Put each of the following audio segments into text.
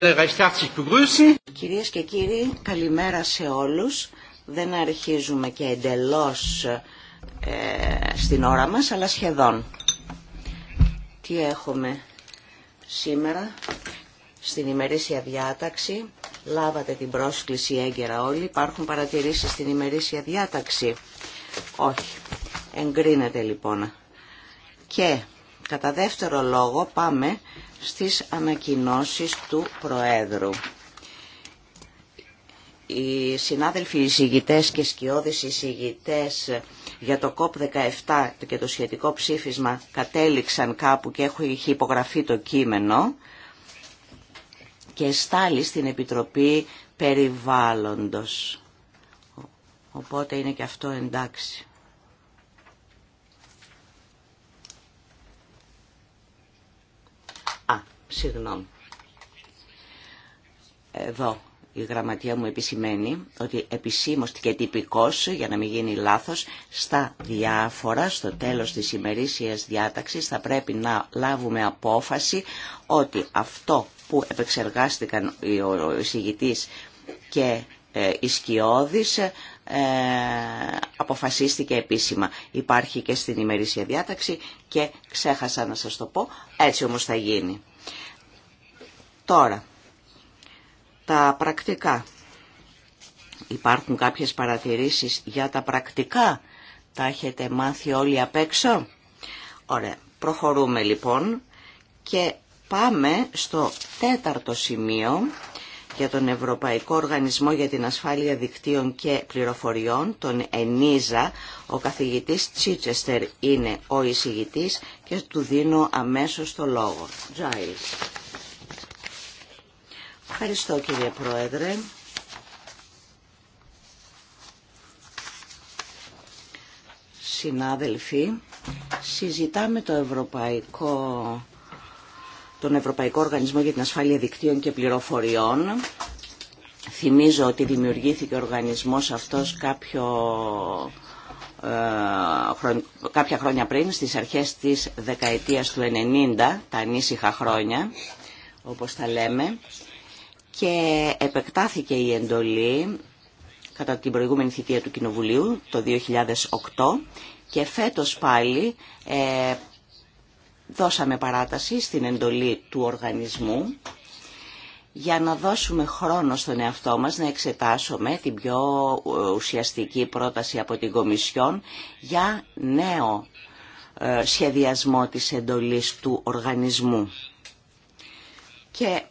Äh, Κυρίες και κύριοι, καλημέρα σε όλους. Δεν αρχίζουμε και εντελώς ε, στην ώρα μας, αλλά σχεδόν. Τι έχουμε σήμερα στην ημερήσια διάταξη. Λάβατε την πρόσκληση έγκαιρα όλοι. Υπάρχουν παρατηρήσεις στην ημερήσια διάταξη. Όχι. Εγκρίνεται λοιπόν. Και Κατά δεύτερο λόγο πάμε στις ανακοινώσεις του Προέδρου. Οι συνάδελφοι εισηγητές και σκιώδεις εισηγητές για το COP17 και το σχετικό ψήφισμα κατέληξαν κάπου και έχει υπογραφεί το κείμενο και στάλει στην Επιτροπή Περιβάλλοντος. Οπότε είναι και αυτό εντάξει. συγγνώμη. Εδώ η γραμματεία μου επισημαίνει ότι επισήμως και τυπικός, για να μην γίνει λάθος, στα διάφορα, στο τέλος της ημερήσιας διάταξης θα πρέπει να λάβουμε απόφαση ότι αυτό που επεξεργάστηκαν οι εισηγητής και η ε, Σκιώδης ε, αποφασίστηκε επίσημα. Υπάρχει και στην ημερήσια διάταξη και ξέχασα να σας το πω, έτσι όμως θα γίνει. Τώρα, τα πρακτικά. Υπάρχουν κάποιες παρατηρήσεις για τα πρακτικά. Τα έχετε μάθει όλοι απ' έξω. Ωραία, προχωρούμε λοιπόν και πάμε στο τέταρτο σημείο για τον Ευρωπαϊκό Οργανισμό για την Ασφάλεια Δικτύων και Πληροφοριών, τον ΕΝΙΖΑ. Ο καθηγητής Τσίτσεστερ είναι ο εισηγητής και του δίνω αμέσως το λόγο. Giles. Ευχαριστώ κύριε Πρόεδρε. Συνάδελφοι, συζητάμε το Ευρωπαϊκό, τον Ευρωπαϊκό Οργανισμό για την Ασφάλεια Δικτύων και Πληροφοριών. Θυμίζω ότι δημιουργήθηκε ο οργανισμός αυτός κάποιο ε, κάποια χρόνια πριν, στις αρχές της δεκαετίας του 90, τα ανήσυχα χρόνια, όπως τα λέμε και επεκτάθηκε η εντολή κατά την προηγούμενη θητεία του Κοινοβουλίου το 2008 και φέτος πάλι ε, δώσαμε παράταση στην εντολή του οργανισμού για να δώσουμε χρόνο στον εαυτό μας να εξετάσουμε την πιο ε, ουσιαστική πρόταση από την Κομισιόν για νέο ε, σχεδιασμό της εντολής του οργανισμού. Και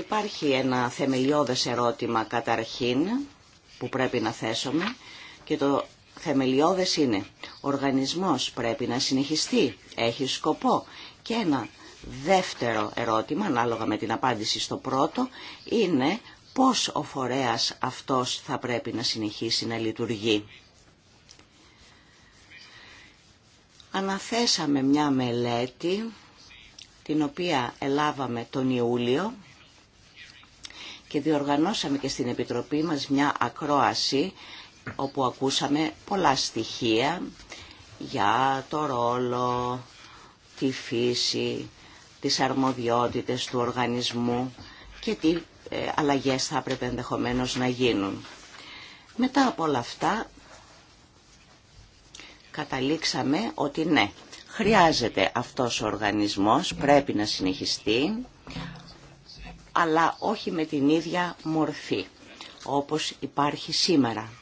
Υπάρχει ένα θεμελιώδες ερώτημα καταρχήν που πρέπει να θέσουμε και το θεμελιώδες είναι ο οργανισμός πρέπει να συνεχιστεί, έχει σκοπό και ένα δεύτερο ερώτημα ανάλογα με την απάντηση στο πρώτο είναι πώς ο φορέας αυτός θα πρέπει να συνεχίσει να λειτουργεί. Αναθέσαμε μια μελέτη την οποία ελάβαμε τον Ιούλιο και διοργανώσαμε και στην Επιτροπή μας μια ακρόαση όπου ακούσαμε πολλά στοιχεία για το ρόλο, τη φύση, τις αρμοδιότητες του οργανισμού και τι ε, αλλαγές θα έπρεπε ενδεχομένω να γίνουν. Μετά από όλα αυτά καταλήξαμε ότι ναι, χρειάζεται αυτός ο οργανισμός, πρέπει να συνεχιστεί, αλλά όχι με την ίδια μορφή όπως υπάρχει σήμερα.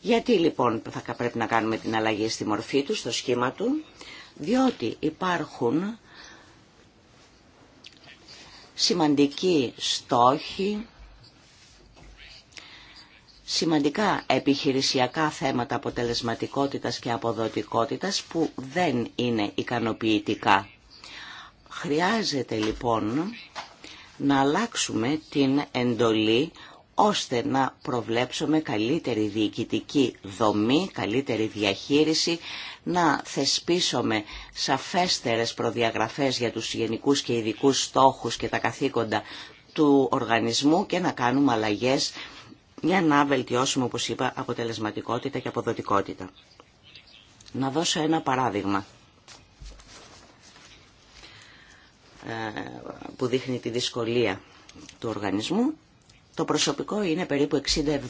Γιατί λοιπόν θα πρέπει να κάνουμε την αλλαγή στη μορφή του, στο σχήμα του, διότι υπάρχουν σημαντικοί στόχοι, σημαντικά επιχειρησιακά θέματα αποτελεσματικότητας και αποδοτικότητας που δεν είναι ικανοποιητικά. Χρειάζεται λοιπόν να αλλάξουμε την εντολή ώστε να προβλέψουμε καλύτερη διοικητική δομή, καλύτερη διαχείριση, να θεσπίσουμε σαφέστερες προδιαγραφές για τους γενικούς και ειδικούς στόχους και τα καθήκοντα του οργανισμού και να κάνουμε αλλαγές για να βελτιώσουμε, όπως είπα, αποτελεσματικότητα και αποδοτικότητα. Να δώσω ένα παράδειγμα. Ε, που δείχνει τη δυσκολία του οργανισμού. Το προσωπικό είναι περίπου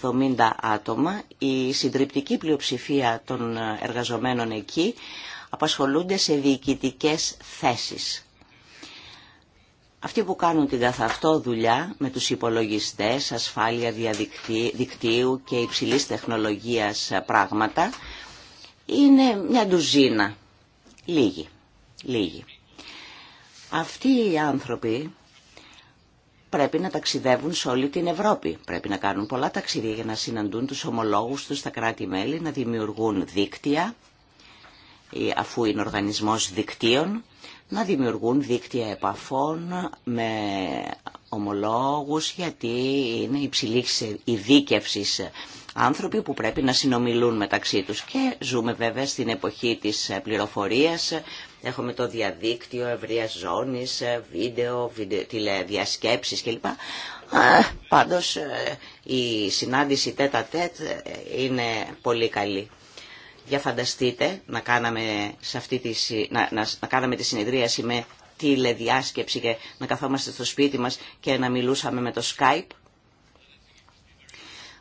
60-70 άτομα. Η συντριπτική πλειοψηφία των εργαζομένων εκεί απασχολούνται σε διοικητικές θέσεις. Αυτοί που κάνουν την καθαυτό δουλειά με τους υπολογιστές, ασφάλεια διαδικτύου και υψηλής τεχνολογίας πράγματα είναι μια ντουζίνα. Λίγοι, λίγοι. Αυτοί οι άνθρωποι πρέπει να ταξιδεύουν σε όλη την Ευρώπη. Πρέπει να κάνουν πολλά ταξίδια για να συναντούν τους ομολόγους τους στα κράτη-μέλη, να δημιουργούν δίκτυα, ε, αφού είναι οργανισμός δικτύων, να δημιουργούν δίκτυα επαφών με ομολόγους, γιατί είναι υψηλή ειδίκευση άνθρωποι που πρέπει να συνομιλούν μεταξύ τους. Και ζούμε βέβαια στην εποχή της πληροφορίας Έχουμε το διαδίκτυο ευρεία ζώνη, ε, βίντεο, βίντεο κλπ. Πάντως ε, η συνάντηση τέτα τέτ ε, είναι πολύ καλή. Για φανταστείτε να κάναμε, σε αυτή τη, να, να, να κάναμε τη συνεδρίαση με τηλεδιάσκεψη και να καθόμαστε στο σπίτι μας και να μιλούσαμε με το Skype.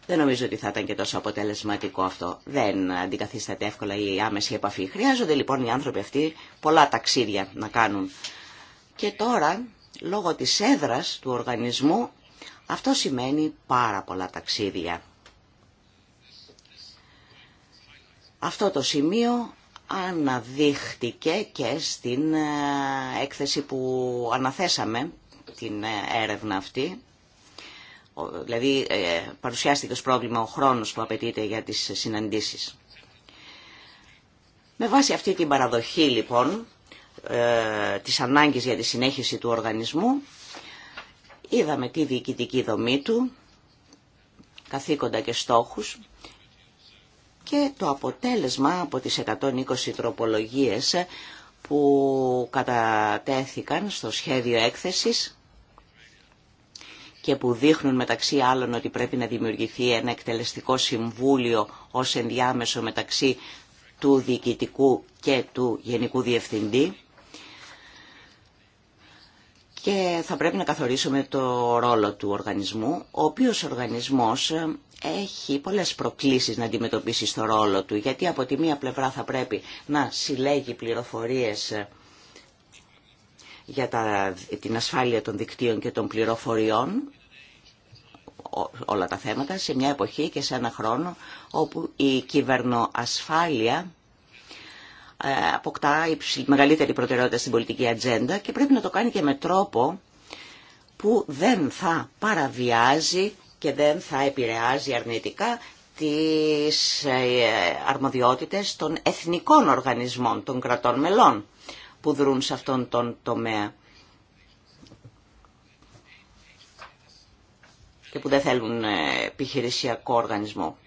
Δεν νομίζω ότι θα ήταν και τόσο αποτελεσματικό αυτό. Δεν αντικαθίσταται εύκολα η άμεση επαφή. Χρειάζονται λοιπόν οι άνθρωποι αυτοί πολλά ταξίδια να κάνουν. Και τώρα, λόγω της έδρας του οργανισμού, αυτό σημαίνει πάρα πολλά ταξίδια. Αυτό το σημείο αναδείχτηκε και στην ε, έκθεση που αναθέσαμε την ε, έρευνα αυτή δηλαδή ε, παρουσιάστηκε ως πρόβλημα ο χρόνος που απαιτείται για τις συναντήσεις. Με βάση αυτή την παραδοχή λοιπόν ε, της ανάγκης για τη συνέχιση του οργανισμού είδαμε τη διοικητική δομή του, καθήκοντα και στόχους και το αποτέλεσμα από τις 120 τροπολογίες που κατατέθηκαν στο σχέδιο έκθεσης και που δείχνουν μεταξύ άλλων ότι πρέπει να δημιουργηθεί ένα εκτελεστικό συμβούλιο ως ενδιάμεσο μεταξύ του διοικητικού και του γενικού διευθυντή και θα πρέπει να καθορίσουμε το ρόλο του οργανισμού, ο οποίος οργανισμός ε, έχει πολλές προκλήσεις να αντιμετωπίσει στο ρόλο του, γιατί από τη μία πλευρά θα πρέπει να συλλέγει πληροφορίες ε, για την ασφάλεια των δικτύων και των πληροφοριών, όλα τα θέματα σε μια εποχή και σε ένα χρόνο όπου η κυβερνοασφάλεια ε, αποκτά μεγαλύτερη προτεραιότητα στην πολιτική ατζέντα και πρέπει να το κάνει και με τρόπο που δεν θα παραβιάζει και δεν θα επηρεάζει αρνητικά τις ε, αρμοδιότητες των εθνικών οργανισμών, των κρατών μελών που δρούν σε αυτόν τον τομέα. που δεν θέλουν ε, επιχειρησιακό οργανισμό.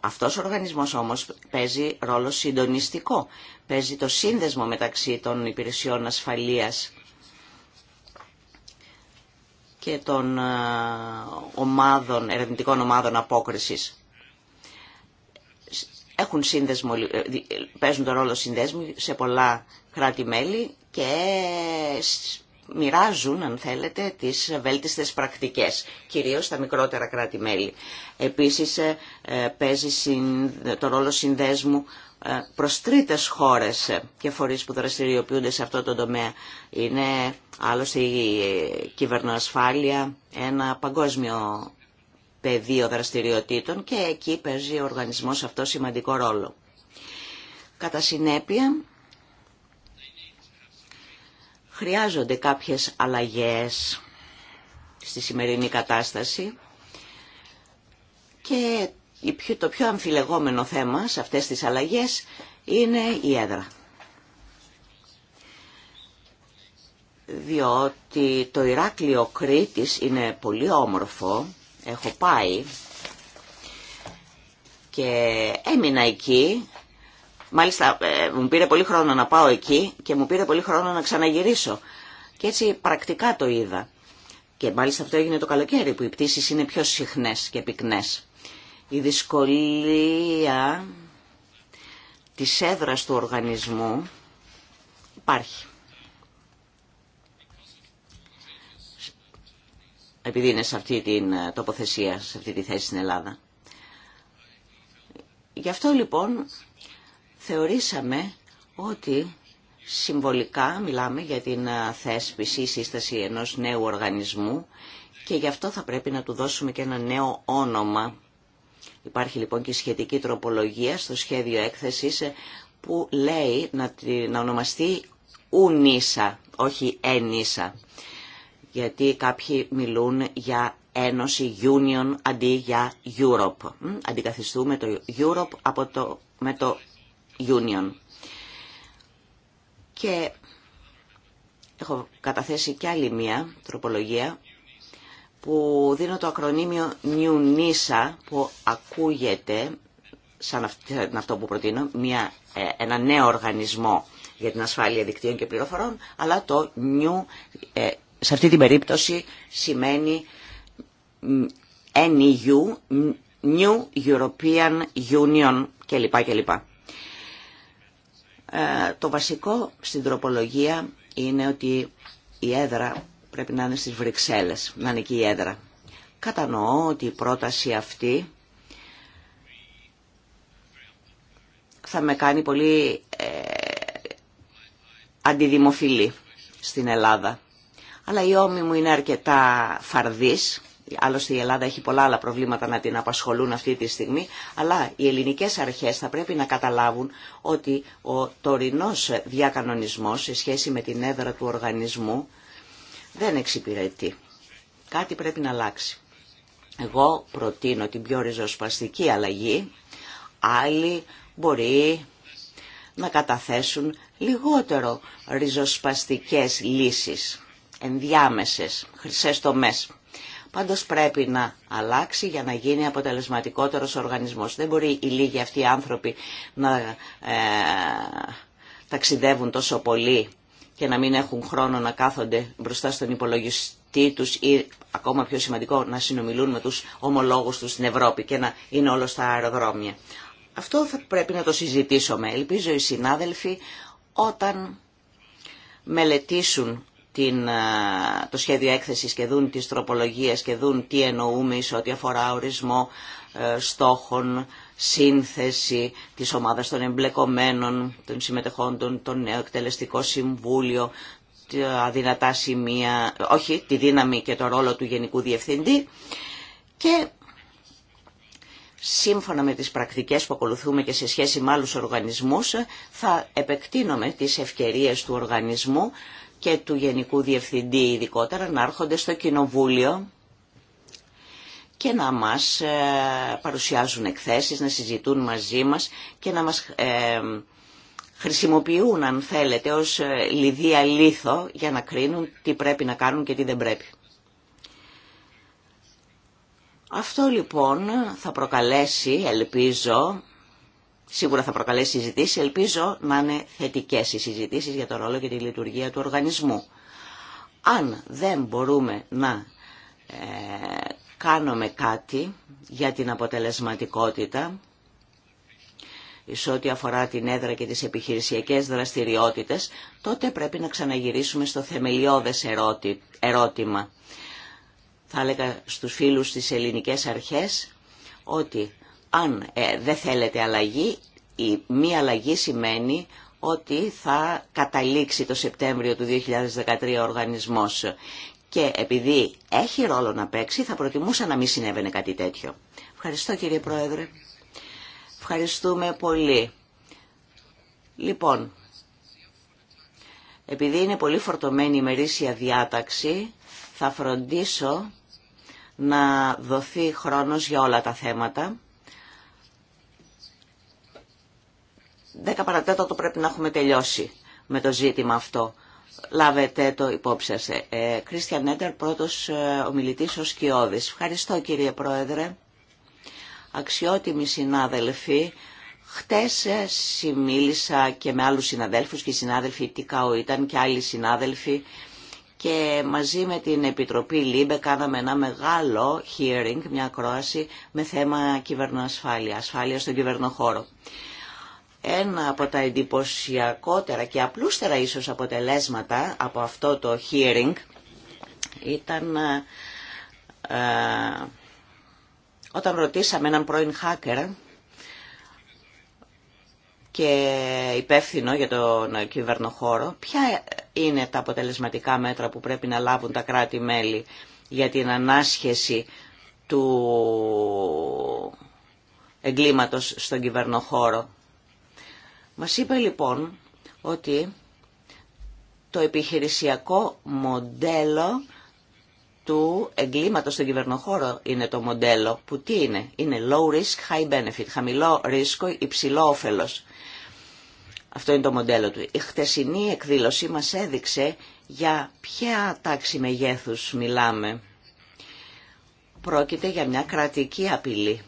Αυτός ο οργανισμός όμως παίζει ρόλο συντονιστικό. Παίζει το σύνδεσμο μεταξύ των υπηρεσιών ασφαλείας και των ε, ομάδων, ερευνητικών ομάδων απόκρισης. Έχουν σύνδεσμο, ε, παίζουν το ρόλο συνδέσμου σε πολλά κράτη-μέλη και μοιράζουν, αν θέλετε, τις βέλτιστες πρακτικές, κυρίως στα μικρότερα κράτη-μέλη. Επίσης, ε, ε, παίζει το ρόλο συνδέσμου ε, προς τρίτες χώρες και φορείς που δραστηριοποιούνται σε αυτό το τομέα. Είναι άλλωστε η κυβερνοασφάλεια ένα παγκόσμιο πεδίο δραστηριοτήτων και εκεί παίζει ο οργανισμός αυτό σημαντικό ρόλο. Κατά συνέπεια, χρειάζονται κάποιες αλλαγές στη σημερινή κατάσταση και το πιο αμφιλεγόμενο θέμα σε αυτές τις αλλαγές είναι η έδρα. Διότι το Ηράκλειο Κρήτης είναι πολύ όμορφο, έχω πάει και έμεινα εκεί Μάλιστα ε, μου πήρε πολύ χρόνο να πάω εκεί και μου πήρε πολύ χρόνο να ξαναγυρίσω. Και έτσι πρακτικά το είδα. Και μάλιστα αυτό έγινε το καλοκαίρι που οι πτήσει είναι πιο συχνέ και πυκνές. Η δυσκολία τη έδρα του οργανισμού υπάρχει. Επειδή είναι σε αυτή την ε, τοποθεσία, σε αυτή τη θέση στην Ελλάδα. Γι' αυτό λοιπόν θεωρήσαμε ότι συμβολικά μιλάμε για την θέσπιση ή σύσταση ενός νέου οργανισμού και γι' αυτό θα πρέπει να του δώσουμε και ένα νέο όνομα. Υπάρχει λοιπόν και σχετική τροπολογία στο σχέδιο έκθεσης που λέει να, να ονομαστεί ουνίσα, όχι ενίσα. Γιατί κάποιοι μιλούν για Ένωση Union αντί για Europe. Αντικαθιστούμε το Europe από το, με το Union. Και έχω καταθέσει και άλλη μία τροπολογία που δίνω το ακρονίμιο New NISA που ακούγεται σαν αυτό που προτείνω, μια, ε, ένα νέο οργανισμό για την ασφάλεια δικτύων και πληροφορών, αλλά το νιου ε, σε αυτή την περίπτωση σημαίνει NEU, New European Union κλπ. κλπ. Ε, το βασικό στην τροπολογία είναι ότι η έδρα πρέπει να είναι στις Βρυξέλλες, να είναι εκεί η έδρα. Κατανοώ ότι η πρόταση αυτή θα με κάνει πολύ ε, αντιδημοφιλή στην Ελλάδα. Αλλά η ώμη μου είναι αρκετά φαρδής Άλλωστε η Ελλάδα έχει πολλά άλλα προβλήματα να την απασχολούν αυτή τη στιγμή, αλλά οι ελληνικές αρχές θα πρέπει να καταλάβουν ότι ο τωρινός διακανονισμός σε σχέση με την έδρα του οργανισμού δεν εξυπηρετεί. Κάτι πρέπει να αλλάξει. Εγώ προτείνω την πιο ριζοσπαστική αλλαγή. Άλλοι μπορεί να καταθέσουν λιγότερο ριζοσπαστικές λύσεις, ενδιάμεσες, χρυσές τομές. Πάντως πρέπει να αλλάξει για να γίνει αποτελεσματικότερος ο οργανισμός. Δεν μπορεί οι λίγοι αυτοί οι άνθρωποι να ε, ταξιδεύουν τόσο πολύ και να μην έχουν χρόνο να κάθονται μπροστά στον υπολογιστή τους ή ακόμα πιο σημαντικό να συνομιλούν με τους ομολόγους τους στην Ευρώπη και να είναι όλο στα αεροδρόμια. Αυτό θα πρέπει να το συζητήσουμε. Ελπίζω οι συνάδελφοι όταν μελετήσουν την, το σχέδιο έκθεσης και δουν τις τροπολογίες και δουν τι εννοούμε σε ό,τι αφορά ορισμό ε, στόχων, σύνθεση της ομάδας των εμπλεκομένων, των συμμετεχόντων, το νέο εκτελεστικό συμβούλιο, σημεία, όχι, τη δύναμη και το ρόλο του Γενικού Διευθυντή και σύμφωνα με τις πρακτικές που ακολουθούμε και σε σχέση με άλλους οργανισμούς θα επεκτείνουμε τις ευκαιρίες του οργανισμού και του Γενικού Διευθυντή ειδικότερα να έρχονται στο Κοινοβούλιο και να μας ε, παρουσιάζουν εκθέσεις, να συζητούν μαζί μας και να μας ε, χρησιμοποιούν, αν θέλετε, ως ε, λιδία λίθο για να κρίνουν τι πρέπει να κάνουν και τι δεν πρέπει. Αυτό λοιπόν θα προκαλέσει, ελπίζω, Σίγουρα θα προκαλέσει συζητήσει. Ελπίζω να είναι θετικέ οι συζητήσει για το ρόλο και τη λειτουργία του οργανισμού. Αν δεν μπορούμε να ε, κάνουμε κάτι για την αποτελεσματικότητα σε ό,τι αφορά την έδρα και τις επιχειρησιακές δραστηριότητες, τότε πρέπει να ξαναγυρίσουμε στο θεμελιώδες ερώτημα. Θα έλεγα στους φίλους της ελληνικές αρχές ότι αν ε, δεν θέλετε αλλαγή, η μη αλλαγή σημαίνει ότι θα καταλήξει το Σεπτέμβριο του 2013 ο οργανισμός και επειδή έχει ρόλο να παίξει θα προτιμούσα να μην συνέβαινε κάτι τέτοιο. Ευχαριστώ κύριε Πρόεδρε. Ευχαριστούμε πολύ. Λοιπόν, επειδή είναι πολύ φορτωμένη η ημερήσια διάταξη, θα φροντίσω να δοθεί χρόνος για όλα τα θέματα 10 το πρέπει να έχουμε τελειώσει με το ζήτημα αυτό. Λάβετε το υπόψη σας. Κρίστιαν ε, Έντερ, πρώτος ε, ομιλητής ο Σκιώδης. Ευχαριστώ κύριε Πρόεδρε. Αξιότιμοι συνάδελφοι, χτες ε, συμίλησα και με άλλους συναδέλφους και οι συνάδελφοι Τικάου ήταν και άλλοι συνάδελφοι και μαζί με την Επιτροπή ΛΥΜΠΕ κάναμε ένα μεγάλο hearing, μια ακρόαση με θέμα κυβερνοασφάλεια, ασφάλεια στον κυβερνοχώρο. Ένα από τα εντυπωσιακότερα και απλούστερα ίσως αποτελέσματα από αυτό το hearing ήταν ε, ε, όταν ρωτήσαμε έναν πρώην hacker και υπεύθυνο για τον κυβερνοχώρο, ποια είναι τα αποτελεσματικά μέτρα που πρέπει να λάβουν τα κράτη-μέλη για την ανάσχεση του εγκλήματος στον κυβερνοχώρο. Μας είπε λοιπόν ότι το επιχειρησιακό μοντέλο του εγκλήματος στον κυβερνοχώρο είναι το μοντέλο που τι είναι. Είναι low risk, high benefit, χαμηλό ρίσκο, υψηλό όφελος. Αυτό είναι το μοντέλο του. Η χτεσινή εκδήλωση μας έδειξε για ποια τάξη μεγέθους μιλάμε. Πρόκειται για μια κρατική απειλή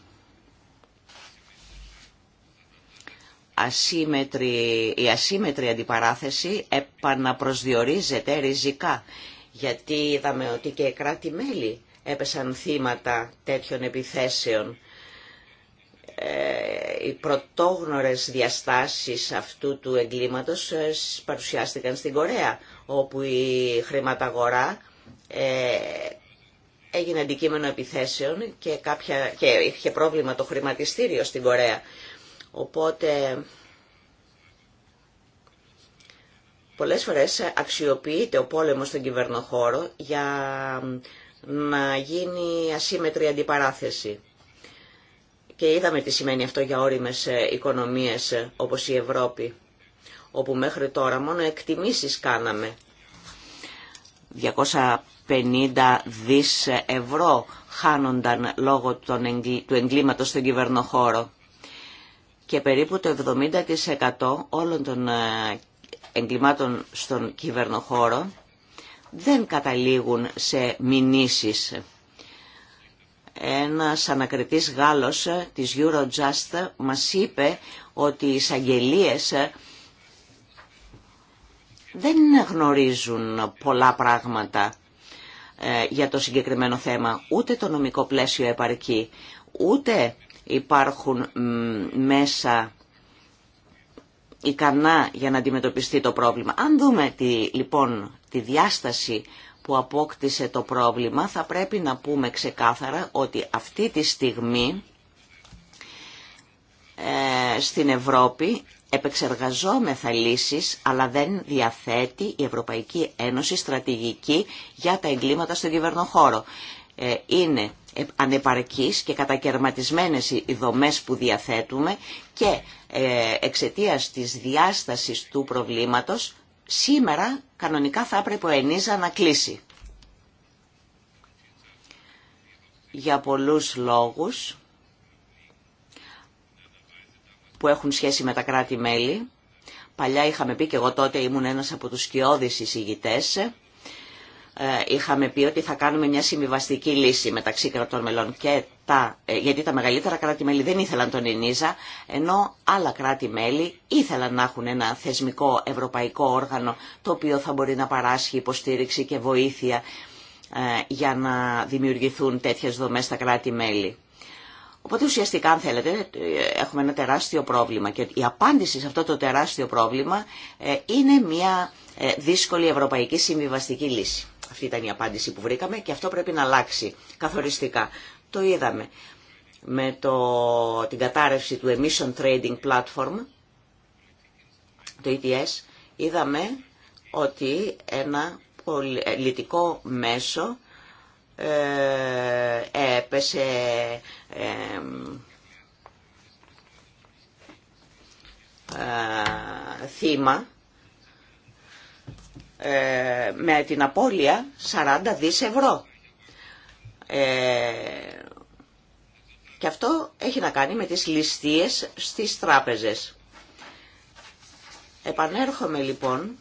η ασύμετρη αντιπαράθεση επαναπροσδιορίζεται ριζικά. Γιατί είδαμε ότι και κράτη-μέλη έπεσαν θύματα τέτοιων επιθέσεων. Ε, οι πρωτόγνωρες διαστάσεις αυτού του εγκλήματος ε, παρουσιάστηκαν στην Κορέα, όπου η χρηματαγορά ε, έγινε αντικείμενο επιθέσεων και, κάποια, και είχε πρόβλημα το χρηματιστήριο στην Κορέα. Οπότε πολλές φορές αξιοποιείται ο πόλεμος στον κυβερνοχώρο για να γίνει ασύμετρη αντιπαράθεση. Και είδαμε τι σημαίνει αυτό για όριμες οικονομίες όπως η Ευρώπη, όπου μέχρι τώρα μόνο εκτιμήσεις κάναμε. 250 δις ευρώ χάνονταν λόγω του εγκλήματος στον κυβερνοχώρο και περίπου το 70% όλων των ε, εγκλημάτων στον κυβερνοχώρο δεν καταλήγουν σε μηνύσεις. Ένας ανακριτής Γάλλος ε, της Eurojust μας είπε ότι οι εισαγγελίε ε, δεν γνωρίζουν πολλά πράγματα για το συγκεκριμένο θέμα, ούτε το νομικό πλαίσιο επαρκεί, ούτε υπάρχουν μέσα ικανά για να αντιμετωπιστεί το πρόβλημα. Αν δούμε τη, λοιπόν τη διάσταση που απόκτησε το πρόβλημα θα πρέπει να πούμε ξεκάθαρα ότι αυτή τη στιγμή ε, στην Ευρώπη επεξεργαζόμεθα λύσεις αλλά δεν διαθέτει η Ευρωπαϊκή Ένωση στρατηγική για τα εγκλήματα στον κυβερνοχώρο. Ε, είναι ανεπαρκείς και κατακαιρματισμένες οι δομές που διαθέτουμε και ε, εξαιτίας της διάστασης του προβλήματος σήμερα κανονικά θα έπρεπε ο Ενίζα να κλείσει. Για πολλούς λόγους που έχουν σχέση με τα κράτη-μέλη, παλιά είχαμε πει και εγώ τότε ήμουν ένας από τους σκιώδεις εισηγητές, ε, είχαμε πει ότι θα κάνουμε μια συμβιβαστική λύση μεταξύ κρατών μελών και τα, ε, γιατί τα μεγαλύτερα κράτη-μέλη δεν ήθελαν τον Ενίζα, ενώ άλλα κράτη-μέλη ήθελαν να έχουν ένα θεσμικό ευρωπαϊκό όργανο το οποίο θα μπορεί να παράσχει υποστήριξη και βοήθεια ε, για να δημιουργηθούν τέτοιες δομές στα κράτη-μέλη. Οπότε ουσιαστικά αν θέλετε έχουμε ένα τεράστιο πρόβλημα και η απάντηση σε αυτό το τεράστιο πρόβλημα είναι μια δύσκολη ευρωπαϊκή συμβιβαστική λύση. Αυτή ήταν η απάντηση που βρήκαμε και αυτό πρέπει να αλλάξει καθοριστικά. Το είδαμε με το, την κατάρρευση του Emission Trading Platform, το ETS, είδαμε ότι ένα πολιτικό μέσο ε, έπεσε ε, θύμα ε, με την απώλεια 40 δις ευρώ. Ε, και αυτό έχει να κάνει με τις ληστείες στις τράπεζες. Επανέρχομαι λοιπόν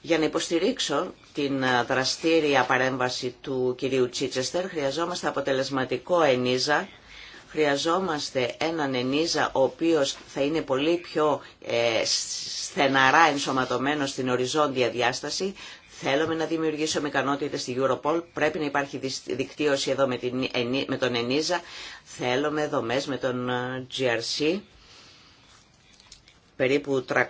για να υποστηρίξω την ε, δραστήρια παρέμβαση του κυρίου Τσίτσεστερ χρειαζόμαστε αποτελεσματικό ενίζα Χρειαζόμαστε έναν ενίζα ο οποίος θα είναι πολύ πιο ε, στεναρά ενσωματωμένο στην οριζόντια διάσταση. Θέλουμε να δημιουργήσουμε ικανότητες στη Europol, πρέπει να υπάρχει δικτύωση εδώ με, ε, με τον ενίζα. Θέλουμε δομές με τον ε, GRC. Περίπου 300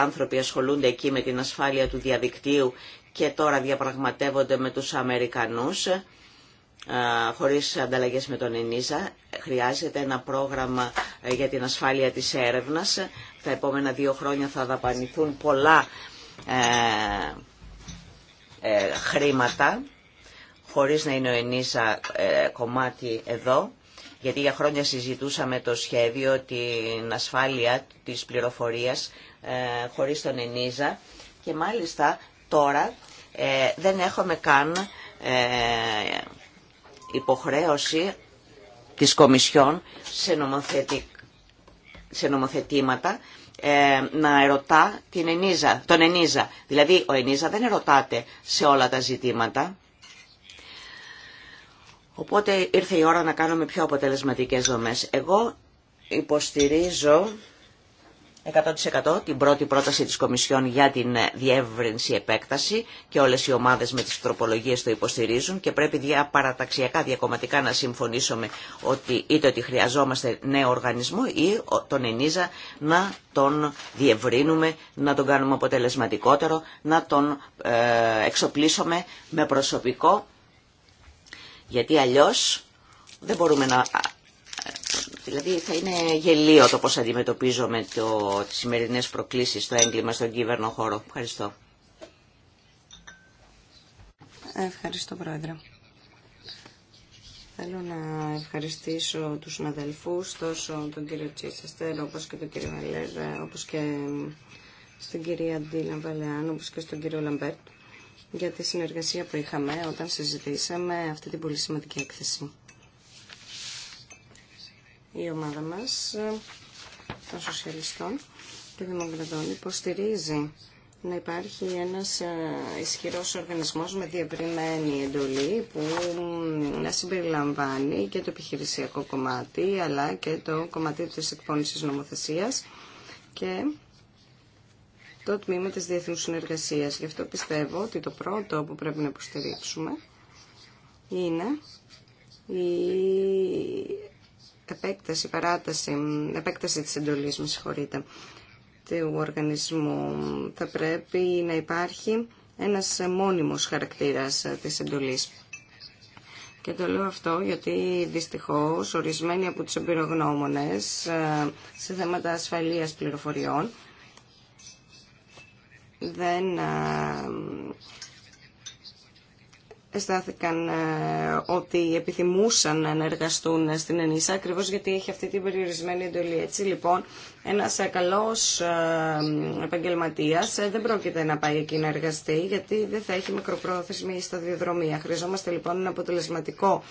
άνθρωποι ασχολούνται εκεί με την ασφάλεια του διαδικτύου και τώρα διαπραγματεύονται με τους Αμερικανούς χωρίς ανταλλαγές με τον ΕΝΙΖΑ. Χρειάζεται ένα πρόγραμμα ε, για την ασφάλεια της έρευνας. Τα επόμενα δύο χρόνια θα δαπανηθούν πολλά ε, ε, χρήματα, χωρίς να είναι ο ΕΝΙΖΑ κομμάτι εδώ, γιατί για χρόνια συζητούσαμε το σχέδιο, την ασφάλεια της πληροφορίας χωρίς τον ΕΝΙΖΑ και μάλιστα τώρα δεν έχουμε καν υποχρέωση της Κομισιόν σε, νομοθετή, σε νομοθετήματα ε, να ερωτά την Ενίζα, τον Ενίζα. Δηλαδή ο Ενίζα δεν ερωτάται σε όλα τα ζητήματα. Οπότε ήρθε η ώρα να κάνουμε πιο αποτελεσματικές δομές. Εγώ υποστηρίζω 100% την πρώτη πρόταση της Κομισιόν για την ε, διεύρυνση επέκταση και όλες οι ομάδες με τις τροπολογίες το υποστηρίζουν και πρέπει παραταξιακά διακομματικά να συμφωνήσουμε ότι είτε ότι χρειαζόμαστε νέο οργανισμό ή τον ενίζα να τον διευρύνουμε, να τον κάνουμε αποτελεσματικότερο, να τον ε, εξοπλίσουμε με προσωπικό γιατί αλλιώς δεν μπορούμε να Δηλαδή θα είναι γελίο το πώς αντιμετωπίζουμε το, τις σημερινές προκλήσεις στο έγκλημα στον κύβερνο χώρο. Ευχαριστώ. Ευχαριστώ Πρόεδρε. Θέλω να ευχαριστήσω τους συναδελφούς, τόσο τον κύριο Τσίσεστερ, όπως και τον κύριο Μελέρ, όπως και στην κυρία Ντίλαν Βαλεάν, όπως και στον κύριο Λαμπέρτ, για τη συνεργασία που είχαμε όταν συζητήσαμε αυτή την πολύ σημαντική έκθεση η ομάδα μας ε, των σοσιαλιστών και δημοκρατών υποστηρίζει να υπάρχει ένας ε, ισχυρός οργανισμός με διαπριμένη εντολή που να συμπεριλαμβάνει και το επιχειρησιακό κομμάτι αλλά και το κομμάτι της εκπόνησης νομοθεσίας και το τμήμα της διεθνούς συνεργασίας. Γι' αυτό πιστεύω ότι το πρώτο που πρέπει να υποστηρίξουμε είναι η επέκταση, παράταση, επέκταση της εντολής, με συγχωρείτε, του οργανισμού. Θα πρέπει να υπάρχει ένας μόνιμος χαρακτήρας της εντολής. Και το λέω αυτό γιατί δυστυχώς ορισμένοι από τους εμπειρογνώμονες ε, σε θέματα ασφαλείας πληροφοριών δεν ε, αισθάνθηκαν ε, ότι επιθυμούσαν να εργαστούν στην ΕΝΙΣΑ ακριβώ γιατί έχει αυτή την περιορισμένη εντολή. Έτσι λοιπόν ένας ε, καλός ε, επαγγελματίας δεν πρόκειται να πάει εκεί να εργαστεί γιατί δεν θα έχει μικροπρόθεσμη σταδιοδρομία. Χρειαζόμαστε λοιπόν ένα αποτελεσματικό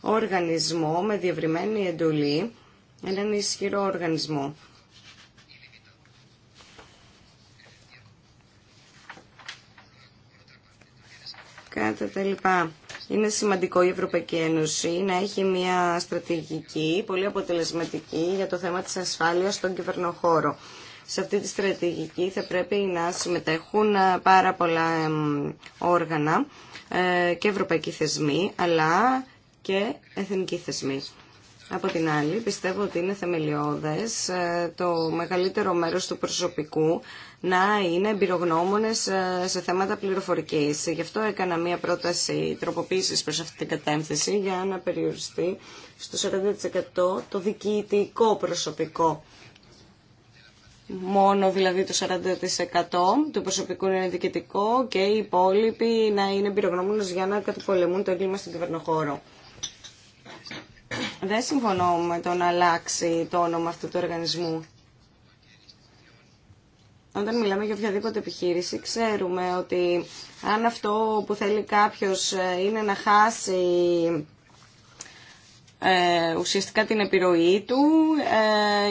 οργανισμό με διευρυμένη εντολή, έναν ισχυρό οργανισμό. κατά τα Είναι σημαντικό η Ευρωπαϊκή Ένωση να έχει μια στρατηγική πολύ αποτελεσματική για το θέμα της ασφάλειας στον κυβερνοχώρο. Σε αυτή τη στρατηγική θα πρέπει να συμμετέχουν ε, πάρα πολλά όργανα ε, και ευρωπαϊκοί θεσμοί, αλλά και εθνικοί θεσμοί. Από την άλλη, πιστεύω ότι είναι θεμελιώδες ε, το μεγαλύτερο μέρος του προσωπικού να είναι εμπειρογνώμονε ε, σε θέματα πληροφορική. Γι' αυτό έκανα μία πρόταση τροποποίηση προ αυτή την κατεύθυνση για να περιοριστεί στο 40% το διοικητικό προσωπικό. Μόνο δηλαδή το 40% του προσωπικού είναι διοικητικό και οι υπόλοιποι να είναι εμπειρογνώμονες για να καταπολεμούν το έγκλημα στον κυβερνοχώρο. Δεν συμφωνώ με το να αλλάξει το όνομα αυτού του οργανισμού όταν μιλάμε για οποιαδήποτε επιχείρηση, ξέρουμε ότι αν αυτό που θέλει κάποιος ε, είναι να χάσει ε, ουσιαστικά την επιρροή του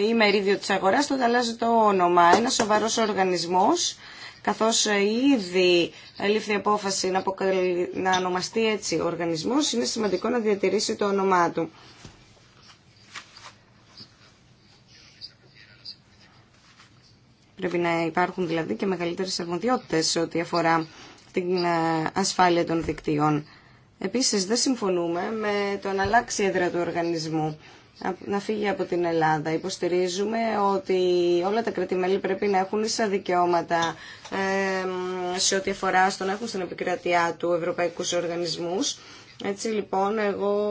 ε, ή μερίδιο της αγοράς, τότε αλλάζει το όνομα. Ένα σοβαρός οργανισμός, καθώς ήδη λήφθη απόφαση να, να ονομαστεί έτσι ο οργανισμός, είναι σημαντικό να διατηρήσει το όνομά του. Πρέπει να υπάρχουν δηλαδή και μεγαλύτερες αρμοδιότητες σε ό,τι αφορά την ε, ασφάλεια των δικτύων. Επίσης δεν συμφωνούμε με το να αλλάξει η έδρα του οργανισμού να φύγει από την Ελλάδα. Υποστηρίζουμε ότι όλα τα κρατημέλη πρέπει να έχουν ίσα δικαιώματα σε ό,τι αφορά στο να έχουν στην επικρατεία του ευρωπαϊκούς οργανισμούς. Έτσι λοιπόν εγώ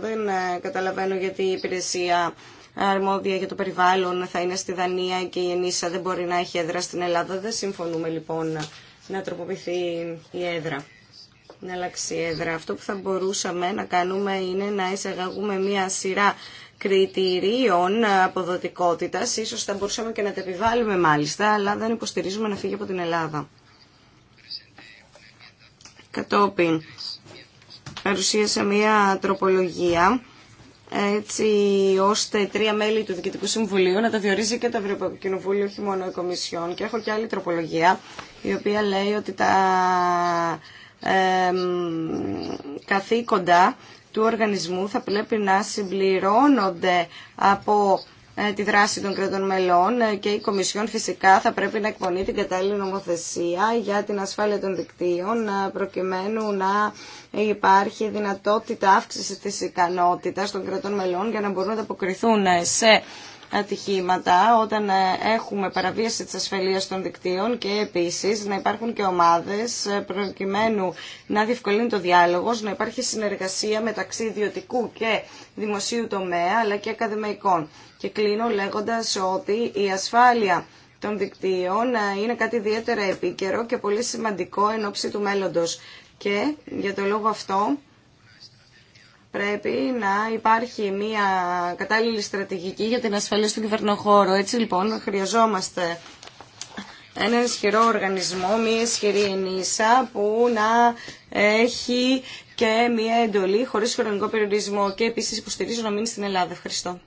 δεν ε, καταλαβαίνω γιατί η υπηρεσία αρμόδια για το περιβάλλον θα είναι στη Δανία και η ΕΝΙΣΑ δεν μπορεί να έχει έδρα στην Ελλάδα. Δεν συμφωνούμε λοιπόν να τροποποιηθεί η έδρα, να αλλάξει η έδρα. Αυτό που θα μπορούσαμε να κάνουμε είναι να εισαγαγούμε μία σειρά κριτηρίων αποδοτικότητας, ίσως θα μπορούσαμε και να τα επιβάλλουμε μάλιστα, αλλά δεν υποστηρίζουμε να φύγει από την Ελλάδα. Κατόπιν, παρουσίασα μία τροπολογία έτσι ώστε τρία μέλη του Διοικητικού Συμβουλίου να τα διορίζει και το Ευρωπαϊκό Κοινοβούλιο, όχι μόνο η Κομισιόν. Και έχω και άλλη τροπολογία, η οποία λέει ότι τα καθήκοντα του οργανισμού θα πρέπει να συμπληρώνονται από ε, τη δράση των κρατών μελών ε, και η Κομισιόν φυσικά θα πρέπει να εκπονεί την κατάλληλη νομοθεσία για την ασφάλεια των δικτύων ε, προκειμένου να υπάρχει δυνατότητα αύξησης της ικανότητας των κρατών μελών για να μπορούν να αποκριθούν σε ατυχήματα όταν έχουμε παραβίαση της ασφαλείας των δικτύων και επίσης να υπάρχουν και ομάδες προκειμένου να διευκολύνει το διάλογος, να υπάρχει συνεργασία μεταξύ ιδιωτικού και δημοσίου τομέα αλλά και ακαδημαϊκών. Και κλείνω λέγοντας ότι η ασφάλεια των δικτύων ε, είναι κάτι ιδιαίτερα επίκαιρο και πολύ σημαντικό εν ώψη του μέλλοντος. Και για το λόγο αυτό πρέπει να υπάρχει μια κατάλληλη στρατηγική για την ασφάλεια στον κυβερνοχώρο. Έτσι λοιπόν χρειαζόμαστε ένα ισχυρό οργανισμό, μια ισχυρή ενίσα που να έχει και μια εντολή χωρίς χρονικό περιορισμό και επίσης υποστηρίζω να μείνει στην Ελλάδα. Ευχαριστώ.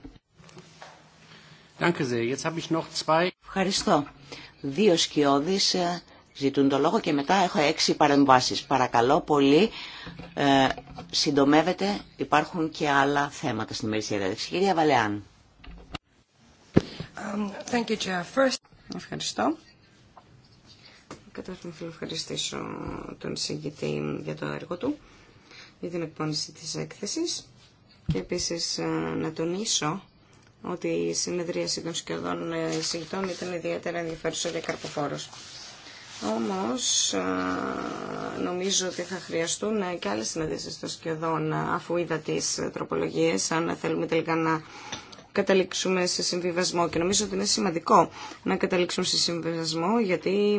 Ευχαριστώ. Δύο σκιώδεις ε, ζητούν το λόγο και μετά έχω έξι παρεμβάσεις. Παρακαλώ πολύ, ε, συντομεύετε, υπάρχουν και άλλα θέματα στην ημερήσια διαδέξη. Κυρία Βαλεάν. Um, Ευχαριστώ. Καταρχήν θέλω να ευχαριστήσω τον συγκητή για το έργο του, για την εκπόνηση της έκθεσης και επίσης ε, να τονίσω ότι η συνεδρίαση των σχεδόν ε, εισηγητών ήταν ιδιαίτερα ενδιαφέρουσα για καρποφόρος. Όμως νομίζω ότι θα χρειαστούν ε, και άλλες συνεδρίσεις των σχεδόν ε, αφού είδα τις τροπολογίες, αν θέλουμε τελικά να καταλήξουμε σε συμβιβασμό και νομίζω ότι είναι σημαντικό να καταλήξουμε σε συμβιβασμό γιατί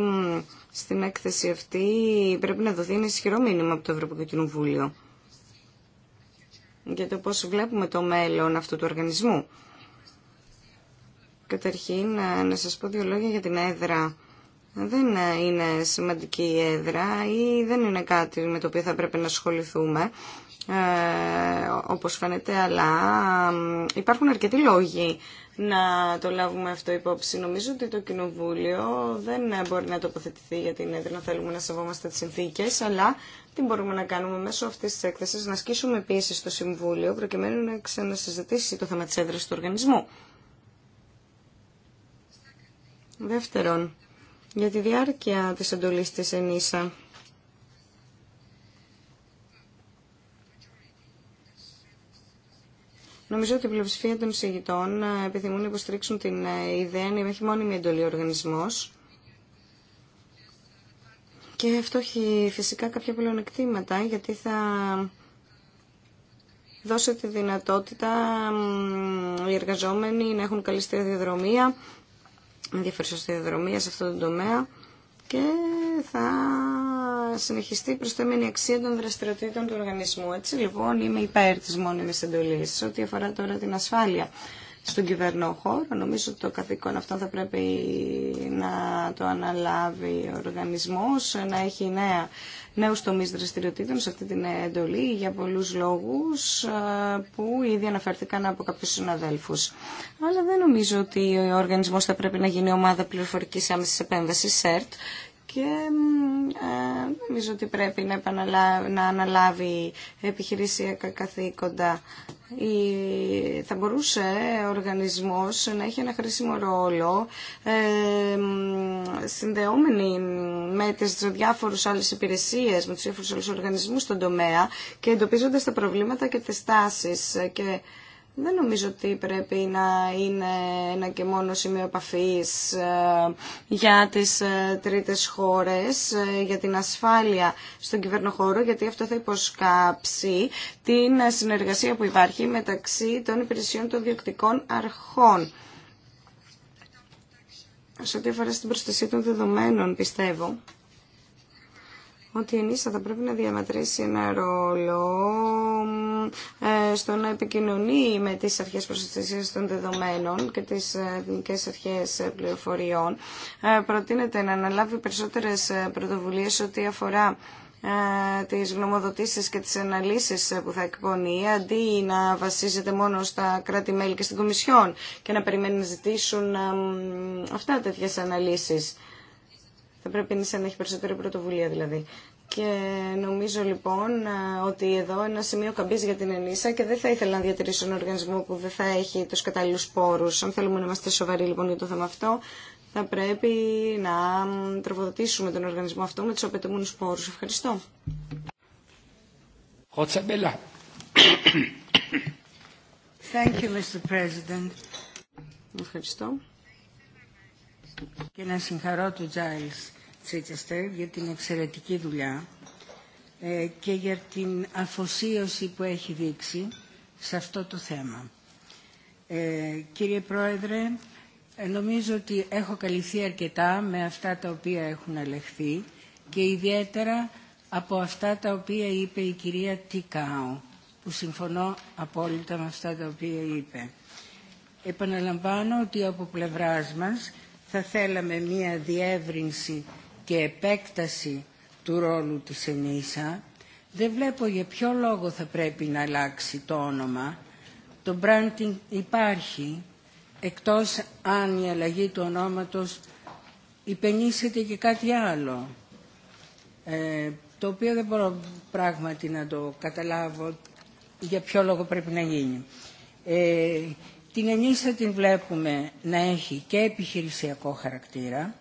στην έκθεση αυτή πρέπει να δοθεί ένα ισχυρό μήνυμα από το Ευρωπαϊκό Κοινοβούλιο για το πώς βλέπουμε το μέλλον αυτού του οργανισμού. Καταρχήν, ε, να σας πω δύο λόγια για την έδρα. Δεν ε, είναι σημαντική η έδρα ή δεν είναι κάτι με το οποίο θα πρέπει να ασχοληθούμε, ε, όπως φαίνεται, αλλά υπάρχουν αρκετοί λόγοι να το λάβουμε αυτό υπόψη. Νομίζω ότι το Κοινοβούλιο δεν μπορεί να τοποθετηθεί για την έδρα, να θέλουμε να σεβόμαστε τις συνθήκες, αλλά τι μπορούμε να κάνουμε μέσω αυτής της έκθεσης, να ασκήσουμε πίεση στο Συμβούλιο, προκειμένου να ξανασυζητήσει το θέμα της έδρας του οργανισμού. Δεύτερον, για τη διάρκεια της εντολής της ΕΝΗΣΑ. Νομίζω ότι η πλειοψηφία των εισηγητών ε, επιθυμούν να υποστηρίξουν την ε, ιδέα να έχει μόνιμη εντολή ο οργανισμός. Και αυτό έχει φυσικά κάποια πλεονεκτήματα, γιατί θα δώσει τη δυνατότητα οι εργαζόμενοι να έχουν καλή διαδρομία ενδιαφέρουσα σταδιοδρομία σε αυτό το τομέα και θα συνεχιστεί προς το αξία των δραστηριοτήτων του οργανισμού. Έτσι λοιπόν είμαι υπέρ της μόνιμης εντολής. Ό,τι αφορά τώρα την ασφάλεια στον κυβερνό χώρο. Νομίζω ότι το καθήκον αυτό θα πρέπει να το αναλάβει ο οργανισμός, να έχει νέα, νέους τομείς δραστηριοτήτων σε αυτή την εντολή για πολλούς λόγους ε, που ήδη αναφέρθηκαν από κάποιους συναδέλφους. Αλλά δεν νομίζω ότι ο οργανισμός θα πρέπει να γίνει ομάδα πληροφορικής άμεσης επέμβασης, ΣΕΡΤ, και ε, νομίζω ότι πρέπει να, να αναλάβει επιχειρησιακά καθήκοντα θα μπορούσε ο οργανισμός να έχει ένα χρήσιμο ρόλο ε, συνδεόμενη με τις διάφορες άλλες υπηρεσίες, με τους διάφορους άλλους οργανισμούς στον τομέα και εντοπίζοντας τα προβλήματα και τις τάσεις ε, και δεν νομίζω ότι πρέπει να είναι ένα και μόνο σημείο επαφής ε, για τις ε, τρίτες χώρες, ε, για την ασφάλεια στον κυβερνοχώρο, γιατί αυτό θα υποσκάψει την συνεργασία που υπάρχει μεταξύ των υπηρεσιών των διοκτικών αρχών. Σε ό,τι αφορά στην προστασία των δεδομένων, πιστεύω ότι η ΕΝΙΣΑ θα πρέπει να διαμετρήσει ένα ρόλο ε, στο να επικοινωνεί με τις αρχές προστασίας των δεδομένων και τις ε, εθνικές αρχές ε, πληροφοριών. Προτείνεται να αναλάβει περισσότερες πρωτοβουλίες ό,τι αφορά τις γνωμοδοτήσεις και τις αναλύσεις που θα εκπονεί αντί να βασίζεται μόνο στα κράτη-μέλη και στην Κομισιόν και να περιμένει να ζητήσουν αυτά τέτοιες αναλύσεις. Θα πρέπει η να έχει περισσότερη πρωτοβουλία δηλαδή. Και νομίζω λοιπόν ότι εδώ ένα σημείο καμπή για την Ενίσα και δεν θα ήθελα να διατηρήσω έναν οργανισμό που δεν θα έχει του κατάλληλου πόρου. Αν θέλουμε να είμαστε σοβαροί λοιπόν για το θέμα αυτό, θα πρέπει να τροφοδοτήσουμε τον οργανισμό αυτό με του απαιτούμενου πόρου. Ευχαριστώ. Thank you, Mr. President. Ευχαριστώ. Και να συγχαρώ τον Τζάιλς Τσίτσεστερ για την εξαιρετική δουλειά ε, και για την αφοσίωση που έχει δείξει σε αυτό το θέμα. Ε, κύριε Πρόεδρε, ε, νομίζω ότι έχω καλυφθεί αρκετά με αυτά τα οποία έχουν αλεχθεί και ιδιαίτερα από αυτά τα οποία είπε η κυρία Τικάου, που συμφωνώ απόλυτα με αυτά τα οποία είπε. Επαναλαμβάνω ότι από πλευράς μας θα θέλαμε μία διεύρυνση και επέκταση του ρόλου της ΕΝΗΣΑ. Δεν βλέπω για ποιο λόγο θα πρέπει να αλλάξει το όνομα. Το branding υπάρχει, εκτός αν η αλλαγή του ονόματος υπενήσεται και κάτι άλλο, ε, το οποίο δεν μπορώ πράγματι να το καταλάβω για ποιο λόγο πρέπει να γίνει. Ε, την Ενίσα την βλέπουμε να έχει και επιχειρησιακό χαρακτήρα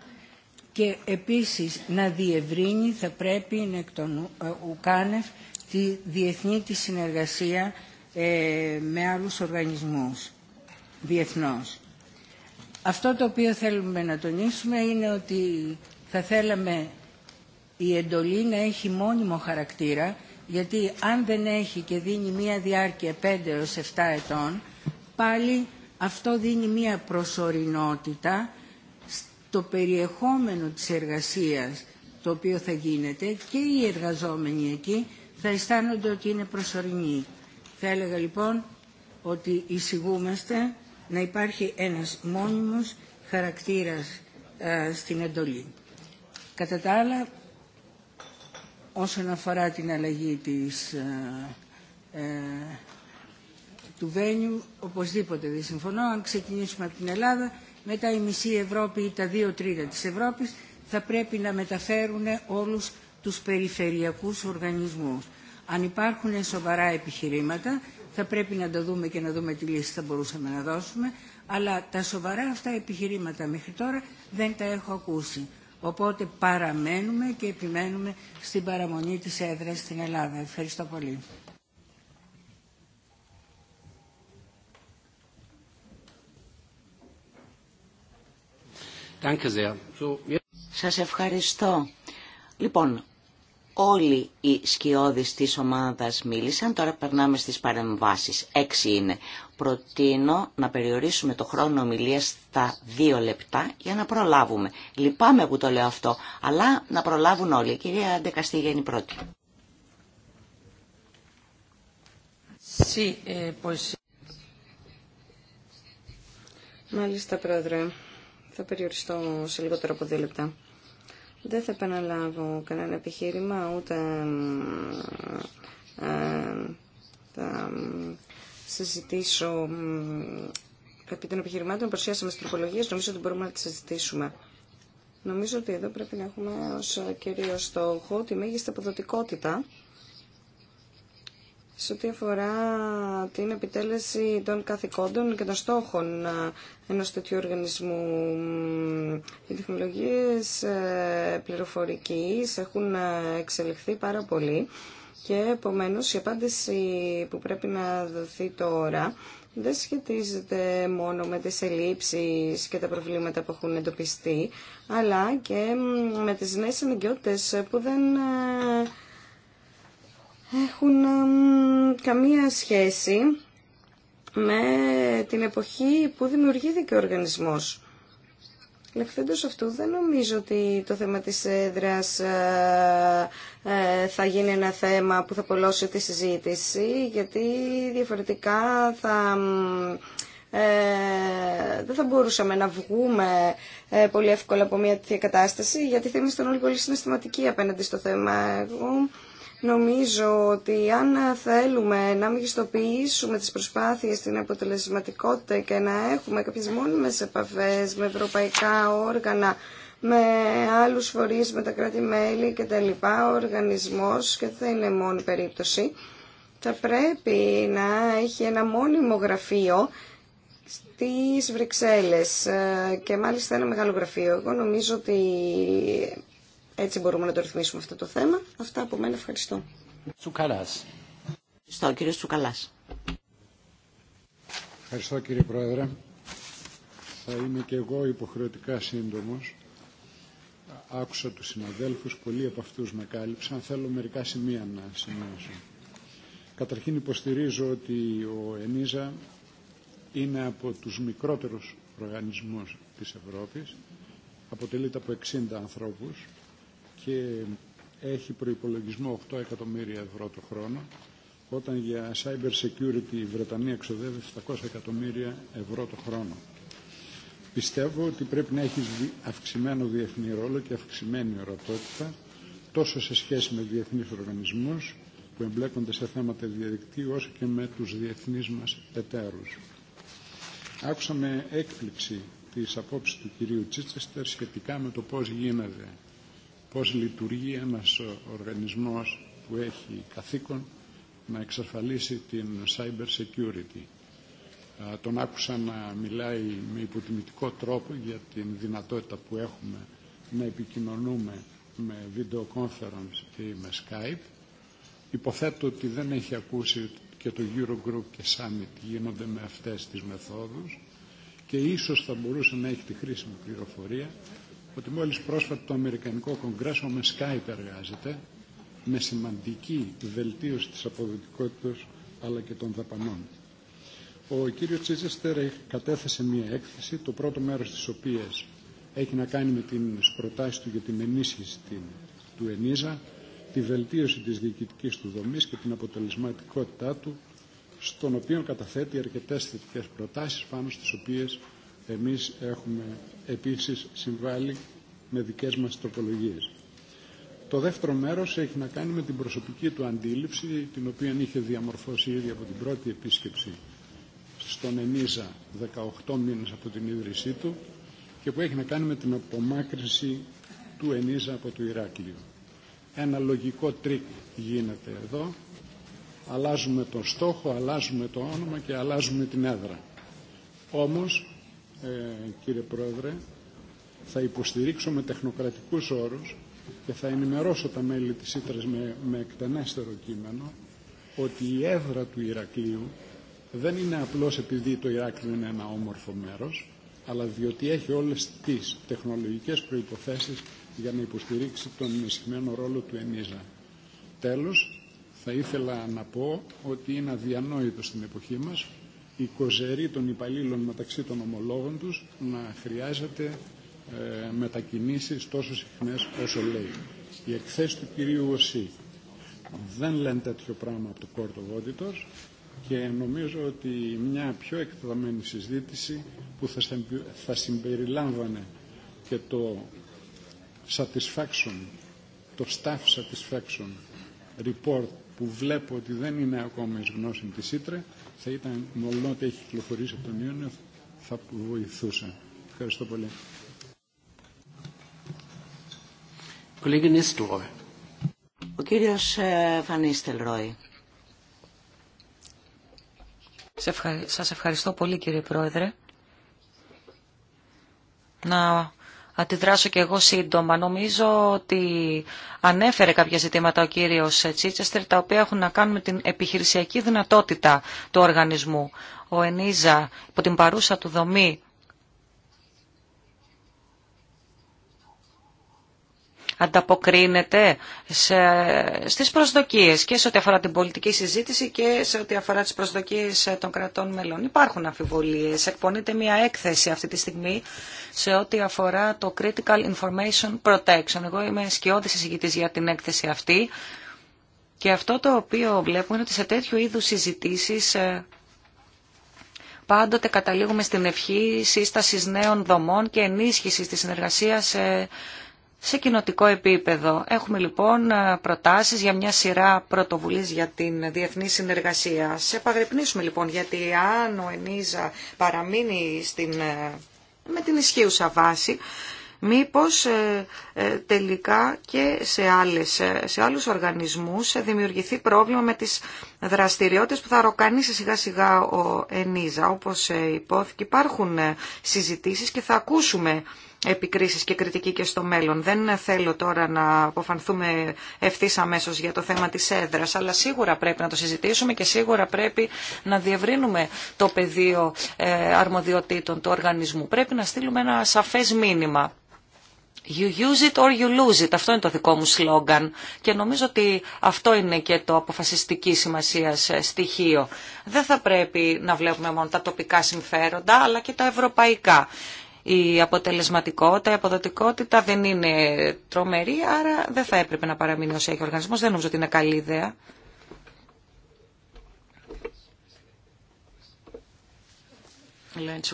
και επίσης να διευρύνει θα πρέπει να εκ των ε, ουκάνευ τη διεθνή τη συνεργασία ε, με άλλους οργανισμούς διεθνώς. Αυτό το οποίο θέλουμε να τονίσουμε είναι ότι θα θέλαμε η εντολή να έχει μόνιμο χαρακτήρα γιατί αν δεν έχει και δίνει μία διάρκεια 5 έως 7 ετών πάλι αυτό δίνει μία προσωρινότητα στο περιεχόμενο της εργασίας το οποίο θα γίνεται και οι εργαζόμενοι εκεί θα αισθάνονται ότι είναι προσωρινοί. Θα έλεγα λοιπόν ότι εισηγούμαστε να υπάρχει ένας μόνιμος χαρακτήρας ε, στην εντολή. Κατά τα άλλα, όσον αφορά την αλλαγή της ε, ε, του Βένιου οπωσδήποτε δεν συμφωνώ. Αν ξεκινήσουμε από την Ελλάδα, μετά η μισή Ευρώπη ή τα δύο τρίτα της Ευρώπης θα πρέπει να μεταφέρουν όλους τους περιφερειακούς οργανισμούς. Αν υπάρχουν σοβαρά επιχειρήματα, θα πρέπει να τα δούμε και να δούμε τι λύση θα μπορούσαμε να δώσουμε, αλλά τα σοβαρά αυτά επιχειρήματα μέχρι τώρα δεν τα έχω ακούσει. Οπότε παραμένουμε και επιμένουμε στην παραμονή της έδρας στην Ελλάδα. Ευχαριστώ πολύ. Σας ευχαριστώ. Λοιπόν, όλοι οι σκιώδεις της ομάδας μίλησαν, τώρα περνάμε στις παρεμβάσεις. Έξι είναι. Προτείνω να περιορίσουμε το χρόνο ομιλία στα δύο λεπτά για να προλάβουμε. Λυπάμαι που το λέω αυτό, αλλά να προλάβουν όλοι. Η κυρία Αντεκαστήγια είναι η πρώτη. Eh, Μάλιστα, πρόεδρε. Θα περιοριστώ σε λιγότερο από δύο λεπτά. Δεν θα επαναλάβω κανένα επιχείρημα, ούτε ε, θα συζητήσω επί των επιχειρημάτων που παρουσιάσαμε τροπολογίε, νομίζω ότι μπορούμε να τις συζητήσουμε. Νομίζω ότι εδώ πρέπει να έχουμε ως κύριο στόχο τη μέγιστη αποδοτικότητα σε ό,τι αφορά την επιτέλεση των καθηκόντων και των στόχων ε, ενός τέτοιου οργανισμού. Οι τεχνολογίες ε, πληροφορικής έχουν ε, εξελιχθεί πάρα πολύ και επομένως η απάντηση που πρέπει να δοθεί τώρα δεν σχετίζεται μόνο με τις ελλείψεις και τα προβλήματα που έχουν εντοπιστεί, αλλά και με τις νέες αναγκαιότητες που δεν έχουν καμία σχέση με την εποχή που δημιουργήθηκε ο οργανισμός. Λευθέντως αυτού δεν νομίζω ότι το θέμα της έδρας ε, ε, θα γίνει ένα θέμα που θα πολλώσει τη συζήτηση, γιατί διαφορετικά ε, δεν θα μπορούσαμε να βγούμε πολύ εύκολα από μια τέτοια κατάσταση, γιατί θα ήμασταν όλοι πολύ συναισθηματικοί απέναντι στο θέμα. Εγώ Νομίζω ότι αν θέλουμε να μεγιστοποιήσουμε τις προσπάθειες στην αποτελεσματικότητα και να έχουμε κάποιες μόνιμες επαφές με ευρωπαϊκά όργανα, με άλλους φορείς, με τα κράτη-μέλη κτλ, ο οργανισμός και θα είναι μόνη περίπτωση, θα πρέπει να έχει ένα μόνιμο γραφείο στις Βρυξέλλες ε, και μάλιστα ένα μεγάλο γραφείο. Εγώ νομίζω ότι έτσι μπορούμε να το ρυθμίσουμε αυτό το θέμα. Αυτά από μένα ευχαριστώ. Ευχαριστώ κύριε Τσουκαλάς. Ευχαριστώ κύριε Πρόεδρε. Θα είμαι και εγώ υποχρεωτικά σύντομος. Άκουσα τους συναδέλφους, πολλοί από αυτούς με κάλυψαν. Θέλω μερικά σημεία να σημειώσω. Καταρχήν υποστηρίζω ότι ο ΕΝΙΖΑ είναι από τους μικρότερους οργανισμούς της Ευρώπης. Αποτελείται από 60 ανθρώπους και έχει προϋπολογισμό 8 εκατομμύρια ευρώ το χρόνο, όταν για cyber security η Βρετανία εξοδεύει 700 εκατομμύρια ευρώ το χρόνο. Πιστεύω ότι πρέπει να έχει αυξημένο διεθνή ρόλο και αυξημένη ορατότητα, τόσο σε σχέση με διεθνείς οργανισμούς που εμπλέκονται σε θέματα διαδικτύου, όσο και με τους διεθνείς μας εταίρους. Άκουσα με έκπληξη τις απόψεις του κυρίου Τσίτσεστερ σχετικά με το πώς γίνεται πώς λειτουργεί ένας οργανισμός που έχει καθήκον να εξασφαλίσει την cyber security. Τον άκουσα να μιλάει με υποτιμητικό τρόπο για την δυνατότητα που έχουμε να επικοινωνούμε με video conference ή με Skype. Υποθέτω ότι δεν έχει ακούσει και το Eurogroup και Summit γίνονται με αυτές τις μεθόδους και ίσως θα μπορούσε να έχει τη χρήσιμη πληροφορία ότι μόλις πρόσφατα το Αμερικανικό Κογκρέσο με Skype εργάζεται με σημαντική βελτίωση της αποδοτικότητας αλλά και των δαπανών. Ο κύριος Τσίζεστερ κατέθεσε μία έκθεση, το πρώτο μέρος της οποίας έχει να κάνει με την προτάσεις του για την ενίσχυση του ΕΝΙΖΑ, τη βελτίωση της διοικητικής του δομής και την αποτελεσματικότητά του, στον οποίο καταθέτει αρκετές θετικές προτάσεις πάνω στις οποίες εμείς έχουμε επίσης συμβάλει με δικές μας τροπολογίες. Το δεύτερο μέρος έχει να κάνει με την προσωπική του αντίληψη, την οποία είχε διαμορφώσει ήδη από την πρώτη επίσκεψη στον Ενίζα 18 μήνες από την ίδρυσή του και που έχει να κάνει με την απομάκρυνση του Ενίζα από το Ηράκλειο. Ένα λογικό τρίκ γίνεται εδώ. Αλλάζουμε τον στόχο, αλλάζουμε το όνομα και αλλάζουμε την έδρα. Όμως ε, κύριε Πρόεδρε, θα υποστηρίξω με τεχνοκρατικούς όρους και θα ενημερώσω τα μέλη της Ήτρας με, με εκτενέστερο κείμενο ότι η έδρα του Ηρακλείου δεν είναι απλώς επειδή το Ηράκλειο είναι ένα όμορφο μέρος, αλλά διότι έχει όλες τις τεχνολογικές προϋποθέσεις για να υποστηρίξει τον ενισχυμένο ρόλο του ΕΝΙΖΑ. Τέλος, θα ήθελα να πω ότι είναι αδιανόητο στην εποχή μας η κοζερή των υπαλλήλων μεταξύ των ομολόγων τους να χρειάζεται ε, μετακινήσεις τόσο συχνές όσο λέει. Οι εκθέσει του κυρίου ΟΣΥ δεν λένε τέτοιο πράγμα από το κόρτο και νομίζω ότι μια πιο εκτεταμένη συζήτηση που θα συμπεριλάμβανε και το satisfaction, το staff satisfaction report που βλέπω ότι δεν είναι ακόμα εις γνώση της Ήτρε θα ήταν μόνο ότι έχει κυκλοφορήσει από τον Ιούνιο θα βοηθούσε. Ευχαριστώ πολύ. Ο κύριος Φανίστελ ε, Ρόι. Σας ευχαριστώ πολύ κύριε Πρόεδρε. Να αντιδράσω και εγώ σύντομα. Νομίζω ότι ανέφερε κάποια ζητήματα ο κύριος Τσίτσεστερ, τα οποία έχουν να κάνουν με την επιχειρησιακή δυνατότητα του οργανισμού. Ο ΕΝΙΖΑ, υπό την παρούσα του δομή, ανταποκρίνεται σε, στις προσδοκίες και σε ό,τι αφορά την πολιτική συζήτηση και σε ό,τι αφορά τις προσδοκίες των κρατών μελών. Υπάρχουν αμφιβολίες. Εκπονείται μια έκθεση αυτή τη στιγμή σε ό,τι αφορά το Critical Information Protection. Εγώ είμαι σκιώδης συζητητής για την έκθεση αυτή. Και αυτό το οποίο βλέπουμε είναι ότι σε τέτοιου είδους συζητήσεις ε, πάντοτε καταλήγουμε στην ευχή σύστασης νέων δομών και ενίσχυσης της συνεργασίας ε, σε κοινοτικό επίπεδο έχουμε λοιπόν ε, προτάσεις για μια σειρά πρωτοβουλίες για την διεθνή συνεργασία. Σε επαγρυπνήσουμε λοιπόν γιατί αν ο ΕΝΙΖΑ παραμείνει ε, με την ισχύουσα βάση, μήπως ε, τελικά και σε, άλλες, σε άλλους οργανισμούς ε, δημιουργηθεί πρόβλημα με τις δραστηριότητες που θα ροκανίσει σιγά σιγά ο ΕΝΙΖΑ. Όπως υπόθηκε υπάρχουν συζητήσεις και θα ακούσουμε επικρίσεις και κριτική και στο μέλλον. Δεν θέλω τώρα να αποφανθούμε ευθύ αμέσω για το θέμα της έδρας, αλλά σίγουρα πρέπει να το συζητήσουμε και σίγουρα πρέπει να διευρύνουμε το πεδίο ε, αρμοδιοτήτων του οργανισμού. Πρέπει να στείλουμε ένα σαφές μήνυμα. You use it or you lose it. Αυτό είναι το δικό μου σλόγγαν και νομίζω ότι αυτό είναι και το αποφασιστική σημασία στοιχείο. Δεν θα πρέπει να βλέπουμε μόνο τα τοπικά συμφέροντα αλλά και τα ευρωπαϊκά. Η αποτελεσματικότητα, η αποδοτικότητα δεν είναι τρομερή, άρα δεν θα έπρεπε να παραμείνει ως έχει οργανισμός. Δεν νομίζω ότι είναι καλή ιδέα.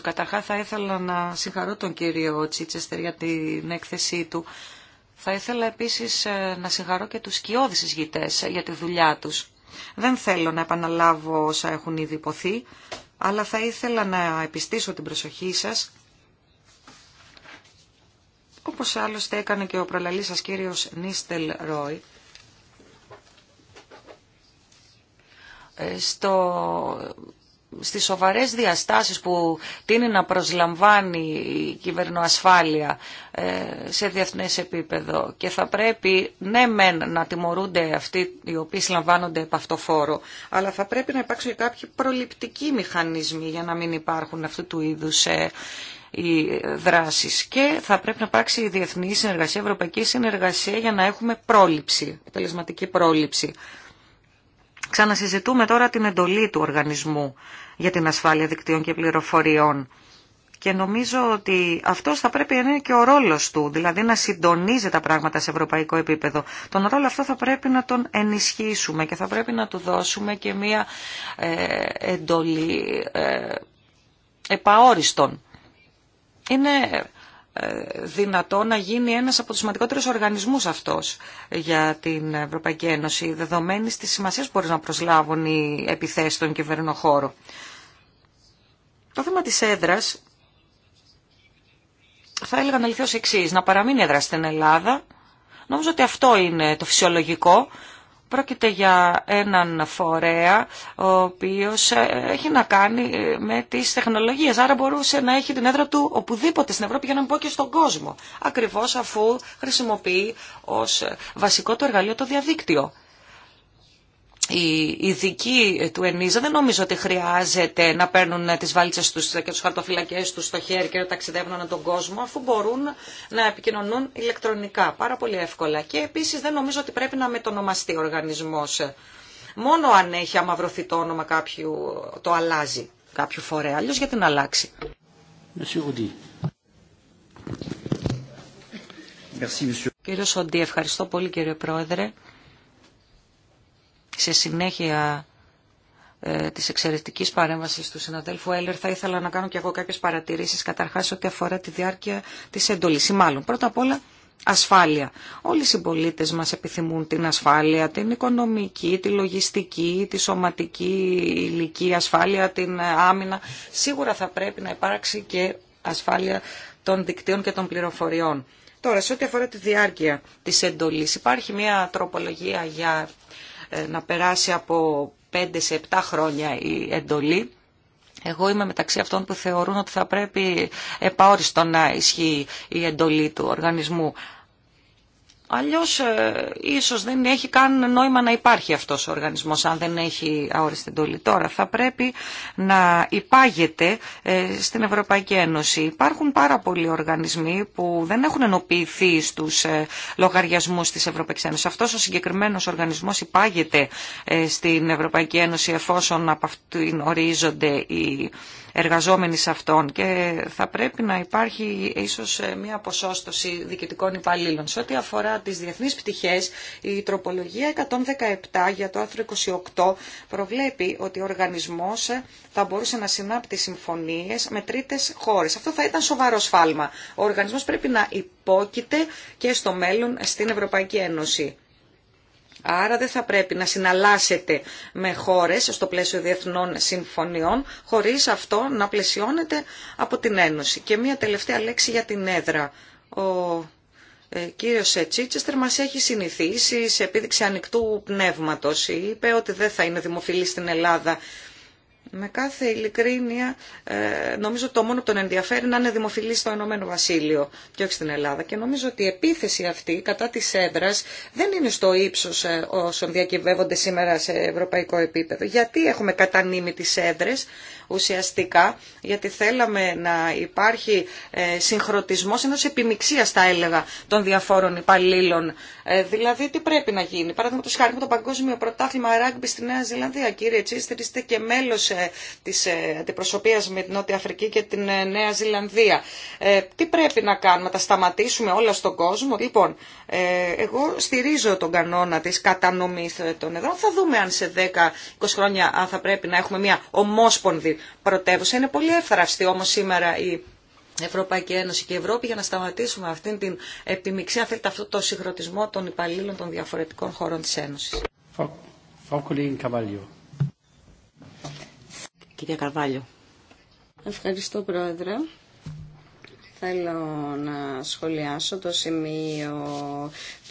Καταρχά θα ήθελα να συγχαρώ τον κύριο Τσίτσεστερ για την έκθεσή του. Θα ήθελα επίσης ε, να συγχαρώ και τους σκιώδεις εισηγητές ε, για τη δουλειά τους. Δεν θέλω να επαναλάβω όσα έχουν ήδη υποθεί, αλλά θα ήθελα να επιστήσω την προσοχή σας όπως άλλωστε έκανε και ο προλαλής σας κύριος Νίστελ Ρόι, ε, στο, στις σοβαρές διαστάσεις που τίνει να προσλαμβάνει η κυβερνοασφάλεια ε, σε διεθνές επίπεδο και θα πρέπει ναι μεν να τιμωρούνται αυτοί οι οποίοι συλλαμβάνονται από αυτό φόρο, αλλά θα πρέπει να υπάρξουν και κάποιοι προληπτικοί μηχανισμοί για να μην υπάρχουν αυτού του είδους ε, οι δράσει και θα πρέπει να υπάρξει η διεθνή συνεργασία, η ευρωπαϊκή συνεργασία για να έχουμε πρόληψη, αποτελεσματική πρόληψη. Ξανασυζητούμε τώρα την εντολή του οργανισμού για την ασφάλεια δικτύων και πληροφοριών. Και νομίζω ότι αυτό θα πρέπει να είναι και ο ρόλο του, δηλαδή να συντονίζει τα πράγματα σε ευρωπαϊκό επίπεδο. Τον ρόλο αυτό θα πρέπει να τον ενισχύσουμε και θα πρέπει να του δώσουμε και μία ε, εντολή ε, είναι ε, δυνατό να γίνει ένας από τους σημαντικότερους οργανισμούς αυτός για την Ευρωπαϊκή Ένωση, δεδομένης της σημασίας που μπορεί να προσλάβουν οι επιθέσεις στον χώρο. Το θέμα της έδρας θα έλεγα να λυθεί ως εξής, να παραμείνει έδρα στην Ελλάδα. Νομίζω ότι αυτό είναι το φυσιολογικό. Πρόκειται για έναν φορέα ο οποίος ε, έχει να κάνει ε, με τις τεχνολογίες, άρα μπορούσε να έχει την έδρα του οπουδήποτε στην Ευρώπη για να μην πω και στον κόσμο, ακριβώς αφού χρησιμοποιεί ως ε, βασικό το εργαλείο το διαδίκτυο οι ειδικοί του ΕΝΙΖΑ δεν νομίζω ότι χρειάζεται να παίρνουν τις βάλτσες τους και τους χαρτοφυλακές τους στο χέρι και να ταξιδεύουν ανά τον κόσμο αφού μπορούν να επικοινωνούν ηλεκτρονικά πάρα πολύ εύκολα. Και επίσης δεν νομίζω ότι πρέπει να μετονομαστεί ο οργανισμός. Μόνο αν έχει αμαυρωθεί το όνομα κάποιου το αλλάζει κάποιο φορέα. Αλλιώς γιατί να αλλάξει. Κύριο Σοντή, ευχαριστώ πολύ κύριε Πρόεδρε σε συνέχεια ε, της εξαιρετικής παρέμβασης του συναδέλφου Έλερ θα ήθελα να κάνω και εγώ κάποιες παρατηρήσεις καταρχάς ό,τι αφορά τη διάρκεια της εντολής ή μάλλον πρώτα απ' όλα ασφάλεια. Όλοι οι συμπολίτε μας επιθυμούν την ασφάλεια, την οικονομική, τη λογιστική, τη σωματική ηλική ασφάλεια, την ε, άμυνα. Σίγουρα θα πρέπει να υπάρξει και ασφάλεια των δικτύων και των πληροφοριών. Τώρα, σε ό,τι αφορά τη διάρκεια της έντολη, υπάρχει μια τροπολογία για ε, να περάσει από 5 σε 7 χρόνια η εντολή. Εγώ είμαι μεταξύ αυτών που θεωρούν ότι θα πρέπει επαόριστο να ισχύει η εντολή του οργανισμού Αλλιώς ε, ίσως δεν έχει καν νόημα να υπάρχει αυτός ο οργανισμός αν δεν έχει αόριστη εντολή. Τώρα θα πρέπει να υπάγεται ε, στην Ευρωπαϊκή Ένωση. Υπάρχουν πάρα πολλοί οργανισμοί που δεν έχουν ενοποιηθεί στους ε, λογαριασμούς της Ευρωπαϊκής Ένωσης. Αυτός ο συγκεκριμένος οργανισμός υπάγεται ε, στην Ευρωπαϊκή Ένωση εφόσον από αυτήν ορίζονται οι εργαζόμενοι σε αυτόν και θα πρέπει να υπάρχει ίσως ε, μια ποσόστοση διοικητικών υπαλλήλων. Σε ό,τι αφορά τις διεθνείς πτυχές, η τροπολογία 117 για το άρθρο 28 προβλέπει ότι ο οργανισμός ε, θα μπορούσε να συνάπτει συμφωνίες με τρίτες χώρες. Αυτό θα ήταν σοβαρό σφάλμα. Ο οργανισμός πρέπει να υπόκειται και στο μέλλον στην Ευρωπαϊκή Ένωση. Άρα δεν θα πρέπει να συναλλάσσεται με χώρες στο πλαίσιο διεθνών συμφωνιών χωρίς αυτό να πλαισιώνεται από την Ένωση. Και μία τελευταία λέξη για την έδρα. Ο ε, κύριος ε, Τσίτσεστερ μας έχει συνηθίσει σε επίδειξη ανοιχτού πνεύματος. Είπε ότι δεν θα είναι δημοφιλή στην Ελλάδα με κάθε ειλικρίνεια, ε, νομίζω το μόνο που τον ενδιαφέρει να είναι δημοφιλή στο Ηνωμένο Βασίλειο και όχι στην Ελλάδα. Και νομίζω ότι η επίθεση αυτή κατά τη έδρα δεν είναι στο ύψο ε, όσων διακυβεύονται σήμερα σε ευρωπαϊκό επίπεδο. Γιατί έχουμε κατανείμει τι έδρε ουσιαστικά, γιατί θέλαμε να υπάρχει ε, συγχρονισμό ενό επιμηξία, θα έλεγα, των διαφόρων υπαλλήλων. Δηλαδή, τι πρέπει να γίνει. Παραδείγματο χάρη με το Παγκόσμιο Πρωτάθλημα Ράγκμπι στη Νέα Ζηλανδία, κύριε Τσίστερ, είστε και μέλο ε, της ε, αντιπροσωπείας με την Νότια Αφρική και την ε, Νέα Ζηλανδία. Τι πρέπει να κάνουμε, τα σταματήσουμε όλα στον κόσμο. Λοιπόν, εγώ στηρίζω τον κανόνα της κατανομής των εδρών. Θα δούμε αν σε 10-20 χρόνια αν θα πρέπει να έχουμε μια ομόσπονδη πρωτεύουσα. Είναι πολύ εύθραυστη όμως σήμερα η Ευρωπαϊκή Ένωση και η Ευρώπη για να σταματήσουμε αυτήν την επιμειξία, αν θέλετε, αυτό το συγχρονισμό των υπαλλήλων των διαφορετικών χωρών της Ένωσης. Κυρία Καρβάλιο. Ευχαριστώ, Πρόεδρε. Θέλω να σχολιάσω το σημείο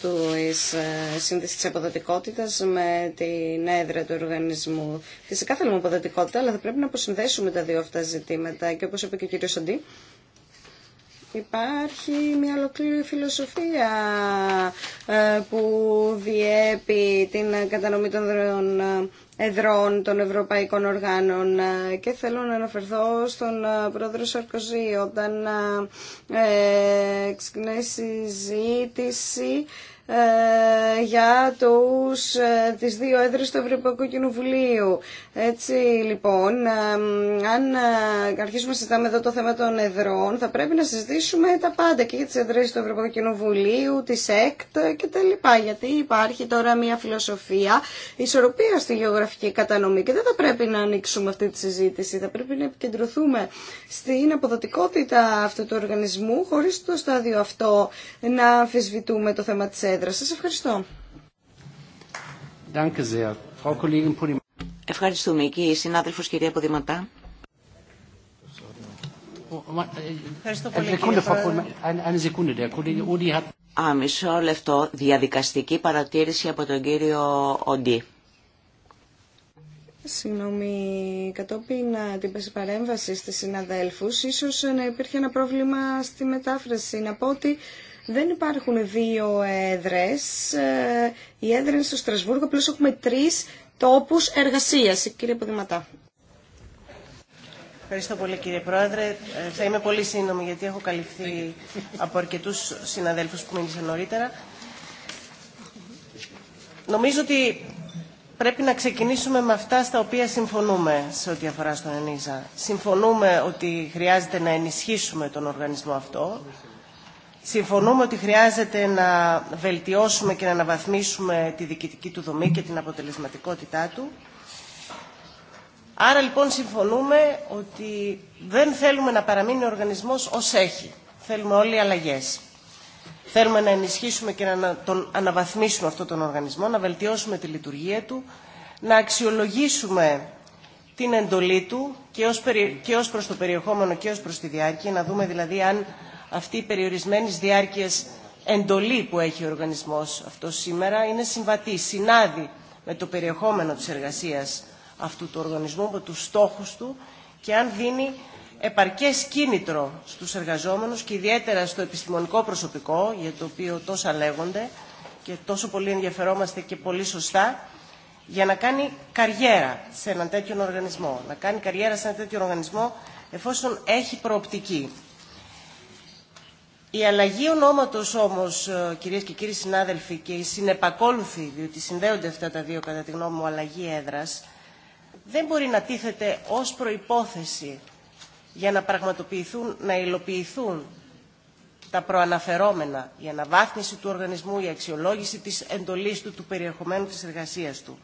της ε, σύνδεσης της αποδοτικότητας με την έδρα του οργανισμού. Φυσικά θέλουμε αποδοτικότητα, αλλά θα πρέπει να αποσυνδέσουμε τα δύο αυτά ζητήματα. Και όπως είπε και ο κύριος Σοντή, Υπάρχει μια ολοκλήρη φιλοσοφία ε, που διέπει την κατανομή των ε, εδρών των ευρωπαϊκών οργάνων ε, και θέλω να αναφερθώ στον ε, πρόεδρο Σαρκοζή όταν ε, ε ξεκινάει η συζήτηση ε, για τους, ε, τις δύο έδρες του Ευρωπαϊκού Κοινοβουλίου. Έτσι λοιπόν, ε, αν αρχίσουμε να συζητάμε εδώ το θέμα των εδρών, θα πρέπει να συζητήσουμε τα πάντα και για τις έδρες του Ευρωπαϊκού Κοινοβουλίου, της ΕΚΤ και τα λοιπά, γιατί υπάρχει τώρα μια φιλοσοφία ισορροπία στη γεωγραφική κατανομή και δεν θα πρέπει να ανοίξουμε αυτή τη συζήτηση, θα πρέπει να επικεντρωθούμε στην αποδοτικότητα αυτού του οργανισμού, χωρίς το στάδιο αυτό να αμφισβητούμε το θέμα της έδρα. Σας ευχαριστώ. Ευχαριστούμε. Και η συνάδελφος κυρία Ποδηματά. Ευχαριστώ πολύ λεπτό. Διαδικαστική παρατήρηση από τον κύριο Οντί. Συγγνώμη, κατόπιν την παρέμβαση στις συναδέλφους, ίσως να υπήρχε ένα πρόβλημα στη μετάφραση. Να πω ότι δεν υπάρχουν δύο έδρες. Ε, η έδρα είναι στο Στρασβούργο, απλώς έχουμε τρεις τόπους εργασίας. Κύριε Ποδηματά. Ευχαριστώ πολύ κύριε Πρόεδρε. Ε, θα είμαι πολύ σύντομη γιατί έχω καλυφθεί από αρκετούς συναδέλφους που μίλησαν νωρίτερα. Νομίζω ότι πρέπει να ξεκινήσουμε με αυτά στα οποία συμφωνούμε σε ό,τι αφορά στον ΕΝΙΖΑ. Συμφωνούμε ότι χρειάζεται να ενισχύσουμε τον οργανισμό αυτό Συμφωνούμε ότι χρειάζεται να βελτιώσουμε και να αναβαθμίσουμε τη διοικητική του δομή και την αποτελεσματικότητά του. Άρα λοιπόν συμφωνούμε ότι δεν θέλουμε να παραμείνει ο οργανισμός ως έχει. Θέλουμε όλοι αλλαγές. Θέλουμε να ενισχύσουμε και να τον αναβαθμίσουμε αυτόν τον οργανισμό, να βελτιώσουμε τη λειτουργία του, να αξιολογήσουμε την εντολή του και ως, προς το περιεχόμενο και ως προς τη διάρκεια, να δούμε δηλαδή αν αυτή η περιορισμένης διάρκειας εντολή που έχει ο οργανισμός αυτό σήμερα είναι συμβατή, συνάδει με το περιεχόμενο της εργασίας αυτού του οργανισμού, με τους στόχους του και αν δίνει επαρκές κίνητρο στους εργαζόμενους και ιδιαίτερα στο επιστημονικό προσωπικό, για το οποίο τόσα λέγονται και τόσο πολύ ενδιαφερόμαστε και πολύ σωστά, για να κάνει καριέρα σε έναν τέτοιον οργανισμό. Να κάνει καριέρα σε έναν τέτοιο οργανισμό εφόσον έχει προοπτική. Η αλλαγή ονόματος όμως, ε, κυρίες και κύριοι συνάδελφοι, και η συνεπακόλουθη, διότι συνδέονται αυτά τα δύο κατά τη γνώμη μου αλλαγή έδρας, δεν μπορεί να τίθεται ως προϋπόθεση για να πραγματοποιηθούν, να υλοποιηθούν τα προαναφερόμενα, η αναβάθμιση του οργανισμού, η αξιολόγηση της εντολής του, του περιεχομένου της εργασίας του.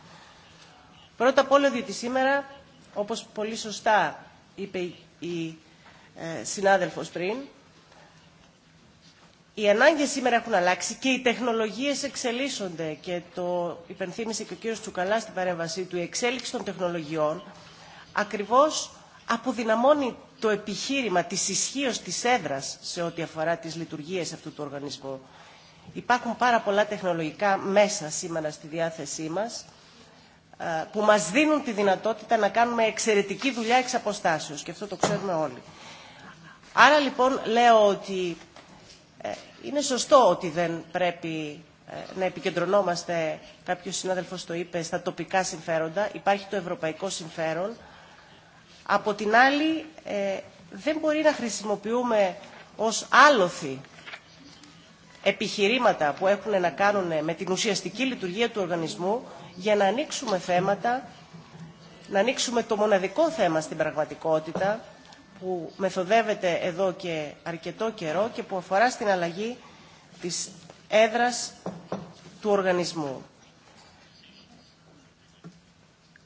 Πρώτα απ' όλα διότι σήμερα, όπως πολύ σωστά είπε η ε, συνάδελφος πριν, οι ανάγκε σήμερα έχουν αλλάξει και οι τεχνολογίε εξελίσσονται και το υπενθύμησε και ο κύριο Τσουκαλά στην παρέμβασή του, η εξέλιξη των τεχνολογιών ακριβώς αποδυναμώνει το επιχείρημα τη ισχύω τη έδρα σε ό,τι αφορά τι λειτουργίε αυτού του οργανισμού. Υπάρχουν πάρα πολλά τεχνολογικά μέσα σήμερα στη διάθεσή μα, ε, που μας δίνουν τη δυνατότητα να κάνουμε εξαιρετική δουλειά εξ αποστάσεως και αυτό το ξέρουμε όλοι. Άρα λοιπόν λέω ότι είναι σωστό ότι δεν πρέπει ε, να επικεντρωνόμαστε, κάποιος συνάδελφος το είπε, στα τοπικά συμφέροντα. Υπάρχει το ευρωπαϊκό συμφέρον. Από την άλλη, ε, δεν μπορεί να χρησιμοποιούμε ως άλοθη επιχειρήματα που έχουν να κάνουν με την ουσιαστική λειτουργία του οργανισμού για να ανοίξουμε θέματα, να ανοίξουμε το μοναδικό θέμα στην πραγματικότητα, που μεθοδεύεται εδώ και αρκετό καιρό και που αφορά στην αλλαγή της έδρας του οργανισμού.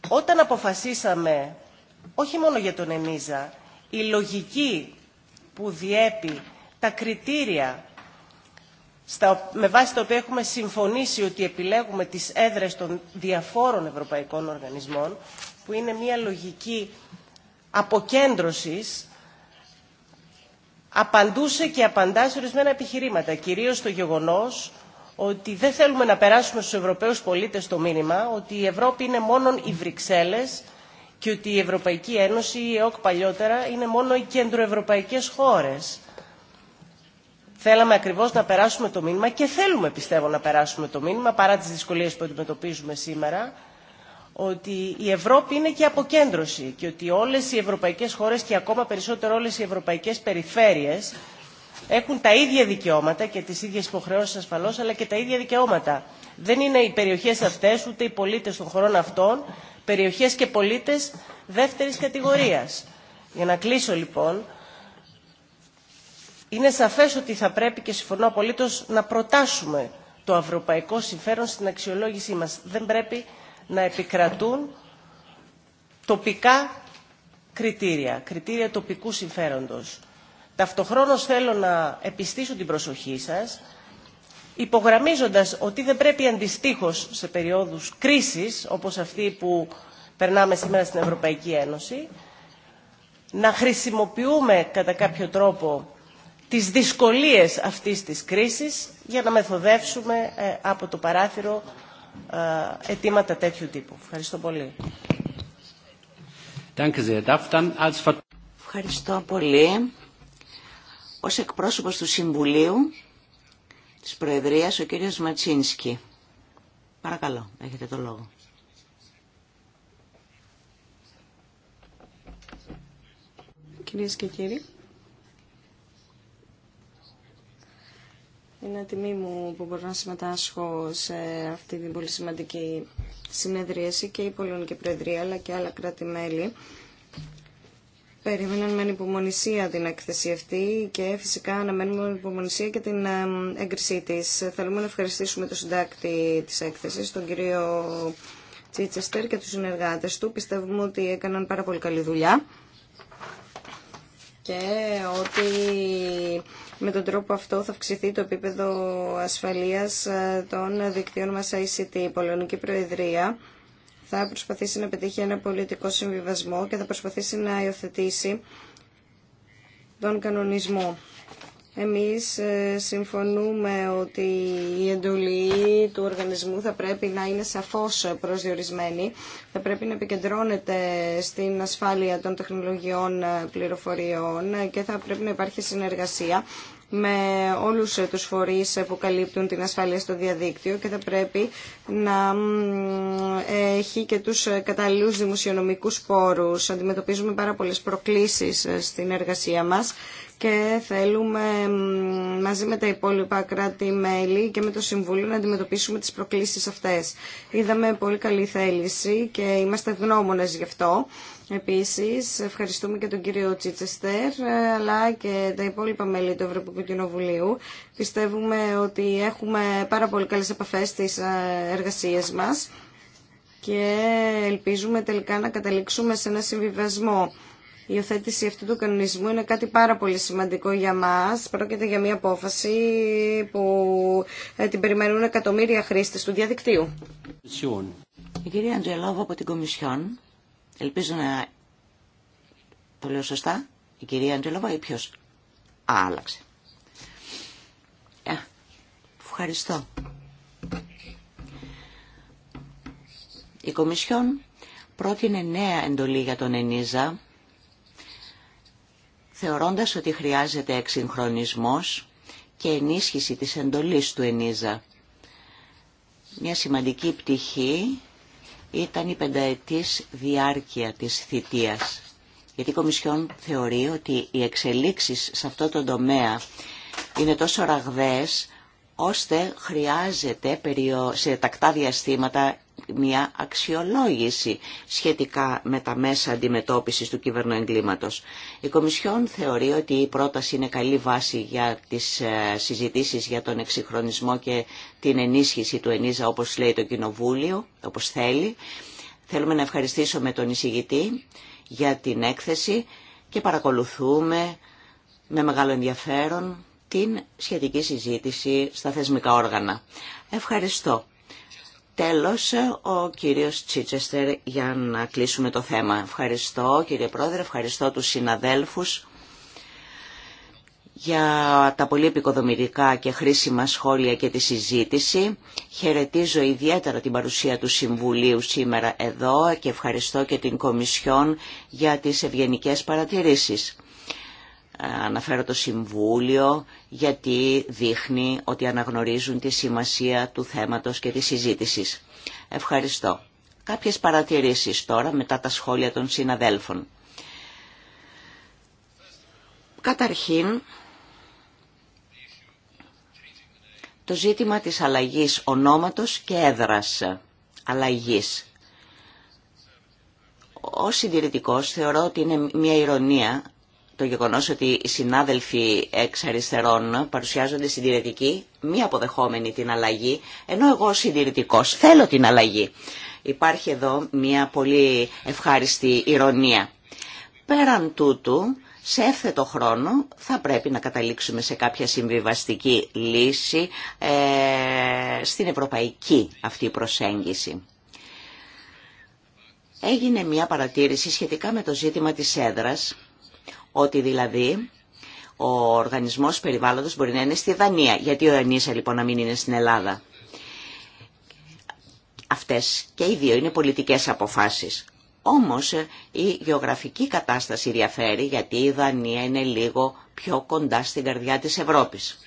Όταν αποφασίσαμε, όχι μόνο για τον Εμίζα, η λογική που διέπει τα κριτήρια στα, με βάση τα οποία έχουμε συμφωνήσει ότι επιλέγουμε τις έδρες των διαφόρων ευρωπαϊκών οργανισμών, που είναι μια λογική αποκέντρωσης απαντούσε και απαντά σε ορισμένα επιχειρήματα. Κυρίως το γεγονός ότι δεν θέλουμε να περάσουμε στους Ευρωπαίους πολίτες το μήνυμα ότι η Ευρώπη είναι μόνο οι Βρυξέλλες και ότι η Ευρωπαϊκή Ένωση, η ΕΟΚ παλιότερα, είναι μόνο οι κεντροευρωπαϊκές χώρες. Θέλαμε ακριβώς να περάσουμε το μήνυμα και θέλουμε πιστεύω να περάσουμε το μήνυμα παρά τις δυσκολίες που αντιμετωπίζουμε σήμερα ότι η Ευρώπη είναι και αποκέντρωση και ότι όλες οι ευρωπαϊκές χώρες και ακόμα περισσότερο όλες οι ευρωπαϊκές περιφέρειες έχουν τα ίδια δικαιώματα και τις ίδιες υποχρεώσεις ασφαλώς, αλλά και τα ίδια δικαιώματα. Δεν είναι οι περιοχές αυτές, ούτε οι πολίτες των χωρών αυτών, περιοχές και πολίτες δεύτερης κατηγορίας. Για να κλείσω λοιπόν, είναι σαφές ότι θα πρέπει και συμφωνώ απολύτως να προτάσουμε το ευρωπαϊκό συμφέρον στην αξιολόγησή μας. Δεν πρέπει να επικρατούν τοπικά κριτήρια, κριτήρια τοπικού συμφέροντος. Ταυτοχρόνως θέλω να επιστήσω την προσοχή σας, υπογραμμίζοντας ότι δεν πρέπει αντιστοίχως σε περιόδους κρίσης, όπως αυτή που περνάμε σήμερα στην Ευρωπαϊκή Ένωση, να χρησιμοποιούμε κατά κάποιο τρόπο τις δυσκολίες αυτής της κρίσης για να μεθοδεύσουμε ε, από το παράθυρο ε, αιτήματα τέτοιου τύπου. Ευχαριστώ πολύ. Ευχαριστώ πολύ. Ως εκπρόσωπος του Συμβουλίου της Προεδρίας, ο κύριος Ματσίνσκι. Παρακαλώ, έχετε το λόγο. Κυρίες και κύριοι, Είναι τιμή μου που μπορώ να συμμετάσχω σε αυτή την πολύ σημαντική συνεδρίαση και η Πολωνική Προεδρία αλλά και άλλα κράτη-μέλη. Περιμένουν με ανυπομονησία την έκθεση αυτή και φυσικά αναμένουμε με ανυπομονησία και την έγκρισή τη. Θέλουμε να ευχαριστήσουμε τον συντάκτη τη έκθεση, τον κύριο Τσίτσεστερ και του συνεργάτε του. Πιστεύουμε ότι έκαναν πάρα πολύ καλή δουλειά και ότι με τον τρόπο αυτό θα αυξηθεί το επίπεδο ασφαλείας ε, των δικτύων μας ICT. Η Πολωνική Προεδρία θα προσπαθήσει να πετύχει ένα πολιτικό συμβιβασμό και θα προσπαθήσει να υιοθετήσει τον κανονισμό εμείς ε, συμφωνούμε ότι η εντολή του οργανισμού θα πρέπει να είναι σαφώς προσδιορισμένη. Θα πρέπει να επικεντρώνεται στην ασφάλεια των τεχνολογιών ε, πληροφοριών και θα πρέπει να υπάρχει συνεργασία με όλους τους φορείς που καλύπτουν την ασφάλεια στο διαδίκτυο και θα πρέπει να έχει και τους καταλληλούς δημοσιονομικούς πόρους. Αντιμετωπίζουμε πάρα πολλές προκλήσεις ε, στην εργασία μας και θέλουμε μαζί με τα υπόλοιπα κράτη-μέλη και με το Συμβούλιο να αντιμετωπίσουμε τις προκλήσεις αυτές. Είδαμε πολύ καλή θέληση και είμαστε γνώμονες γι' αυτό. Επίσης, ευχαριστούμε και τον κύριο Τσίτσεστερ, αλλά και τα υπόλοιπα μέλη του Ευρωπαϊκού Κοινοβουλίου. Πιστεύουμε ότι έχουμε πάρα πολύ καλές επαφές στις ε, εργασίες μας και ελπίζουμε τελικά να καταλήξουμε σε ένα συμβιβασμό. Η υιοθέτηση αυτού του κανονισμού είναι κάτι πάρα πολύ σημαντικό για μας. Πρόκειται για μια απόφαση που ε, την περιμένουν εκατομμύρια χρήστες του διαδικτύου. Η κυρία Αντζελόβα από την Κομισιόν, ελπίζω να το λέω σωστά, η κυρία Αντζελόβα ή ποιος άλλαξε. Ε, ευχαριστώ. Η ποιος αλλαξε πρότεινε νέα εντολή για τον ΕΝΙΖΑ θεωρώντας ότι χρειάζεται εξυγχρονισμός και ενίσχυση της εντολής του ΕΝΙΖΑ. Μια σημαντική πτυχή ήταν η πενταετής διάρκεια της θητείας. Γιατί η Κομισιόν θεωρεί ότι οι εξελίξεις σε αυτό το τομέα είναι τόσο ραγδαίες, ώστε χρειάζεται σε τακτά διαστήματα μια αξιολόγηση σχετικά με τα μέσα αντιμετώπισης του κυβερνοεγκλήματος. Η Κομισιόν θεωρεί ότι η πρόταση είναι καλή βάση για τις ε, συζητήσεις για τον εξυγχρονισμό και την ενίσχυση του ΕΝΙΖΑ όπως λέει το Κοινοβούλιο, όπως θέλει. Θέλουμε να ευχαριστήσουμε τον εισηγητή για την έκθεση και παρακολουθούμε με μεγάλο ενδιαφέρον την σχετική συζήτηση στα θεσμικά όργανα. Ευχαριστώ. Τέλος, ο κύριος Τσίτσεστερ για να κλείσουμε το θέμα. Ευχαριστώ κύριε Πρόεδρε, ευχαριστώ τους συναδέλφους για τα πολύ επικοδομητικά και χρήσιμα σχόλια και τη συζήτηση. Χαιρετίζω ιδιαίτερα την παρουσία του Συμβουλίου σήμερα εδώ και ευχαριστώ και την Κομισιόν για τις ευγενικές παρατηρήσεις αναφέρω το Συμβούλιο γιατί δείχνει ότι αναγνωρίζουν τη σημασία του θέματος και της συζήτησης. Ευχαριστώ. Κάποιες παρατηρήσεις τώρα μετά τα σχόλια των συναδέλφων. Καταρχήν, το ζήτημα της αλλαγής ονόματος και έδρας αλλαγής. Ως συντηρητικός θεωρώ ότι είναι μια ηρωνία το γεγονός ότι οι συνάδελφοι εξ αριστερών παρουσιάζονται συντηρητικοί, μη αποδεχόμενοι την αλλαγή, ενώ εγώ συντηρητικός θέλω την αλλαγή. Υπάρχει εδώ μια πολύ ευχάριστη ηρωνία. Πέραν τούτου, σε εύθετο χρόνο θα πρέπει να καταλήξουμε σε κάποια συμβιβαστική λύση ε, στην ευρωπαϊκή αυτή προσέγγιση. Έγινε μια παρατήρηση σχετικά με το ζήτημα της έδρας ότι δηλαδή ο οργανισμός περιβάλλοντος μπορεί να είναι στη Δανία. Γιατί ο ΕΝΙΣΑ λοιπόν να μην είναι στην Ελλάδα. Αυτές και οι δύο είναι πολιτικές αποφάσεις. Όμως ε, η γεωγραφική κατάσταση διαφέρει γιατί η Δανία είναι λίγο πιο κοντά στην καρδιά της Ευρώπης.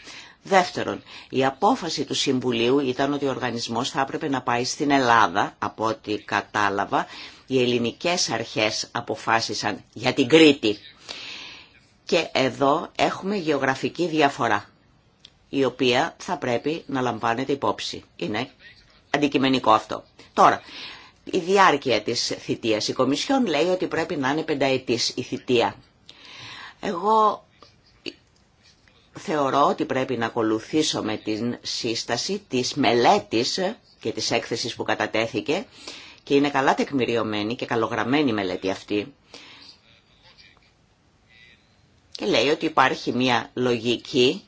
Δεύτερον, η απόφαση του Συμβουλίου ήταν ότι ο οργανισμός θα έπρεπε να πάει στην Ελλάδα, από ό,τι κατάλαβα, οι ελληνικές αρχές αποφάσισαν για την Κρήτη. Και εδώ έχουμε γεωγραφική διαφορά, η οποία θα πρέπει να λαμβάνεται υπόψη. Είναι αντικειμενικό αυτό. Τώρα, η διάρκεια της θητείας. Η Κομισιόν λέει ότι πρέπει να είναι πενταετής η θητεία. Εγώ θεωρώ ότι πρέπει να ακολουθήσω με την σύσταση της μελέτης και της έκθεσης που κατατέθηκε και είναι καλά τεκμηριωμένη και καλογραμμένη η μελέτη αυτή και λέει ότι υπάρχει μια λογική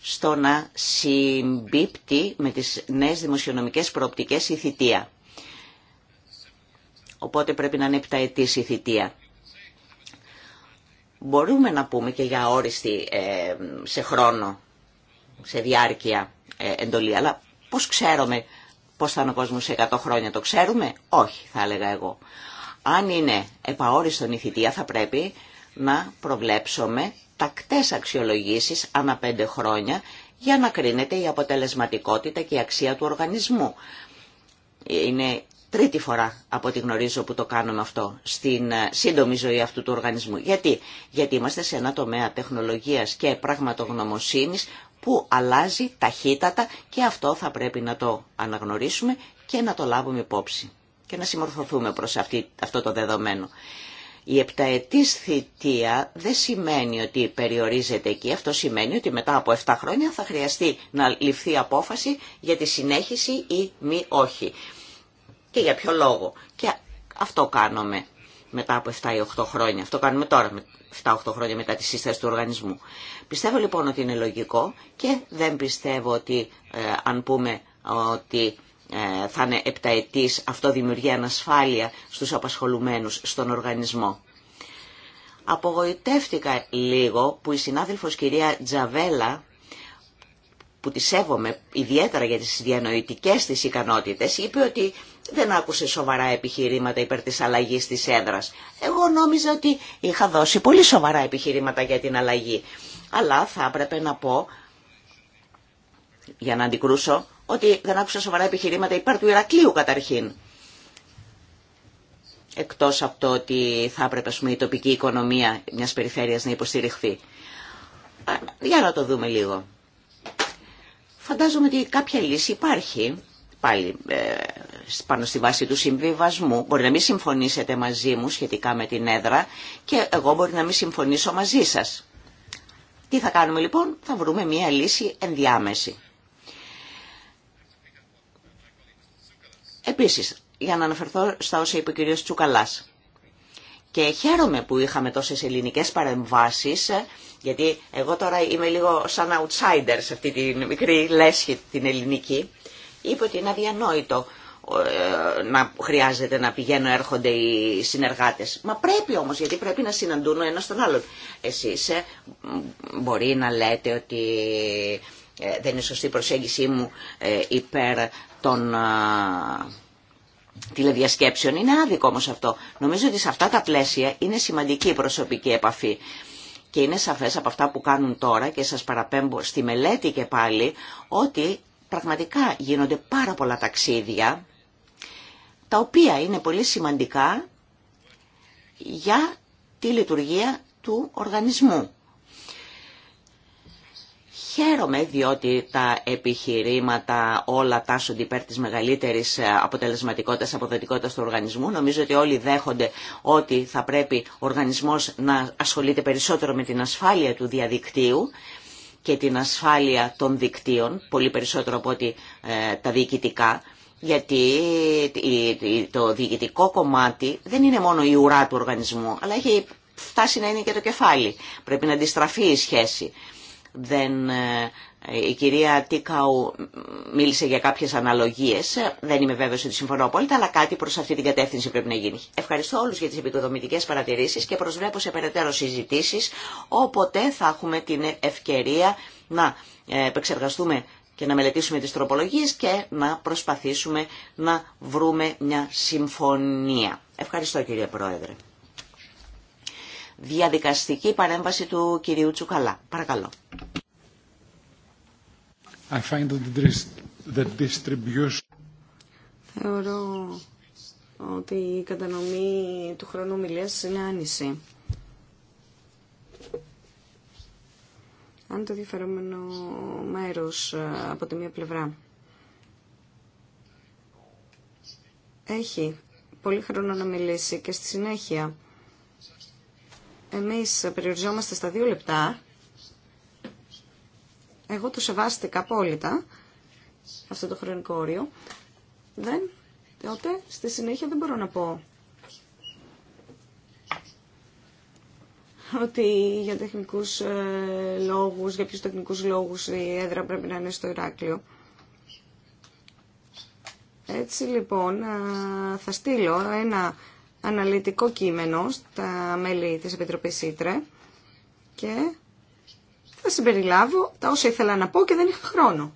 στο να συμπίπτει με τις νέες δημοσιονομικές προοπτικές η θητεία. Οπότε πρέπει να είναι επταετής η θητεία. Μπορούμε να πούμε και για όριστη ε, σε χρόνο, σε διάρκεια ε, εντολή, αλλά πώς ξέρουμε πώς θα είναι ο κόσμος σε 100 χρόνια, το ξέρουμε. Όχι, θα έλεγα εγώ. Αν είναι επαόριστον η θητεία θα πρέπει να προβλέψουμε τακτές αξιολογήσεις ανά πέντε χρόνια για να κρίνεται η αποτελεσματικότητα και η αξία του οργανισμού. Είναι τρίτη φορά από ό,τι γνωρίζω που το κάνουμε αυτό στην ε, σύντομη ζωή αυτού του οργανισμού. Γιατί, Γιατί είμαστε σε ένα τομέα τεχνολογίας και πραγματογνωμοσύνης που αλλάζει ταχύτατα και αυτό θα πρέπει να το αναγνωρίσουμε και να το λάβουμε υπόψη και να συμμορφωθούμε προς αυτό το δεδομένο. Η επταετής θητεία δεν σημαίνει ότι περιορίζεται εκεί. Αυτό σημαίνει ότι μετά από 7 χρόνια θα χρειαστεί να ληφθεί απόφαση για τη συνέχιση ή μη όχι. Και για ποιο λόγο. Και αυτό κάνουμε μετά από 7 ή 8 χρόνια. Αυτό κάνουμε τώρα, 7-8 χρόνια μετά τη σύσταση του οργανισμού. Πιστεύω λοιπόν ότι είναι λογικό και δεν πιστεύω ότι ε, αν πούμε ότι ε, θα είναι επταετής. Αυτό δημιουργεί ανασφάλεια στους απασχολουμένους στον οργανισμό. Απογοητεύτηκα λίγο που η συνάδελφος κυρία Τζαβέλα, που τη σέβομαι ιδιαίτερα για τις διανοητικές της ικανότητες, είπε ότι δεν άκουσε σοβαρά επιχειρήματα υπέρ της αλλαγής της έδρας. Εγώ νόμιζα ότι είχα δώσει πολύ σοβαρά επιχειρήματα για την αλλαγή. Αλλά θα έπρεπε να πω, για να αντικρούσω, ότι δεν άκουσα σοβαρά επιχειρήματα υπέρ του Ηρακλείου καταρχήν. Εκτός από το ότι θα έπρεπε πούμε, η τοπική οικονομία μιας περιφέρειας να υποστηριχθεί. Για να το δούμε λίγο. Φαντάζομαι ότι κάποια λύση υπάρχει, πάλι ε, πάνω στη βάση του συμβιβασμού. Μπορεί να μην συμφωνήσετε μαζί μου σχετικά με την έδρα και εγώ μπορεί να μην συμφωνήσω μαζί σας. Τι θα κάνουμε λοιπόν, θα βρούμε μια λύση ενδιάμεση. Επίσης, για να αναφερθώ στα όσα είπε ο κ. Τσουκαλάς. Και χαίρομαι που είχαμε τόσες ελληνικές παρεμβάσεις, ε, γιατί εγώ τώρα είμαι λίγο σαν outsider σε αυτή τη μικρή λέσχη την ελληνική. Είπε ότι είναι αδιανόητο ε, να χρειάζεται να πηγαίνουν έρχονται οι συνεργάτες. Μα πρέπει όμως, γιατί πρέπει να συναντούν ο ένας τον άλλον. Εσείς ε, μπορεί να λέτε ότι δεν είναι σωστή η προσέγγιση μου υπέρ των τηλεδιασκέψεων. Είναι άδικο όμως αυτό. Νομίζω ότι σε αυτά τα πλαίσια είναι σημαντική η προσωπική επαφή. Και είναι σαφές από αυτά που κάνουν τώρα και σας παραπέμπω στη μελέτη και πάλι ότι πραγματικά γίνονται πάρα πολλά ταξίδια τα οποία είναι πολύ σημαντικά για τη λειτουργία του οργανισμού. Χαίρομαι διότι τα επιχειρήματα όλα τάσσονται υπέρ της μεγαλύτερης ε, αποτελεσματικότητας, αποδοτικότητας του οργανισμού. Νομίζω ότι όλοι δέχονται ότι θα πρέπει ο οργανισμός να ασχολείται περισσότερο με την ασφάλεια του διαδικτύου και την ασφάλεια των δικτύων, πολύ περισσότερο από ότι ε, τα διοικητικά, γιατί το διοικητικό κομμάτι δεν είναι μόνο η ουρά του οργανισμού, αλλά έχει φτάσει να είναι και το κεφάλι. Πρέπει να αντιστραφεί η σχέση δεν, ε, η κυρία Τίκαου μίλησε για κάποιες αναλογίες. Δεν είμαι βέβαιος ότι συμφωνώ απόλυτα, αλλά κάτι προς αυτή την κατεύθυνση πρέπει να γίνει. Ευχαριστώ όλους για τις επικοδομητικές παρατηρήσεις και προσβλέπω σε περαιτέρω συζητήσεις, όποτε θα έχουμε την ευκαιρία να ε, επεξεργαστούμε και να μελετήσουμε τις τροπολογίες και να προσπαθήσουμε να βρούμε μια συμφωνία. Ευχαριστώ κυρία Πρόεδρε διαδικαστική παρέμβαση του κυρίου Τσουκαλά. Παρακαλώ. Θεωρώ ότι η κατανομή του χρόνου ομιλίας είναι άνηση. Αν το διαφέρομενο μέρος ε, από τη μία πλευρά έχει πολύ χρόνο να μιλήσει και στη συνέχεια εμείς περιοριζόμαστε στα δύο λεπτά. Εγώ το σεβάστηκα απόλυτα αυτό το χρονικό όριο. Δεν, τότε στη συνέχεια δεν μπορώ να πω ότι για τεχνικούς ε, λόγους, για ποιους τεχνικούς λόγους η έδρα πρέπει να είναι στο Ηράκλειο. Έτσι λοιπόν ε, θα στείλω ένα αναλυτικό κείμενο στα μέλη της Επιτροπής Ήτρε και θα συμπεριλάβω τα όσα ήθελα να πω και δεν είχα χρόνο.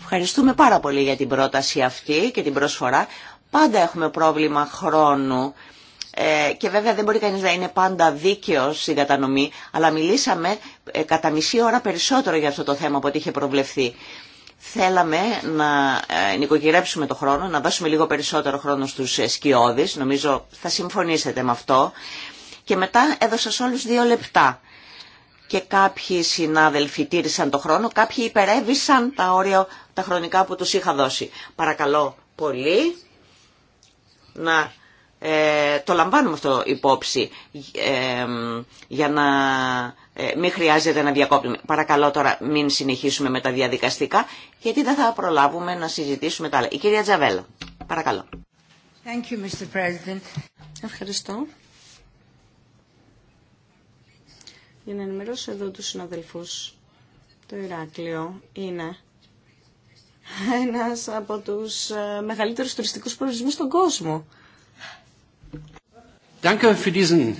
Ευχαριστούμε πάρα πολύ για την πρόταση αυτή και την προσφορά. Πάντα έχουμε πρόβλημα χρόνου ε, και βέβαια δεν μπορεί κανείς να είναι πάντα δίκαιος στην κατανομή, αλλά μιλήσαμε ε, κατά μισή ώρα περισσότερο για αυτό το θέμα από ό,τι είχε προβλεφθεί. Θέλαμε να ε, νοικοκυρέψουμε το χρόνο, να δώσουμε λίγο περισσότερο χρόνο στους σκιώδεις, νομίζω θα συμφωνήσετε με αυτό. Και μετά έδωσα σε όλους δύο λεπτά. Και κάποιοι συνάδελφοι τήρησαν το χρόνο, κάποιοι υπερέβησαν τα όρια, τα χρονικά που τους είχα δώσει. Παρακαλώ πολύ να ε, το λαμβάνουμε αυτό υπόψη ε, για να ε, μην χρειάζεται να διακόπτουμε. Παρακαλώ τώρα μην συνεχίσουμε με τα διαδικαστικά, γιατί δεν θα προλάβουμε να συζητήσουμε τα άλλα. Η κυρία Τζαβέλα, παρακαλώ. Thank you, Mr. President. Ευχαριστώ. Για να ενημερώσω εδώ τους συναδελφούς, το Ηράκλειο είναι ένας από τους ε, μεγαλύτερους τουριστικούς προορισμούς στον κόσμο. Danke für diesen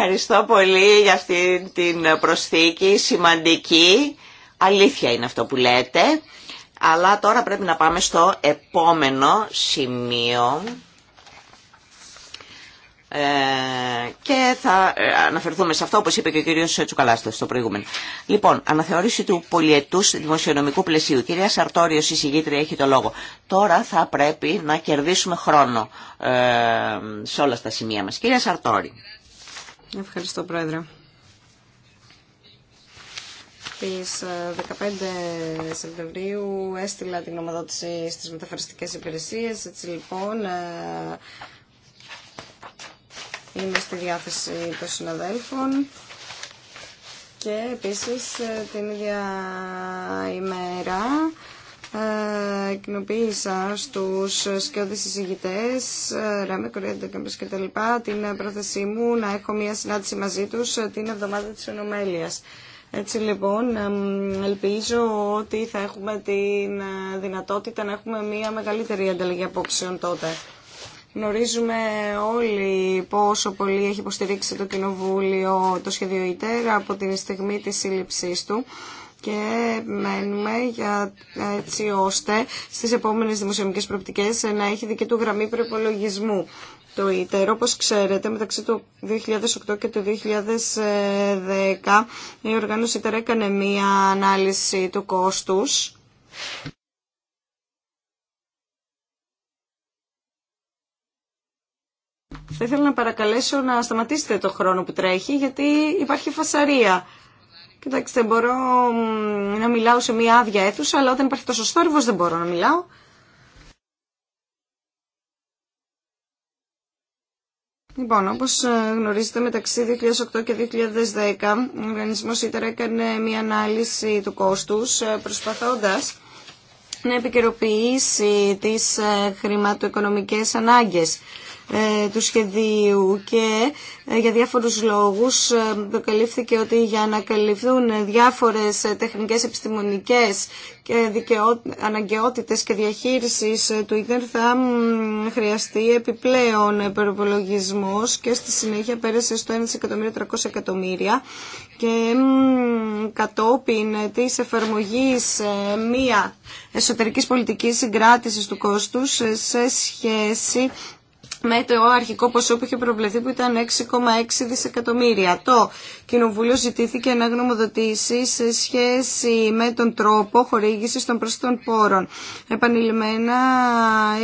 Ευχαριστώ πολύ για αυτή την προσθήκη, σημαντική. Αλήθεια είναι αυτό που λέτε. Αλλά τώρα πρέπει να πάμε στο επόμενο σημείο ε, και θα ε, αναφερθούμε σε αυτό όπως είπε και ο κύριος Τσουκαλάστος στο προηγούμενο. Λοιπόν, αναθεώρηση του πολιετούς δημοσιονομικού πλαισίου. Κυρία Σαρτόριος, η συγγήτρια έχει το λόγο. Τώρα θα πρέπει να κερδίσουμε χρόνο ε, σε όλα τα σημεία μας. Κυρία Σαρτόρη. Ευχαριστώ, Πρόεδρε. Της 15 ε, Σεπτεμβρίου έστειλα την ομοδότηση στις μεταφραστικές υπηρεσίες. Έτσι λοιπόν, ε, είμαι στη διάθεση των συναδέλφων και επίσης ε, την ίδια ημέρα ε, κοινοποίησα στους σκιώδεις συζητητές, Ράμε Κορέντα και τα λοιπά, την πρόθεσή μου να έχω μια συνάντηση μαζί τους ε, την εβδομάδα της ενομέλίας Έτσι λοιπόν, ελπίζω ότι θα έχουμε την ε, δυνατότητα να έχουμε μια μεγαλύτερη ανταλλαγή απόψεων τότε. Γνωρίζουμε όλοι πόσο πολύ έχει υποστηρίξει το Κοινοβούλιο το σχέδιο από την στιγμή της σύλληψής του και μένουμε για, έτσι ώστε στις επόμενες δημοσιονομικές προοπτικές να έχει δική του γραμμή προπολογισμού. Το ΙΤΕΡ, όπως ξέρετε, μεταξύ του 2008 και του 2010 η οργάνωση ΙΤΕΡ έκανε μία ανάλυση του κόστους. Θα ήθελα να παρακαλέσω να σταματήσετε το χρόνο που τρέχει, γιατί υπάρχει φασαρία. Κοιτάξτε, μπορώ να μιλάω σε μια άδεια αίθουσα, αλλά όταν υπάρχει τόσο θόρυβος δεν μπορώ να μιλάω. Λοιπόν, όπως ε, γνωρίζετε, μεταξύ 2008 και 2010 ο οργανισμός Ήτερα έκανε μια ανάλυση του κόστους ε, προσπαθώντας να επικαιροποιήσει τις ε, χρηματοοικονομικές ανάγκες ε, του σχεδίου και ε, για διάφορους λόγους ε, προκαλύφθηκε ότι για να καλυφθούν διάφορες τεχνικές επιστημονικές και δικαιό... αναγκαιότητες και διαχείρισης του ΙΤΕΡ θα χρειαστεί επιπλέον προπολογισμό και στη συνέχεια πέρασε στο 1.300.000.000 εκατομμύρια και κατόπιν της εφαρμογής μία εσωτερικής πολιτικής συγκράτησης του κόστους σε σχέση με το αρχικό ποσό που είχε προβλεφθεί που ήταν 6,6 δισεκατομμύρια. Το Κοινοβούλιο ζητήθηκε να γνωμοδοτήσει σε σχέση με τον τρόπο χορήγησης των πρόσθετων πόρων. Επανειλημμένα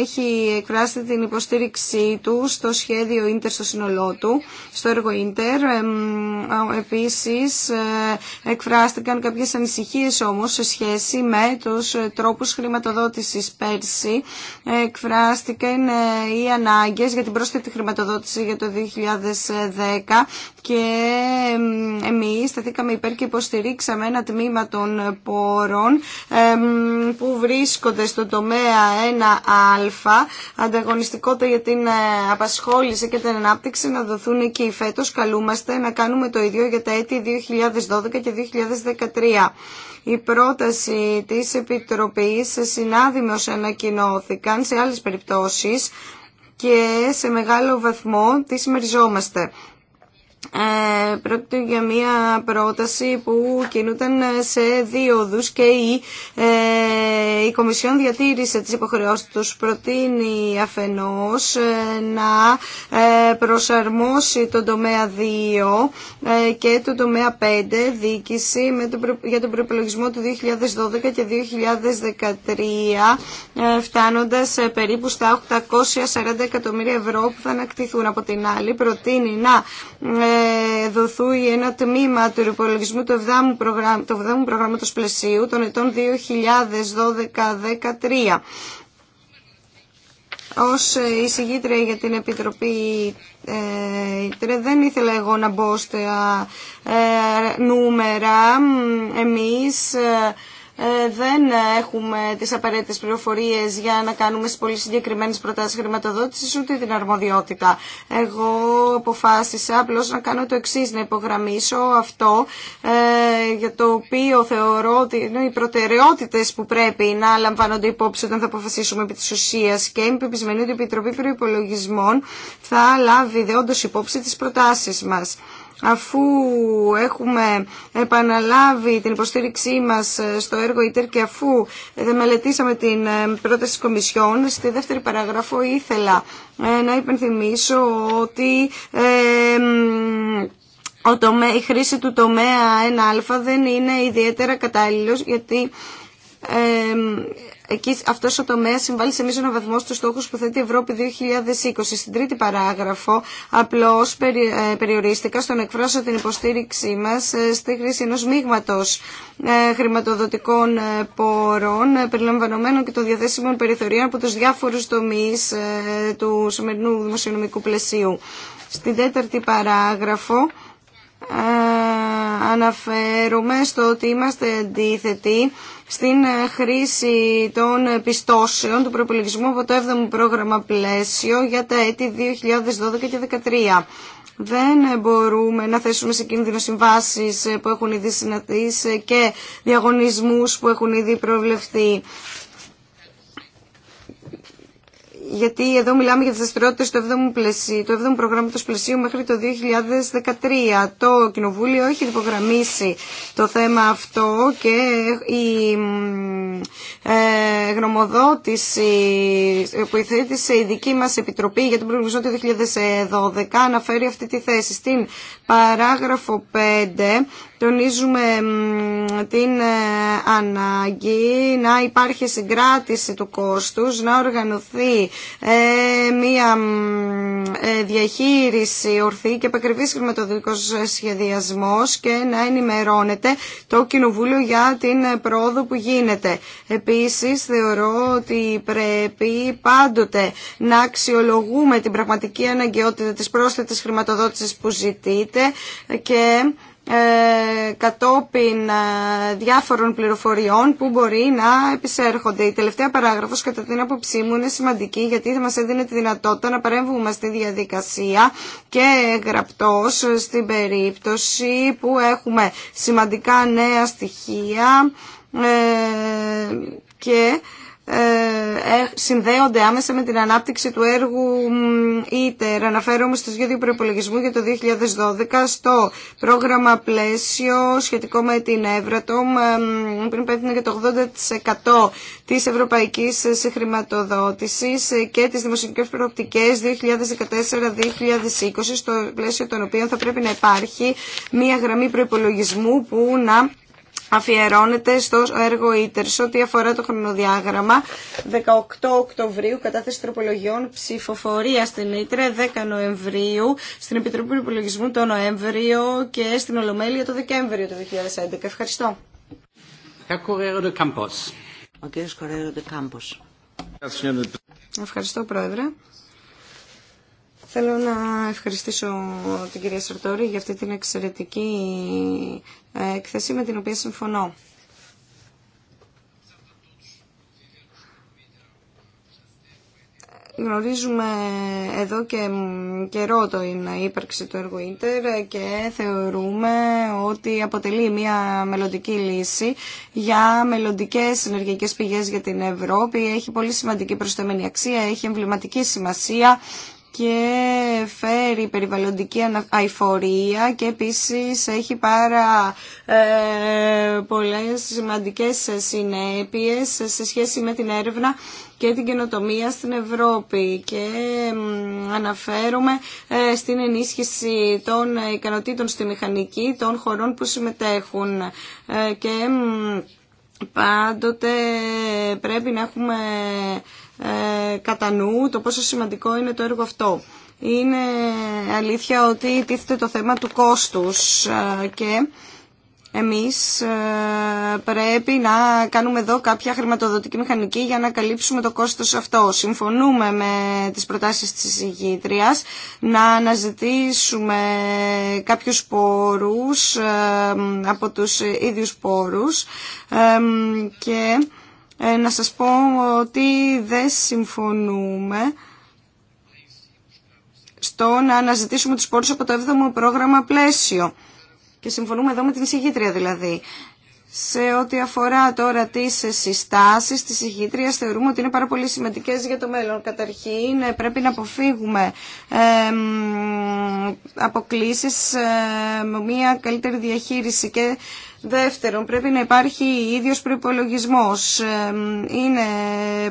έχει εκφράσει την υποστήριξή του στο σχέδιο Ίντερ στο σύνολό του, στο έργο Ίντερ. Επίσης ε, εκφράστηκαν κάποιες ανησυχίες όμως σε σχέση με τους τρόπους χρηματοδότησης πέρσι. Εκφράστηκαν ε, οι για την πρόσθετη χρηματοδότηση για το 2010 και εμείς σταθήκαμε υπέρ και υποστηρίξαμε ένα τμήμα των πόρων που βρίσκονται στο τομέα 1α, ανταγωνιστικότητα για την ε, απασχόληση και την ανάπτυξη να δοθούν εκεί φέτος. Καλούμαστε να κάνουμε το ίδιο για τα έτη 2012 και 2013. Η πρόταση της Επιτροπής σε με ανακοινώθηκαν σε άλλες περιπτώσεις και σε μεγάλο βαθμό τι συμμεριζόμαστε ε, πρόκειται για μια πρόταση που κινούταν σε δύο οδούς και η, ε, Κομισιόν διατήρησε τις υποχρεώσεις του Προτείνει αφενός ε, να ε, προσαρμόσει τον τομέα 2 ε, και τον τομέα 5 διοίκηση με για τον προπολογισμό του 2012 και 2013 φτάνοντας περίπου στα 840 εκατομμύρια ευρώ που θα ανακτηθούν. Από την άλλη προτείνει να δοθούει ένα τμήμα του υπολογισμού του 7ου προγράμματος, προγράμματος πλαισίου των ετών 2012-2013. Ως ε, εισηγήτρια για την Επιτροπή ε, δεν ήθελα εγώ να μπω στα ε, νούμερα. Εμείς... Ε, ε, δεν έχουμε τις απαραίτητες πληροφορίες για να κάνουμε στις πολύ συγκεκριμένες προτάσεις χρηματοδότησης ούτε την αρμοδιότητα. Εγώ αποφάσισα απλώ να κάνω το εξή να υπογραμμίσω αυτό ε, για το οποίο θεωρώ ότι είναι οι προτεραιότητες που πρέπει να λαμβάνονται υπόψη όταν θα αποφασίσουμε επί της ουσίας και είμαι πεπισμένη ότι η Επιτροπή Προϋπολογισμών θα λάβει δεόντως υπόψη τις προτάσεις μας αφού έχουμε επαναλάβει την υποστήριξή μας ε, στο έργο ΙΤΕΡ και αφού ε, μελετήσαμε την ε, πρόταση της Κομισιόν, στη δεύτερη παραγράφο ήθελα να υπενθυμίσω ότι η χρήση του τομέα 1α δεν είναι ιδιαίτερα κατάλληλος γιατί Εκεί αυτός ο τομέας συμβάλλει σε μείζωνα βαθμό στους στόχους που θέτει η Ευρώπη 2020. Στην τρίτη παράγραφο απλώς ε, περιορίστηκα στο να εκφράσω την υποστήριξή μας ε, στη χρήση ενός μείγματος ε, χρηματοδοτικών πόρων περιλαμβανομένων και των διαθέσιμων περιθωρίων από τους διάφορους τομείς του σημερινού δημοσιονομικού πλαισίου. Στην τέταρτη παράγραφο αναφέρομαι στο ότι είμαστε αντίθετοι στην ε, χρήση των πιστώσεων του προπολογισμού από το 7ο πρόγραμμα πλαίσιο για τα έτη 2012 και 2013. Δεν μπορούμε να θέσουμε σε κίνδυνο συμβάσει που έχουν ήδη συναντήσει και διαγωνισμούς που έχουν ήδη προβλεφθεί γιατί εδώ μιλάμε για τις δραστηριότητες του 7ου, του 7 προγράμματος πλαισίου μέχρι το 2013. Το Κοινοβούλιο έχει υπογραμμίσει το θέμα αυτό και η ε, γνωμοδότηση που υθέτησε η δική μας Επιτροπή για τον προγραμματισμό του 2012 αναφέρει αυτή τη θέση. Στην παράγραφο 5 τονίζουμε την ε, ανάγκη να υπάρχει συγκράτηση του κόστους, να οργανωθεί ε, μια ε, διαχείριση ορθή και επακριβής χρηματοδοτικός σχεδιασμός και να ενημερώνεται το Κοινοβούλιο για την πρόοδο που γίνεται. Επίσης θεωρώ ότι πρέπει πάντοτε να αξιολογούμε την πραγματική αναγκαιότητα της πρόσθετης χρηματοδότησης που ζητείτε και ε, κατόπιν ε, διάφορων πληροφοριών που μπορεί να επισέρχονται. Η τελευταία παράγραφος κατά την άποψή μου είναι σημαντική γιατί θα μας έδινε τη δυνατότητα να παρέμβουμε στη διαδικασία και γραπτός στην περίπτωση που έχουμε σημαντικά νέα στοιχεία ε, και ε, ε, συνδέονται άμεσα με την ανάπτυξη του έργου ΙΤΕΡ. Αναφέρομαι στο σχέδιο προπολογισμού για το 2012 στο πρόγραμμα πλαίσιο σχετικό με την Ευρατομ ε, πριν πέθυνε για το 80% της ευρωπαϊκής συγχρηματοδότησης και τις δημοσιονομικές προοπτικές 2014-2020 στο πλαίσιο των οποίων θα πρέπει να υπάρχει μια γραμμή προπολογισμού που να αφιερώνεται στο έργο Ίτερ. ό,τι αφορά το χρονοδιάγραμμα, 18 Οκτωβρίου κατάθεση τροπολογιών ψηφοφορία στην Ήτρε 10 Νοεμβρίου, στην Επιτροπή Υπολογισμού το Νοέμβριο και στην Ολομέλεια το Δεκέμβριο του 2011. Ευχαριστώ. Ο Κορέρο Ευχαριστώ, Πρόεδρε. Θέλω να ευχαριστήσω την κυρία Σαρτόρη για αυτή την εξαιρετική έκθεση με την οποία συμφωνώ. γνωρίζουμε εδώ και καιρό το ύπαρξη του έργου Ίντερ και θεωρούμε ότι αποτελεί μια μελλοντική λύση για μελλοντικές ενεργειακές πηγές για την Ευρώπη. Έχει πολύ σημαντική προσθεμένη αξία, έχει εμβληματική σημασία και φέρει περιβαλλοντική αηφορία και επίσης έχει πάρα ε, πολλές σημαντικές συνέπειες σε σχέση με την έρευνα και την καινοτομία στην Ευρώπη και αναφέρομαι ε, στην ενίσχυση των ικανοτήτων στη μηχανική των χωρών που συμμετέχουν ε, και πάντοτε πρέπει να έχουμε ε, κατά νου το πόσο σημαντικό είναι το έργο αυτό. Είναι αλήθεια ότι τίθεται το θέμα του κόστους ε, και εμείς ε, πρέπει να κάνουμε εδώ κάποια χρηματοδοτική μηχανική για να καλύψουμε το κόστος αυτό. Συμφωνούμε με τις προτάσεις της ηγήτριας να αναζητήσουμε κάποιους πόρους από τους ίδιους πόρους και... Ε, να σας πω ότι δεν συμφωνούμε στο να αναζητήσουμε τους πόρους από το 7ο πρόγραμμα πλαίσιο. Και συμφωνούμε εδώ με την εισηγήτρια δηλαδή. Σε ό,τι αφορά τώρα τις συστάσεις της ηγήτριας θεωρούμε ότι είναι πάρα πολύ σημαντικές για το μέλλον. Καταρχήν ε, πρέπει να αποφύγουμε αποκλήσεις ε, με μια καλύτερη διαχείριση και Δεύτερον, πρέπει να υπάρχει ίδιος προϋπολογισμός. Είναι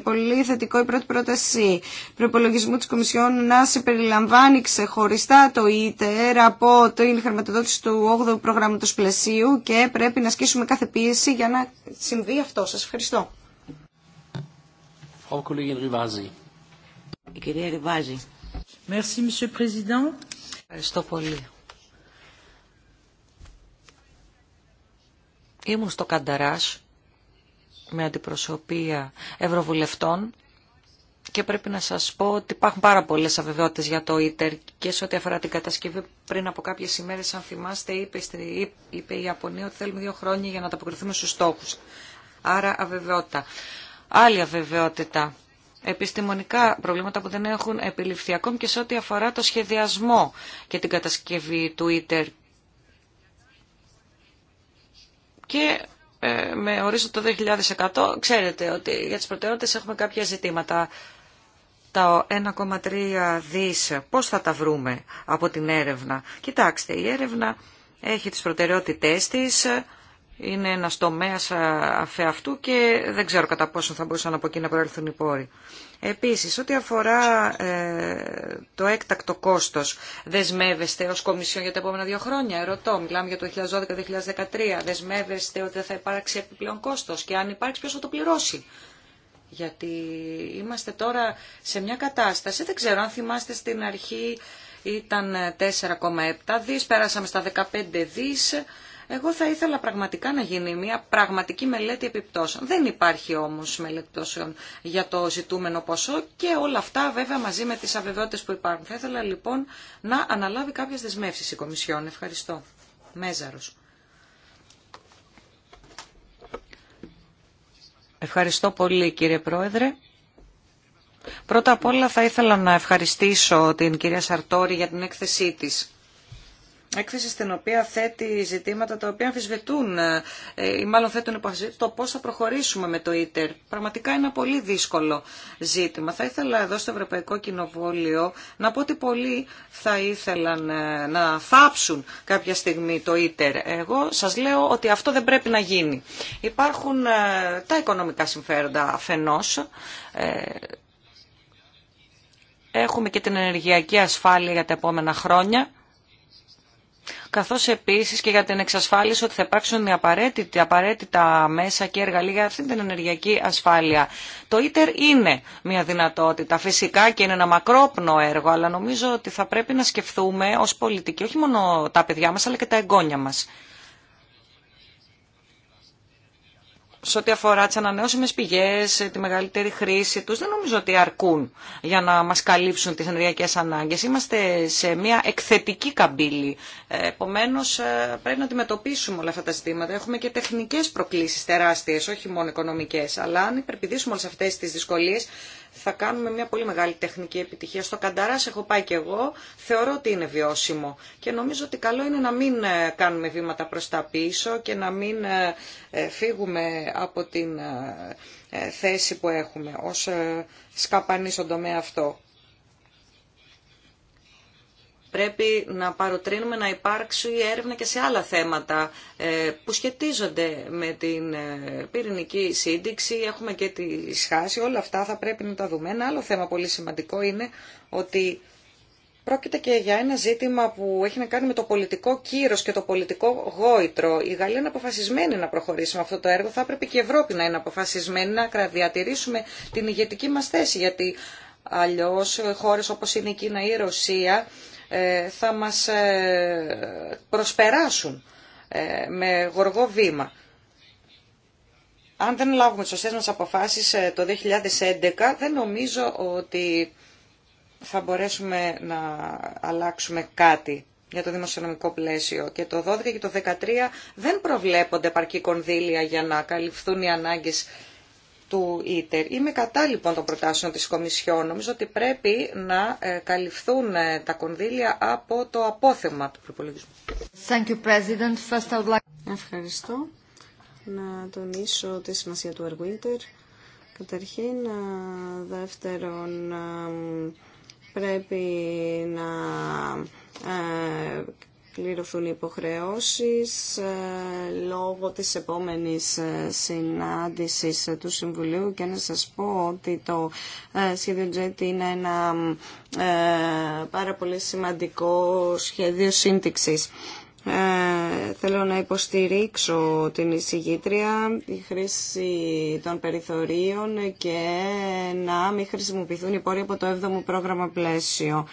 πολύ θετικό η πρώτη πρόταση προϋπολογισμού της Κομισιόν να συμπεριλαμβάνει ξεχωριστά το ΙΤΕΡ από την χρηματοδότηση του 8ου προγράμματος πλαισίου και πρέπει να ασκήσουμε κάθε πίεση για να συμβεί αυτό. Σας ευχαριστώ. κυρία Ευχαριστώ πολύ. Ήμουν στο Κανταράς με αντιπροσωπεία ευρωβουλευτών και πρέπει να σας πω ότι υπάρχουν πάρα πολλές αβεβαιότητες για το ίτερ και σε ό,τι αφορά την κατασκευή πριν από κάποιες ημέρες, αν θυμάστε, είπε, η Ιαπωνία ότι θέλουμε δύο χρόνια για να τα ανταποκριθούμε στους στόχους. Άρα αβεβαιότητα. Άλλη αβεβαιότητα. Επιστημονικά προβλήματα που δεν έχουν επιληφθεί ακόμη και σε ό,τι αφορά το σχεδιασμό και την κατασκευή του ίτερ και ε, με ορίζοντα το 2100 ξέρετε ότι για τις προτεραιότητες έχουμε κάποια ζητήματα. Τα 1,3 δις πώς θα τα βρούμε από την έρευνα. Κοιτάξτε, η έρευνα έχει τις προτεραιότητές της, είναι ένας τομέας ε, αφεαυτού και δεν ξέρω κατά πόσο θα μπορούσαν από εκεί να προέλθουν οι πόροι. Επίσης, ό,τι αφορά ε, το έκτακτο κόστος, δεσμεύεστε ως Κομισιόν για τα επόμενα δύο χρόνια, ρωτώ, μιλάμε για το 2012-2013, δεσμεύεστε ότι δεν θα υπάρξει επιπλέον κόστος και αν υπάρξει ποιος θα το πληρώσει. Γιατί είμαστε τώρα σε μια κατάσταση, δεν ξέρω αν θυμάστε στην αρχή ήταν 4,7 δις, πέρασαμε στα 15 δις, εγώ θα ήθελα πραγματικά να γίνει μια πραγματική μελέτη επιπτώσεων. Δεν υπάρχει όμως μελέτη επιπτώσεων για το ζητούμενο ποσό και όλα αυτά βέβαια μαζί με τις αβεβαιότητες που υπάρχουν. Θα ήθελα λοιπόν να αναλάβει κάποιες δεσμεύσεις η Κομισιόν. Ευχαριστώ. Μέζαρος. Ευχαριστώ πολύ κύριε Πρόεδρε. Πρώτα απ' όλα θα ήθελα να ευχαριστήσω την κυρία Σαρτόρη για την έκθεσή της έκθεση στην οποία θέτει ζητήματα τα οποία αμφισβητούν ε, ή μάλλον θέτουν το πώς θα προχωρήσουμε με το ίτερ. Πραγματικά είναι ένα πολύ δύσκολο ζήτημα. Θα ήθελα εδώ στο Ευρωπαϊκό Κοινοβούλιο να πω ότι πολλοί θα ήθελαν ε, να θάψουν κάποια στιγμή το ίτερ. Εγώ σας λέω ότι αυτό δεν πρέπει να γίνει. Υπάρχουν ε, τα οικονομικά συμφέροντα αφενός, Έχουμε και την ενεργειακή ασφάλεια για τα επόμενα χρόνια καθώς επίσης και για την εξασφάλιση ότι θα υπάρξουν οι απαραίτητα, απαραίτητα μέσα και εργαλεία για αυτή την ενεργειακή ασφάλεια. Το ίτερ είναι μια δυνατότητα. Φυσικά και είναι ένα μακρόπνο έργο, αλλά νομίζω ότι θα πρέπει να σκεφτούμε ως πολιτικοί όχι μόνο τα παιδιά μας, αλλά και τα εγγόνια μας. σε ό,τι αφορά τι ανανεώσιμε πηγέ, τη μεγαλύτερη χρήση του, δεν νομίζω ότι αρκούν για να μα καλύψουν τι ενεργειακέ ανάγκε. Είμαστε σε μια εκθετική καμπύλη. Ε, Επομένω, ε, πρέπει να αντιμετωπίσουμε όλα αυτά τα ζητήματα. Έχουμε και τεχνικέ προκλήσει τεράστιε, όχι μόνο οικονομικέ. Αλλά αν υπερπηδήσουμε όλε αυτέ τι δυσκολίε, θα κάνουμε μια πολύ μεγάλη τεχνική επιτυχία. Στο Κανταράς έχω πάει και εγώ, θεωρώ ότι είναι βιώσιμο και νομίζω ότι καλό είναι να μην ε, κάνουμε βήματα προς τα πίσω και να μην ε, ε, φύγουμε από την θέση που έχουμε ως σκαπανή στον τομέα αυτό πρέπει να παροτρύνουμε να υπάρξει έρευνα και σε άλλα θέματα ε, που σχετίζονται με την ε, πυρηνική σύνδεξη. Έχουμε και τη σχάση. Όλα αυτά θα πρέπει να τα δούμε. Ένα άλλο θέμα πολύ σημαντικό είναι ότι Πρόκειται και για ένα ζήτημα που έχει να κάνει με το πολιτικό κύρος και το πολιτικό γόητρο. Η Γαλλία είναι αποφασισμένη να προχωρήσει με αυτό το έργο. Θα έπρεπε και η Ευρώπη να είναι αποφασισμένη να διατηρήσουμε την ηγετική μας θέση. Γιατί αλλιώς χώρες όπως είναι η Κίνα ή η Ρωσία ε, θα μας ε, προσπεράσουν ε, με γοργό βήμα. Αν δεν λάβουμε τις σωστές μας αποφάσεις το 2011, δεν νομίζω ότι θα μπορέσουμε να αλλάξουμε κάτι για το δημοσιονομικό πλαίσιο. Και το 2012 και το 2013 δεν προβλέπονται επαρκή κονδύλια για να καλυφθούν οι ανάγκες του ΙΤΕΡ. Είμαι κατά λοιπόν των προτάσεων της Κομισιόν. Νομίζω ότι πρέπει να ε, καλυφθούν ε, τα κονδύλια από το απόθεμα του προπολογισμού. Ευχαριστώ. Να τονίσω τη σημασία του Air Καταρχήν, ε, δεύτερον, πρέπει να πληρωθούν οι υποχρεώσεις ε, λόγω της επόμενης ε, συνάντησης ε, του Συμβουλίου και να σας πω ότι το σχέδιο JET είναι ένα πάρα πολύ σημαντικό σχέδιο σύντηξης. Ε, θέλω να υποστηρίξω την εισηγήτρια, τη χρήση των περιθωρίων και να μην χρησιμοποιηθούν οι πόροι από το 7ο πρόγραμμα πλαίσιο.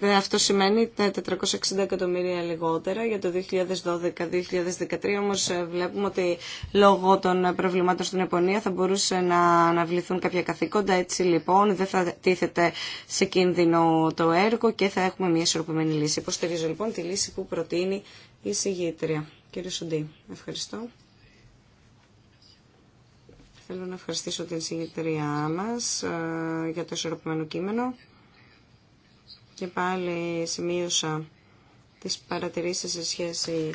Ε, αυτό σημαίνει τα 460 εκατομμύρια λιγότερα για το 2012-2013, όμως ε, βλέπουμε ότι λόγω των προβλημάτων στην Ιαπωνία θα μπορούσε να αναβληθούν κάποια καθήκοντα. Έτσι λοιπόν δεν θα τίθεται σε κίνδυνο το έργο και θα έχουμε μια ισορροπημένη λύση. Υποστηρίζω λοιπόν τη λύση που προτείνει η συγγήτρια. Κύριε Σοντή, ευχαριστώ. Θέλω να ευχαριστήσω την συγγητριά μας ε, για το ισορροπημένο κείμενο. Και πάλι σημείωσα τις παρατηρήσεις σε σχέση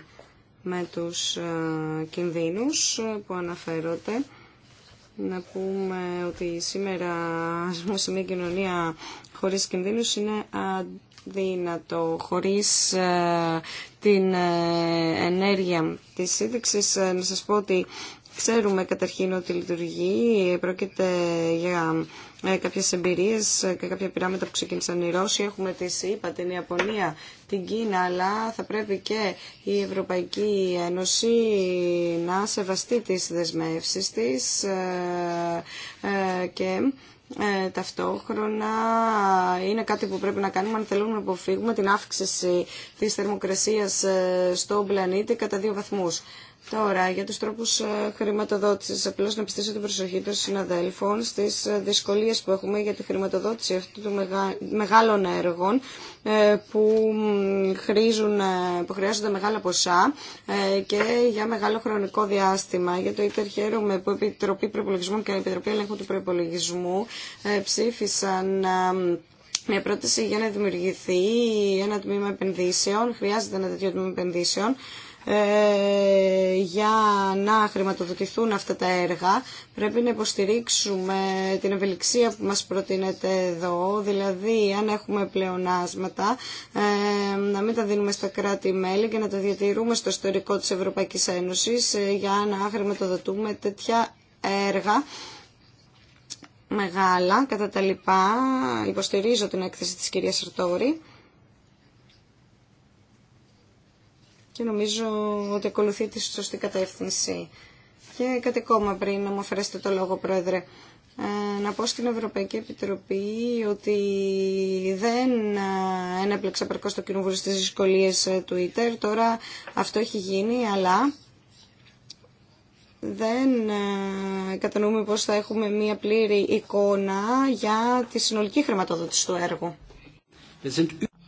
με τους ε, κινδύνους ε, που αναφέρονται. Να πούμε ότι σήμερα σε μια κοινωνία χωρίς κινδύνους είναι αδύνατο, χωρίς ε, την ενέργεια της σύνδεξης. Να σας πω ότι Ξέρουμε καταρχήν ότι λειτουργεί, πρόκειται για ε, κάποιες εμπειρίες και κάποια πειράματα που ξεκίνησαν οι Ρώσοι. Έχουμε τη ΣΥΠΑ, την Ιαπωνία, την Κίνα, αλλά θα πρέπει και η Ευρωπαϊκή Ένωση να σεβαστεί τις δεσμεύσεις της ε, ε, και ταυτόχρονα είναι κάτι που πρέπει να κάνουμε αν θέλουμε να αποφύγουμε την αύξηση της θερμοκρασίας στον πλανήτη κατά δύο βαθμούς. Τώρα, για τους τρόπους ε, χρηματοδότησης, απλώς να πιστήσω την προσοχή των συναδέλφων στις ε, δυσκολίες που έχουμε για τη χρηματοδότηση αυτού των μεγάλων έργων ε, που, χρήζουν, που χρειάζονται μεγάλα ποσά και για μεγάλο χρονικό διάστημα. Για το ίτερ χαίρομαι που η Επιτροπή Προπολογισμών και η Επιτροπή Ελέγχου του Προπολογισμού ψήφισαν μια πρόταση για να δημιουργηθεί ένα τμήμα επενδύσεων, χρειάζεται ένα τέτοιο τμήμα επενδύσεων, ε, για να χρηματοδοτηθούν αυτά τα έργα. Πρέπει να υποστηρίξουμε την ευελιξία που μας προτείνεται εδώ, δηλαδή αν έχουμε πλεονάσματα ε, να μην τα δίνουμε στα κράτη-μέλη και να τα διατηρούμε στο ιστορικό της Ευρωπαϊκής Ένωσης ε, για να χρηματοδοτούμε τέτοια έργα μεγάλα κατά τα λοιπά. Υποστηρίζω την έκθεση της κυρίας Σαρτόρη και νομίζω ότι ακολουθεί τη σωστή κατεύθυνση. Και κάτι ακόμα πριν να μου αφαιρέσετε το λόγο, Πρόεδρε. Ε, να πω στην Ευρωπαϊκή Επιτροπή ότι δεν ε, έπλεξα παρκώς το κοινοβούλιο στις δυσκολίες Twitter. Ε, Τώρα αυτό έχει γίνει, αλλά δεν κατανοούμε πώς θα έχουμε μία πλήρη εικόνα για τη συνολική χρηματοδότηση του έργου.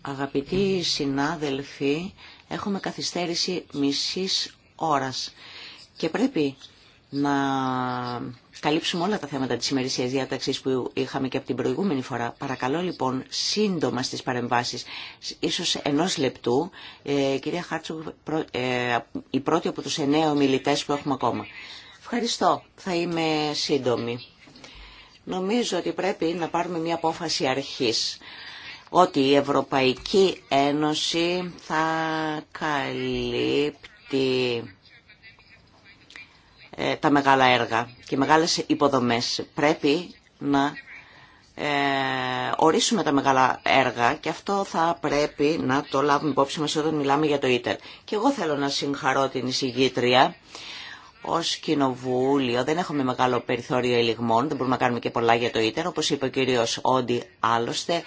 Αγαπητοί συνάδελφοι, έχουμε καθυστέρηση μισής ώρας και πρέπει να καλύψουμε όλα τα θέματα της ημερησίας διάταξης που είχαμε και από την προηγούμενη φορά. Παρακαλώ λοιπόν σύντομα στις παρεμβάσεις, ίσως ενός λεπτού, ε, κυρία Χάρτσου, ε, η πρώτη από τους εννέα ομιλητές που έχουμε ακόμα. Ευχαριστώ, θα είμαι σύντομη. Νομίζω ότι πρέπει να πάρουμε μια απόφαση αρχής ότι η Ευρωπαϊκή Ένωση θα καλύπτει ε, τα μεγάλα έργα και μεγάλες υποδομές. Πρέπει να ε, ορίσουμε τα μεγάλα έργα και αυτό θα πρέπει να το λάβουμε υπόψη μας όταν μιλάμε για το ίτερ. Και εγώ θέλω να συγχαρώ την εισηγήτρια ως κοινοβούλιο δεν έχουμε μεγάλο περιθώριο ελιγμών, δεν μπορούμε να κάνουμε και πολλά για το ίτερ, όπως είπε ο κύριος Όντι άλλωστε,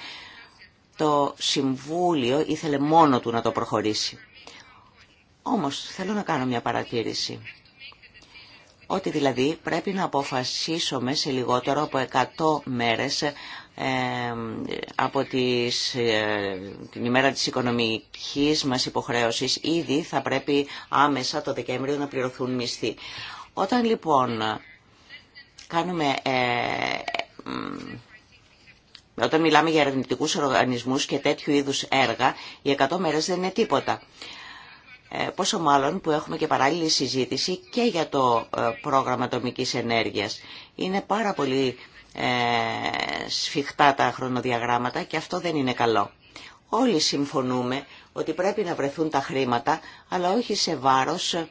το Συμβούλιο ήθελε μόνο του να το προχωρήσει. Όμως θέλω να κάνω μια παρατήρηση. Ότι δηλαδή πρέπει να αποφασίσουμε σε λιγότερο από 100 μέρες ε, από τις, ε, την ημέρα της οικονομικής μας υποχρέωσης ήδη θα πρέπει άμεσα το Δεκέμβριο να πληρωθούν μισθοί. Όταν λοιπόν κάνουμε ε, όταν μιλάμε για ερευνητικού οργανισμούς και τέτοιου είδους έργα, οι 100 μέρες δεν είναι τίποτα. Ε, πόσο μάλλον που έχουμε και παράλληλη συζήτηση και για το ε, πρόγραμμα ατομική ενέργειας. Είναι πάρα πολύ ε, σφιχτά τα χρονοδιαγράμματα και αυτό δεν είναι καλό. Όλοι συμφωνούμε ότι πρέπει να βρεθούν τα χρήματα, αλλά όχι σε βάρος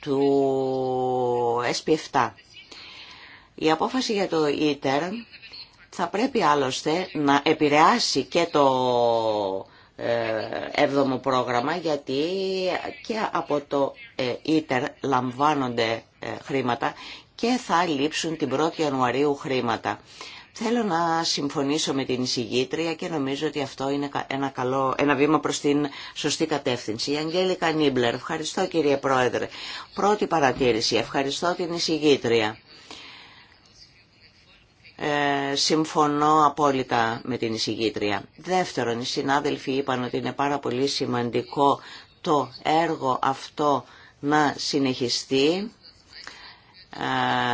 του SP7. Η απόφαση για το ίτερ θα πρέπει άλλωστε να επηρεάσει και το ε, έβδομο πρόγραμμα γιατί και από το ε, ΙΤΕΡ λαμβάνονται ε, χρήματα και θα λείψουν την 1η Ιανουαρίου χρήματα. Θέλω να συμφωνήσω με την εισηγήτρια και νομίζω ότι αυτό είναι ένα, καλό, ένα βήμα προς την σωστή κατεύθυνση. Η Αγγέλικα Νίμπλερ, ευχαριστώ κύριε Πρόεδρε. Πρώτη παρατήρηση, ευχαριστώ την εισηγήτρια. Ε, συμφωνώ απόλυτα με την εισηγήτρια. Δεύτερον, οι συνάδελφοι είπαν ότι είναι πάρα πολύ σημαντικό το έργο αυτό να συνεχιστεί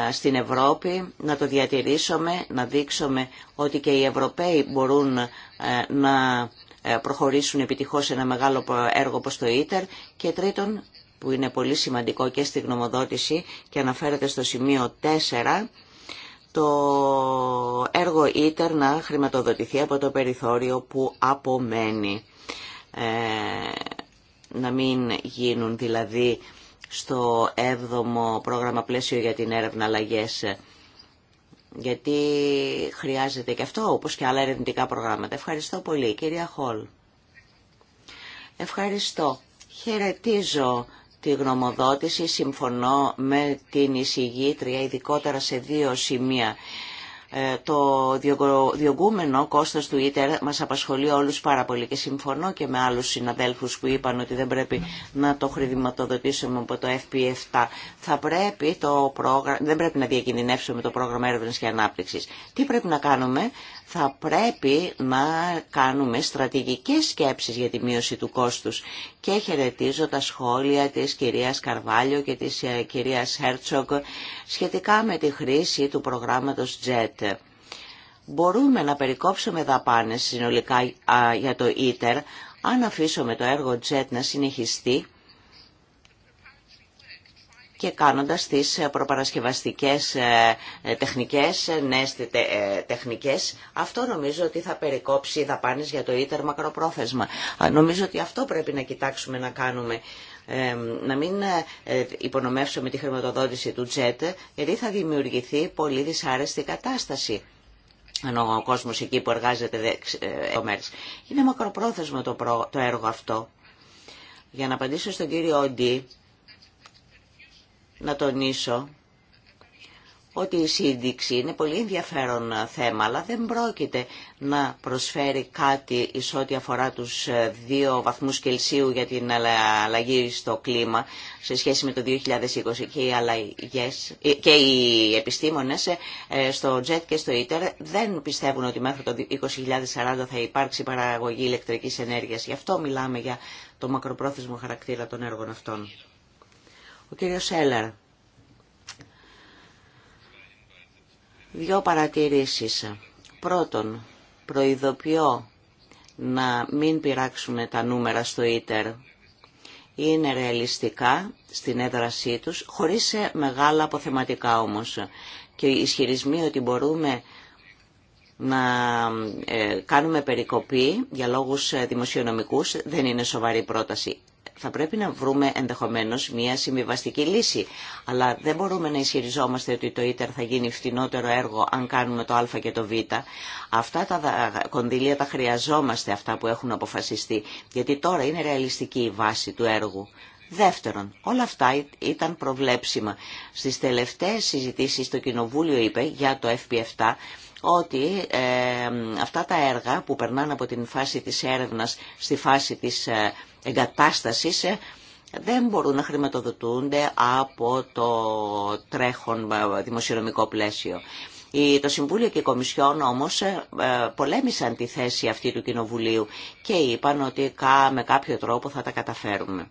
ε, στην Ευρώπη, να το διατηρήσουμε, να δείξουμε ότι και οι Ευρωπαίοι μπορούν ε, να ε, προχωρήσουν επιτυχώς σε ένα μεγάλο έργο όπως το ΙΤΕΡ και τρίτον, που είναι πολύ σημαντικό και στη γνωμοδότηση και αναφέρεται στο σημείο 4, το έργο ήταν να χρηματοδοτηθεί από το περιθώριο που απομένει. Ε, να μην γίνουν δηλαδή στο 7ο πρόγραμμα πλαίσιο για την έρευνα αλλαγέ. γιατί χρειάζεται και αυτό όπως και άλλα ερευνητικά προγράμματα. Ευχαριστώ πολύ κυρία Χολ. Ευχαριστώ. Χαιρετίζω τη γνωμοδότηση συμφωνώ με την εισηγήτρια ειδικότερα σε δύο σημεία. Ε, το διωγγούμενο κόστος του ΙΤΕΡ μας απασχολεί όλους πάρα πολύ και συμφωνώ και με άλλους συναδέλφους που είπαν ότι δεν πρέπει να το χρηματοδοτήσουμε από το FP7. Θα πρέπει το πρόγραμμα, δεν πρέπει να διακινδυνεύσουμε το πρόγραμμα έρευνας και ανάπτυξης. Τι πρέπει να κάνουμε, θα πρέπει να κάνουμε στρατηγικές σκέψεις για τη μείωση του κόστους. Και χαιρετίζω τα σχόλια της κυρίας Καρβάλιο και της ε, κυρίας Χέρτσογκ σχετικά με τη χρήση του προγράμματος JET. Μπορούμε να περικόψουμε δαπάνες συνολικά για το ITER αν αφήσουμε το έργο JET να συνεχιστεί και κάνοντας τις ε, προπαρασκευαστικές ε, ε, τεχνικές, νέες τεχνικές. Αυτό νομίζω ότι θα περικόψει οι δαπάνες για το ίτερ μακροπρόθεσμα. Νομίζω ότι αυτό πρέπει να κοιτάξουμε να κάνουμε. να μην υπονομεύσουμε τη χρηματοδότηση του τζέτ, γιατί θα δημιουργηθεί πολύ δυσάρεστη κατάσταση ενώ ο κόσμος εκεί που εργάζεται Είναι μακροπρόθεσμο το, έργο αυτό. Για να απαντήσω στον κύριο Όντι, να τονίσω ότι η σύνδεξη είναι πολύ ενδιαφέρον θέμα, αλλά δεν πρόκειται να προσφέρει κάτι εις ό,τι αφορά τους δύο βαθμούς Κελσίου για την αλλαγή στο κλίμα σε σχέση με το 2020 και οι, αλλαγές, και οι επιστήμονες ε, στο JET και στο ITER δεν πιστεύουν ότι μέχρι το 2040 θα υπάρξει παραγωγή ηλεκτρικής ενέργειας. Γι' αυτό μιλάμε για το μακροπρόθεσμο χαρακτήρα των έργων αυτών. Ο κύριος Σέλλαρ. Δύο παρατηρήσεις. Πρώτον, προειδοποιώ να μην πειράξουμε τα νούμερα στο ίτερ. Είναι ρεαλιστικά στην έδρασή τους, χωρίς μεγάλα αποθεματικά όμως. Και οι ισχυρισμοί ότι μπορούμε να ε, κάνουμε περικοπή για λόγους ε, δημοσιονομικούς δεν είναι σοβαρή πρόταση θα πρέπει να βρούμε ενδεχομένως μια συμβιβαστική λύση. Αλλά δεν μπορούμε να ισχυριζόμαστε ότι το ίτερ θα γίνει φτηνότερο έργο αν κάνουμε το α και το β. Αυτά τα κονδυλία τα χρειαζόμαστε αυτά που έχουν αποφασιστεί. Γιατί τώρα είναι ρεαλιστική η βάση του έργου. Δεύτερον, όλα αυτά ήταν προβλέψιμα. Στις τελευταίες συζητήσεις το Κοινοβούλιο είπε για το FP7 ότι ε, αυτά τα έργα που περνάνε από την φάση της έρευνας στη φάση της ε, εγκατάστασης ε, δεν μπορούν να χρηματοδοτούνται από το τρέχον ε, δημοσιονομικό πλαίσιο. Το Συμβούλιο και η Κομισιόν όμως ε, πολέμησαν τη θέση αυτή του Κοινοβουλίου και είπαν ότι με κάποιο τρόπο θα τα καταφέρουμε.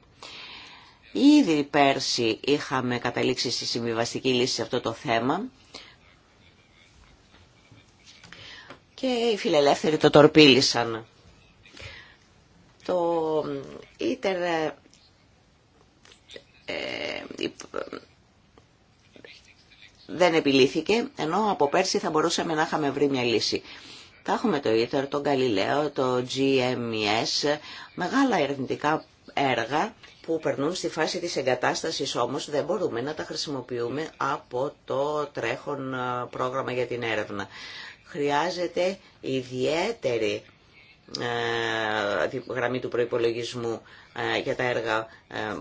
Ήδη πέρσι είχαμε καταλήξει στη συμβιβαστική λύση σε αυτό το θέμα και οι φιλελεύθεροι το τορπίλησαν. Το ήταν ε, ε, δεν επιλύθηκε, ενώ από πέρσι θα μπορούσαμε να είχαμε βρει μια λύση. Τα έχουμε το Ήτερ, το Γαλιλαίο, το GMS, e μεγάλα ερευνητικά έργα που περνούν στη φάση της εγκατάστασης όμως δεν μπορούμε να τα χρησιμοποιούμε από το τρέχον ε, πρόγραμμα για την έρευνα. Χρειάζεται ιδιαίτερη ε, γραμμή του προϋπολογισμού ε, για τα έργα ε,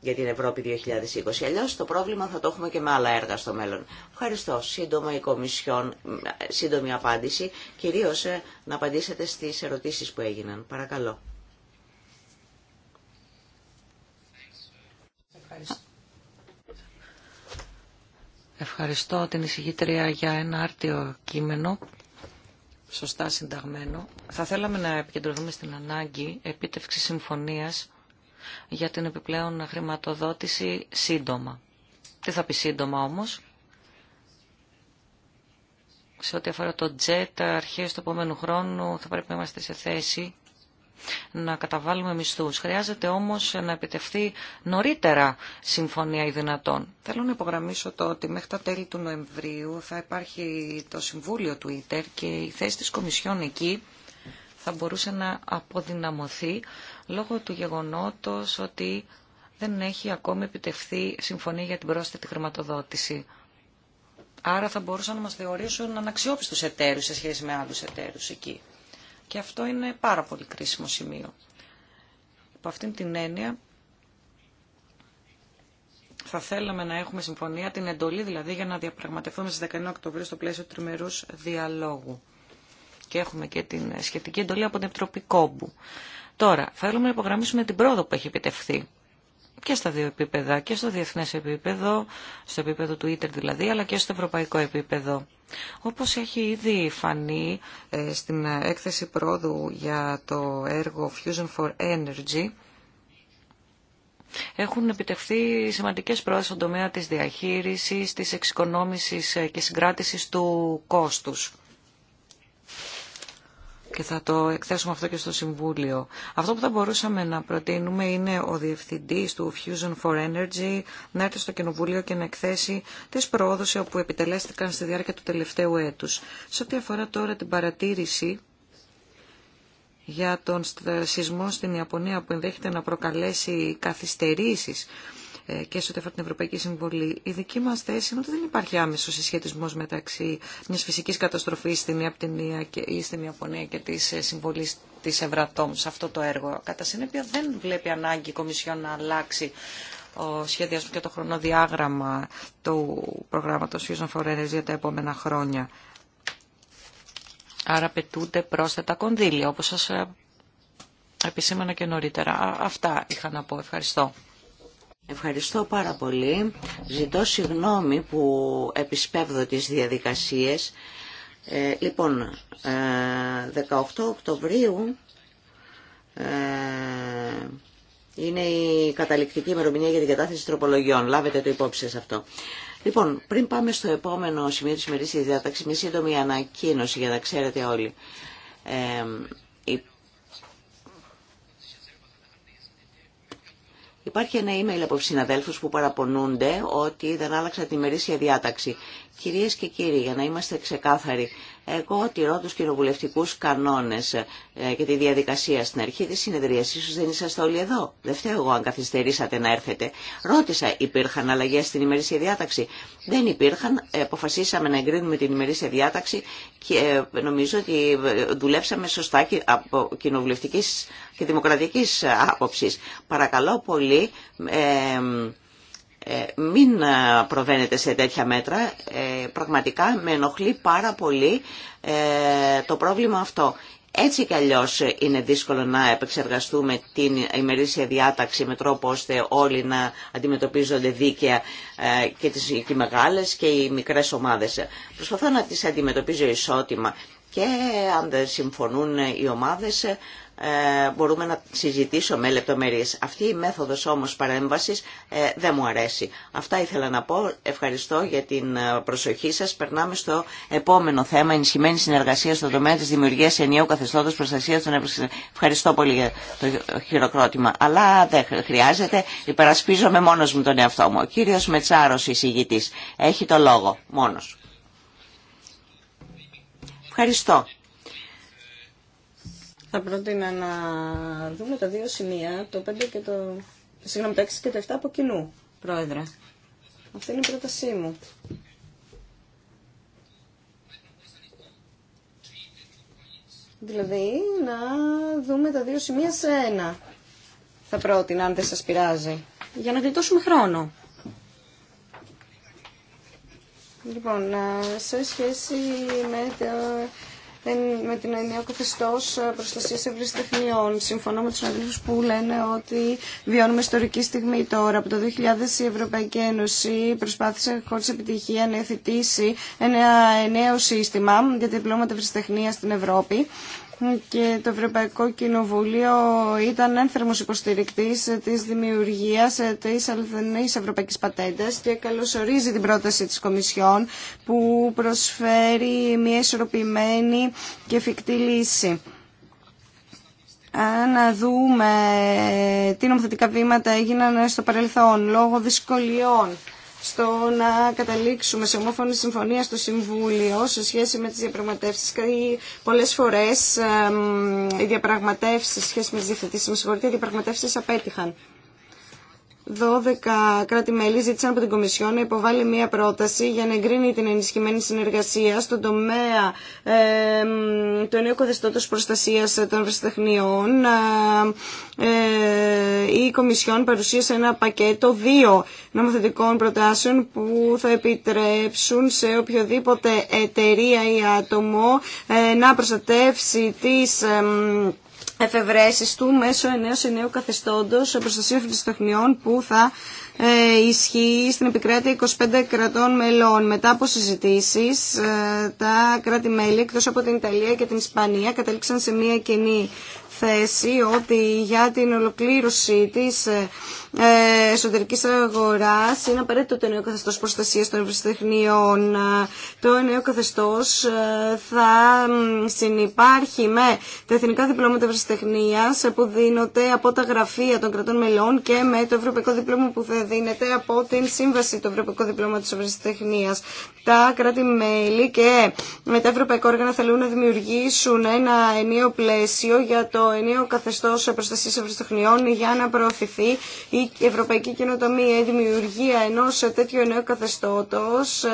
για την Ευρώπη 2020. Αλλιώς το πρόβλημα θα το έχουμε και με άλλα έργα στο μέλλον. Ευχαριστώ. Σύντομα η Κομισιόν, σύντομη απάντηση, κυρίως να απαντήσετε στις ερωτήσεις που έγιναν. Παρακαλώ. Ευχαριστώ. Ευχαριστώ την εισηγήτρια για ένα άρτιο κείμενο σωστά συνταγμένο, θα θέλαμε να επικεντρωθούμε στην ανάγκη επίτευξη συμφωνίας για την επιπλέον χρηματοδότηση σύντομα. Τι θα πει σύντομα όμως, σε ό,τι αφορά το τζετ, αρχές του επόμενου χρόνου θα πρέπει να είμαστε σε θέση να καταβάλουμε μισθούς. Χρειάζεται όμως να επιτευχθεί νωρίτερα συμφωνία ή δυνατόν. Θέλω να υπογραμμίσω το ότι μέχρι τα τέλη του Νοεμβρίου θα υπάρχει το Συμβούλιο του ΙΤΕΡ και η θέση της Κομισιόν εκεί θα μπορούσε να αποδυναμωθεί λόγω του γεγονότος ότι δεν έχει ακόμη επιτευχθεί συμφωνία για την πρόσθετη χρηματοδότηση. Άρα θα μπορούσαν να μας θεωρήσουν αναξιόπιστους εταίρους σε σχέση με άλλους εταίρους εκεί. Και αυτό είναι πάρα πολύ κρίσιμο σημείο. Από αυτήν την έννοια θα θέλαμε να έχουμε συμφωνία, την εντολή δηλαδή, για να διαπραγματευτούμε στις 19 Οκτωβρίου στο πλαίσιο τριμερούς διαλόγου. Και έχουμε και την σχετική εντολή από την Επιτροπή Κόμπου. Τώρα, θέλουμε να υπογραμμίσουμε την πρόοδο που έχει επιτευχθεί και στα δύο επίπεδα, και στο διεθνές επίπεδο, στο επίπεδο του ίτερ δηλαδή, αλλά και στο ευρωπαϊκό επίπεδο. Όπως έχει ήδη φανεί ε, στην έκθεση πρόοδου για το έργο Fusion for Energy, έχουν επιτευχθεί σημαντικές πρόοδες στον τομέα της διαχείρισης, της εξοικονόμησης ε, και συγκράτησης του κόστους και θα το εκθέσουμε αυτό και στο Συμβούλιο. Αυτό που θα μπορούσαμε να προτείνουμε είναι ο Διευθυντής του Fusion for Energy να έρθει στο Κοινοβούλιο και να εκθέσει τις προόδους που επιτελέστηκαν στη διάρκεια του τελευταίου έτους. Σε ό,τι αφορά τώρα την παρατήρηση για τον σεισμό στην Ιαπωνία που ενδέχεται να προκαλέσει καθυστερήσεις ε, και σε ό,τι αφορά την Ευρωπαϊκή Συμβολή. Η δική μα θέση είναι ότι δεν υπάρχει άμεσο συσχετισμό μεταξύ μια φυσική καταστροφή στην Ιαπωνία ή στην Ιαπωνία και τη ε, συμβολή τη Ευρατόμ σε αυτό το έργο. Κατά συνέπεια, δεν βλέπει ανάγκη η Κομισιόν να αλλάξει ο σχεδιασμό και το χρονοδιάγραμμα του προγράμματος Fusion for Energy για τα επόμενα χρόνια. Άρα πετούνται πρόσθετα κονδύλια, Όπω σα ε, επισήμανα και νωρίτερα. Αυτά είχα να πω. Ευχαριστώ. Ευχαριστώ πάρα πολύ. Ζητώ συγγνώμη που επισπεύδω τις διαδικασίες. Ε, λοιπόν, 18 ε, Οκτωβρίου ε, είναι η καταληκτική ημερομηνία για την κατάθεση τροπολογιών. Λάβετε το υπόψη σας αυτό. Λοιπόν, πριν πάμε στο επόμενο σημείο της της διάταξης, μια σύντομη ανακοίνωση για να ξέρετε όλοι. Ε, Υπάρχει ένα email από συναδέλφου που παραπονούνται ότι δεν άλλαξα τη μερίσια διάταξη. Κυρίες και κύριοι, για να είμαστε ξεκάθαροι, εγώ τηρώ τους κοινοβουλευτικούς κανόνες ε, και τη διαδικασία στην αρχή της συνεδρία σω δεν είσαστε όλοι εδώ. Δεν φταίω εγώ αν καθυστερήσατε να έρθετε. Ρώτησα, υπήρχαν αλλαγές στην ημερήσια διάταξη. Δεν υπήρχαν. Ε, αποφασίσαμε να εγκρίνουμε την ημερήσια διάταξη και ε, νομίζω ότι δουλέψαμε σωστά από κοινοβουλευτική και δημοκρατική άποψη. Παρακαλώ πολύ... Ε, μην ε, προβαίνετε σε τέτοια μέτρα. Ε, πραγματικά με ενοχλεί πάρα πολύ το πρόβλημα αυτό. Έτσι κι αλλιώς είναι δύσκολο να επεξεργαστούμε την ημερήσια διάταξη με τρόπο ώστε όλοι να αντιμετωπίζονται δίκαια και τις και οι μεγάλες και οι μικρές ομάδες. Προσπαθώ να τις αντιμετωπίζω ισότιμα και αν δεν συμφωνούν οι ομάδες ε, μπορούμε να συζητήσουμε λεπτομέρειες. Αυτή η μέθοδος όμως παρέμβασης ε, δεν μου αρέσει. Αυτά ήθελα να πω. Ευχαριστώ για την ε, προσοχή σας. Περνάμε στο επόμενο θέμα, ενισχυμένη συνεργασία στον τομέα της δημιουργίας ενιαίου καθεστώτος προστασίας των Ευχαριστώ πολύ για το χειροκρότημα. Αλλά δεν χρειάζεται. Υπερασπίζομαι μόνος μου τον εαυτό μου. Ο κύριος Μετσάρος, εισηγητής, έχει το λόγο μόνος. Ευχαριστώ θα πρότεινα να δούμε τα δύο σημεία, το 5 και το... Συγγνώμη, το 6 και το 7 από κοινού, Πρόεδρε. Αυτή είναι η πρότασή μου. Δηλαδή, να δούμε τα δύο σημεία σε ένα. Θα πρότεινα, αν δεν σας πειράζει. Για να γλιτώσουμε χρόνο. Λοιπόν, ε, σε σχέση με το με την νέα καθεστώ ε, προστασία ευρεσιτεχνιών. Συμφωνώ με του συναδέλφου που λένε ότι βιώνουμε ιστορική στιγμή τώρα. Από το 2000 η Ευρωπαϊκή Ένωση προσπάθησε χωρί επιτυχία να εθιτήσει ένα νέο σύστημα για διπλώματα ευρεσιτεχνία στην Ευρώπη και το Ευρωπαϊκό Κοινοβούλιο ήταν ένθερμος υποστηρικτής της δημιουργίας της αληθινής ευρωπαϊκής πατέντας και καλωσορίζει την πρόταση της Κομισιόν που προσφέρει μια ισορροπημένη και εφικτή λύση. Να δούμε τι νομοθετικά βήματα έγιναν στο παρελθόν λόγω δυσκολιών στο να καταλήξουμε σε ομόφωνη συμφωνία στο Συμβούλιο σε σχέση με τις διαπραγματεύσεις και πολλές φορές οι διαπραγματεύσεις σε σχέση με τις διευθυντήσεις με συγχωρείτε, οι διαπραγματεύσεις απέτυχαν. 12 κράτη-μέλη ζήτησαν από την Κομισιόν να υποβάλει μία πρόταση για να εγκρίνει την ενισχυμένη συνεργασία στον τομέα ε, του ενίου κοδεστώτο προστασίας των ευρεσιτεχνιών. Ε, ε, η Κομισιόν παρουσίασε ένα πακέτο δύο νομοθετικών προτάσεων που θα επιτρέψουν σε οποιοδήποτε εταιρεία ή άτομο ε, να προστατεύσει τις εφευρέσεις του μέσω ενέως ενέου καθεστώντος προστασία φιλιστοχνιών που θα ε, ισχύει στην επικράτεια 25 κρατών μελών. Μετά από συζητήσεις, ε, τα κράτη-μέλη εκτός από την Ιταλία και την Ισπανία κατέληξαν σε μια κοινή θέση ότι για την ολοκλήρωση της ε, ε, εσωτερικής αγοράς είναι απαραίτητο το νέο καθεστώς προστασίας των ευρεσιτεχνίων. Το νέο καθεστώς ε, θα συνεπάρχει με τα εθνικά διπλώματα ευρεσιτεχνία που δίνονται από τα γραφεία των κρατών μελών και με το ευρωπαϊκό δίπλωμα που θα δίνεται από την σύμβαση του ευρωπαϊκού διπλώματος Ευρεσιτεχνία. Τα κράτη-μέλη και με τα ευρωπαϊκά όργανα θέλουν να δημιουργήσουν ένα ενίο πλαίσιο για το ενίο καθεστώς προστασίας ευρεσιτεχνιών για να προωθηθεί η ευρωπαϊκή καινοτομία, η δημιουργία ενός τέτοιου νέου καθεστώτος ε,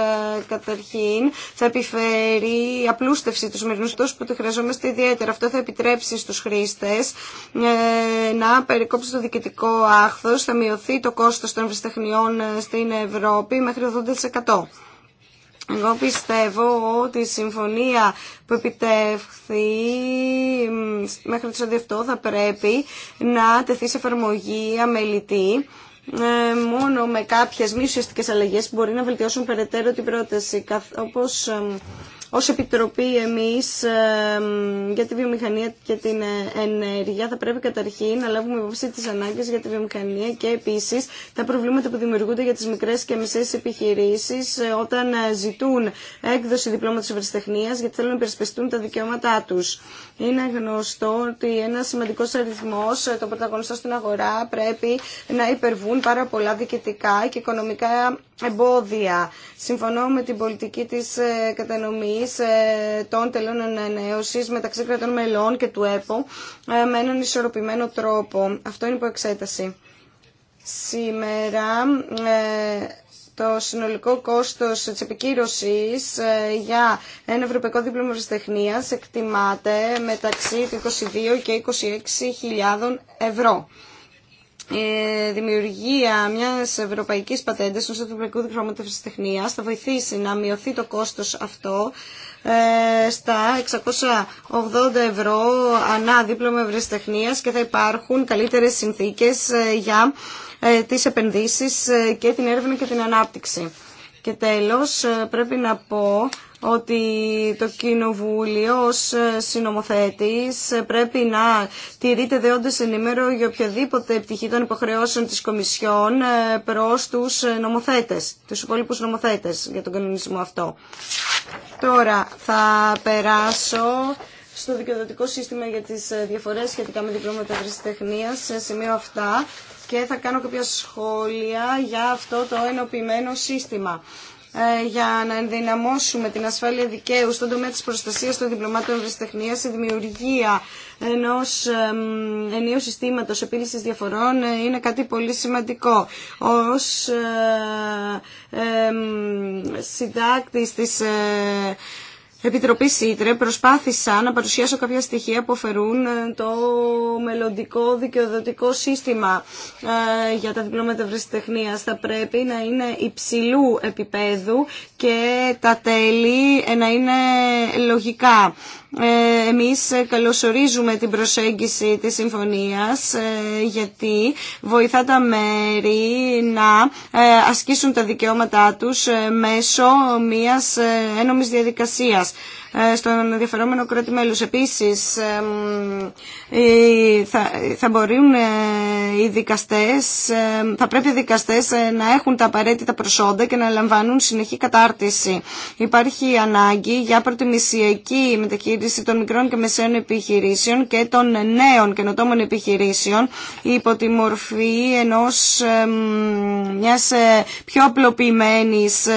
καταρχήν θα επιφέρει απλούστευση του σημερινού τόσο που τη χρειαζόμαστε ιδιαίτερα. Αυτό θα επιτρέψει στους χρήστες ε, να περικόψει το διοικητικό άχθος, θα μειωθεί το κόστος των ευρυστεχνιών ε, στην Ευρώπη μέχρι 80%. Εγώ πιστεύω ότι η συμφωνία που επιτεύχθη μέχρι το σαντί θα πρέπει να τεθεί σε εφαρμογή αμελητή ε, μόνο με κάποιες μη ουσιαστικές αλλαγές που μπορεί να βελτιώσουν περαιτέρω την πρόταση. Όπως ε, ως Επιτροπή εμείς για τη βιομηχανία και την ενέργεια θα πρέπει καταρχήν να λάβουμε υπόψη τις ανάγκες για τη βιομηχανία και επίσης τα προβλήματα που δημιουργούνται για τις μικρές και μεσαίες επιχειρήσεις όταν ζητούν έκδοση διπλώματος ευρεσιτεχνίας γιατί θέλουν να υπερασπιστούν τα δικαιώματά τους. Είναι γνωστό ότι ένα σημαντικό αριθμό των πρωταγωνιστών στην αγορά πρέπει να υπερβούν πάρα πολλά διοικητικά και οικονομικά εμπόδια. Συμφωνώ με την πολιτική της ε, κατανομής ε, των τελών ανανέωσης μεταξύ κρατών μελών και του ΕΠΟ ε, με έναν ισορροπημένο τρόπο. Αυτό είναι υπό εξέταση. Σήμερα το συνολικό κόστος της επικύρωσης για ένα ευρωπαϊκό δίπλωμα τεχνίας εκτιμάται μεταξύ του 22 και 26.000 ευρώ η δημιουργία μιας ευρωπαϊκής πατέντας ενό ευρωπαϊκού διχρώματος τεχνίας θα βοηθήσει να μειωθεί το κόστος αυτό ε, στα 680 ευρώ ανά δίπλωμα ευρεσιτεχνία και θα υπάρχουν καλύτερες συνθήκες ε, για ε, τις επενδύσεις και την έρευνα και την ανάπτυξη. Και τέλος πρέπει να πω ότι το Κοινοβούλιο ως ε, συνομοθέτης ε, πρέπει να τηρείται δεόντως ενήμερο για οποιαδήποτε πτυχή των υποχρεώσεων της Κομισιόν ε, προς τους νομοθέτες, τους υπόλοιπους νομοθέτες για τον κανονισμό αυτό. Τώρα θα περάσω στο δικαιοδοτικό σύστημα για τις διαφορές σχετικά με διπλώματα βρισιτεχνίας σε σημείο αυτά και θα κάνω κάποια σχόλια για αυτό το ενοποιημένο σύστημα. Ε, για να ενδυναμώσουμε την ασφάλεια δικαίου στον τομέα της προστασίας των διπλωμάτων ευρεσιτεχνίας, η δημιουργία ενός ενίου συστήματος επίλυσης διαφορών ε, είναι κάτι πολύ σημαντικό. Ως ε, συντάκτης της Επιτροπή ΣΥΤΡΕ προσπάθησα να παρουσιάσω κάποια στοιχεία που αφαιρούν ε, το μελλοντικό δικαιοδοτικό σύστημα ε, για τα διπλώματα ευρεσιτεχνία. Θα πρέπει να είναι υψηλού επίπεδου και τα τέλη ε, να είναι λογικά. Ε, εμείς καλωσορίζουμε την προσέγγιση της συμφωνίας ε, γιατί βοηθά τα μέρη να ε, ασκήσουν τα δικαιώματά τους μέσω μιας ένομης διαδικασίας. Ε, στον ενδιαφερόμενο κράτη μέλους. Επίσης, θα μπορούν ε, οι δικαστές, θα πρέπει οι δικαστές ε, να έχουν τα απαραίτητα προσόντα και να λαμβάνουν συνεχή κατάρτιση. Υπάρχει ανάγκη για προτιμησιακή μεταχείριση των μικρών και μεσαίων επιχειρήσεων και των νέων καινοτόμων επιχειρήσεων υπό τη μορφή ενός μιας πιο απλοποιημένης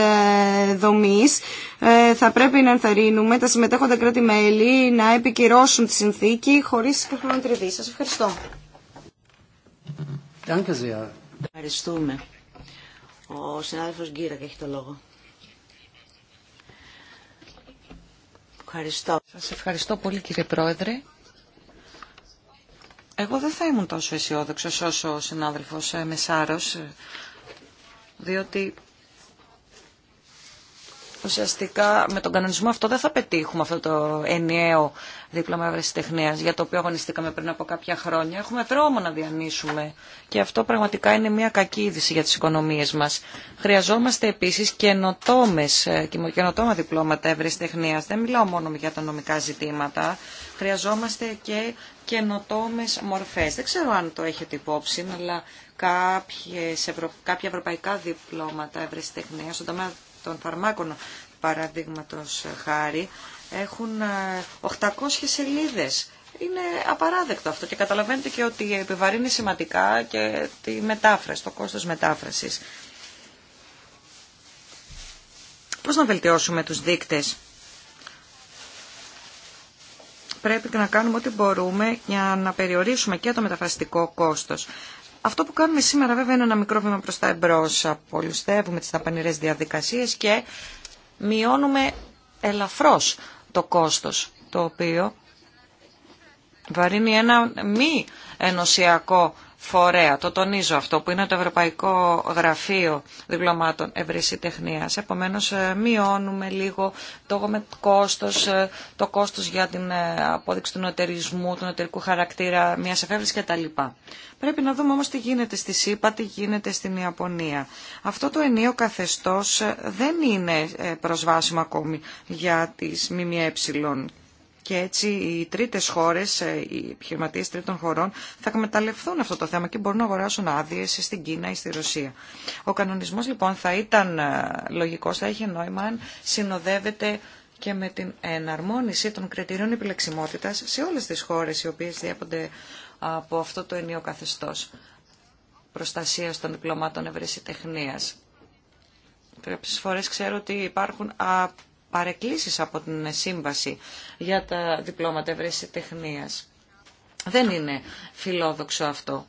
δομής ε, θα πρέπει να ενθαρρύνουμε τα συμμετέχοντα κράτη-μέλη να επικυρώσουν τη συνθήκη χωρίς χρονοτριβή. Σας ευχαριστώ. Ευχαριστούμε. Ο συνάδελφο Γκύρακ έχει το λόγο. Ευχαριστώ. Σας ευχαριστώ πολύ κύριε Πρόεδρε. Εγώ δεν θα ήμουν τόσο αισιόδοξο όσο ο συνάδελφος ε, Μεσάρος, ε, διότι Ουσιαστικά με τον κανονισμό αυτό δεν θα πετύχουμε αυτό το ενιαίο δίπλωμα ευρεσιτεχνία για το οποίο αγωνιστήκαμε πριν από κάποια χρόνια. Έχουμε δρόμο να διανύσουμε και αυτό πραγματικά είναι μια κακή είδηση για τι οικονομίε μα. Χρειαζόμαστε επίση καινοτόμε ε, καινοτόμα διπλώματα ευρεσιτεχνία. Δεν μιλάω μόνο για τα νομικά ζητήματα. Χρειαζόμαστε και καινοτόμε μορφέ. Δεν ξέρω αν το έχετε υπόψη, αλλά κάποιες, κάποια ευρωπαϊκά διπλώματα ευρεσιτεχνία στον τομέα των φαρμάκων παραδείγματος χάρη έχουν 800 ε, σελίδες. Είναι απαράδεκτο αυτό και καταλαβαίνετε και ότι επιβαρύνει σημαντικά και τη μετάφραση, το κόστος μετάφρασης. Πώς να βελτιώσουμε τους δείκτες. Πρέπει να κάνουμε ό,τι μπορούμε για να περιορίσουμε και το μεταφραστικό κόστος. Αυτό που κάνουμε σήμερα βέβαια είναι ένα μικρό βήμα προς τα εμπρός. Απολουστεύουμε τις ταπανηρές διαδικασίες και μειώνουμε ελαφρώς το κόστος, το οποίο βαρύνει ένα μη ενωσιακό φορέα, το τονίζω αυτό, που είναι το Ευρωπαϊκό Γραφείο Διπλωμάτων Ευρυσιτεχνίας. Επομένως, ε, μειώνουμε λίγο το κόστος, ε, το κόστος για την ε, απόδειξη του νοτερισμού, του νοτερικού χαρακτήρα μιας εφεύρησης κτλ. Πρέπει να δούμε όμως τι γίνεται στη ΣΥΠΑ, τι γίνεται στην Ιαπωνία. Αυτό το ενίο καθεστώς δεν είναι προσβάσιμο ακόμη για τις ΜΜΕ και έτσι οι τρίτε χώρε, ε, οι επιχειρηματίε τρίτων χωρών θα εκμεταλλευτούν αυτό το θέμα και μπορούν να αγοράσουν άδειε στην Κίνα ή στη Ρωσία. Ο κανονισμός λοιπόν θα ήταν ε, λογικό, θα είχε νόημα αν συνοδεύεται και με την εναρμόνιση των κριτηρίων επιλεξιμότητας σε όλες τις χώρες οι οποίες διέπονται από αυτό το ενίο καθεστώ προστασία των διπλωμάτων ευρεσιτεχνία. Κάποιε φορέ ξέρω ότι υπάρχουν παρεκκλήσεις από την σύμβαση για τα διπλώματα ευρεσιτεχνίας. Δεν είναι φιλόδοξο αυτό.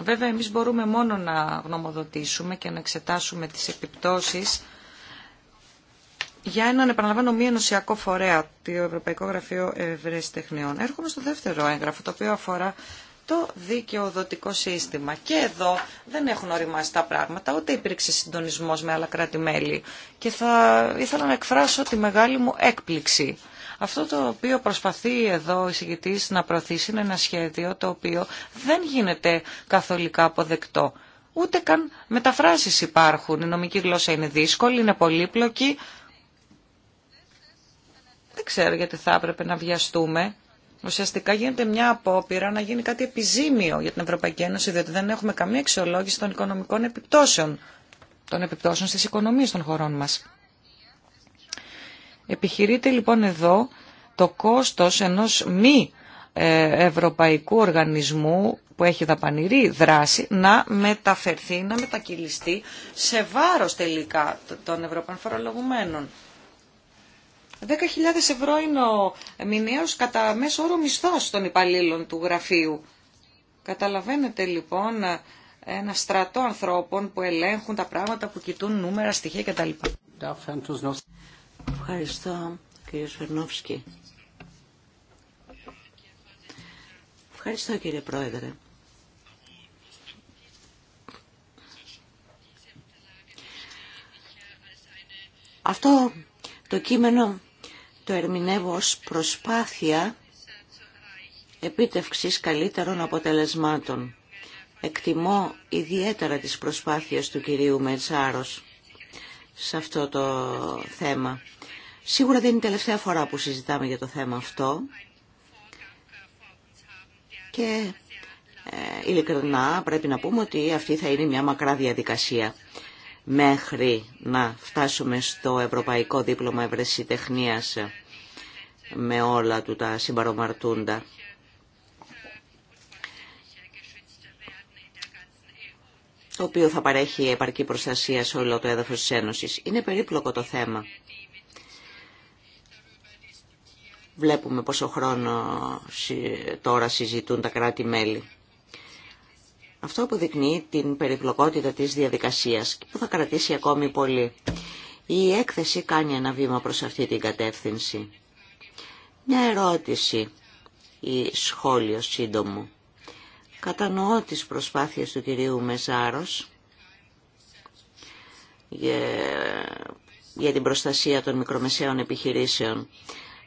Βέβαια, εμείς μπορούμε μόνο να γνωμοδοτήσουμε και να εξετάσουμε τις επιπτώσεις για έναν, επαναλαμβάνω, μη ενωσιακό φορέα, το Ευρωπαϊκό Γραφείο Ευρεσιτεχνιών. Έρχομαι στο δεύτερο έγγραφο, το οποίο αφορά το δικαιοδοτικό σύστημα. Και εδώ δεν έχουν οριμάσει τα πράγματα, ούτε υπήρξε συντονισμό με άλλα κράτη-μέλη. Και θα ήθελα να εκφράσω τη μεγάλη μου έκπληξη. Αυτό το οποίο προσπαθεί εδώ ο εισηγητή να προωθήσει είναι ένα σχέδιο το οποίο δεν γίνεται καθολικά αποδεκτό. Ούτε καν μεταφράσεις υπάρχουν. Η νομική γλώσσα είναι δύσκολη, είναι πολύπλοκη. Δεν ξέρω γιατί θα έπρεπε να βιαστούμε Ουσιαστικά γίνεται μια απόπειρα να γίνει κάτι επιζήμιο για την Ευρωπαϊκή Ένωση, διότι δεν έχουμε καμία αξιολόγηση των οικονομικών επιπτώσεων, των επιπτώσεων στις οικονομίες των χωρών μας. Επιχειρείται λοιπόν εδώ το κόστος ενός μη ε, ευρωπαϊκού οργανισμού που έχει δαπανηρή δράση να μεταφερθεί, να μετακυλιστεί σε βάρος τελικά των Ευρωπαϊκών φορολογουμένων. 10.000 ευρώ είναι ο μηνιαίος κατά μέσο όρο μισθός των υπαλλήλων του γραφείου. Καταλαβαίνετε λοιπόν ένα στρατό ανθρώπων που ελέγχουν τα πράγματα, που κοιτούν νούμερα, στοιχεία κτλ. Ευχαριστώ κύριε Σφερνόφσκι. Ευχαριστώ κύριε Πρόεδρε. Αυτό το κείμενο το ερμηνεύω ως προσπάθεια επίτευξης καλύτερων αποτελεσμάτων. Εκτιμώ ιδιαίτερα τις προσπάθειες του κυρίου Μετσάρος σε αυτό το θέμα. Σίγουρα δεν είναι η τελευταία φορά που συζητάμε για το θέμα αυτό και ε, ειλικρινά πρέπει να πούμε ότι αυτή θα είναι μια μακρά διαδικασία μέχρι να φτάσουμε στο Ευρωπαϊκό Δίπλωμα Ευρεσιτεχνίας με όλα του τα συμπαρομαρτούντα. το οποίο θα παρέχει επαρκή προστασία σε όλο το έδαφος της Ένωσης. Είναι περίπλοκο το θέμα. Βλέπουμε πόσο χρόνο τώρα συζητούν τα κράτη-μέλη. Αυτό αποδεικνύει την περιπλοκότητα της διαδικασίας που θα κρατήσει ακόμη πολύ. Η έκθεση κάνει ένα βήμα προς αυτή την κατεύθυνση. Μια ερώτηση ή σχόλιο σύντομο. Κατανοώ τις προσπάθειες του κυρίου Μεζάρος για, για την προστασία των μικρομεσαίων επιχειρήσεων.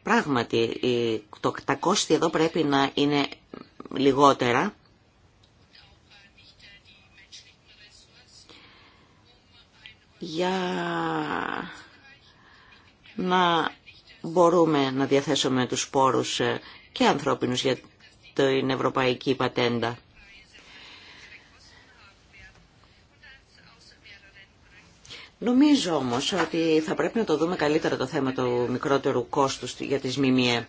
Πράγματι, τα κόστη εδώ πρέπει να είναι λιγότερα για να μπορούμε να διαθέσουμε τους σπόρους ε, και ανθρώπινους για την ευρωπαϊκή πατέντα. Νομίζω όμως ότι θα πρέπει να το δούμε καλύτερα το θέμα του μικρότερου κόστους για τις ΜΜΕ.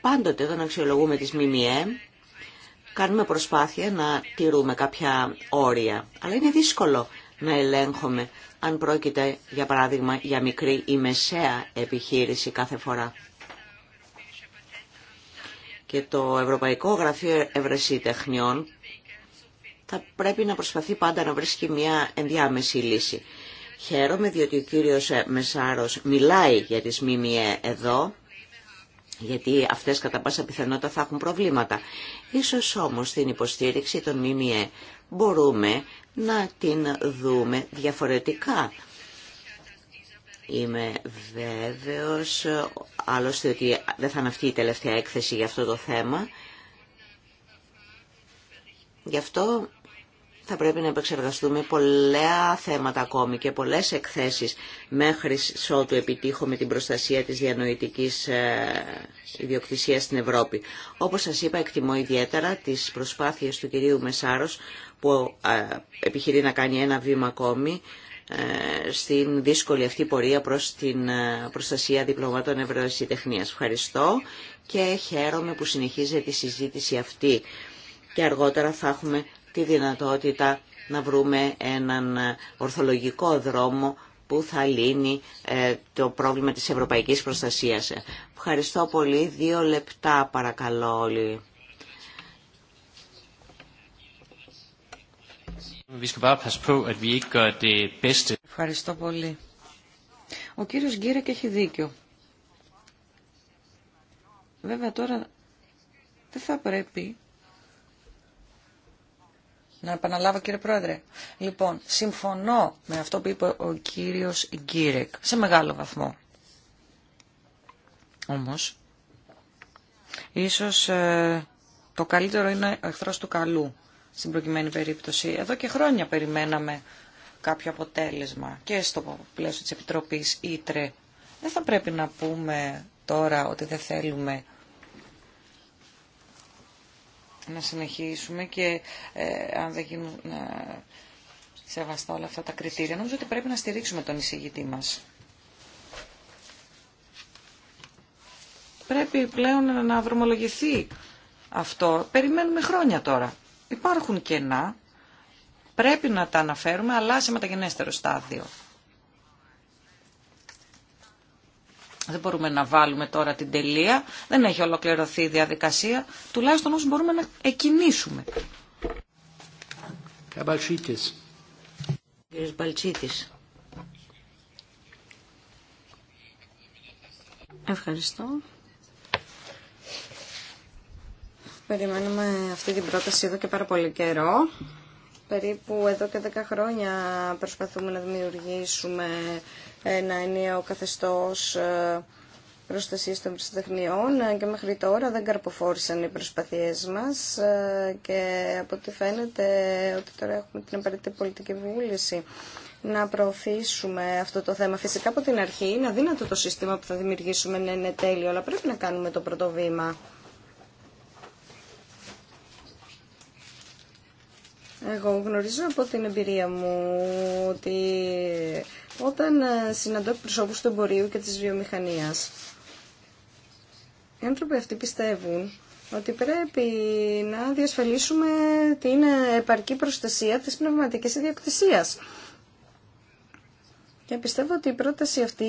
Πάντοτε όταν αξιολογούμε τις ΜΜΕ κάνουμε προσπάθεια να τηρούμε κάποια όρια. Αλλά είναι δύσκολο να ελέγχουμε αν πρόκειται, για παράδειγμα, για μικρή ή μεσαία επιχείρηση κάθε φορά. Και το Ευρωπαϊκό Γραφείο Ευρεσιτεχνιών θα πρέπει να προσπαθεί πάντα να βρίσκει μια ενδιάμεση λύση. Χαίρομαι διότι ο κύριος Μεσάρος μιλάει για τις ΜΜΕ εδώ γιατί αυτές κατά πάσα πιθανότητα θα έχουν προβλήματα. Ίσως όμως την υποστήριξη των ΜΜΕ μπορούμε να την δούμε διαφορετικά. Είμαι βέβαιος άλλωστε ότι δεν θα είναι αυτή η τελευταία έκθεση για αυτό το θέμα. Γι' αυτό θα πρέπει να επεξεργαστούμε πολλά θέματα ακόμη και πολλές εκθέσεις μέχρι ότου επιτύχουμε την προστασία της διανοητικής ε, ιδιοκτησίας στην Ευρώπη. Όπως σας είπα, εκτιμώ ιδιαίτερα τις προσπάθειες του κυρίου Μεσάρος που ε, επιχειρεί να κάνει ένα βήμα ακόμη ε, στην δύσκολη αυτή πορεία προς την προστασία διπλωμάτων ευρωεσιτεχνίας. Ευχαριστώ και χαίρομαι που συνεχίζεται η συζήτηση αυτή και αργότερα θα έχουμε τη δυνατότητα να βρούμε έναν ορθολογικό δρόμο που θα λύνει ε, το πρόβλημα της ευρωπαϊκής προστασίας. Ευχαριστώ πολύ. Δύο λεπτά παρακαλώ όλοι. Ευχαριστώ πολύ. Ο κύριος Γκίρεκ έχει δίκιο. Βέβαια τώρα δεν θα πρέπει να επαναλάβω κύριε Πρόεδρε. Λοιπόν, συμφωνώ με αυτό που είπε ο κύριος Γκίρεκ σε μεγάλο βαθμό. Όμως, ίσως ε, το καλύτερο είναι ο εχθρός του καλού στην προκειμένη περίπτωση. Εδώ και χρόνια περιμέναμε κάποιο αποτέλεσμα και στο πλαίσιο της Επιτροπής Ήτρε. Δεν θα πρέπει να πούμε τώρα ότι δεν θέλουμε να συνεχίσουμε και ε, αν δεν γίνουν ε, σεβαστά όλα αυτά τα κριτήρια. Νομίζω ότι πρέπει να στηρίξουμε τον εισηγητή μας. Πρέπει πλέον να βρομολογηθεί αυτό. Περιμένουμε χρόνια τώρα. Υπάρχουν κενά. Πρέπει να τα αναφέρουμε, αλλά σε μεταγενέστερο στάδιο. Δεν μπορούμε να βάλουμε τώρα την τελεία. Δεν έχει ολοκληρωθεί η διαδικασία. Τουλάχιστον όσο μπορούμε να εκκινήσουμε. Ευχαριστώ. Περιμένουμε αυτή την πρόταση εδώ και πάρα πολύ καιρό. Περίπου εδώ και δέκα χρόνια προσπαθούμε να δημιουργήσουμε ένα ενιαίο καθεστώς ε, προστασίας των πιστοτεχνιών. Ε, και μέχρι τώρα δεν καρποφόρησαν οι προσπαθίες μας ε, και από ό,τι φαίνεται ότι τώρα έχουμε την απαραίτητη πολιτική βούληση να προωθήσουμε αυτό το θέμα. Φυσικά από την αρχή είναι αδύνατο το σύστημα που θα δημιουργήσουμε να είναι τέλειο, αλλά πρέπει να κάνουμε το πρώτο βήμα. Εγώ γνωρίζω από την εμπειρία μου ότι όταν ε, συναντώ εκπροσώπους του εμπορίου και της βιομηχανίας. Οι άνθρωποι αυτοί πιστεύουν ότι πρέπει να διασφαλίσουμε την ε, επαρκή προστασία της πνευματικής ιδιοκτησίας. Και πιστεύω ότι η πρόταση αυτή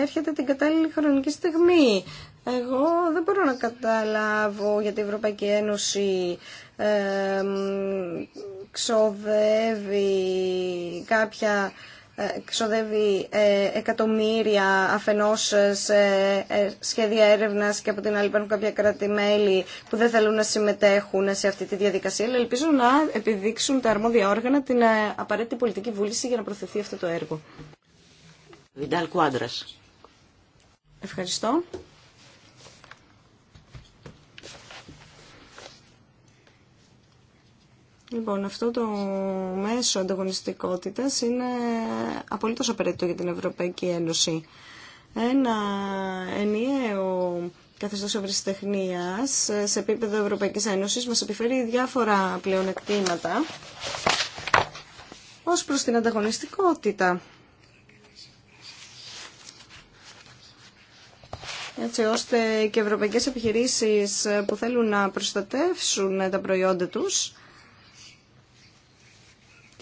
έρχεται την κατάλληλη χρονική στιγμή. Εγώ δεν μπορώ να καταλάβω γιατί η Ευρωπαϊκή Ένωση ε, ξοδεύει κάποια ξοδεύει ε, εκατομμύρια αφενός ε, σε ε, σχέδια έρευνας και από την άλλη υπάρχουν κάποια κράτη-μέλη που δεν θέλουν να συμμετέχουν σε αυτή τη διαδικασία, αλλά ελπίζω να επιδείξουν τα αρμόδια όργανα την απαραίτητη πολιτική βούληση για να προθεθεί αυτό το έργο. Βιντάλ Κουάντρας. Ευχαριστώ. Λοιπόν, αυτό το μέσο ανταγωνιστικότητας είναι απολύτως απαραίτητο για την Ευρωπαϊκή Ένωση. Ένα ενιαίο καθεστώς ευρεσιτεχνίας σε επίπεδο Ευρωπαϊκής Ένωσης μας επιφέρει διάφορα πλεονεκτήματα ως προς την ανταγωνιστικότητα. έτσι ώστε και ευρωπαϊκές επιχειρήσεις που θέλουν να προστατεύσουν τα προϊόντα τους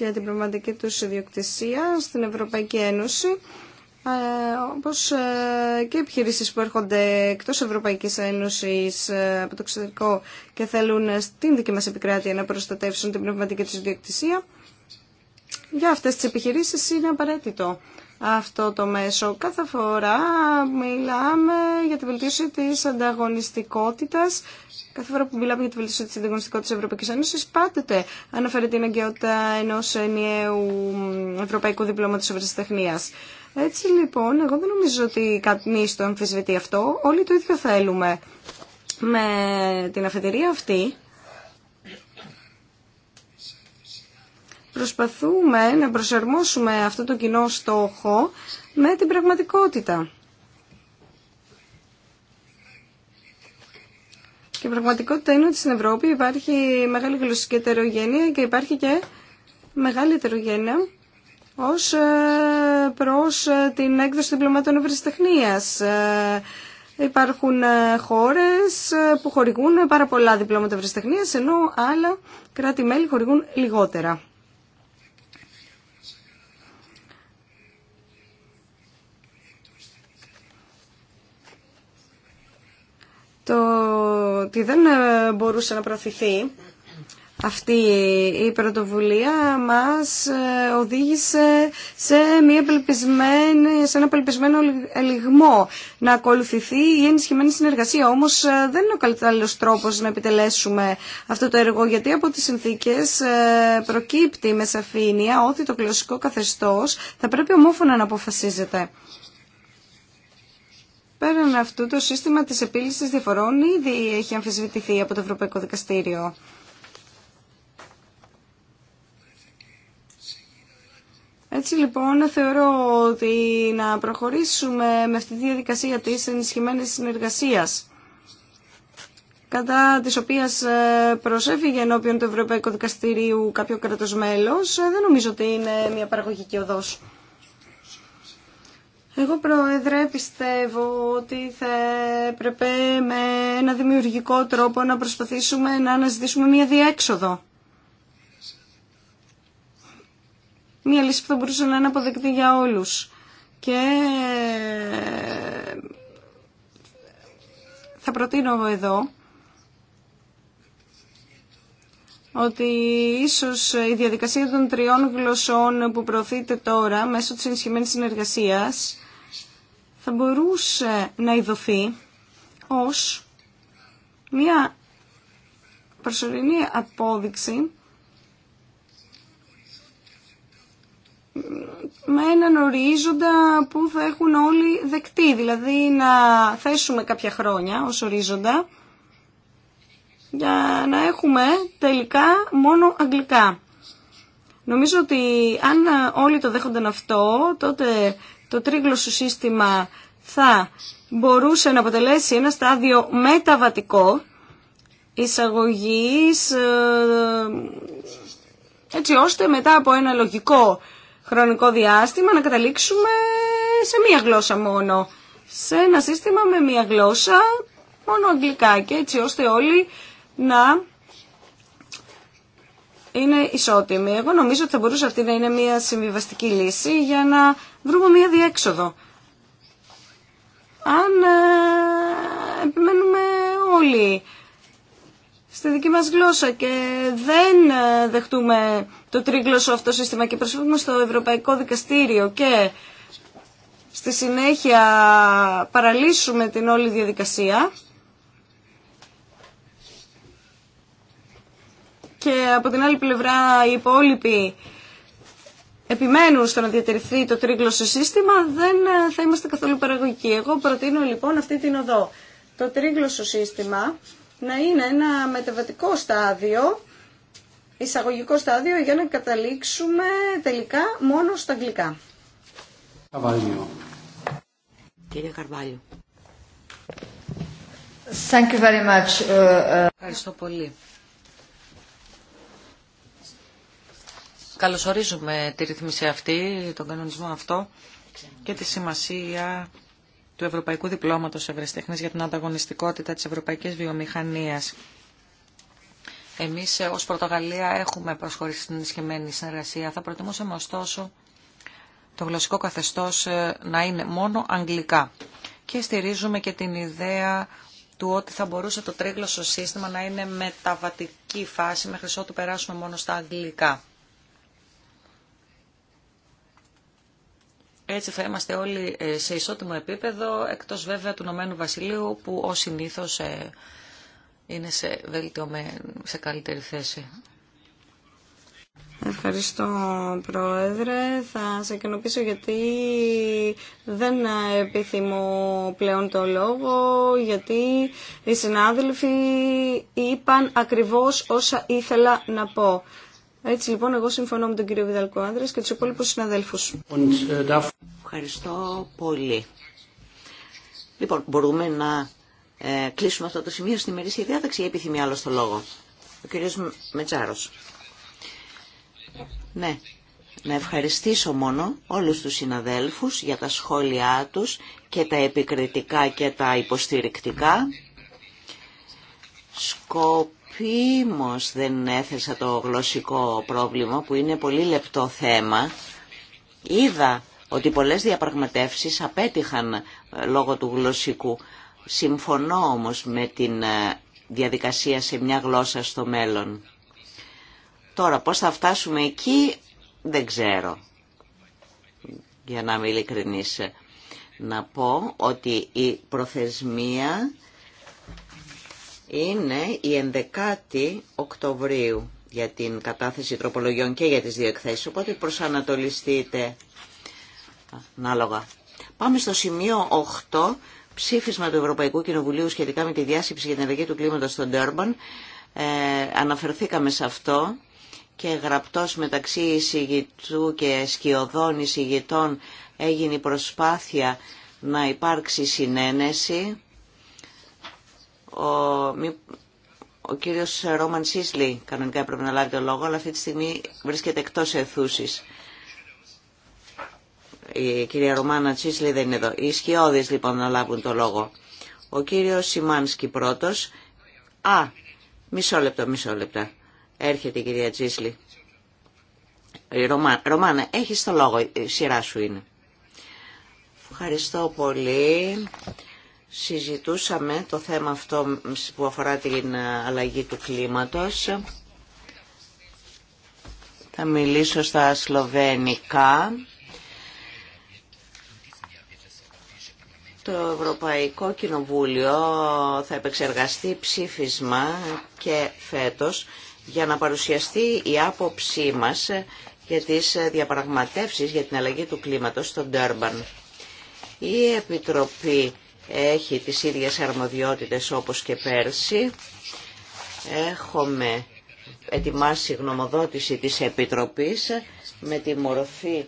για την πνευματική τους ιδιοκτησία στην Ευρωπαϊκή Ένωση ε, όπως ε, και επιχειρήσεις που έρχονται εκτός Ευρωπαϊκής Ένωσης ε, από το εξωτερικό και θέλουν στην δική μας επικράτεια να προστατεύσουν την πνευματική τους ιδιοκτησία για αυτές τις επιχειρήσεις είναι απαραίτητο αυτό το μέσο. Κάθε φορά μιλάμε για τη βελτίωση της ανταγωνιστικότητας Κάθε φορά που μιλάμε για τη βελτίωση τη ανταγωνιστικότητα τη Ευρωπαϊκή Ένωση, πάντοτε αναφέρεται η αναγκαιότητα ενό ενιαίου ευρωπαϊκού διπλώματο ευρεσιτεχνία. Έτσι λοιπόν, εγώ δεν νομίζω ότι κανεί το αμφισβητεί αυτό. Όλοι το ίδιο θέλουμε. Με την αφετηρία αυτή, προσπαθούμε να προσαρμόσουμε αυτό το κοινό στόχο με την πραγματικότητα. Και η πραγματικότητα είναι ότι στην Ευρώπη υπάρχει μεγάλη γλωσσική ετερογένεια και υπάρχει και μεγάλη ετερογένεια ως ε, προς ε, την έκδοση διπλωμάτων ευρεσιτεχνίας. Ε, υπάρχουν χώρες που χορηγούν πάρα πολλά διπλώματα ευρεσιτεχνίας, ενώ άλλα κράτη-μέλη χορηγούν λιγότερα. το ότι δεν ε, μπορούσε να προωθηθεί αυτή η πρωτοβουλία μας ε, οδήγησε σε, μια σε ένα απελπισμένο ελιγμό να ακολουθηθεί η ενισχυμένη συνεργασία. Όμως ε, δεν είναι ο καλύτερος τρόπος να επιτελέσουμε αυτό το έργο γιατί από τις συνθήκες προκύπτει με σαφήνεια ότι το κλωσικό καθεστώς θα πρέπει ομόφωνα να αποφασίζεται. Πέραν αυτού, το σύστημα της επίλυσης διαφορών ήδη έχει αμφισβητηθεί από το Ευρωπαϊκό Δικαστήριο. Έτσι λοιπόν θεωρώ ότι να προχωρήσουμε με αυτή τη διαδικασία τη ενισχυμένης συνεργασίας κατά της οποίας ε, προσέφυγε ενώπιον του Ευρωπαϊκού Δικαστηρίου κάποιο κράτος μέλος, ε, δεν νομίζω ότι είναι μια παραγωγική οδός. Εγώ, Πρόεδρε, πιστεύω ότι θα έπρεπε με ένα δημιουργικό τρόπο να προσπαθήσουμε να αναζητήσουμε μία διέξοδο. Μία λύση που θα μπορούσε να είναι αποδεκτή για όλους. Και ε, θα προτείνω εγώ εδώ ότι ίσως η διαδικασία των τριών γλωσσών που προωθείται τώρα μέσω της ενισχυμένης συνεργασίας θα μπορούσε να ειδωθεί ως μια προσωρινή απόδειξη με έναν ορίζοντα που θα έχουν όλοι δεκτεί, δηλαδή να θέσουμε κάποια χρόνια ως ορίζοντα για να έχουμε τελικά μόνο αγγλικά. Νομίζω ότι αν όλοι το δέχονταν αυτό, τότε το τρίγλωσσο σύστημα θα μπορούσε να αποτελέσει ένα στάδιο μεταβατικό εισαγωγής ε, έτσι ώστε μετά από ένα λογικό χρονικό διάστημα να καταλήξουμε σε μία γλώσσα μόνο. Σε ένα σύστημα με μία γλώσσα μόνο αγγλικά και έτσι ώστε όλοι να είναι ισότιμοι. Εγώ νομίζω ότι θα μπορούσε αυτή να είναι μία συμβιβαστική λύση για να βρούμε μία διέξοδο. Αν ε, επιμένουμε όλοι στη δική μας γλώσσα και δεν ε, δεχτούμε το τρίγλωσσο αυτό σύστημα και προσφύγουμε στο Ευρωπαϊκό Δικαστήριο και στη συνέχεια παραλύσουμε την όλη διαδικασία και από την άλλη πλευρά οι υπόλοιποι επιμένουν στο να διατηρηθεί το τρίγλωσσο σύστημα, δεν ε, θα είμαστε καθόλου παραγωγικοί. Εγώ προτείνω λοιπόν αυτή την οδό. Το τρίγλωσσο σύστημα να είναι ένα μεταβατικό στάδιο, εισαγωγικό στάδιο, για να καταλήξουμε τελικά μόνο στα αγγλικά. Καρβάλιο. Κύριε Καρβάλιο. Thank you very much. Ε, ε. Ευχαριστώ πολύ. Καλωσορίζουμε τη ρυθμίση αυτή, τον κανονισμό αυτό και τη σημασία του Ευρωπαϊκού Διπλώματος Ευρεσιτέχνης για την ανταγωνιστικότητα της ευρωπαϊκής βιομηχανίας. Εμείς ως Πρωτογαλία έχουμε προσχωρήσει στην ενισχυμένη συνεργασία. Θα προτιμούσαμε ωστόσο το γλωσσικό καθεστώς ε, να είναι μόνο αγγλικά. Και στηρίζουμε και την ιδέα του ότι θα μπορούσε το τρίγλωσσο σύστημα να είναι μεταβατική φάση μέχρι ότου περάσουμε μόνο στα αγγλικά. Έτσι θα είμαστε όλοι ε, σε ισότιμο επίπεδο, εκτός βέβαια του Νομένου Βασιλείου που ως συνήθως ε, είναι σε, σε καλύτερη θέση. Ευχαριστώ Πρόεδρε. Θα σε κοινοποιήσω γιατί δεν επιθυμώ πλέον το λόγο, γιατί οι συνάδελφοι είπαν ακριβώς όσα ήθελα να πω. Έτσι λοιπόν εγώ συμφωνώ με τον κύριο Βιδαλκό Άνδρες και τους υπόλοιπους συναδέλφους. Ε, Ευχαριστώ πολύ. Λοιπόν, μπορούμε να ε, κλείσουμε αυτό το σημείο στη μερίσια διάταξη ή επιθυμεί άλλο το λόγο. Ο κύριος Μετζάρος. Ναι, να ευχαριστήσω μόνο όλους τους συναδέλφους για τα σχόλιά τους και τα επικριτικά και τα υποστηρικτικά. Σκοπό Ευθύμως δεν έθεσα το γλωσσικό πρόβλημα που είναι πολύ λεπτό θέμα. Είδα ότι πολλές διαπραγματεύσεις απέτυχαν ε, λόγω του γλωσσικού. Συμφωνώ όμως με την ε, διαδικασία σε μια γλώσσα στο μέλλον. Τώρα πώς θα φτάσουμε εκεί δεν ξέρω. Για να είμαι ειλικρινής. Ε, να πω ότι η προθεσμία είναι η 11η Οκτωβρίου για την κατάθεση τροπολογιών και για τις δύο οπότε προσανατολιστείτε ανάλογα. Πάμε στο σημείο 8, ψήφισμα του Ευρωπαϊκού Κοινοβουλίου σχετικά με τη διάσκεψη για την αλλαγή του κλίματος στον Τέρμπαν. Ε, αναφερθήκαμε σε αυτό και γραπτός μεταξύ εισηγητού και σκιωδών εισηγητών έγινε η προσπάθεια να υπάρξει συνένεση ο, ο κύριος Ρόμαν Σίσλι κανονικά έπρεπε να λάβει το λόγο, αλλά αυτή τη στιγμή βρίσκεται εκτός αιθούσης. Η κυρία Ρωμάνα Τσίσλι δεν είναι εδώ. Οι ισχυώδεις λοιπόν να λάβουν το λόγο. Ο κύριος Σιμάνσκι πρώτος. Α, μισό λεπτό, μισό λεπτό. Έρχεται η κυρία Τσίσλι. Ε, Ρωμάνα, Ρωμάνα έχεις το λόγο, η σειρά σου είναι. Ευχαριστώ πολύ συζητούσαμε το θέμα αυτό που αφορά την αλλαγή του κλίματος. Θα μιλήσω στα σλοβενικά. Το Ευρωπαϊκό Κοινοβούλιο θα επεξεργαστεί ψήφισμα και φέτος για να παρουσιαστεί η άποψή μας για τις διαπραγματεύσεις για την αλλαγή του κλίματος στον Τέρμπαν. Η Επιτροπή έχει τις ίδιες αρμοδιότητες όπως και πέρσι. Έχουμε ετοιμάσει γνωμοδότηση της Επιτροπής με τη μορφή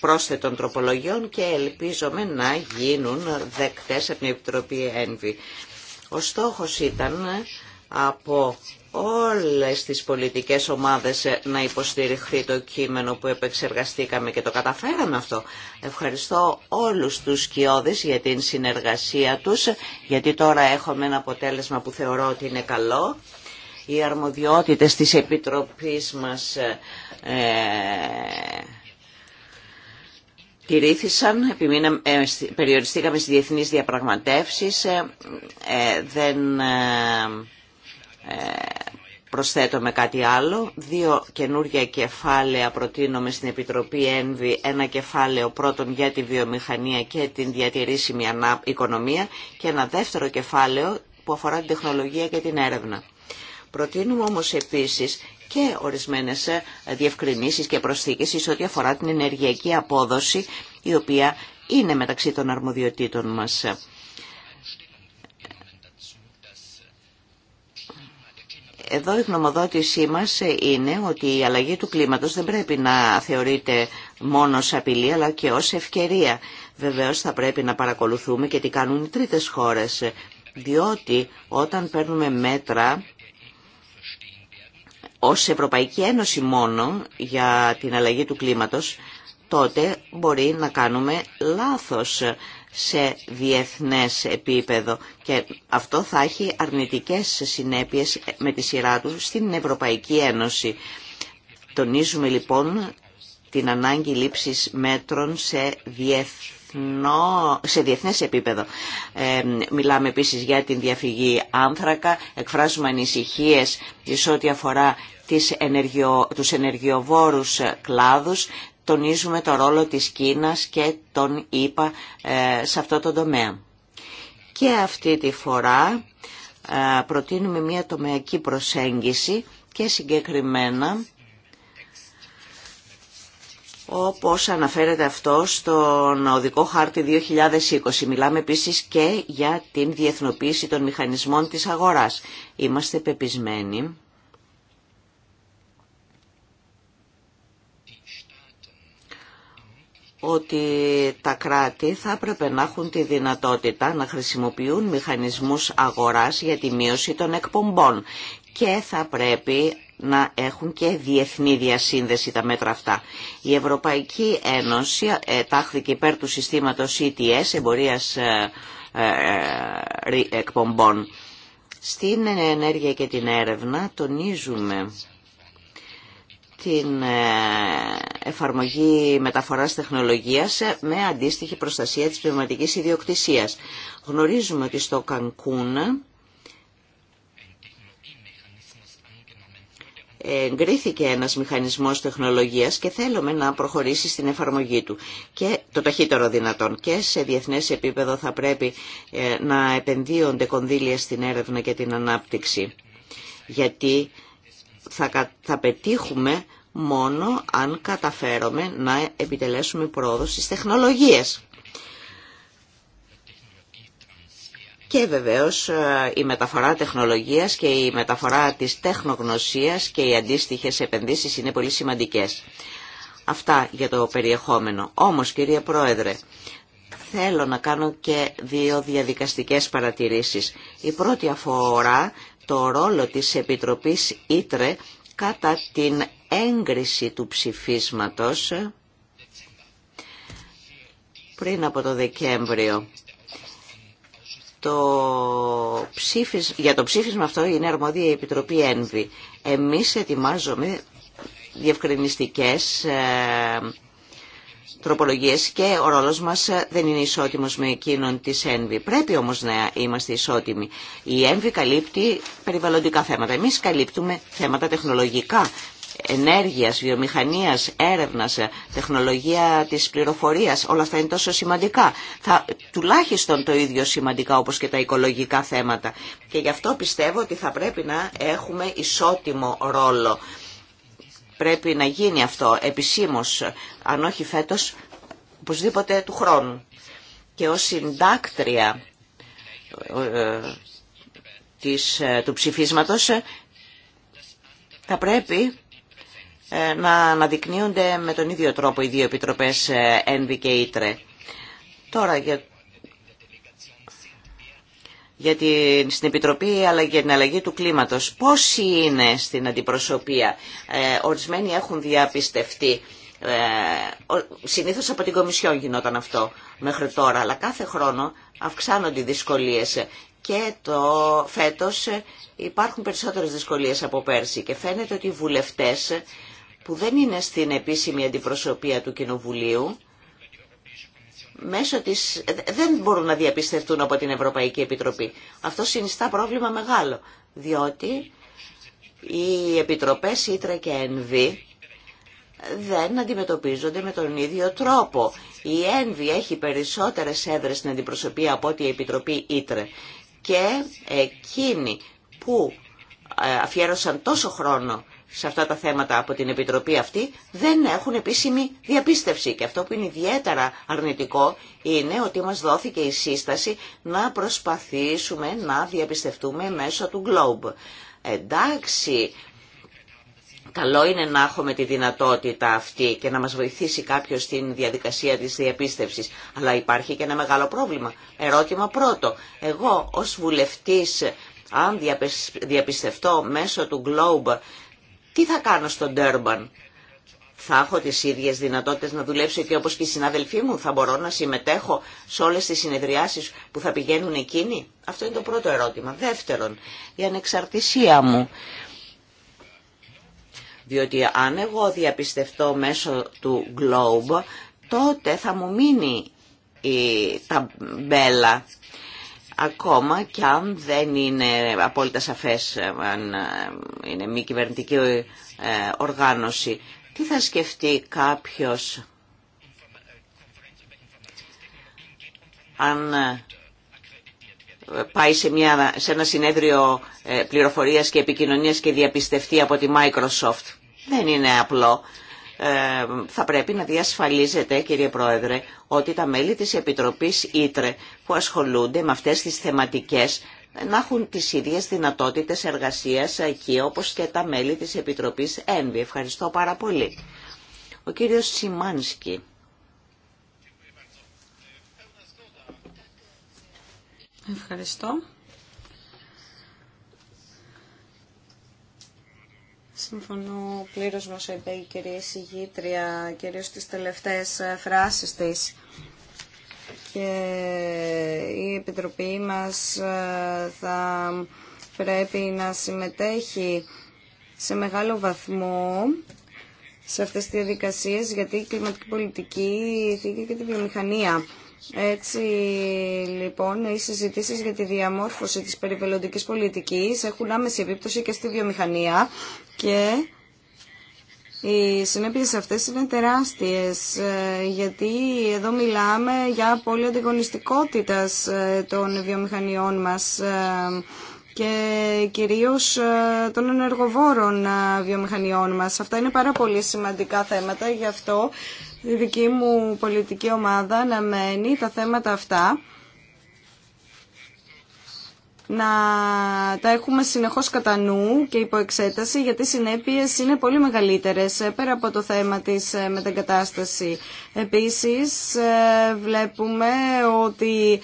πρόσθετων τροπολογιών και ελπίζομαι να γίνουν δεκτές από την Επιτροπή ΕΝΒΗ. Ο στόχος ήταν από όλες τις πολιτικές ομάδες ε, να υποστηριχθεί το κείμενο που επεξεργαστήκαμε και το καταφέραμε αυτό. Ευχαριστώ όλους τους κοιόδες για την συνεργασία τους, γιατί τώρα έχουμε ένα αποτέλεσμα που θεωρώ ότι είναι καλό. Οι αρμοδιότητες της Επιτροπής μας ε, τηρήθησαν, ε, περιοριστήκαμε στις διεθνείς διαπραγματεύσεις, ε, δεν προσθέτω με κάτι άλλο. Δύο καινούργια κεφάλαια προτείνουμε στην Επιτροπή ΕΝΒΗ. Ένα κεφάλαιο πρώτον για τη βιομηχανία και την διατηρήσιμη οικονομία και ένα δεύτερο κεφάλαιο που αφορά την τεχνολογία και την έρευνα. Προτείνουμε όμως επίσης και ορισμένες ε, διευκρινήσεις και προσθήκες σε ό,τι αφορά την ενεργειακή απόδοση η οποία είναι μεταξύ των αρμοδιοτήτων μας. Εδώ η γνωμοδότησή μας είναι ότι η αλλαγή του κλίματος δεν πρέπει να θεωρείται μόνο ως απειλή αλλά και ως ευκαιρία. Βεβαίως θα πρέπει να παρακολουθούμε και τι κάνουν οι τρίτες χώρες, διότι όταν παίρνουμε μέτρα ως Ευρωπαϊκή Ένωση μόνο για την αλλαγή του κλίματος, τότε μπορεί να κάνουμε λάθος σε διεθνές επίπεδο και αυτό θα έχει αρνητικές συνέπειες με τη σειρά του στην Ευρωπαϊκή Ένωση. Τονίζουμε λοιπόν την ανάγκη λήψης μέτρων σε διεθνές σε διεθνές επίπεδο. Ε, μιλάμε επίσης για την διαφυγή άνθρακα, εκφράζουμε ανησυχίες σε ό,τι αφορά τις ενεργειο, τους ενεργειοβόρους κλάδους, τονίζουμε το ρόλο της Κίνας και τον ΙΠΑ ε, σε αυτό το τομέα. Και αυτή τη φορά ε, προτείνουμε μια τομεακή προσέγγιση και συγκεκριμένα όπως αναφέρεται αυτό στον Οδικό Χάρτη 2020. Μιλάμε επίσης και για την διεθνοποίηση των μηχανισμών της αγοράς. Είμαστε πεπισμένοι ότι τα κράτη θα έπρεπε να έχουν τη δυνατότητα να χρησιμοποιούν μηχανισμούς αγοράς για τη μείωση των εκπομπών και θα πρέπει να έχουν και διεθνή διασύνδεση τα μέτρα αυτά. Η Ευρωπαϊκή Ένωση ε, τάχθηκε υπέρ του συστήματος ETS, εμπορίας ε, ε, εκπομπών. Στην ενέργεια και την έρευνα τονίζουμε την ε, εφαρμογή μεταφοράς τεχνολογίας με αντίστοιχη προστασία της πνευματικής ιδιοκτησίας. Γνωρίζουμε ότι στο Κανκούν εγκρίθηκε ένας μηχανισμός τεχνολογίας και θέλουμε να προχωρήσει στην εφαρμογή του και το ταχύτερο δυνατόν και σε διεθνές επίπεδο θα πρέπει ε, να επενδύονται κονδύλια στην έρευνα και την ανάπτυξη γιατί θα, πετύχουμε μόνο αν καταφέρουμε να επιτελέσουμε πρόοδο στις τεχνολογίες. Και βεβαίως ε, η μεταφορά τεχνολογίας και η μεταφορά της τεχνογνωσίας και οι αντίστοιχες επενδύσεις είναι πολύ σημαντικές. Αυτά για το περιεχόμενο. Όμως κύριε Πρόεδρε, θέλω να κάνω και δύο διαδικαστικές παρατηρήσεις. Η πρώτη αφορά το ρόλο της Επιτροπής Ήτρε κατά την έγκριση του ψηφίσματος πριν από το Δεκέμβριο. Το για το ψήφισμα αυτό είναι αρμόδια η Επιτροπή Ένβη. Εμείς ετοιμάζομαι διευκρινιστικές ε, τροπολογίες και ο ρόλος μας ε, δεν είναι ισότιμος με εκείνον της ΕΝΒΗ. Πρέπει όμως να είμαστε ισότιμοι. Η ΕΝΒΗ καλύπτει περιβαλλοντικά θέματα. Εμείς καλύπτουμε θέματα τεχνολογικά, ενέργειας, βιομηχανίας, έρευνας, ε, τεχνολογία της πληροφορίας, όλα αυτά είναι τόσο σημαντικά. Θα, τουλάχιστον το ίδιο σημαντικά όπως και τα οικολογικά θέματα. Και γι' αυτό πιστεύω ότι θα πρέπει να έχουμε ισότιμο ρόλο Πρέπει να γίνει αυτό επισήμως, αν όχι φέτος, οπωσδήποτε του χρόνου. Και ως συντάκτρια ε, της, ε, του ψηφίσματος ε, θα πρέπει να αναδεικνύονται με τον ίδιο τρόπο οι δύο επιτροπές ΕΝΒΙ και Τώρα για για την, στην Επιτροπή αλλά για την αλλαγή του κλίματος. Πόσοι είναι στην αντιπροσωπεία. Ε, ορισμένοι έχουν διαπιστευτεί. Ε, συνήθως από την Κομισιόν γινόταν αυτό μέχρι τώρα, αλλά κάθε χρόνο αυξάνονται οι δυσκολίες και το φέτος υπάρχουν περισσότερες δυσκολίες από πέρσι και φαίνεται ότι οι βουλευτές που δεν είναι στην επίσημη αντιπροσωπεία του Κοινοβουλίου μέσω της, δεν μπορούν να διαπιστευτούν από την Ευρωπαϊκή Επιτροπή. Αυτό συνιστά πρόβλημα μεγάλο, διότι οι επιτροπές Ήτρα και ΕΝΒΗ δεν αντιμετωπίζονται με τον ίδιο τρόπο. Η ΕΝΒΗ έχει περισσότερες έδρες στην αντιπροσωπεία από ό,τι η Επιτροπή Ήτρε. Και εκείνοι που ε, αφιέρωσαν τόσο χρόνο σε αυτά τα θέματα από την Επιτροπή αυτή δεν έχουν επίσημη διαπίστευση. Και αυτό που είναι ιδιαίτερα αρνητικό είναι ότι μας δόθηκε η σύσταση να προσπαθήσουμε να διαπιστευτούμε μέσω του Globe. Εντάξει, καλό είναι να έχουμε τη δυνατότητα αυτή και να μας βοηθήσει κάποιος στην διαδικασία της διαπίστευσης. Αλλά υπάρχει και ένα μεγάλο πρόβλημα. Ερώτημα πρώτο. Εγώ ως βουλευτής, αν διαπιστευτώ μέσω του Globe τι θα κάνω στον Τέρμπαν. Θα έχω τις ίδιες δυνατότητες να δουλέψω και όπως και οι συνάδελφοί μου. Θα μπορώ να συμμετέχω σε όλες τις συνεδριάσεις που θα πηγαίνουν εκείνοι. Αυτό είναι το πρώτο ερώτημα. Δεύτερον, η ανεξαρτησία μου. Διότι αν εγώ διαπιστευτώ μέσω του Globe, τότε θα μου μείνει η ταμπέλα ακόμα και αν δεν είναι απόλυτα σαφές ε, αν ε, είναι μη κυβερνητική ε, οργάνωση. Τι θα σκεφτεί κάποιος αν πάει σε, μια, σε ένα συνέδριο πληροφορίας και επικοινωνίας και διαπιστευτεί από τη Microsoft. Δεν είναι απλό. Ε, θα πρέπει να διασφαλίζεται, κύριε Πρόεδρε, ότι τα μέλη της Επιτροπής Ήτρε που ασχολούνται με αυτές τις θεματικές να έχουν τις ίδιες δυνατότητες εργασίας εκεί όπως και τα μέλη της Επιτροπής ΕΝΒΗ. Ευχαριστώ πάρα πολύ. Ο κύριος Σιμάνσκι. Ευχαριστώ. Συμφωνώ πλήρω με όσα είπε η κυρία Συγήτρια, κυρίω τις τελευταίες ε, φράσεις τη. Και η Επιτροπή μας ε, θα πρέπει να συμμετέχει σε μεγάλο βαθμό σε αυτές τις διαδικασίες, γιατί η κλιματική πολιτική θίγει και τη βιομηχανία. Έτσι λοιπόν οι συζητήσεις για τη διαμόρφωση της περιβαλλοντικής πολιτικής έχουν άμεση επίπτωση και στη βιομηχανία και οι συνέπειες αυτές είναι τεράστιες ε, γιατί εδώ μιλάμε για πολύ αντιγωνιστικότητας ε, των βιομηχανιών μας ε, και κυρίως των ενεργοβόρων βιομηχανιών μας. Αυτά είναι πάρα πολύ σημαντικά θέματα, γι' αυτό η δική μου πολιτική ομάδα αναμένει τα θέματα αυτά να τα έχουμε συνεχώς κατά νου και υπό εξέταση γιατί οι συνέπειες είναι πολύ μεγαλύτερες ε, πέρα από το θέμα της ε, μεταγκατάσταση. Επίσης ε, βλέπουμε ότι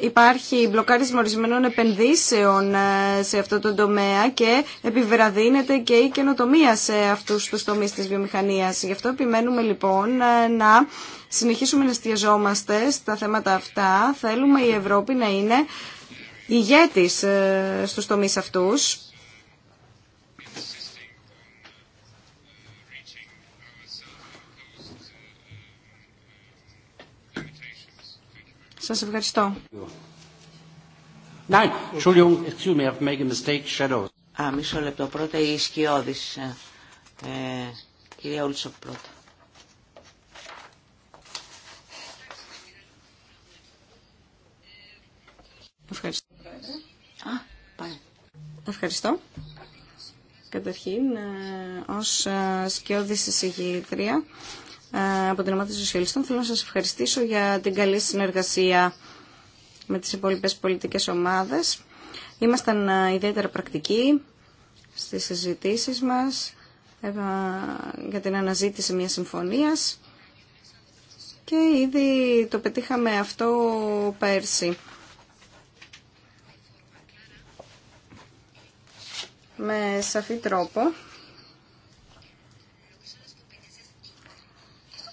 υπάρχει μπλοκάρισμα ορισμένων επενδύσεων σε αυτό το τομέα και επιβραδύνεται και η καινοτομία σε αυτούς τους τομείς της βιομηχανίας. Γι' αυτό επιμένουμε λοιπόν να συνεχίσουμε να εστιαζόμαστε στα θέματα αυτά. Θέλουμε η Ευρώπη να είναι ηγέτης ε, στους τομείς αυτούς. Σας ευχαριστώ. Ναι, Entschuldigung, excuse me, I've made a Α, μισό λεπτό, πρώτα η Σκιώδης. Ε, ε κυρία Ούλτσοκ πρώτα. Ευχαριστώ. Α, πάει. Ευχαριστώ. Καταρχήν, ε, ως ε, σκιώδης εισηγήτρια ε, από την ομάδα των Σοσιαλιστών, θέλω να σας ευχαριστήσω για την καλή συνεργασία με τις υπόλοιπες πολιτικές ομάδες. Ήμασταν ιδιαίτερα πρακτικοί στις συζητήσεις μας για την αναζήτηση μιας συμφωνίας και ήδη το πετύχαμε αυτό πέρσι. με σαφή τρόπο.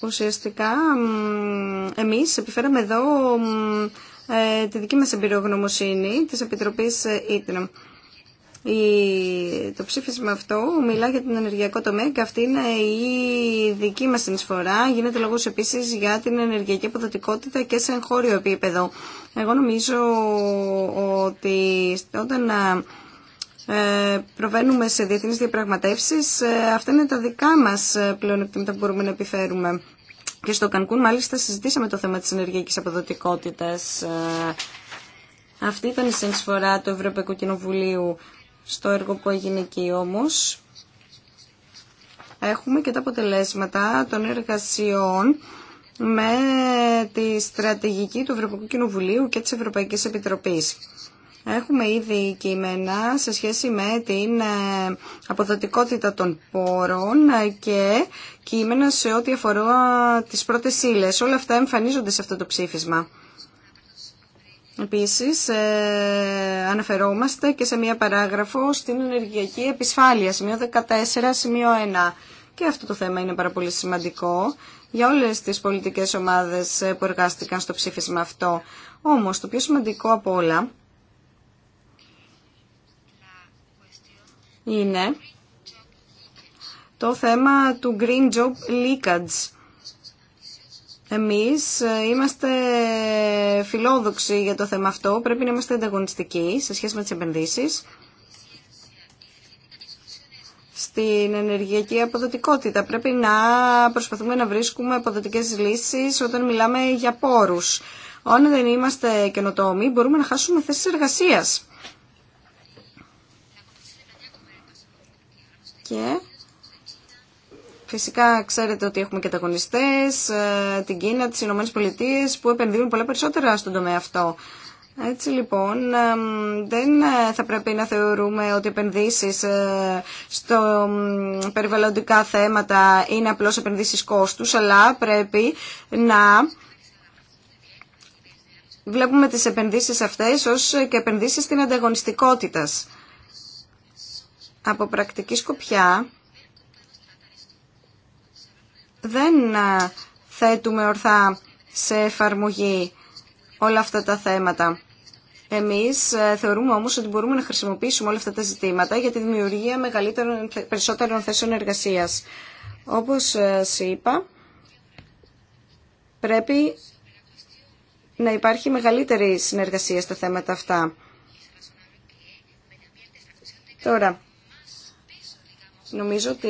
Ουσιαστικά εμείς επιφέραμε εδώ ε, τη δική μας εμπειρογνωμοσύνη της Επιτροπής ε, η Το ψήφισμα αυτό μιλά για την ενεργειακό τομέα και αυτή είναι η δική μας συνεισφορά. Γίνεται λόγος επίσης για την ενεργειακή αποδοτικότητα και σε εγχώριο επίπεδο. Εγώ νομίζω ότι όταν ε, ε, προβαίνουμε σε διεθνείς διαπραγματεύσεις, ε, αυτά είναι τα δικά μας ε, πλεονεκτήματα που μπορούμε να επιφέρουμε. Και στο Κανκούν μάλιστα συζητήσαμε το θέμα της ενεργειακής αποδοτικότητας. Αυτή ήταν η συνεισφορά του Ευρωπαϊκού Κοινοβουλίου στο έργο που έγινε εκεί όμως. Έχουμε και τα αποτελέσματα των εργασιών με τη στρατηγική του Ευρωπαϊκού Κοινοβουλίου και της Ευρωπαϊκής Επιτροπής. Έχουμε ήδη κείμενα σε σχέση με την ε, αποδοτικότητα των πόρων ε, και κείμενα σε ό,τι αφορά τις πρώτες ύλε. Όλα αυτά εμφανίζονται σε αυτό το ψήφισμα. Επίσης, ε, αναφερόμαστε και σε μία παράγραφο στην ενεργειακή επισφάλεια, σημείο 14, σημείο 1. Και αυτό το θέμα είναι πάρα πολύ σημαντικό για όλες τις πολιτικές ομάδες που εργάστηκαν στο ψήφισμα αυτό. Όμως, το πιο σημαντικό από όλα είναι το θέμα του Green Job Leakage. Εμείς ε, είμαστε φιλόδοξοι για το θέμα αυτό, πρέπει να είμαστε ανταγωνιστικοί σε σχέση με τις επενδύσεις στην ενεργειακή αποδοτικότητα. Πρέπει να προσπαθούμε να βρίσκουμε αποδοτικές λύσεις όταν μιλάμε για πόρους. Όταν δεν είμαστε καινοτόμοι μπορούμε να χάσουμε θέσεις εργασίας. Και Φυσικά ξέρετε ότι έχουμε και τα αγωνιστές, ε, την Κίνα, τις Ηνωμένε Πολιτείε, που επενδύουν πολλά περισσότερα στον τομέα αυτό. Έτσι λοιπόν, δεν ε, θα πρέπει να θεωρούμε ότι επενδύσεις ε, στο περιβαλλοντικά θέματα είναι απλώς επενδύσεις κόστους, αλλά πρέπει να βλέπουμε τις επενδύσεις αυτές ως και επενδύσεις στην ανταγωνιστικότητα από πρακτική σκοπιά δεν ε, θέτουμε ορθά σε εφαρμογή όλα αυτά τα θέματα. Εμείς ε, θεωρούμε όμως ότι μπορούμε να χρησιμοποιήσουμε όλα αυτά τα ζητήματα για τη δημιουργία μεγαλύτερων, περισσότερων θέσεων εργασίας. Όπως ε, σας είπα, πρέπει να υπάρχει μεγαλύτερη συνεργασία στα θέματα αυτά. Τώρα, Νομίζω ότι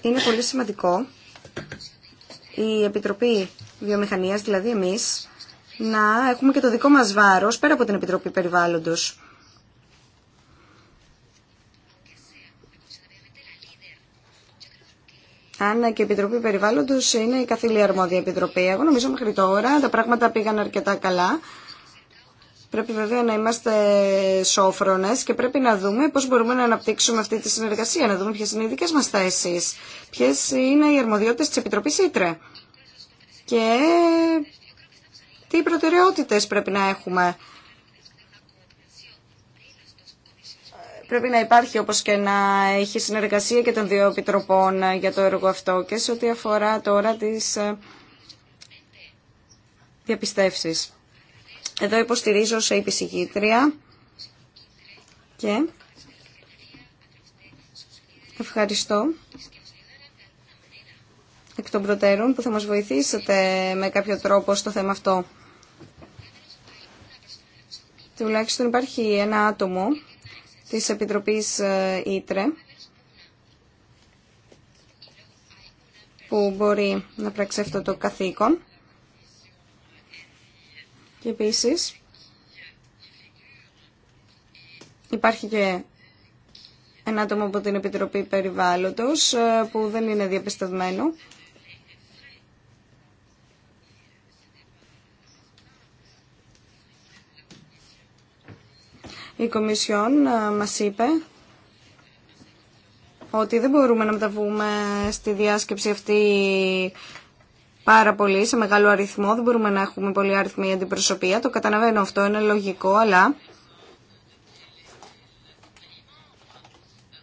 είναι πολύ σημαντικό η Επιτροπή Βιομηχανίας, δηλαδή εμείς, να έχουμε και το δικό μας βάρος πέρα από την Επιτροπή Περιβάλλοντος. Αν και η Επιτροπή Περιβάλλοντος είναι η καθήλια αρμόδια επιτροπή. Εγώ νομίζω μέχρι τώρα τα πράγματα πήγαν αρκετά καλά Πρέπει βέβαια να είμαστε σόφρονες και πρέπει να δούμε πώς μπορούμε να αναπτύξουμε αυτή τη συνεργασία, να δούμε ποιε είναι οι δικέ μας θέσει, ποιες είναι οι αρμοδιότητε τη Επιτροπής Ήτρε και τι προτεραιότητες πρέπει να έχουμε. Πρέπει να υπάρχει όπως και να έχει συνεργασία και των δύο επιτροπών για το έργο αυτό και σε ό,τι αφορά τώρα τις ε, διαπιστεύσεις. Εδώ υποστηρίζω σε υπησυγήτρια και ευχαριστώ εκ των προτέρων που θα μας βοηθήσετε με κάποιο τρόπο στο θέμα αυτό. Τουλάχιστον υπάρχει ένα άτομο της Επιτροπής ε, Ήτρε που μπορεί να πράξει αυτό το καθήκον και επίση υπάρχει και ένα άτομο από την Επιτροπή Περιβάλλοντος ε, που δεν είναι διαπιστευμένο. Η Κομισιόν ε, μας είπε ότι δεν μπορούμε να μεταβούμε στη διάσκεψη αυτή πάρα πολύ, σε μεγάλο αριθμό. Δεν μπορούμε να έχουμε πολύ αριθμή αντιπροσωπεία. Το καταλαβαίνω αυτό, είναι λογικό, αλλά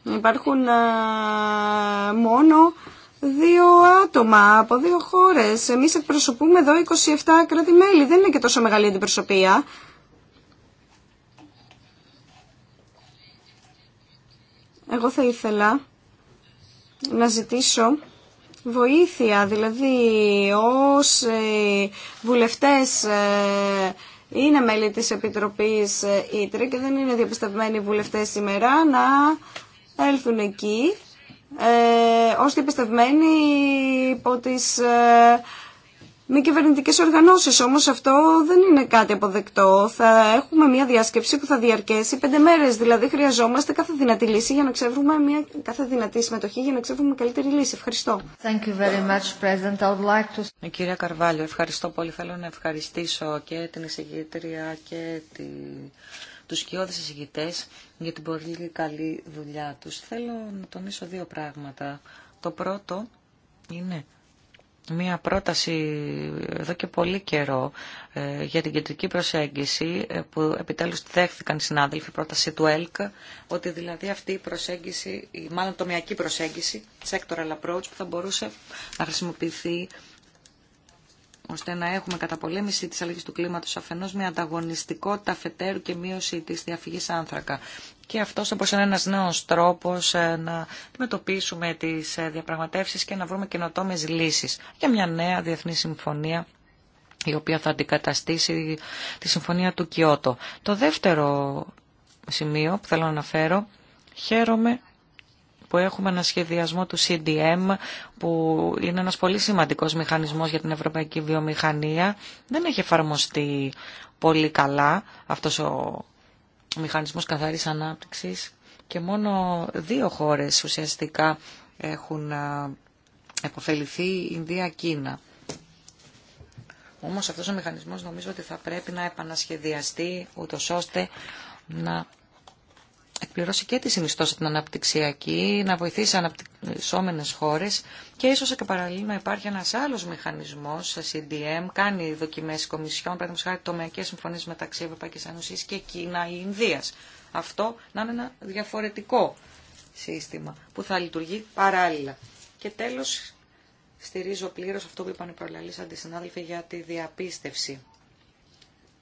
υπάρχουν μόνο δύο άτομα από δύο χώρες. Εμείς εκπροσωπούμε εδώ 27 κράτη-μέλη. Δεν είναι και τόσο μεγάλη αντιπροσωπεία. Εγώ θα ήθελα να ζητήσω βοήθεια, δηλαδή όσοι ε, βουλευτές ε, είναι μέλη της Επιτροπής ε, Ήτρε και δεν είναι διαπιστευμένοι βουλευτές σήμερα να έλθουν εκεί ε, ως διαπιστευμένοι υπό τις με κυβερνητικέ οργανώσει. Όμω αυτό δεν είναι κάτι αποδεκτό. Θα έχουμε μια διάσκεψη που θα διαρκέσει πέντε μέρε. Δηλαδή χρειαζόμαστε κάθε δυνατή λύση για να ξεύρουμε μια κάθε δυνατή συμμετοχή για να ξεύρουμε καλύτερη λύση. Ευχαριστώ. Thank you very much, President. I would like to... Ε, κυρία Καρβάλιο, ευχαριστώ πολύ. Θέλω να ευχαριστήσω και την εισηγήτρια και τη... τους κοιόδες εισηγητές για την πολύ καλή δουλειά τους. Θέλω να τονίσω δύο πράγματα. Το πρώτο είναι μία πρόταση εδώ και πολύ καιρό ε, για την κεντρική προσέγγιση ε, που επιτέλους δέχθηκαν οι συνάδελφοι, πρόταση του ΕΛΚ, ότι δηλαδή αυτή η προσέγγιση, η μάλλον τομιακή προσέγγιση, sectoral approach που θα μπορούσε να χρησιμοποιηθεί ώστε να έχουμε κατά πολέμηση της αλλαγής του κλίματος αφενός μια ανταγωνιστικότητα αφετέρου και μείωση της διαφυγής άνθρακα. Και αυτό όπω είναι ένας νέος τρόπος ε, να αντιμετωπίσουμε τις ε, διαπραγματεύσεις και να βρούμε καινοτόμες λύσεις για μια νέα διεθνή συμφωνία η οποία θα αντικαταστήσει τη συμφωνία του Κιώτο. Το δεύτερο σημείο που θέλω να αναφέρω, χαίρομαι που έχουμε ένα σχεδιασμό του CDM που είναι ένας πολύ σημαντικός μηχανισμός για την ευρωπαϊκή βιομηχανία. Δεν έχει εφαρμοστεί πολύ καλά αυτός ο μηχανισμός καθαρής ανάπτυξης και μόνο δύο χώρες ουσιαστικά έχουν επωφεληθεί, Ινδία, Κίνα. Όμως αυτός ο μηχανισμός νομίζω ότι θα πρέπει να επανασχεδιαστεί ούτω ώστε να εκπληρώσει και τη συνιστόσα την αναπτυξιακή, να βοηθήσει αναπτυσσόμενες χώρες και ίσως και παραλλήλω να υπάρχει ένας άλλος μηχανισμός, CDM, κάνει δοκιμές κομισιών, παραδείγματο χάρη τομεακές συμφωνίες μεταξύ Ευρωπαϊκής Ένωση και Κίνα ή Ινδίας. Αυτό να είναι ένα διαφορετικό σύστημα που θα λειτουργεί παράλληλα. Και τέλος, στηρίζω πλήρως αυτό που είπαν οι προλαλήσαντε συνάδελφοι για τη διαπίστευση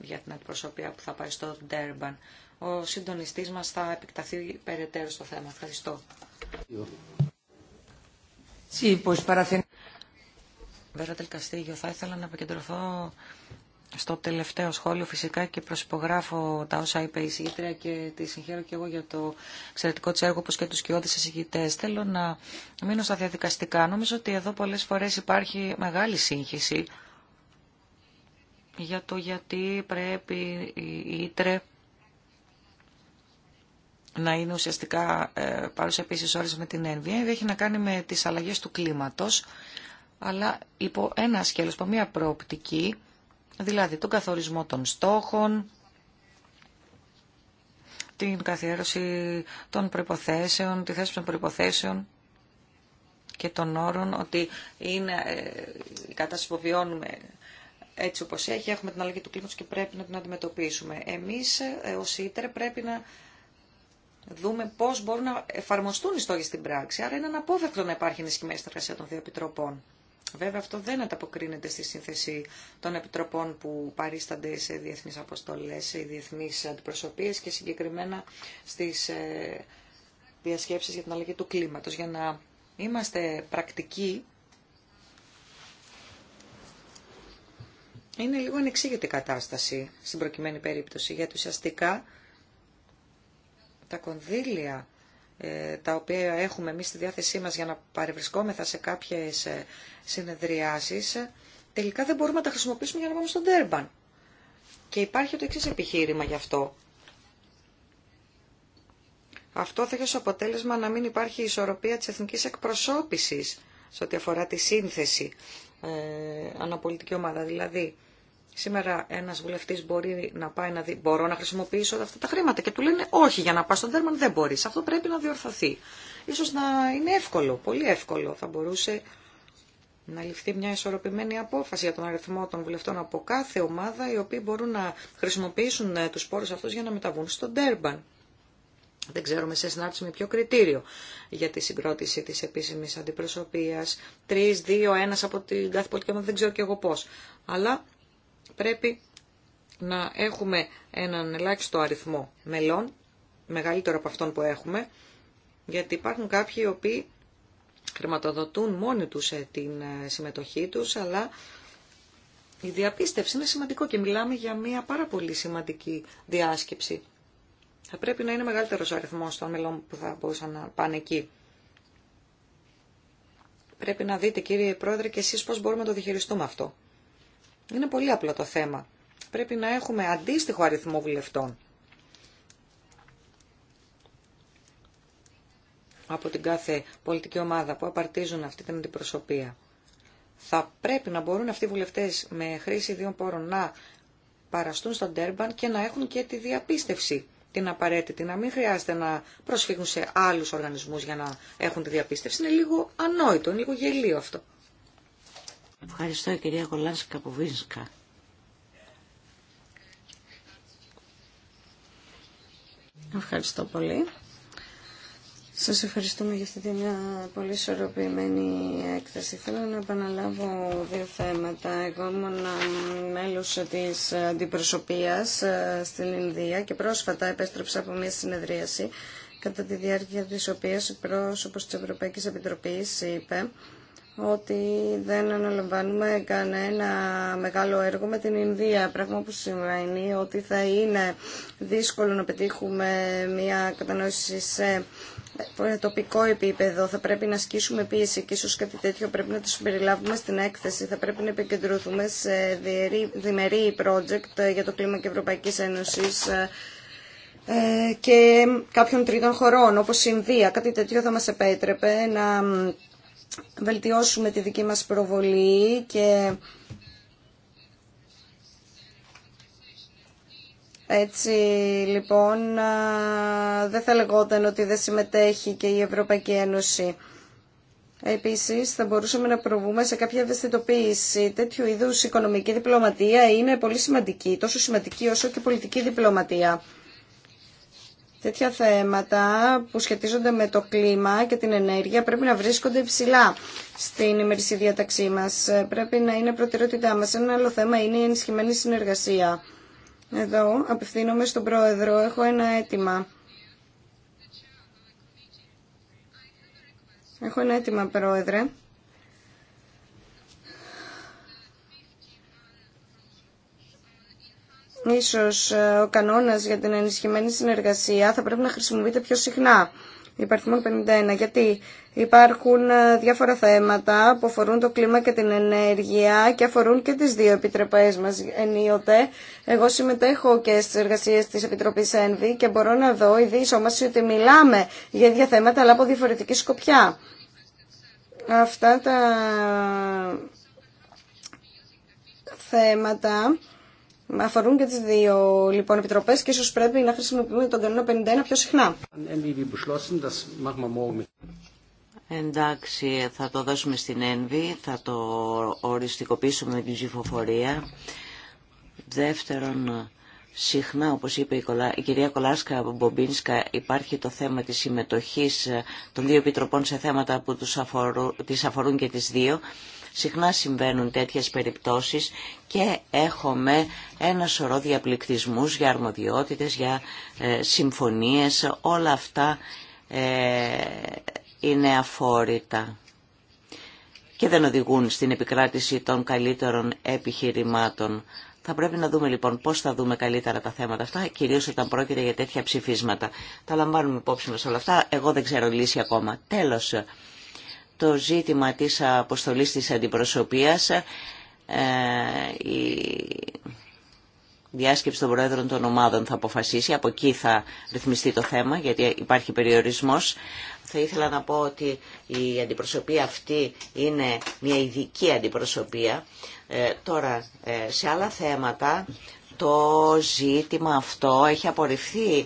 για την αντιπροσωπεία που θα πάει στο Ντέρμπαν ο συντονιστής μας θα επεκταθεί περαιτέρω στο θέμα. Ευχαριστώ. Βέρα Τελκαστήγιο, θα ήθελα να επικεντρωθώ στο τελευταίο σχόλιο φυσικά και προσυπογράφω τα όσα είπε η συγγήτρια και τη συγχαίρω και εγώ για το εξαιρετικό τη έργο όπως και τους κοιόδης εισηγητές. Θέλω να μείνω στα διαδικαστικά. Νομίζω ότι εδώ πολλές φορές υπάρχει μεγάλη σύγχυση για το γιατί πρέπει η Ήτρε να είναι ουσιαστικά ε, παρούσα επίση ώρες με την ένβια. Έχει να κάνει με τις αλλαγές του κλίματος, αλλά υπό ένα σκέλο, υπό μία προοπτική, δηλαδή τον καθορισμό των στόχων, την καθιέρωση των προϋποθέσεων, τη θέση των προποθέσεων και των όρων ότι είναι ε, η κατάσταση που βιώνουμε έτσι όπως έχει, έχουμε την αλλαγή του κλίματος και πρέπει να την αντιμετωπίσουμε. Εμείς ε, ως ΙΤΕΡ πρέπει να δούμε πώ μπορούν να εφαρμοστούν οι στόχοι στην πράξη. Άρα είναι αναπόφευκτο να υπάρχει ενισχυμένη συνεργασία των δύο επιτροπών. Βέβαια αυτό δεν ανταποκρίνεται στη σύνθεση των επιτροπών που παρίστανται σε διεθνεί αποστολέ, σε διεθνεί αντιπροσωπείε και συγκεκριμένα στις ε, διασκέψει για την αλλαγή του κλίματο. Για να είμαστε πρακτικοί, είναι λίγο ανεξήγητη κατάσταση στην προκειμένη περίπτωση, γιατί ουσιαστικά τα κονδύλια ε, τα οποία έχουμε εμείς στη διάθεσή μας για να παρευρισκόμεθα σε κάποιες ε, συνεδριάσεις, ε, τελικά δεν μπορούμε να τα χρησιμοποιήσουμε για να πάμε στον Τέρμπαν. Και υπάρχει το εξή επιχείρημα γι' αυτό. Αυτό θα έχει ως αποτέλεσμα να μην υπάρχει ισορροπία της εθνικής εκπροσώπησης σε ό,τι αφορά τη σύνθεση ε, αναπολιτική ομάδα. Δηλαδή, Σήμερα ένας βουλευτής μπορεί να πάει να δει, μπορώ να χρησιμοποιήσω αυτά τα χρήματα και του λένε όχι για να πας στον τέρμαν δεν μπορείς. Αυτό πρέπει να διορθωθεί. Ίσως να είναι εύκολο, πολύ εύκολο. Θα μπορούσε να ληφθεί μια ισορροπημένη απόφαση για τον αριθμό των βουλευτών από κάθε ομάδα οι οποίοι μπορούν να χρησιμοποιήσουν ε, τους πόρους αυτούς για να μεταβούν στον Τέρμπαν. Δεν ξέρουμε σε συνάρτηση με ποιο κριτήριο για τη συγκρότηση της επίσημης αντιπροσωπείας. Τρει, δύο, ένα από την κάθε πολιτική ομάδα, δεν ξέρω και εγώ πώς. Αλλά πρέπει να έχουμε έναν ελάχιστο αριθμό μελών, μεγαλύτερο από αυτόν που έχουμε, γιατί υπάρχουν κάποιοι οι οποίοι χρηματοδοτούν μόνοι τους ε, την ε, συμμετοχή τους, αλλά η διαπίστευση είναι σημαντικό και μιλάμε για μια πάρα πολύ σημαντική διάσκεψη. Θα πρέπει να είναι μεγαλύτερος ο αριθμός των μελών που θα μπορούσαν να πάνε εκεί. Πρέπει να δείτε κύριε Πρόεδρε και εσείς πώς μπορούμε να το διχειριστούμε αυτό. Είναι πολύ απλό το θέμα. Πρέπει να έχουμε αντίστοιχο αριθμό βουλευτών. από την κάθε πολιτική ομάδα που απαρτίζουν αυτή την αντιπροσωπεία. Θα πρέπει να μπορούν αυτοί οι βουλευτές με χρήση δύο πόρων να παραστούν στον Τέρμπαν και να έχουν και τη διαπίστευση την απαραίτητη, να μην χρειάζεται να προσφύγουν σε άλλους οργανισμούς για να έχουν τη διαπίστευση. Είναι λίγο ανόητο, είναι λίγο γελίο αυτό. Ευχαριστώ κυρία Γολάνσκα, Πουβίνσκα. Ευχαριστώ πολύ. Σας ευχαριστούμε για αυτή τη μια πολύ ισορροπημένη έκθεση. Θέλω να επαναλάβω δύο θέματα. Εγώ ήμουν μέλος της αντιπροσωπείας ε, στην Ινδία και πρόσφατα επέστρεψα από μια συνεδρίαση κατά τη διάρκεια της οποίας ο πρόσωπος της Ευρωπαϊκής Επιτροπής είπε ότι δεν αναλαμβάνουμε κανένα μεγάλο έργο με την Ινδία, πράγμα που σημαίνει ότι θα είναι δύσκολο να πετύχουμε μια κατανόηση σε τοπικό επίπεδο. Θα πρέπει να ασκήσουμε πίεση και ίσως κάτι τέτοιο πρέπει να το συμπεριλάβουμε στην έκθεση. Θα πρέπει να επικεντρωθούμε σε διμερή project για το κλίμα και Ευρωπαϊκή Ένωση ε, και κάποιων τρίτων χωρών, όπως η Ινδία. Κάτι τέτοιο θα μας επέτρεπε να βελτιώσουμε τη δική μας προβολή και Έτσι λοιπόν δεν θα λεγόταν ότι δεν συμμετέχει και η Ευρωπαϊκή Ένωση. Επίσης θα μπορούσαμε να προβούμε σε κάποια ευαισθητοποίηση. Τέτοιου είδους οικονομική διπλωματία είναι πολύ σημαντική, τόσο σημαντική όσο και πολιτική διπλωματία τέτοια θέματα που σχετίζονται με το κλίμα και την ενέργεια πρέπει να βρίσκονται υψηλά στην ημερησή διάταξή μας. Πρέπει να είναι προτεραιότητά μας. Ένα άλλο θέμα είναι η ενισχυμένη συνεργασία. Εδώ απευθύνομαι στον Πρόεδρο. Έχω ένα αίτημα. Έχω ένα αίτημα, Πρόεδρε. Ίσως ε, ο κανόνας για την ενισχυμένη συνεργασία θα πρέπει να χρησιμοποιείται πιο συχνά. Υπάρχουν 51. Γιατί υπάρχουν ε, διάφορα θέματα που αφορούν το κλίμα και την ενέργεια και αφορούν και τις δύο επιτροπές μας ενίοτε. Εγώ συμμετέχω και στις εργασίες της Επιτροπής ΕΝΒΗ και μπορώ να δω η μα ότι μιλάμε για ίδια θέματα αλλά από διαφορετική σκοπιά. Αυτά τα θέματα αφορούν και τις δύο λοιπόν επιτροπές και ίσως πρέπει να χρησιμοποιούμε τον κανόνα 51 πιο συχνά. Εντάξει, θα το δώσουμε στην ΕΝΒΗ, θα το οριστικοποιήσουμε με την ψηφοφορία. Δεύτερον, συχνά, όπως είπε η κυρία Κολάσκα-Μπομπίνσκα, υπάρχει το θέμα της συμμετοχής των δύο επιτροπών σε θέματα που τους αφορούν, αφορούν και τις δύο. Συχνά συμβαίνουν τέτοιες περιπτώσεις και έχουμε ένα σωρό διαπληκτισμούς για αρμοδιότητες, για ε, συμφωνίες, όλα αυτά ε, είναι αφόρητα και δεν οδηγούν στην επικράτηση των καλύτερων επιχειρημάτων. Θα πρέπει να δούμε λοιπόν πώς θα δούμε καλύτερα τα θέματα αυτά, κυρίως όταν πρόκειται για τέτοια ψηφίσματα. Τα λαμβάνουμε υπόψη μας όλα αυτά, εγώ δεν ξέρω λύση ακόμα. Τέλος, το ζήτημα της αποστολής της αντιπροσωπείας ε, η διάσκεψη των Προέδρων των Ομάδων θα αποφασίσει, από εκεί θα ρυθμιστεί το θέμα γιατί υπάρχει περιορισμός. Θα ήθελα να πω ότι η αντιπροσωπεία αυτή είναι μια ειδική αντιπροσωπεία. Ε, τώρα, ε, σε άλλα θέματα το ζήτημα αυτό έχει απορριφθεί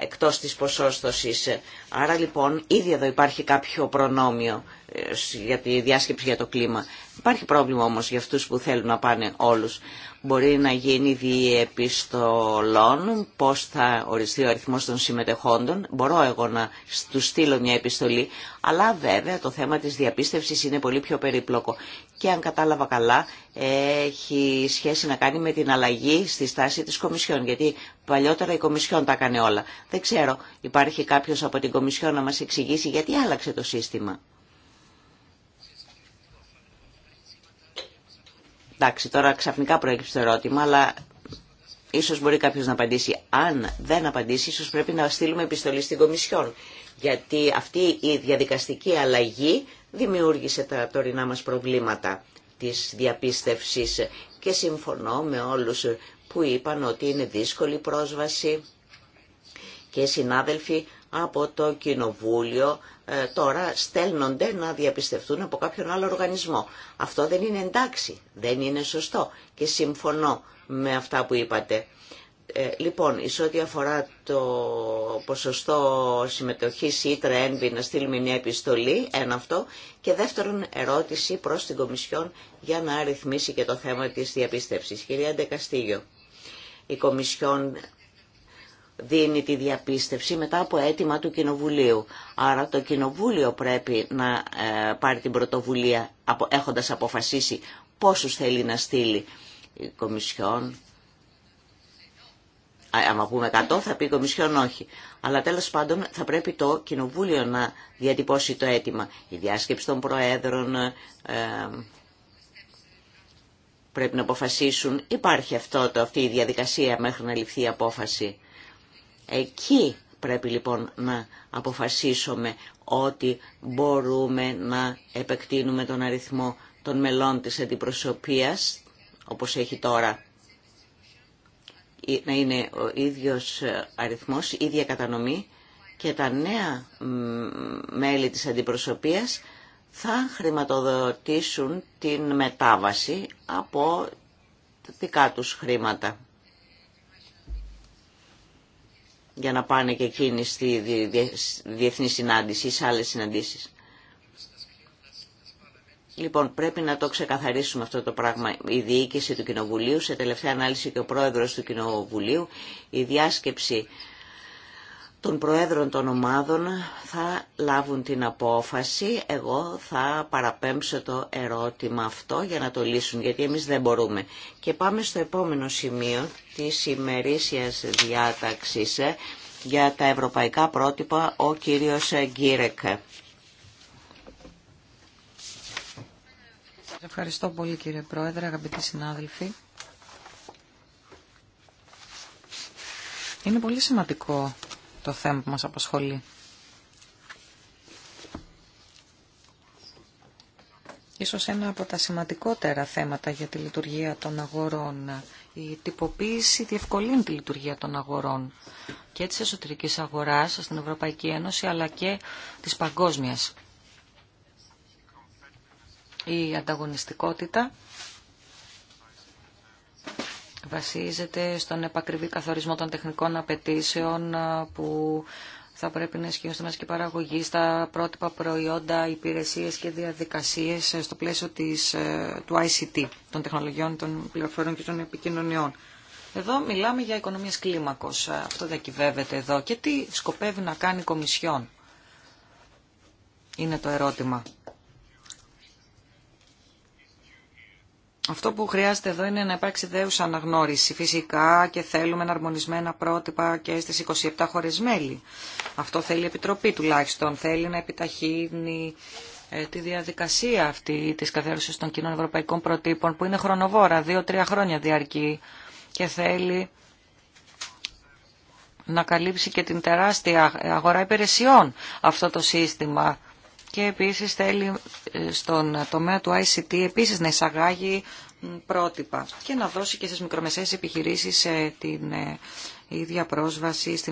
εκτός της ποσόστοσης. Άρα λοιπόν ήδη εδώ υπάρχει κάποιο προνόμιο ε, για τη διάσκεψη για το κλίμα. Υπάρχει πρόβλημα όμως για αυτούς που θέλουν να πάνε όλους μπορεί να γίνει διεπιστολών, πώς θα οριστεί ο αριθμός των συμμετεχόντων. Μπορώ εγώ να του στείλω μια επιστολή, αλλά βέβαια το θέμα της διαπίστευσης είναι πολύ πιο περίπλοκο. Και αν κατάλαβα καλά, έχει σχέση να κάνει με την αλλαγή στη στάση της Κομισιόν, γιατί παλιότερα η Κομισιόν τα έκανε όλα. Δεν ξέρω, υπάρχει κάποιος από την Κομισιόν να μας εξηγήσει γιατί άλλαξε το σύστημα. Εντάξει, τώρα ξαφνικά προέκυψε το ερώτημα, αλλά ίσως μπορεί κάποιος να απαντήσει. Αν δεν απαντήσει, ίσως πρέπει να στείλουμε επιστολή στην Κομισιόν. Γιατί αυτή η διαδικαστική αλλαγή δημιούργησε τα τωρινά μας προβλήματα της διαπίστευσης. Και συμφωνώ με όλους που είπαν ότι είναι δύσκολη πρόσβαση και συνάδελφοι από το Κοινοβούλιο ε, τώρα στέλνονται να διαπιστευτούν από κάποιον άλλο οργανισμό. Αυτό δεν είναι εντάξει, δεν είναι σωστό και συμφωνώ με αυτά που είπατε. Ε, λοιπόν, εις ό,τι αφορά το ποσοστό συμμετοχής ήτρα ένβη να στείλουμε μια επιστολή, ένα αυτό, και δεύτερον ερώτηση προς την Κομισιόν για να αριθμίσει και το θέμα της διαπίστευσης. Κυρία Ντεκαστήγιο, η Κομισιόν δίνει τη διαπίστευση μετά από αίτημα του Κοινοβουλίου. Άρα το Κοινοβούλιο πρέπει να ε, πάρει την πρωτοβουλία έχοντας αποφασίσει πόσους θέλει να στείλει η Κομισιόν. Αν πούμε 100 θα πει η Κομισιόν όχι. Αλλά τέλος πάντων θα πρέπει το Κοινοβούλιο να διατυπώσει το αίτημα. Η διάσκεψη των Προέδρων ε, πρέπει να αποφασίσουν. Υπάρχει αυτό, το, αυτή η διαδικασία μέχρι να ληφθεί η απόφαση. Εκεί πρέπει λοιπόν να αποφασίσουμε ότι μπορούμε να επεκτείνουμε τον αριθμό των μελών της αντιπροσωπείας, όπως έχει τώρα, να είναι ο ίδιος αριθμός, η ίδια κατανομή και τα νέα μέλη της αντιπροσωπείας θα χρηματοδοτήσουν την μετάβαση από δικά τους χρήματα για να πάνε και εκείνοι στη διεθνή συνάντηση ή σε άλλες συναντήσεις. Λοιπόν, πρέπει να το ξεκαθαρίσουμε αυτό το πράγμα. Η διοίκηση του Κοινοβουλίου, σε τελευταία ανάλυση και ο πρόεδρος του Κοινοβουλίου, η διάσκεψη των προέδρων των ομάδων θα λάβουν την απόφαση. Εγώ θα παραπέμψω το ερώτημα αυτό για να το λύσουν, γιατί εμείς δεν μπορούμε. Και πάμε στο επόμενο σημείο της ημερήσιας διάταξης ε, για τα ευρωπαϊκά πρότυπα, ο κύριος ε, Γκίρεκ. Ευχαριστώ πολύ κύριε Πρόεδρε, αγαπητοί συνάδελφοι. Είναι πολύ σημαντικό το θέμα που μας απασχολεί. Ίσως ένα από τα σημαντικότερα θέματα για τη λειτουργία των αγορών. Η τυποποίηση διευκολύνει τη λειτουργία των αγορών και της εσωτερικής αγοράς στην Ευρωπαϊκή Ένωση αλλά και της παγκόσμιας. Η ανταγωνιστικότητα βασίζεται στον επακριβή καθορισμό των τεχνικών απαιτήσεων ε, που θα πρέπει να ισχύουν στη μαζική παραγωγή, στα πρότυπα προϊόντα, υπηρεσίες και διαδικασίες ε, στο πλαίσιο της, ε, του ICT, των τεχνολογιών, των πληροφοριών και των επικοινωνιών. Εδώ μιλάμε για οικονομίες κλίμακος. Αυτό διακυβεύεται εδώ. Και τι σκοπεύει να κάνει η Κομισιόν, είναι το ερώτημα. Αυτό που χρειάζεται εδώ είναι να υπάρξει δέουσα αναγνώριση φυσικά και θέλουμε εναρμονισμένα πρότυπα και στις 27 χώρες μέλη. Αυτό θέλει η Επιτροπή τουλάχιστον. Θέλει να επιταχύνει ε, τη διαδικασία αυτή της καθαίρωσης των κοινών ευρωπαϊκών προτύπων που είναι χρονοβόρα, δύο-τρία χρόνια διαρκεί και θέλει να καλύψει και την τεράστια αγορά υπηρεσιών αυτό το σύστημα και επίσης θέλει ε, στον τομέα του ICT επίσης να εισαγάγει πρότυπα και να δώσει και στις μικρομεσαίες επιχειρήσεις ε, την ε, ίδια πρόσβαση,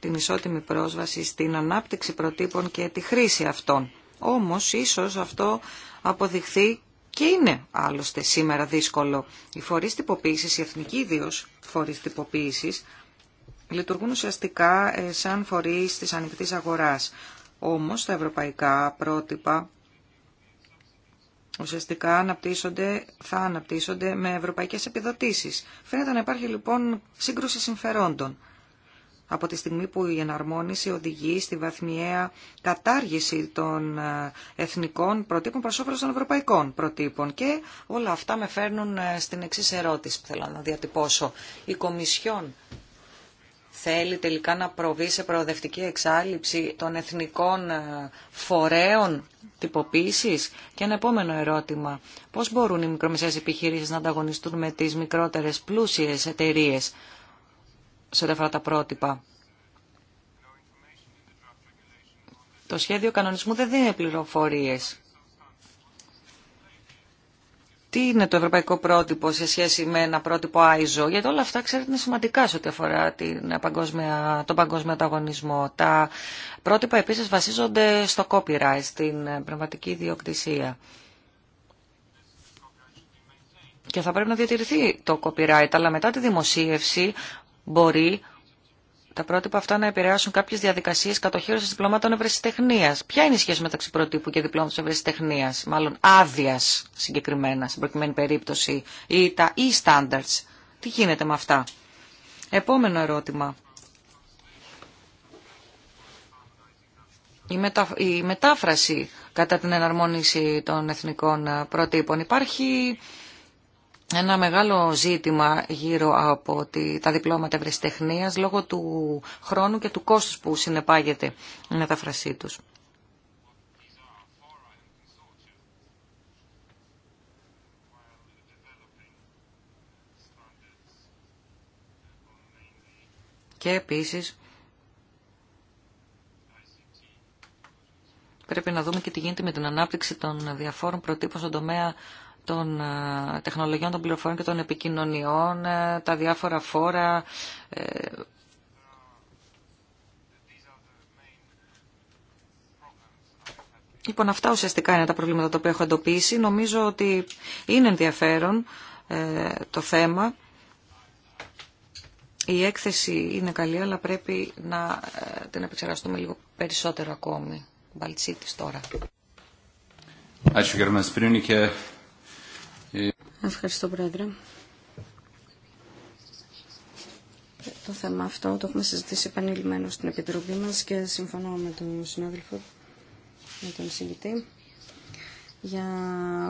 την ισότιμη πρόσβαση στην ανάπτυξη προτύπων και τη χρήση αυτών. Όμως ίσως αυτό αποδειχθεί και είναι άλλωστε σήμερα δύσκολο. Οι φορείς τυποποίησης, οι εθνικοί ιδίως φορείς τυποποίησης, λειτουργούν ουσιαστικά σαν φορείς της ανοιχτής αγοράς. Όμως τα ευρωπαϊκά πρότυπα ουσιαστικά θα αναπτύσσονται με ευρωπαϊκές επιδοτήσεις. Φαίνεται να υπάρχει λοιπόν σύγκρουση συμφερόντων. Από τη στιγμή που η εναρμόνιση οδηγεί στη βαθμιαία κατάργηση των ε, εθνικών προτύπων προς όφελος των ευρωπαϊκών προτύπων. Και όλα αυτά με φέρνουν ε, στην εξή ερώτηση που θέλω να διατυπώσω. Η Κομισιόν θέλει τελικά να προβεί σε προοδευτική εξάλληψη των εθνικών ε, φορέων τυποποίηση Και ένα επόμενο ερώτημα. Πώς μπορούν οι μικρομεσαίες επιχειρήσεις να ανταγωνιστούν με τις μικρότερες πλούσιες εταιρείε σε ό,τι τα πρότυπα. Το σχέδιο κανονισμού δεν δίνει πληροφορίες τι είναι το ευρωπαϊκό πρότυπο σε σχέση με ένα πρότυπο ISO, γιατί όλα αυτά ξέρετε είναι σημαντικά σε ό,τι αφορά την παγκόσμια, τον παγκόσμιο ανταγωνισμό. Τα πρότυπα επίσης βασίζονται στο copyright, στην πνευματική ιδιοκτησία. Και θα πρέπει να διατηρηθεί το copyright, αλλά μετά τη δημοσίευση μπορεί τα πρότυπα αυτά να επηρεάσουν κάποιε διαδικασίε κατοχήρωση διπλωμάτων ευρεσιτεχνία. Ποια είναι η σχέση μεταξύ προτύπου και διπλώματο ευρεσιτεχνία, μάλλον άδεια συγκεκριμένα, στην προκειμένη περίπτωση, ή τα e-standards. Τι γίνεται με αυτά. Επόμενο ερώτημα. Η, η μετάφραση κατά την εναρμόνιση των εθνικών προτύπων. Υπάρχει ένα μεγάλο ζήτημα γύρω από τη, τα διπλώματα ευρεσιτεχνίας λόγω του χρόνου και του κόστους που συνεπάγεται η μεταφρασή τους. Και επίσης πρέπει να δούμε και τι γίνεται με την ανάπτυξη των διαφόρων προτύπων στον τομέα των ε, τεχνολογιών των πληροφοριών και των επικοινωνιών, ε, τα διάφορα φόρα. Ε, λοιπόν, αυτά ουσιαστικά είναι τα προβλήματα τα οποία έχω εντοπίσει. Νομίζω ότι είναι ενδιαφέρον το θέμα. Η έκθεση είναι καλή, αλλά πρέπει να την επεξεργαστούμε λίγο περισσότερο ακόμη. Μπαλτσίτης τώρα. Ευχαριστώ, Πρόεδρε. Το θέμα αυτό το έχουμε συζητήσει επανειλημμένο στην Επιτροπή μας και συμφωνώ με τον συνάδελφο, με τον συγκητή, για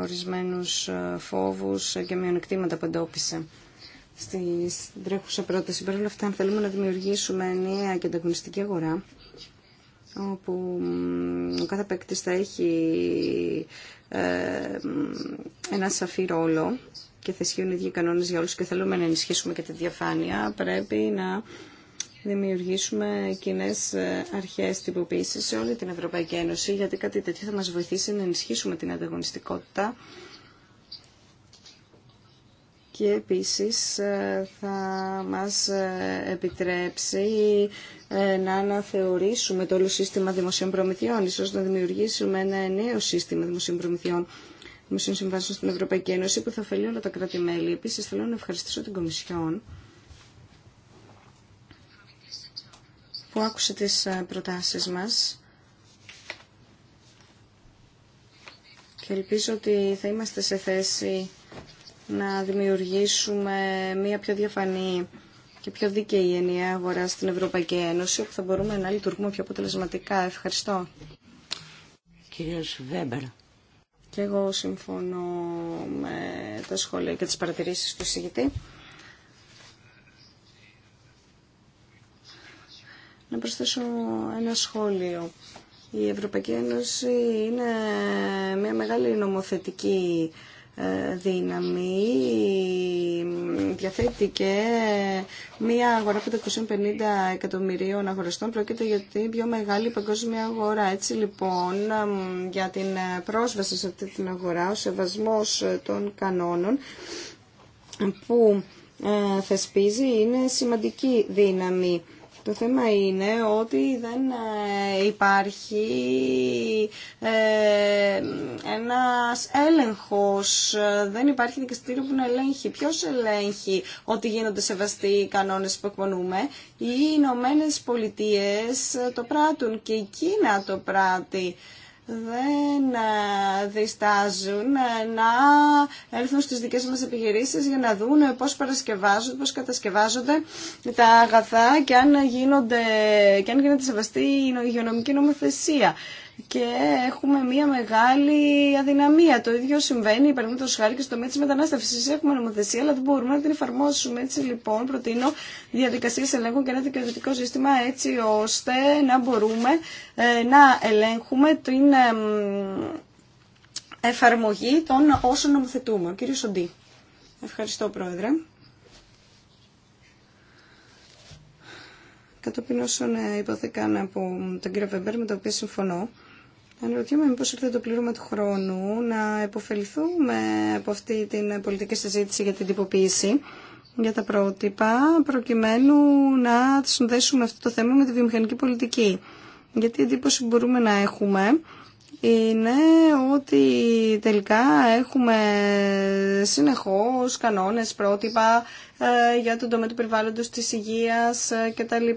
ορισμένους ε, φόβους και μειονεκτήματα που εντόπισε Στην τρέχουσα πρόταση. Παρ' όλα αυτά, αν θέλουμε να δημιουργήσουμε νέα και ανταγωνιστική αγορά, όπου κάθε παίκτη θα έχει ε, ένα σαφή ρόλο και θα ισχύουν οι ίδιοι κανόνε για όλου και θέλουμε να ενισχύσουμε και τη διαφάνεια, πρέπει να δημιουργήσουμε κοινέ ε, αρχέ τυποποίηση σε όλη την Ευρωπαϊκή Ένωση, γιατί κάτι τέτοιο θα μα βοηθήσει να ενισχύσουμε την ανταγωνιστικότητα και επίσης ε, θα μας ε, επιτρέψει ε, να αναθεωρήσουμε το όλο σύστημα δημοσίων προμηθειών, ίσως να δημιουργήσουμε ένα νέο σύστημα δημοσίων προμηθειών δημοσίων συμβάσεων στην Ευρωπαϊκή Ένωση που θα ωφελεί όλα τα κράτη-μέλη. Επίσης θέλω να ευχαριστήσω την Κομισιόν που άκουσε τις προτάσεις μας και ελπίζω ότι θα είμαστε σε θέση να δημιουργήσουμε μια πιο διαφανή και πιο δίκαιη ενιαία αγορά στην Ευρωπαϊκή Ένωση, όπου θα μπορούμε να λειτουργούμε πιο αποτελεσματικά. Ευχαριστώ. Κύριος Βέμπερ. Και εγώ συμφωνώ με τα σχόλια και τις παρατηρήσεις του εισηγητή. Να προσθέσω ένα σχόλιο. Η Ευρωπαϊκή Ένωση είναι μια μεγάλη νομοθετική δύναμη διαθέτει και μία αγορά 550 εκατομμυρίων αγοραστών πρόκειται για την πιο μεγάλη παγκόσμια αγορά. Έτσι λοιπόν για την πρόσβαση σε αυτή την αγορά ο σεβασμός των κανόνων που ε, θεσπίζει είναι σημαντική δύναμη το θέμα είναι ότι δεν ε, υπάρχει ε, ένας έλεγχος, δεν υπάρχει δικαστήριο που να ελέγχει. Ποιος ελέγχει ότι γίνονται σεβαστοί οι κανόνες που εκπονούμε. Οι Ηνωμένε Πολιτείες το πράττουν και η Κίνα το πράττει δεν ε, διστάζουν ε, να έρθουν στις δικές μας επιχειρήσεις για να δουν πώς παρασκευάζονται, πώς κατασκευάζονται τα αγαθά και αν, γίνονται, και αν γίνεται σεβαστή η υγειονομική νομοθεσία και έχουμε μια μεγάλη αδυναμία. Το ίδιο συμβαίνει, παραδείγματο χάρη και στο τομέα τη μετανάστευση. Έχουμε νομοθεσία, αλλά δεν μπορούμε να την εφαρμόσουμε. Έτσι λοιπόν, προτείνω διαδικασίε ελέγχου και ένα δικαιοδοτικό σύστημα, έτσι ώστε να μπορούμε ε, να ελέγχουμε την εφαρμογή των όσων νομοθετούμε. Ο κύριο Σοντή. Ευχαριστώ, Πρόεδρε. Κατόπιν όσων ε, υποθήκαν από τον κύριο Βεμπέρ, με το οποίο συμφωνώ, Αναρωτιόμαι μήπως ήρθε το πλήρωμα του χρόνου να επωφεληθούμε από αυτή την πολιτική συζήτηση για την τυποποίηση για τα πρότυπα προκειμένου να συνδέσουμε αυτό το θέμα με τη βιομηχανική πολιτική. Γιατί η εντύπωση που μπορούμε να έχουμε είναι ότι τελικά έχουμε συνεχώς κανόνες, πρότυπα ε, για τον τομέα του περιβάλλοντος, της υγείας ε, κτλ.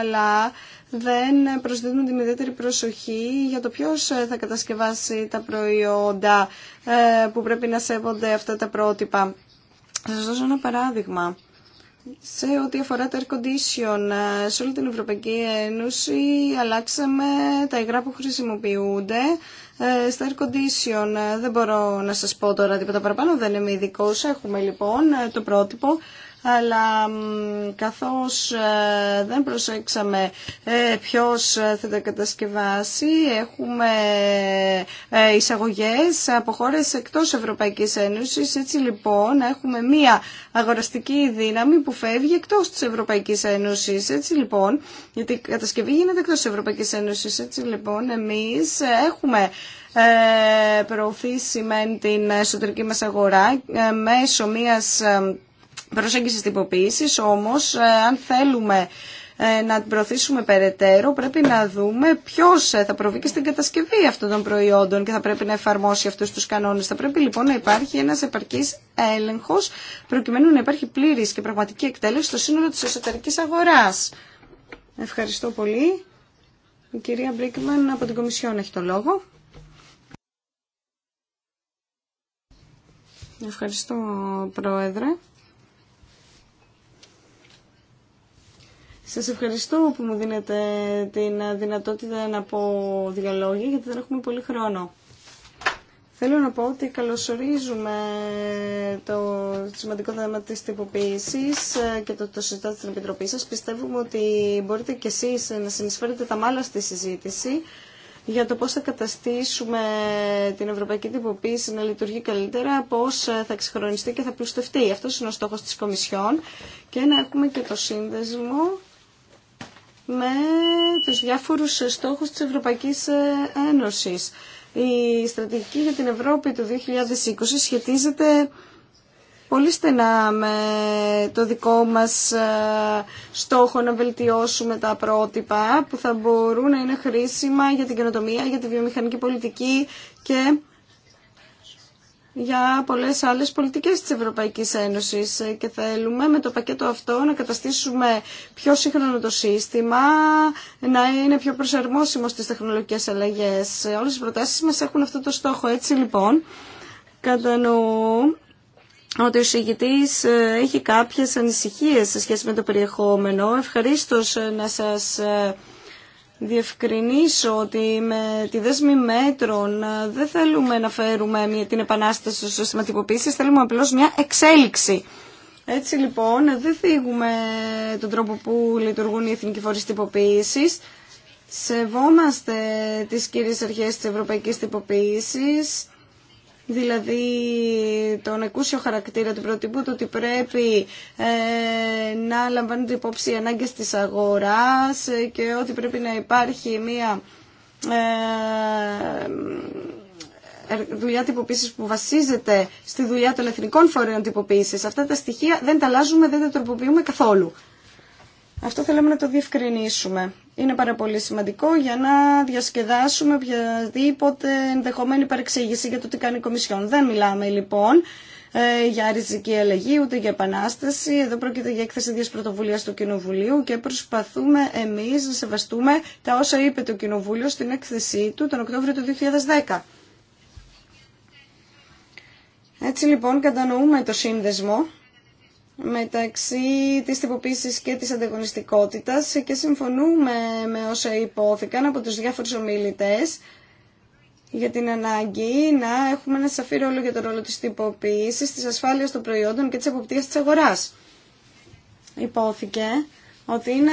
αλλά δεν προσδίδουν τη ιδιαίτερη προσοχή για το ποιος ε, θα κατασκευάσει τα προϊόντα ε, που πρέπει να σέβονται αυτά τα πρότυπα. Θα δώσω ένα παράδειγμα. Σε ό,τι αφορά τα air condition, ε, σε όλη την Ευρωπαϊκή Ένωση αλλάξαμε τα υγρά που χρησιμοποιούνται στα air condition. Δεν μπορώ να σας πω τώρα τίποτα παραπάνω, δεν είμαι ειδικό. Έχουμε λοιπόν το πρότυπο αλλά καθώς ε, δεν προσέξαμε ε, ποιος ε, θα τα κατασκευάσει, έχουμε εισαγωγές από χώρες εκτός Ευρωπαϊκής Ένωσης. Έτσι λοιπόν έχουμε μία αγοραστική δύναμη που φεύγει εκτός της Ευρωπαϊκής Ένωσης. Έτσι λοιπόν, γιατί η κατασκευή γίνεται εκτός της Ευρωπαϊκής Ένωσης. Έτσι λοιπόν εμείς έχουμε προωθήσει με την εσωτερική μας αγορά μέσω μιας προσέγγισης τυποποίησης, όμως ε, αν θέλουμε ε, να την προωθήσουμε περαιτέρω, πρέπει να δούμε ποιο ε, θα προβεί και στην κατασκευή αυτών των προϊόντων και θα πρέπει να εφαρμόσει αυτού του κανόνε. Θα πρέπει λοιπόν να υπάρχει ένα επαρκή έλεγχο, προκειμένου να υπάρχει πλήρη και πραγματική εκτέλεση στο σύνολο τη εσωτερική αγορά. Ευχαριστώ πολύ. Η κυρία Μπρίκμαν από την Κομισιόν έχει το λόγο. Ευχαριστώ, Πρόεδρε. Σας ευχαριστώ που μου δίνετε την δυνατότητα να πω δύο λόγια, γιατί δεν έχουμε πολύ χρόνο. Θέλω να πω ότι καλωσορίζουμε το σημαντικό θέμα της τυποποίησης και το, το συζητάτε στην Επιτροπή σας. Πιστεύουμε ότι μπορείτε κι εσείς να συνεισφέρετε τα μάλλα στη συζήτηση για το πώς θα καταστήσουμε την ευρωπαϊκή τυποποίηση να λειτουργεί καλύτερα, πώς θα εξυγχρονιστεί και θα πλουστευτεί. Αυτός είναι ο στόχος της Κομισιόν και να έχουμε και το σύνδεσμο με τους διάφορους στόχους της Ευρωπαϊκής ε, Ένωσης. Η στρατηγική για την Ευρώπη του 2020 σχετίζεται πολύ στενά με το δικό μας ε, στόχο να βελτιώσουμε τα πρότυπα που θα μπορούν να είναι χρήσιμα για την καινοτομία, για τη βιομηχανική πολιτική και για πολλές άλλες πολιτικές της Ευρωπαϊκής Ένωσης ε, και θέλουμε με το πακέτο αυτό να καταστήσουμε πιο σύγχρονο το σύστημα, να είναι πιο προσαρμόσιμο στις τεχνολογικές αλλαγές. Ε, όλες οι προτάσεις μας έχουν αυτό το στόχο. Έτσι λοιπόν, κατανοώ ότι ο εισηγητής ε, έχει κάποιες ανησυχίες σε σχέση με το περιεχόμενο. Ευχαριστώ να σας διευκρινίσω ότι με τη δέσμη μέτρων ε, δεν θέλουμε να φέρουμε μια, την επανάσταση στο σύστημα τυποποίησης, θέλουμε απλώς μια εξέλιξη. Έτσι λοιπόν δεν θίγουμε τον τρόπο που λειτουργούν οι εθνικοί φορείς τυποποίησης, σεβόμαστε τις κυρίες αρχές της ευρωπαϊκής τυποποίησης, δηλαδή τον εκούσιο χαρακτήρα του προτύπου, ότι πρέπει ε, να λαμβάνονται υπόψη οι ανάγκες της αγοράς ε, και ότι πρέπει να υπάρχει μία ε, ε, δουλειά τυποποίησης που βασίζεται στη δουλειά των εθνικών φορέων τυποποίησης. Αυτά τα στοιχεία δεν τα αλλάζουμε, δεν τα τροποποιούμε καθόλου. Αυτό θέλαμε να το διευκρινίσουμε. Είναι πάρα πολύ σημαντικό για να διασκεδάσουμε οποιαδήποτε ενδεχομένη παρεξήγηση για το τι κάνει η Κομισιόν. Δεν μιλάμε λοιπόν ε, για ριζική αλλαγή ούτε για επανάσταση. Εδώ πρόκειται για έκθεση δύο πρωτοβουλία του Κοινοβουλίου και προσπαθούμε εμεί να σεβαστούμε τα όσα είπε το Κοινοβούλιο στην έκθεσή του τον Οκτώβριο του 2010. Έτσι λοιπόν κατανοούμε το σύνδεσμο μεταξύ της τυποποίησης και της ανταγωνιστικότητας και συμφωνούμε με όσα υπόθηκαν από τους διάφορους ομιλητές για την ανάγκη να έχουμε ένα σαφή ρόλο για το ρόλο της τυποποίησης, της ασφάλειας των προϊόντων και της εποπτείας της αγοράς. Υπόθηκε ότι είναι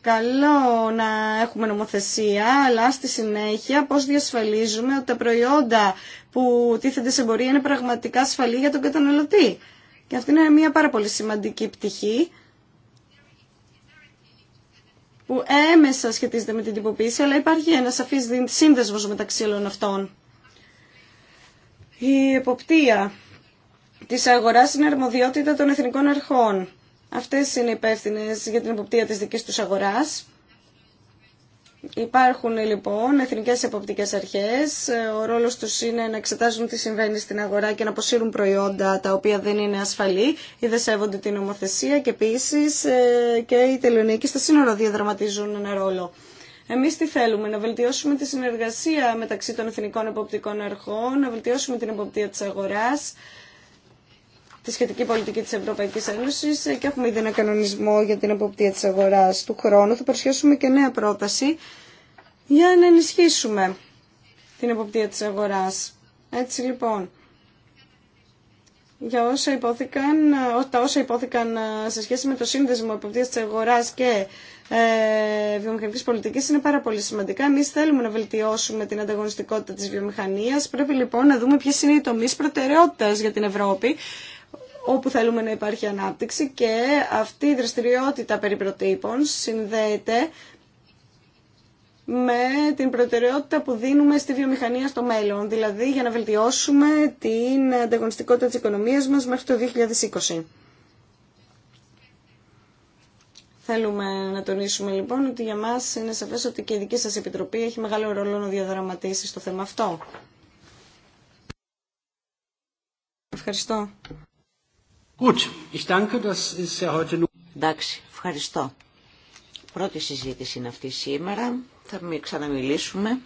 καλό να έχουμε νομοθεσία, αλλά στη συνέχεια πώς διασφαλίζουμε ότι τα προϊόντα που τίθενται σε εμπορία είναι πραγματικά ασφαλή για τον καταναλωτή. Και αυτή είναι μια πάρα πολύ σημαντική πτυχή που έμεσα σχετίζεται με την τυποποίηση, αλλά υπάρχει ένα σαφής σύνδεσμος μεταξύ όλων αυτών. Η εποπτεία της αγοράς είναι αρμοδιότητα των εθνικών αρχών. Αυτές είναι υπεύθυνε για την εποπτεία της δικής τους αγοράς Υπάρχουν λοιπόν εθνικές εποπτικέ αρχές, ο ρόλος τους είναι να εξετάζουν τι συμβαίνει στην αγορά και να αποσύρουν προϊόντα τα οποία δεν είναι ασφαλή ή δεν σέβονται την νομοθεσία και επίση ε, και οι τελωνίκοι στα σύνορα διαδραματίζουν ένα ρόλο. Εμείς τι θέλουμε, να βελτιώσουμε τη συνεργασία μεταξύ των εθνικών εποπτικών αρχών, να βελτιώσουμε την εποπτεία της αγοράς, τη σχετική πολιτική τη Ευρωπαϊκή Ένωση ε, και έχουμε ήδη ένα κανονισμό για την εποπτεία τη αγορά του χρόνου. Θα παρουσιάσουμε και νέα πρόταση για να ενισχύσουμε την εποπτεία τη αγορά. Έτσι λοιπόν, για όσα υπόθηκαν, ε, τα όσα υπόθηκαν ε, σε σχέση με το σύνδεσμο εποπτείας της αγοράς και ε, βιομηχανικής πολιτικής είναι πάρα πολύ σημαντικά. Εμεί θέλουμε να βελτιώσουμε την ανταγωνιστικότητα τη βιομηχανία. Πρέπει λοιπόν να δούμε ποιε είναι οι τομείς προτεραιότητας για την Ευρώπη όπου θέλουμε να υπάρχει ανάπτυξη και αυτή η δραστηριότητα περί προτύπων συνδέεται με την προτεραιότητα που δίνουμε στη βιομηχανία στο μέλλον, δηλαδή για να βελτιώσουμε την ανταγωνιστικότητα της οικονομίας μας μέχρι το 2020. Θέλουμε να τονίσουμε λοιπόν ότι για μας είναι σαφές ότι και η δική σας επιτροπή έχει μεγάλο ρόλο να διαδραματίσει στο θέμα αυτό. Ευχαριστώ. Εντάξει, ευχαριστώ. Πρώτη συζήτηση είναι αυτή σήμερα. Θα μην ξαναμιλήσουμε.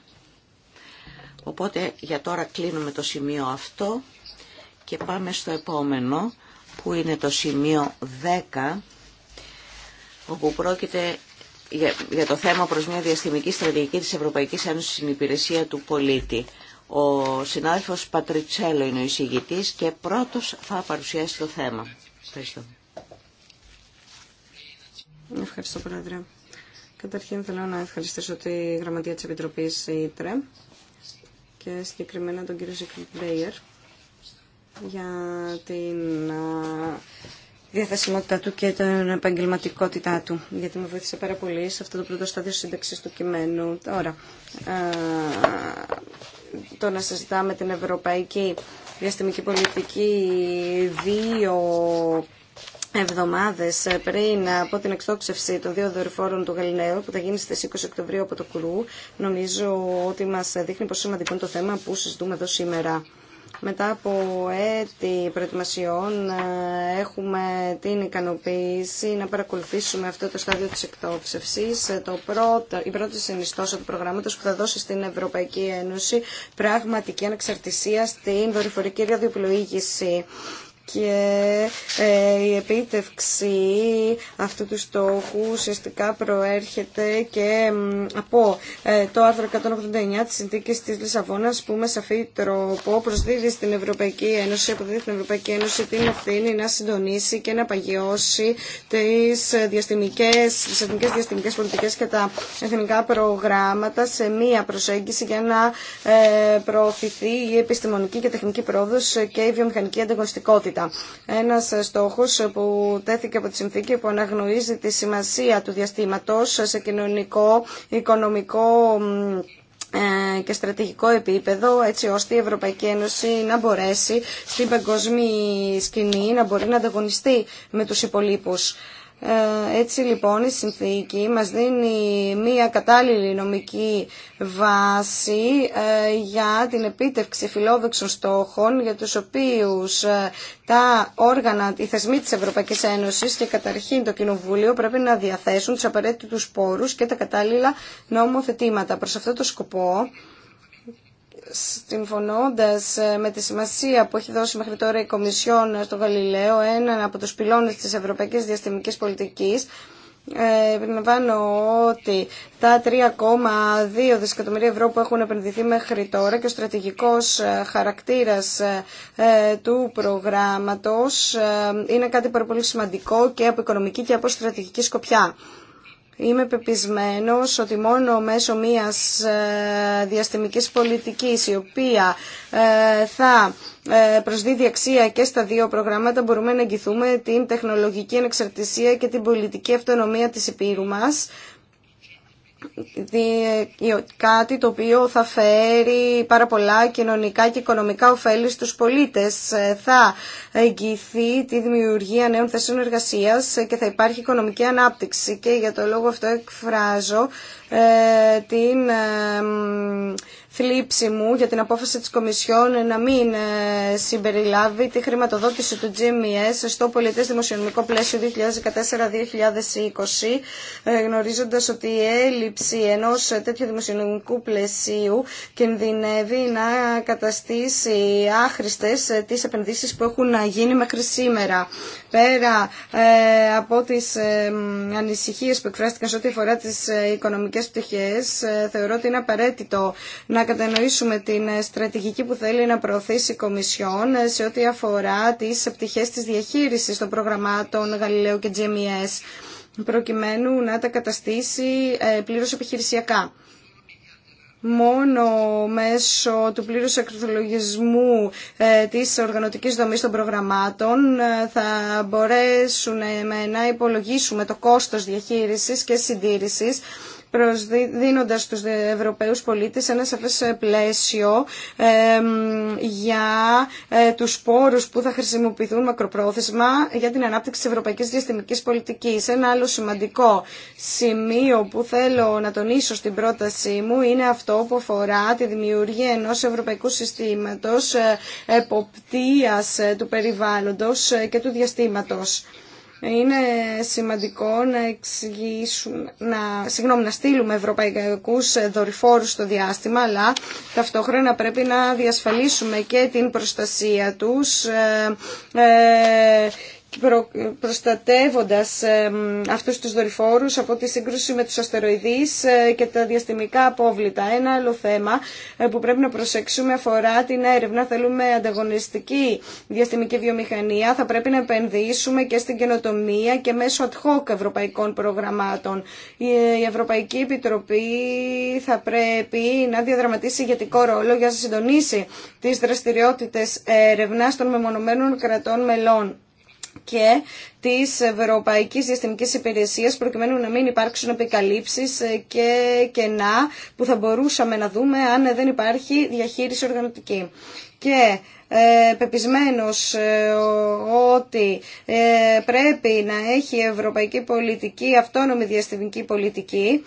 Οπότε για τώρα κλείνουμε το σημείο αυτό και πάμε στο επόμενο που είναι το σημείο 10 όπου πρόκειται για, το θέμα προς μια διαστημική στρατηγική της Ευρωπαϊκής Ένωσης στην υπηρεσία του πολίτη. Ο συνάδελφος Πατριτσέλο είναι ο εισηγητής και πρώτος θα παρουσιάσει το θέμα. Ευχαριστώ. Ευχαριστώ, Πρόεδρε. Καταρχήν θέλω να ευχαριστήσω τη Γραμματεία της Επιτροπής ΙΤΡΕ και συγκεκριμένα τον κύριο Μπέιερ για την διαθεσιμότητά του και την επαγγελματικότητά του, γιατί με βοήθησε πάρα πολύ σε αυτό το πρώτο στάδιο σύνταξη του κειμένου. Τώρα, το να συζητάμε την ευρωπαϊκή διαστημική πολιτική δύο εβδομάδες πριν από την εκτόξευση των δύο δορυφόρων του Γαλιλαίου που θα γίνει στις 20 Οκτωβρίου από το Κουρού νομίζω ότι μας δείχνει πόσο σημαντικό είναι το θέμα που συζητούμε εδώ σήμερα. Μετά από έτη προετοιμασιών ε, έχουμε την ικανοποίηση να παρακολουθήσουμε αυτό το στάδιο της εκτόψευσης. Ε, το πρώτο, η πρώτη συνιστόσα του προγράμματος που θα δώσει στην Ευρωπαϊκή Ένωση πραγματική ανεξαρτησία στην δορυφορική ραδιοπλοήγηση και ε, η επίτευξη αυτού του στόχου ουσιαστικά προέρχεται και από ε, το άρθρο 189 της Συνθήκης της Λισαβόνας που με σαφή τρόπο προσδίδει στην Ευρωπαϊκή Ένωση, αποδίδει την Ευρωπαϊκή Ένωση την ευθύνη να συντονίσει και να παγιώσει τις διαστημικές, τις εθνικές διαστημικές πολιτικές και τα εθνικά προγράμματα σε μία προσέγγιση για να ε, προωθηθεί η επιστημονική και τεχνική πρόοδος και η βιομηχανική ανταγωνιστικότητα. Ένας στόχος που τέθηκε από τη συνθήκη που αναγνωρίζει τη σημασία του διαστήματος σε κοινωνικό, οικονομικό ε, και στρατηγικό επίπεδο έτσι ώστε η Ευρωπαϊκή Ένωση να μπορέσει στην παγκοσμία σκηνή να μπορεί να ανταγωνιστεί με τους υπολείπους. Ε, έτσι λοιπόν η συνθήκη μας δίνει μια κατάλληλη νομική βάση ε, για την επίτευξη φιλόδοξων στόχων για τους οποίους ε, τα όργανα, οι θεσμοί της Ευρωπαϊκής Ένωσης και καταρχήν το Κοινοβούλιο πρέπει να διαθέσουν τους απαραίτητους πόρους και τα κατάλληλα νομοθετήματα. Προς αυτό το σκοπό συμφωνώντας ε, με τη σημασία που έχει δώσει μέχρι τώρα η Κομισιόν στο Γαλιλαίο, έναν από τους πυλώνες της Ευρωπαϊκής Διαστημικής Πολιτικής, ε, επιμεμβάνω ότι τα 3,2 δισεκατομμύρια ευρώ που έχουν επενδυθεί μέχρι τώρα και ο στρατηγικός ε, χαρακτήρας του προγράμματος είναι κάτι πολύ σημαντικό και από οικονομική και από στρατηγική σκοπιά. Είμαι πεπισμένος ότι μόνο μέσω μιας ε, διαστημικής πολιτικής η οποία ε, θα ε, προσδίδει αξία και στα δύο προγράμματα μπορούμε να εγγυθούμε την τεχνολογική ανεξαρτησία και την πολιτική αυτονομία της Επίρου μας ε, ε, κάτι το οποίο θα φέρει πάρα πολλά κοινωνικά και οικονομικά ωφέλη στους πολίτες. Ε, θα εγγυηθεί τη δημιουργία νέων θέσεων εργασίας και θα υπάρχει οικονομική ανάπτυξη και για το λόγο αυτό εκφράζω την θλίψη μου για την απόφαση της Κομισιόν να μην ε, συμπεριλάβει τη χρηματοδότηση του GMS στο πολιτές δημοσιονομικό πλαίσιο 2014-2020 ε, γνωρίζοντας ότι η έλλειψη ενός ε, τέτοιου δημοσιονομικού πλαισίου κινδυνεύει να καταστήσει άχρηστες τις επενδύσεις που έχουν γίνει μέχρι σήμερα πέρα ε, από τις ε, ανησυχίες που εκφράστηκαν σε ό,τι αφορά τις ε, οικονομικές πτυχές, θεωρώ ότι είναι απαραίτητο να κατανοήσουμε την στρατηγική που θέλει να προωθήσει η Κομισιόν σε ό,τι αφορά τις πτυχές της διαχείρισης των προγραμμάτων Γαλιλαίου και GMES προκειμένου να τα καταστήσει πλήρως επιχειρησιακά μόνο μέσω του πλήρους ακροτολογισμού ε, της οργανωτικής δομής των προγραμμάτων ε, θα μπορέσουν ε, να υπολογίσουμε το κόστος διαχείρισης και συντήρησης προσδίνοντας τους Ευρωπαίους πολίτες ένα σαφές πλαίσιο για ε, τους πόρους που θα χρησιμοποιηθούν μακροπρόθεσμα για την ανάπτυξη της Ευρωπαϊκής Διαστημικής Πολιτικής. Ένα άλλο σημαντικό σημείο που θέλω να τονίσω στην πρότασή μου είναι αυτό που αφορά τη δημιουργία ενός ευρωπαϊκού συστήματος ε, εποπτείας ε, του περιβάλλοντος και του διαστήματος είναι σημαντικό να εξηγήσουμε, να, συγγνώμη, να στείλουμε ευρωπαϊκούς δορυφόρους στο διάστημα, αλλά ταυτόχρονα πρέπει να διασφαλίσουμε και την προστασία τους ε, ε, προστατεύοντας αυτούς τους δορυφόρους από τη σύγκρουση με τους αστεροειδείς ε, και τα διαστημικά απόβλητα. Ένα άλλο θέμα ε, που πρέπει να προσέξουμε αφορά την έρευνα. Θέλουμε ανταγωνιστική διαστημική βιομηχανία. Θα πρέπει να επενδύσουμε και στην καινοτομία και μέσω ad hoc ευρωπαϊκών προγραμμάτων. Η Ευρωπαϊκή Επιτροπή θα πρέπει να διαδραματίσει ηγετικό ρόλο για να συντονίσει τις δραστηριότητες έρευνας των μεμονωμένων κρατών μελών και τη Ευρωπαϊκή Διαστημική Υπηρεσία προκειμένου να μην υπάρξουν επικαλύψει ε, και κενά που θα μπορούσαμε να δούμε αν δεν υπάρχει διαχείριση οργανωτική. Και ε, πεπισμένος ε, ότι ε, πρέπει να έχει ευρωπαϊκή πολιτική, αυτόνομη διαστημική πολιτική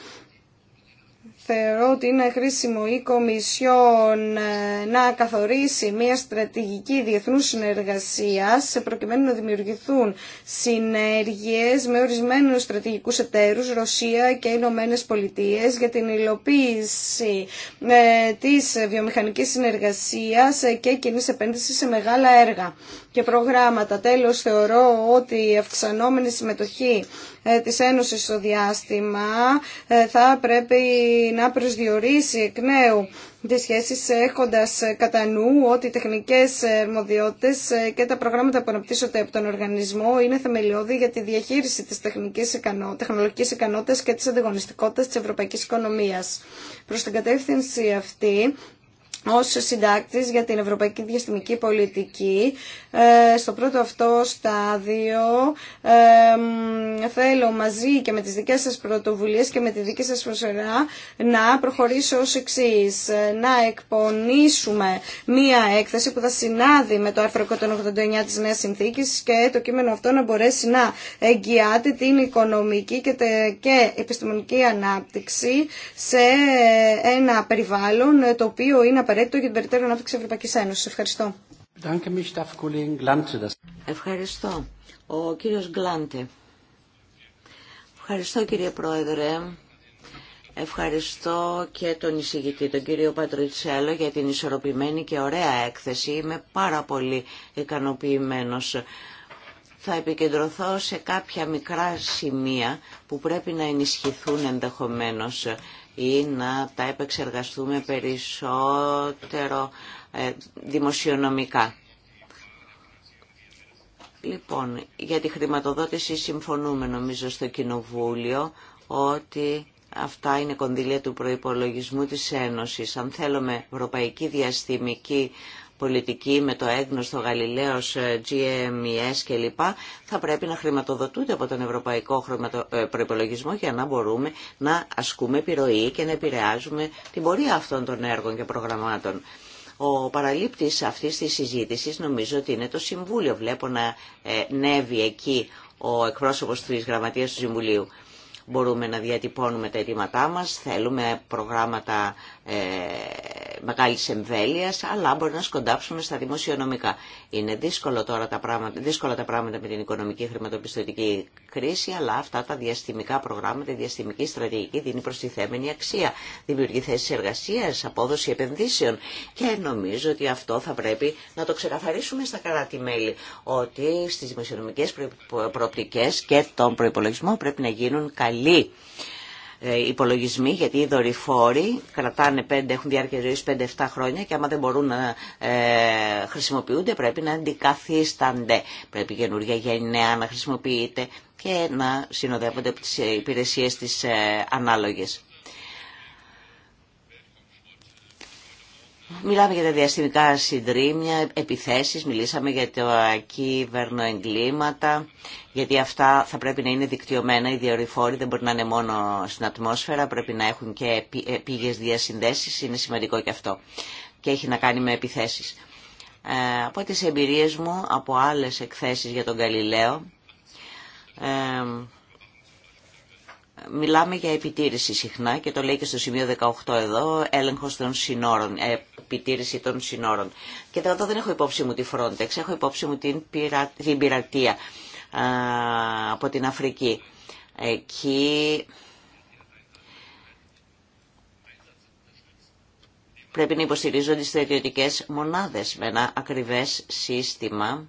Θεωρώ ότι είναι χρήσιμο η Κομισιόν ε, να καθορίσει μια στρατηγική διεθνούς συνεργασίας σε προκειμένου να δημιουργηθούν συνέργειες με ορισμένους στρατηγικούς εταίρους, Ρωσία και Ηνωμένε Πολιτείε για την υλοποίηση ε, της βιομηχανικής συνεργασίας ε, και κοινή επένδυση σε μεγάλα έργα και προγράμματα. Τέλος, θεωρώ ότι η αυξανόμενη συμμετοχή ε, της Ένωσης στο διάστημα ε, θα πρέπει να προσδιορίσει εκ νέου τις σχέσεις έχοντας κατά νου ότι οι τεχνικές αρμοδιότητες ε, και τα προγράμματα που αναπτύσσονται από τον οργανισμό είναι θεμελιώδη για τη διαχείριση της τεχνικής ικανό, τεχνολογικής ικανότητας και της ανταγωνιστικότητας της ευρωπαϊκής οικονομίας. Προς την κατεύθυνση αυτή ως συντάκτης για την Ευρωπαϊκή Διαστημική Πολιτική. Ε, στο πρώτο αυτό στάδιο ε, θέλω μαζί και με τις δικές σας πρωτοβουλίες και με τη δική σας προσωρά να προχωρήσω ως εξή. Ε, να εκπονήσουμε μία έκθεση που θα συνάδει με το άρθρο 189 της Νέας Συνθήκης και το κείμενο αυτό να μπορέσει να εγγυάται την οικονομική και, επιστημονική ανάπτυξη σε ένα περιβάλλον το οποίο είναι απαραίτητο για την περαιτέρω ανάπτυξη Ευρωπαϊκή Ένωση. Ευχαριστώ. Ευχαριστώ. Ο κύριος Γκλάντε. Ευχαριστώ κύριε Πρόεδρε. Ευχαριστώ και τον εισηγητή, τον κύριο Πατριτσέλο, για την ισορροπημένη και ωραία έκθεση. Είμαι πάρα πολύ ικανοποιημένος. Θα επικεντρωθώ σε κάποια μικρά σημεία που πρέπει να ενισχυθούν ενδεχομένως ή να τα επεξεργαστούμε περισσότερο ε, δημοσιονομικά. Λοιπόν, για τη χρηματοδότηση συμφωνούμε νομίζω στο Κοινοβούλιο ότι αυτά είναι κονδύλια του προϋπολογισμού της Ένωσης. Αν θέλουμε ευρωπαϊκή διαστημική πολιτική με το έγνωστο Γαλιλαίος ε, GMES κλπ. θα πρέπει να χρηματοδοτούνται από τον Ευρωπαϊκό ε, Προπολογισμό για να μπορούμε να ασκούμε επιρροή και να επηρεάζουμε την πορεία αυτών των έργων και προγραμμάτων. Ο παραλήπτης αυτής της συζήτησης νομίζω ότι είναι το Συμβούλιο. Βλέπω να ε, νεύει εκεί ο εκπρόσωπος της Γραμματείας του Συμβουλίου μπορούμε να διατυπώνουμε τα αιτήματά μας, θέλουμε προγράμματα ε, μεγάλης αλλά μπορεί να σκοντάψουμε στα δημοσιονομικά. Είναι δύσκολο τώρα τα πράγματα, δύσκολα τα πράγματα με την οικονομική χρηματοπιστωτική κρίση, αλλά αυτά τα διαστημικά προγράμματα, η διαστημική στρατηγική δίνει προστιθέμενη αξία. Δημιουργεί θέσει εργασία, απόδοση επενδύσεων. Και νομίζω ότι αυτό θα πρέπει να το ξεκαθαρίσουμε στα κράτη-μέλη, ότι στι δημοσιονομικέ προοπτικέ και τον προπολογισμό πρέπει να γίνουν καλοί. Ε, υπολογισμοί, γιατί οι δορυφόροι κρατάνε 5, έχουν διάρκεια ζωής 5-7 χρόνια και άμα δεν μπορούν να ε, χρησιμοποιούνται πρέπει να αντικαθίστανται. Πρέπει η καινούργια γενναία να χρησιμοποιείται και να συνοδεύονται από τις υπηρεσίες τις ε, ανάλογες. Μιλάμε για τα διαστημικά συντρίμια, επιθέσεις, μιλήσαμε για τα κυβερνοεγκλήματα, γιατί αυτά θα πρέπει να είναι δικτυωμένα, οι διορυφόροι δεν μπορεί να είναι μόνο στην ατμόσφαιρα, πρέπει να έχουν και πήγες διασυνδέσεις, είναι σημαντικό και αυτό και έχει να κάνει με επιθέσεις. Ε, από τις εμπειρίες μου, από άλλες εκθέσεις για τον Γαλιλαίο, ε, Μιλάμε για επιτήρηση συχνά και το λέει και στο σημείο 18 εδώ, έλεγχο των συνόρων, ε, επιτήρηση των συνόρων. Και εδώ δεν έχω υπόψη μου τη Frontex, έχω υπόψη μου την, πειρα, πειρατεία από την Αφρική. Εκεί πρέπει να υποστηρίζονται στρατιωτικές μονάδες με ένα ακριβές σύστημα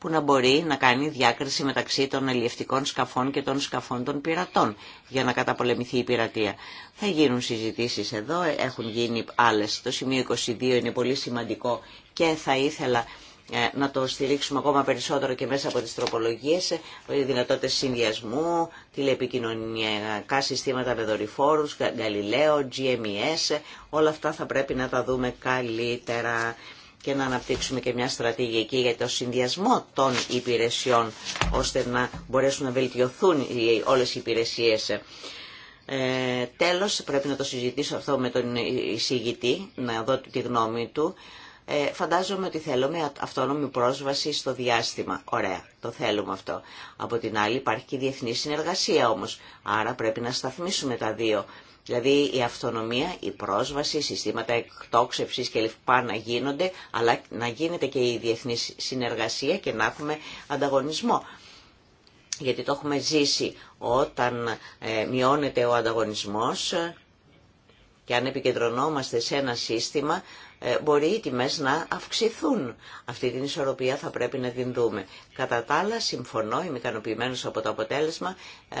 που να μπορεί να κάνει διάκριση μεταξύ των αλλιευτικών σκαφών και των σκαφών των πειρατών για να καταπολεμηθεί η πειρατεία. Θα γίνουν συζητήσεις εδώ, έχουν γίνει άλλες. Το σημείο 22 είναι πολύ σημαντικό και θα ήθελα ε, να το στηρίξουμε ακόμα περισσότερο και μέσα από τις τροπολογίες, ε, δυνατότητες συνδυασμού, τηλεπικοινωνιακά συστήματα με δορυφόρους, Galileo, GMES, ε, όλα αυτά θα πρέπει να τα δούμε καλύτερα και να αναπτύξουμε και μια στρατηγική για το συνδυασμό των υπηρεσιών ώστε να μπορέσουν να βελτιωθούν όλες οι υπηρεσίες. Ε, τέλος, πρέπει να το συζητήσω αυτό με τον εισηγητή, να δω τη γνώμη του. Ε, φαντάζομαι ότι θέλουμε αυτόνομη πρόσβαση στο διάστημα. Ωραία, το θέλουμε αυτό. Από την άλλη υπάρχει και διεθνή συνεργασία όμως, άρα πρέπει να σταθμίσουμε τα δύο. Δηλαδή η αυτονομία, η πρόσβαση, συστήματα εκτόξευσης και λοιπά να γίνονται, αλλά να γίνεται και η διεθνή συνεργασία και να έχουμε ανταγωνισμό. Γιατί το έχουμε ζήσει όταν ε, μειώνεται ο ανταγωνισμός ε, και αν επικεντρωνόμαστε σε ένα σύστημα ε, μπορεί οι τιμές να αυξηθούν. Αυτή την ισορροπία θα πρέπει να την δούμε. Κατά τα άλλα, συμφωνώ, είμαι ικανοποιημένο από το αποτέλεσμα ε,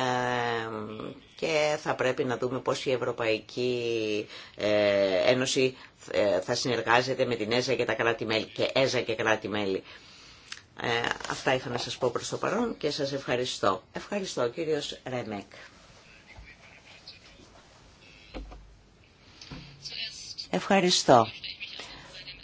και θα πρέπει να δούμε πώς η Ευρωπαϊκή ε, Ένωση θα συνεργάζεται με την ΕΖΑ και τα κράτη-μέλη και ΕΖΑ και κράτη-μέλη. αυτά είχα να σας πω προς το παρόν και σας ευχαριστώ. Ευχαριστώ κύριος Ρεμέκ. Ευχαριστώ.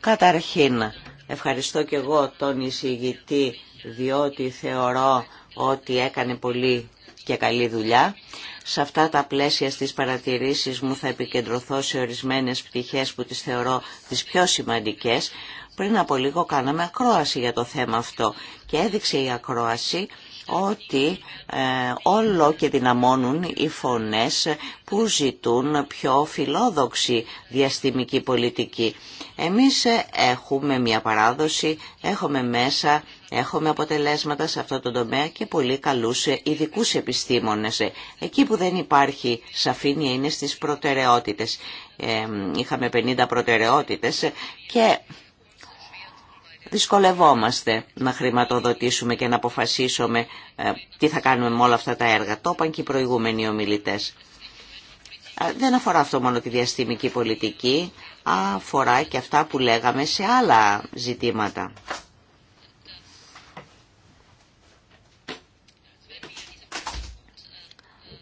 Καταρχήν, ευχαριστώ και εγώ τον εισηγητή διότι θεωρώ ότι έκανε πολύ και καλή δουλειά. Σε αυτά τα πλαίσια στις παρατηρήσεις μου θα επικεντρωθώ σε ορισμένες πτυχές που τις θεωρώ τις πιο σημαντικές. Πριν από λίγο κάναμε ακρόαση για το θέμα αυτό και έδειξε η ακρόαση ότι ε, όλο και δυναμώνουν οι φωνές που ζητούν πιο φιλόδοξη διαστημική πολιτική. Εμείς ε, έχουμε μια παράδοση, έχουμε μέσα, έχουμε αποτελέσματα σε αυτό το τομέα και πολύ καλούς ε, ειδικού επιστήμονες. Εκεί που δεν υπάρχει σαφήνεια είναι στις προτεραιότητες. είχαμε 50 προτεραιότητες και δυσκολευόμαστε να χρηματοδοτήσουμε και να αποφασίσουμε ε, τι θα κάνουμε με όλα αυτά τα έργα. Το είπαν και οι προηγούμενοι ομιλητές. Ε, δεν αφορά αυτό μόνο τη διαστημική πολιτική, αφορά και αυτά που λέγαμε σε άλλα ζητήματα.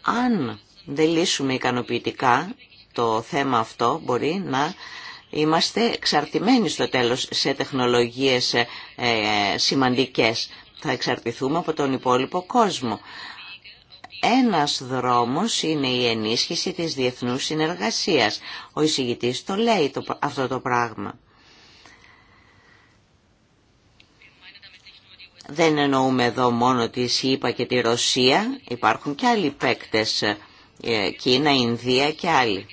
Αν δεν λύσουμε ικανοποιητικά το θέμα αυτό, μπορεί να Είμαστε εξαρτημένοι στο τέλος σε τεχνολογίες ε, σημαντικές. Θα εξαρτηθούμε από τον υπόλοιπο κόσμο. Ένας δρόμος είναι η ενίσχυση της διεθνούς συνεργασίας. Ο εισηγητής το λέει αυτό το πράγμα. Δεν εννοούμε εδώ μόνο τη ΣΥΠΑ και τη Ρωσία, υπάρχουν και άλλοι παίκτες, ε, Κίνα, Ινδία και άλλοι.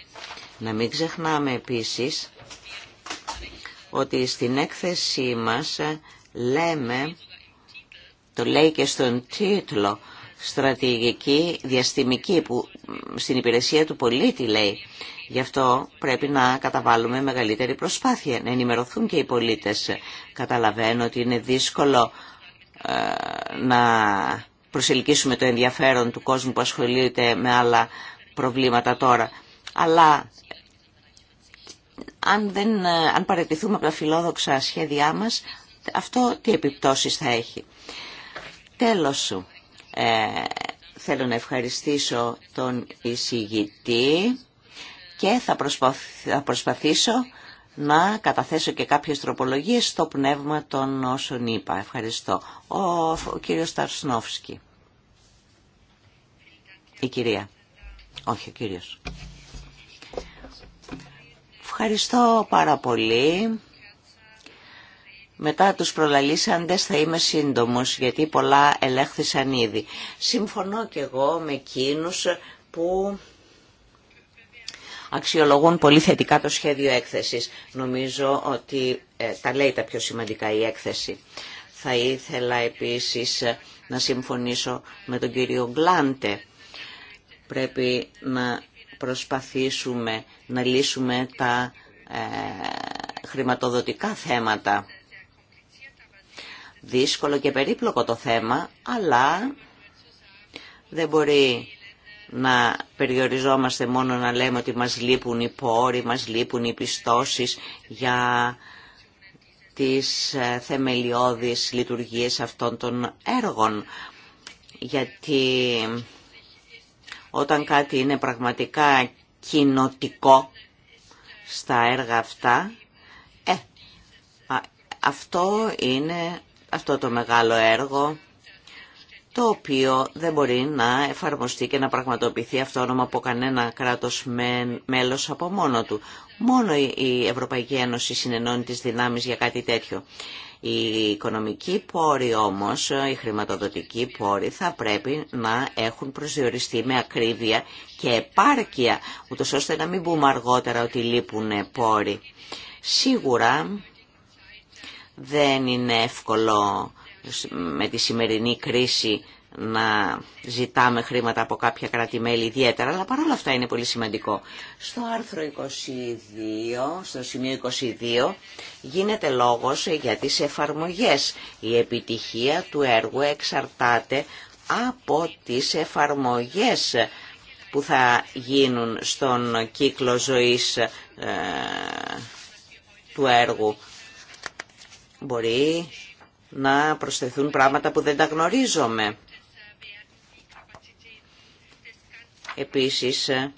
Να μην ξεχνάμε επίσης ότι στην έκθεσή μας λέμε, το λέει και στον τίτλο, στρατηγική, διαστημική που στην υπηρεσία του πολίτη λέει. Γι' αυτό πρέπει να καταβάλουμε μεγαλύτερη προσπάθεια, να ενημερωθούν και οι πολίτες. Καταλαβαίνω ότι είναι δύσκολο ε, να προσελκύσουμε το ενδιαφέρον του κόσμου που ασχολείται με άλλα προβλήματα τώρα. Αλλά αν, δεν, ε, αν παραιτηθούμε από τα φιλόδοξα σχέδιά μας, αυτό τι επιπτώσεις θα έχει. Τέλος, σου, ε, θέλω να ευχαριστήσω τον εισηγητή και θα, προσπαθήσω να καταθέσω και κάποιες τροπολογίες στο πνεύμα των όσων είπα. Ευχαριστώ. Ο, ο κύριος Ταρσνόφσκι. Η κυρία. Όχι, ο κύριος. Ευχαριστώ πάρα πολύ. Μετά τους προλαλήσαντες θα είμαι σύντομος, γιατί πολλά ελέγχθησαν ήδη. Συμφωνώ και εγώ με εκείνους που αξιολογούν πολύ θετικά το σχέδιο έκθεσης. Νομίζω ότι ε, τα λέει τα πιο σημαντικά η έκθεση. Θα ήθελα επίσης ε, να συμφωνήσω με τον κύριο Γκλάντε. Πρέπει να προσπαθήσουμε να λύσουμε τα ε, χρηματοδοτικά θέματα. Δύσκολο και περίπλοκο το θέμα, αλλά δεν μπορεί να περιοριζόμαστε μόνο να λέμε ότι μας λείπουν οι πόροι, μας λείπουν οι πιστώσεις για τις ε, θεμελιώδεις λειτουργίες αυτών των έργων. Γιατί όταν κάτι είναι πραγματικά κοινοτικό στα έργα αυτά, ε, αυτό είναι αυτό το μεγάλο έργο το οποίο δεν μπορεί να εφαρμοστεί και να πραγματοποιηθεί αυτόνομα από κανένα κράτος με, μέλος από μόνο του. Μόνο η Ευρωπαϊκή Ένωση συνενώνει τις δυνάμεις για κάτι τέτοιο. Οι οικονομικοί πόροι όμως, οι χρηματοδοτικοί πόροι θα πρέπει να έχουν προσδιοριστεί με ακρίβεια και επάρκεια, ούτως ώστε να μην πούμε αργότερα ότι λείπουν πόροι. Σίγουρα δεν είναι εύκολο με τη σημερινή κρίση να ζητάμε χρήματα από κάποια ιδιαίτερα, αλλά παρόλα αυτά είναι πολύ σημαντικό. Στο άρθρο 22, στο σημείο 22, γίνεται λόγος για τις εφαρμογές. Η επιτυχία του έργου εξαρτάται από τις εφαρμογές που θα γίνουν στον κύκλο ζωής ε, του έργου. Μπορεί να προσθεθούν πράγματα που δεν τα γνωρίζομαι. Επίσης, ε,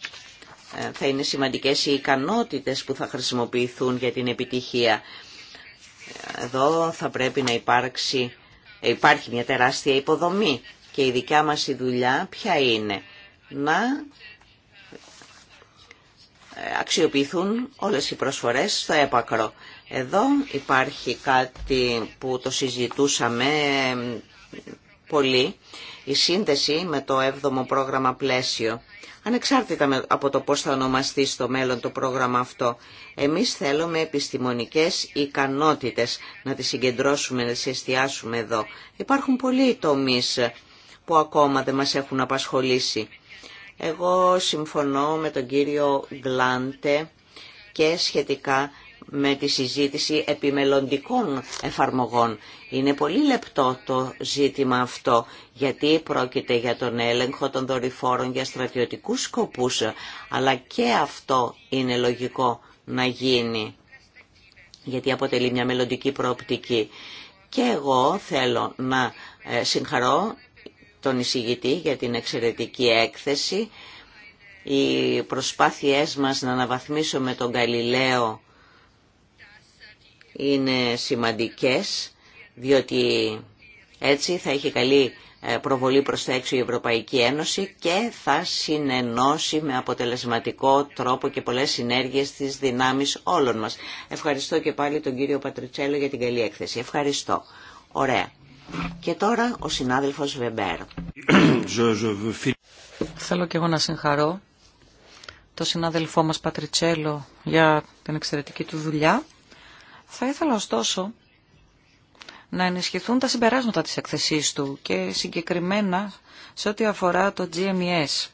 θα είναι σημαντικές οι ικανότητες που θα χρησιμοποιηθούν για την επιτυχία. Εδώ θα πρέπει να υπάρξει, υπάρχει μια τεράστια υποδομή και η δικιά μας η δουλειά ποια είναι. Να ε, αξιοποιηθούν όλες οι προσφορές στο έπακρο. Εδώ υπάρχει κάτι που το συζητούσαμε ε, πολύ η σύνδεση με το 7ο πρόγραμμα πλαίσιο. Ανεξάρτητα από το πώς θα ονομαστεί στο μέλλον το πρόγραμμα αυτό, εμείς θέλουμε επιστημονικές ικανότητες να τις συγκεντρώσουμε, να τις εστιάσουμε εδώ. Υπάρχουν πολλοί τομεί που ακόμα δεν μας έχουν απασχολήσει. Εγώ συμφωνώ με τον κύριο Γκλάντε και σχετικά με τη συζήτηση επιμελλοντικών εφαρμογών. Είναι πολύ λεπτό το ζήτημα αυτό, γιατί πρόκειται για τον έλεγχο των δορυφόρων για στρατιωτικούς σκοπούς, αλλά και αυτό είναι λογικό να γίνει, γιατί αποτελεί μια μελλοντική προοπτική. Και εγώ θέλω να ε, συγχαρώ τον εισηγητή για την εξαιρετική έκθεση. Οι προσπάθειές μας να αναβαθμίσουμε τον Γαλιλαίο είναι σημαντικές διότι έτσι θα έχει καλή ε, προβολή προς τα έξω η Ευρωπαϊκή Ένωση και θα συνενώσει με αποτελεσματικό τρόπο και πολλές συνέργειες στις δυνάμεις όλων μας. Ευχαριστώ και πάλι τον κύριο Πατριτσέλο για την καλή έκθεση. Ευχαριστώ. Ωραία. Και τώρα ο συνάδελφος Βεμπέρ. Θέλω και εγώ να συγχαρώ τον συνάδελφό μας Πατριτσέλο για την εξαιρετική του δουλειά. Θα ήθελα ωστόσο να ενισχυθούν τα συμπεράσματα της εκθεσής του και συγκεκριμένα σε ό,τι αφορά το GMES.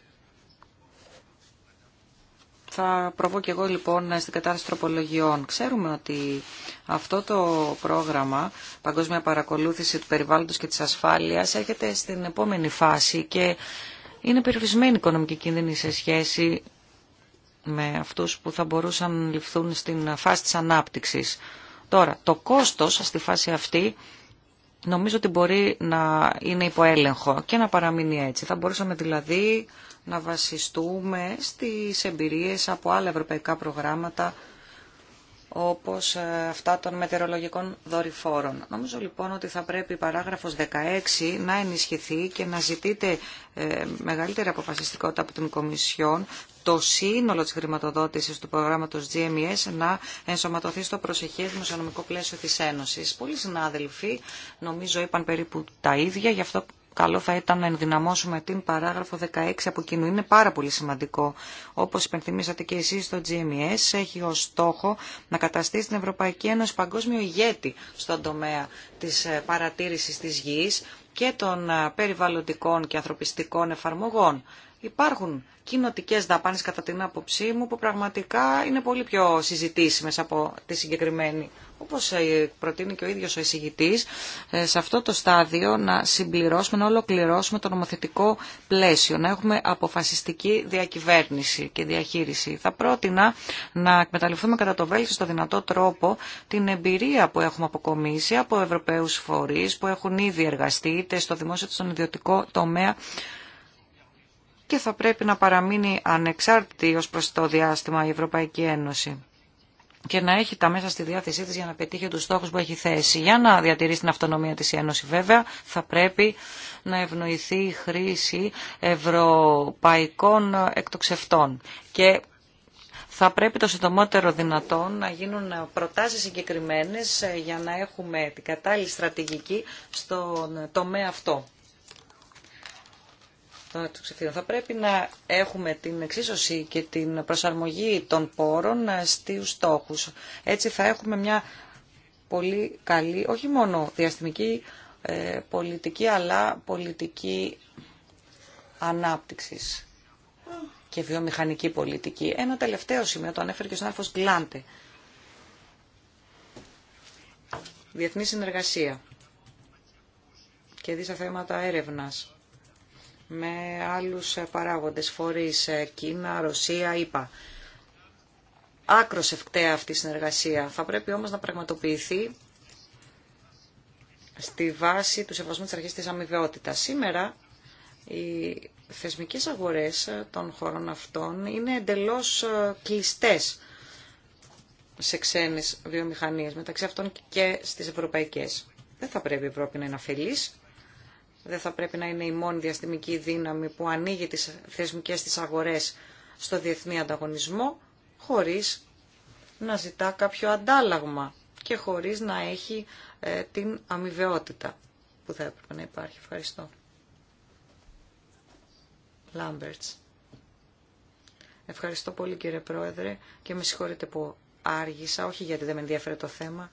Θα προβώ και εγώ λοιπόν στην κατάσταση τροπολογιών. Ξέρουμε ότι αυτό το πρόγραμμα, Παγκόσμια Παρακολούθηση του Περιβάλλοντος και της Ασφάλειας, έρχεται στην επόμενη φάση και είναι περιορισμένη οικονομική κίνδυνη σε σχέση με αυτούς που θα μπορούσαν να ληφθούν στην φάση της ανάπτυξης. Τώρα, το κόστος στη φάση αυτή νομίζω ότι μπορεί να είναι υποέλεγχο και να παραμείνει έτσι. Θα μπορούσαμε δηλαδή να βασιστούμε στις εμπειρίες από άλλα ευρωπαϊκά προγράμματα όπως ε, αυτά των μετεωρολογικών δορυφόρων. Νομίζω λοιπόν ότι θα πρέπει η παράγραφος 16 να ενισχυθεί και να ζητείτε ε, μεγαλύτερη αποφασιστικότητα από την Κομισιόν το σύνολο της χρηματοδότησης του προγράμματος GMES να ενσωματωθεί στο προσεχές δημοσιονομικό πλαίσιο της Ένωσης. Πολλοί συνάδελφοι νομίζω είπαν περίπου τα ίδια, γι' αυτό καλό θα ήταν να ενδυναμώσουμε την παράγραφο 16 από κοινού. Είναι πάρα πολύ σημαντικό. Όπως υπενθυμίσατε και εσεί, το GMS e έχει ως στόχο να καταστήσει την Ευρωπαϊκή Ένωση παγκόσμιο ηγέτη στον τομέα της ε, παρατήρησης της γη και των ε, περιβαλλοντικών και ανθρωπιστικών εφαρμογών Υπάρχουν κοινοτικέ δαπάνε, κατά την άποψή μου, που πραγματικά είναι πολύ πιο συζητήσιμε από τη συγκεκριμένη. Όπω ε, προτείνει και ο ίδιο ο εισηγητή, ε, σε αυτό το στάδιο να συμπληρώσουμε, να ολοκληρώσουμε το νομοθετικό πλαίσιο, να έχουμε αποφασιστική διακυβέρνηση και διαχείριση. Θα πρότεινα να εκμεταλλευτούμε κατά το βέλτιστο δυνατό τρόπο την εμπειρία που έχουμε αποκομίσει από Ευρωπαίου φορεί που έχουν ήδη εργαστεί είτε στο δημόσιο είτε στον ιδιωτικό τομέα και θα πρέπει να παραμείνει ανεξάρτητη ως προς το διάστημα η Ευρωπαϊκή Ένωση και να έχει τα μέσα στη διάθεσή της για να πετύχει τους στόχους που έχει θέσει. Για να διατηρήσει την αυτονομία της η Ένωση βέβαια θα πρέπει να ευνοηθεί η χρήση ευρωπαϊκών εκτοξευτών και θα πρέπει το συντομότερο δυνατόν να γίνουν προτάσεις συγκεκριμένες για να έχουμε την κατάλληλη στρατηγική στον τομέα αυτό. Θα πρέπει να έχουμε την εξίσωση και την προσαρμογή των πόρων ε, στου στόχους. Έτσι θα έχουμε μια πολύ καλή, όχι μόνο διαστημική ε, πολιτική, αλλά πολιτική ανάπτυξη και βιομηχανική πολιτική. Ένα τελευταίο σημείο το ανέφερε και ο συνάδελφος Γκλάντε. Διεθνή συνεργασία και δίσα θέματα έρευνας με άλλους παράγοντες, φορείς ε, Κίνα, Ρωσία, ΙΠΑ. Άκρος ευκταία αυτή η συνεργασία. Θα πρέπει όμως να πραγματοποιηθεί στη βάση του σεβασμού της αρχής της αμοιβαιότητας. Σήμερα οι θεσμικές αγορές των χωρών αυτών είναι εντελώς ε, κλειστές σε ξένες βιομηχανίες, μεταξύ αυτών και στις ευρωπαϊκές. Δεν θα πρέπει η Ευρώπη να είναι αφελής δεν θα πρέπει να είναι η μόνη διαστημική δύναμη που ανοίγει τις θεσμικές της αγορές στο διεθνή ανταγωνισμό, χωρίς να ζητά κάποιο αντάλλαγμα και χωρίς να έχει ε, την αμοιβαιότητα που θα έπρεπε να υπάρχει. Ευχαριστώ. Λάμπερτς. Ευχαριστώ πολύ κύριε Πρόεδρε και με συγχωρείτε που άργησα, όχι γιατί δεν με ενδιαφέρει το θέμα,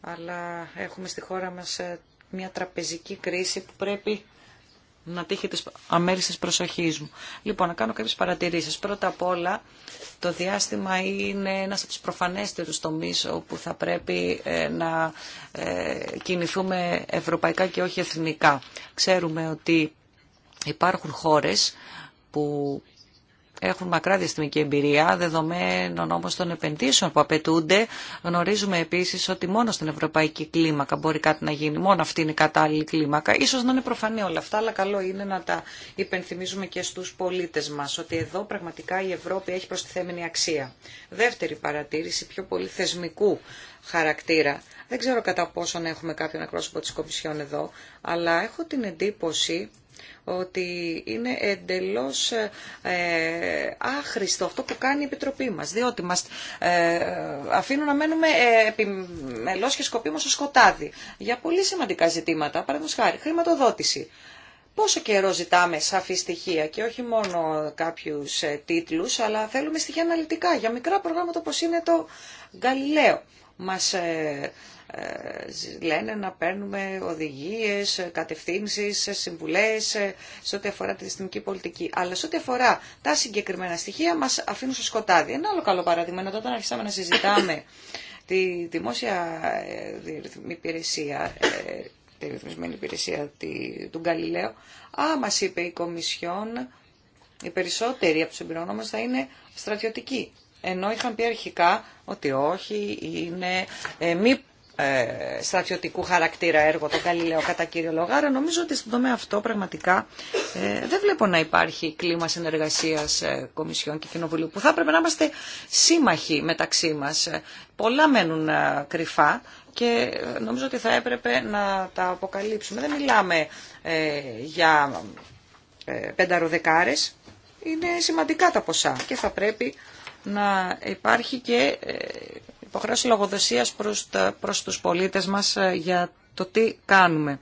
αλλά έχουμε στη χώρα μας ε, μια τραπεζική κρίση που πρέπει να τύχει της αμέριστης προσοχής μου. Λοιπόν, να κάνω κάποιες παρατηρήσεις. Πρώτα απ' όλα, το διάστημα είναι ένας από τους προφανέστερους τομείς όπου θα πρέπει ε, να ε, κινηθούμε ευρωπαϊκά και όχι εθνικά. Ξέρουμε ότι υπάρχουν χώρες που έχουν μακρά διαστημική εμπειρία, δεδομένων όμω των επενδύσεων που απαιτούνται. Γνωρίζουμε επίση ότι μόνο στην ευρωπαϊκή κλίμακα μπορεί κάτι να γίνει. Μόνο αυτή είναι η κατάλληλη κλίμακα. σω να είναι προφανή όλα αυτά, αλλά καλό είναι να τα υπενθυμίζουμε και στου πολίτε μα, ότι εδώ πραγματικά η Ευρώπη έχει προστιθέμενη αξία. Δεύτερη παρατήρηση, πιο πολύ θεσμικού χαρακτήρα. Δεν ξέρω κατά πόσον έχουμε κάποιον εκπρόσωπο τη Κομισιόν εδώ, αλλά έχω την εντύπωση ότι είναι εντελώς ε, άχρηστο αυτό που κάνει η Επιτροπή μας, διότι μας ε, αφήνουν να μένουμε ε, επιμελώς και σκοπίμως στο σκοτάδι για πολύ σημαντικά ζητήματα, παραδείγματος χάρη, χρηματοδότηση. Πόσο καιρό ζητάμε σαφή στοιχεία και όχι μόνο κάποιους ε, τίτλους, αλλά θέλουμε στοιχεία αναλυτικά για μικρά προγράμματα όπως είναι το Γαλιλαίο. Μας ε, λένε να παίρνουμε οδηγίες, κατευθύνσεις, συμβουλές ε, σε ό,τι αφορά τη δυστημική πολιτική. Αλλά σε ό,τι αφορά τα συγκεκριμένα στοιχεία μας αφήνουν στο σκοτάδι. Ένα άλλο καλό παράδειγμα είναι όταν αρχίσαμε να συζητάμε τη δημόσια ε, υπηρεσία, ε, τη ρυθμισμένη υπηρεσία του Γκαλιλαίου, α, μας είπε η Κομισιόν, οι περισσότεροι από τους εμπειρονόμες θα είναι στρατιωτικοί. Ενώ είχαν πει αρχικά ότι όχι, είναι μη ε, στρατιωτικού χαρακτήρα έργο, το λέω κατά κύριο Λογάρα, νομίζω ότι στον τομέα αυτό πραγματικά ε, δεν βλέπω να υπάρχει κλίμα συνεργασίας ε, Κομισιών και Κοινοβουλίου, που θα έπρεπε να είμαστε σύμμαχοι μεταξύ μας. Πολλά μένουν κρυφά και νομίζω ότι θα έπρεπε να τα αποκαλύψουμε. Δεν μιλάμε για πενταροδεκάρες, είναι σημαντικά τα ποσά και θα πρέπει να υπάρχει και υποχρέωση λογοδοσίας προς, προς τους πολίτες μας ε, για το τι κάνουμε.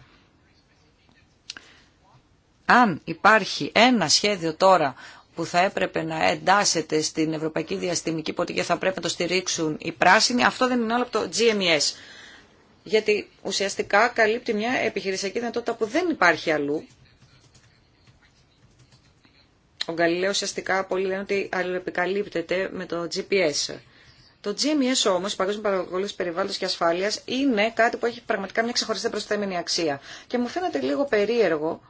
Αν υπάρχει ένα σχέδιο τώρα που θα έπρεπε να εντάσσεται στην Ευρωπαϊκή Διαστημική και θα πρέπει να το στηρίξουν οι πράσινοι, αυτό δεν είναι άλλο από το GMS. E Γιατί ουσιαστικά καλύπτει μια επιχειρησιακή δυνατότητα που δεν υπάρχει αλλού. Ο Γκαλιλαίο ουσιαστικά πολύ λένε ότι αλληλεπικαλύπτεται με το GPS. Το GMS όμω, Παγκόσμιο Παραγωγή Περιβάλλοντο και Ασφάλεια, είναι κάτι που έχει πραγματικά μια ξεχωριστή προσθέμενη αξία. Και μου φαίνεται λίγο περίεργο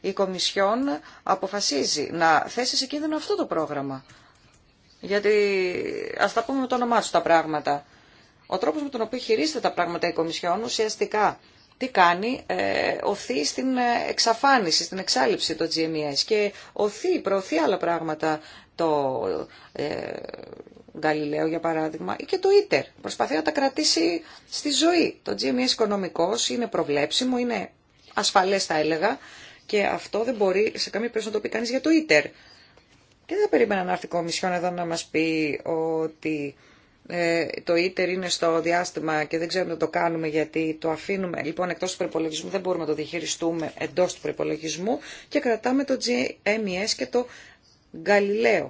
η Κομισιόν αποφασίζει να θέσει σε κίνδυνο αυτό το πρόγραμμα. Γιατί α τα πούμε με το όνομά του τα πράγματα. Ο τρόπο με τον οποίο χειρίζεται τα πράγματα η Κομισιόν ουσιαστικά τι κάνει, ε, οθεί στην ε, εξαφάνιση, στην εξάλληψη το GMS και οθεί, προωθεί άλλα πράγματα το, ε, Γαλιλαίο για παράδειγμα, ή και το ίτερ. Προσπαθεί να τα κρατήσει στη ζωή. Το GMS e οικονομικό, είναι προβλέψιμο, είναι ασφαλέ, θα έλεγα και αυτό δεν μπορεί σε καμία περίπτωση να το πει κανεί για το ίτερ. Και δεν θα περίμενα να έρθει η Κομισιόν εδώ να μα πει ότι ε, το ίτερ είναι στο διάστημα και δεν ξέρουμε να το κάνουμε γιατί το αφήνουμε λοιπόν εκτό του προπολογισμού, δεν μπορούμε να το διαχειριστούμε εντό του προπολογισμού και κρατάμε το GMS e και το Galileo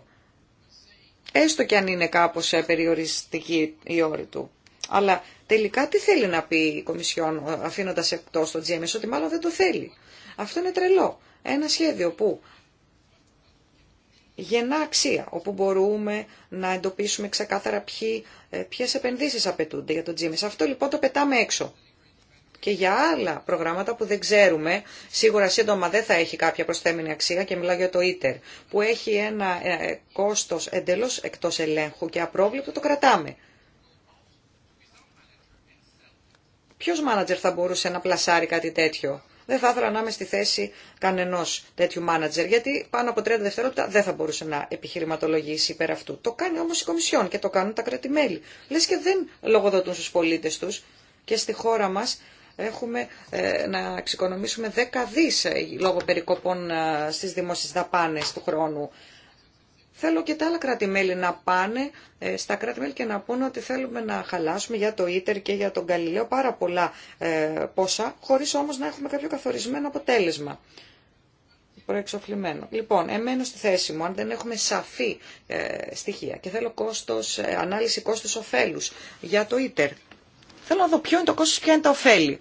έστω και αν είναι κάπως ε, περιοριστική η όρη του. Αλλά τελικά τι θέλει να πει η Κομισιόν ε, αφήνοντας εκτός το GMS, ότι μάλλον δεν το θέλει. Αυτό είναι τρελό. Ένα σχέδιο που γεννά αξία, όπου μπορούμε να εντοπίσουμε ξεκάθαρα ε, ποιες επενδύσεις απαιτούνται για το GMS. Αυτό λοιπόν το πετάμε έξω και για άλλα προγράμματα που δεν ξέρουμε, σίγουρα σύντομα δεν θα έχει κάποια προσθέμενη αξία και μιλάω για το ITER, που έχει ένα ε, ε, κόστος εντελώς εκτός ελέγχου και απρόβλεπτο το κρατάμε. Ποιος μάνατζερ θα μπορούσε να πλασάρει κάτι τέτοιο. Δεν θα ήθελα να είμαι στη θέση κανενό τέτοιου μάνατζερ, γιατί πάνω από 30 δευτερόλεπτα δεν θα μπορούσε να επιχειρηματολογήσει υπέρ αυτού. Το κάνει όμω η Κομισιόν και το κάνουν τα κρατημέλη. Λε και δεν λογοδοτούν στου πολίτε του. Και στη χώρα μας έχουμε ε, να εξοικονομήσουμε δέκα δις ε, λόγω περικοπών ε, στις δημόσιες δαπάνες του χρόνου. Θέλω και τα άλλα κράτη-μέλη να πάνε στα κράτη-μέλη και να πούνε ότι θέλουμε να χαλάσουμε για το Ίτερ και για τον Καλλιλέο πάρα πολλά πόσα, χωρίς όμως να έχουμε κάποιο καθορισμένο αποτέλεσμα προεξοφλημένο. Λοιπόν, εμένω στη θέση μου, αν δεν έχουμε σαφή ε, στοιχεία και θέλω κόστος, ανάλυση κόστους ωφέλους για το ίτερ, Θέλω να δω ποιο είναι το κόστος, ποια είναι τα ωφέλη.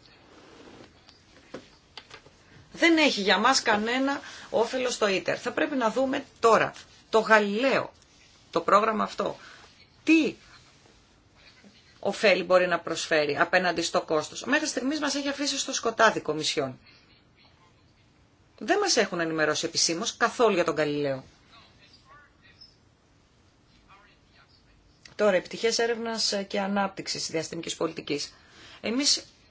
Δεν έχει για μας κανένα όφελος το ίτερ. Θα πρέπει να δούμε τώρα το Γαλιλαίο, το πρόγραμμα αυτό. Τι ωφέλη μπορεί να προσφέρει απέναντι στο κόστος. Μέχρι στιγμής μας έχει αφήσει στο σκοτάδι κομισιόν. Δεν μας έχουν ενημερώσει επισήμως καθόλου για τον Γαλιλαίο. Τώρα, επιτυχέ έρευνα και ανάπτυξη διαστημική πολιτική. Εμεί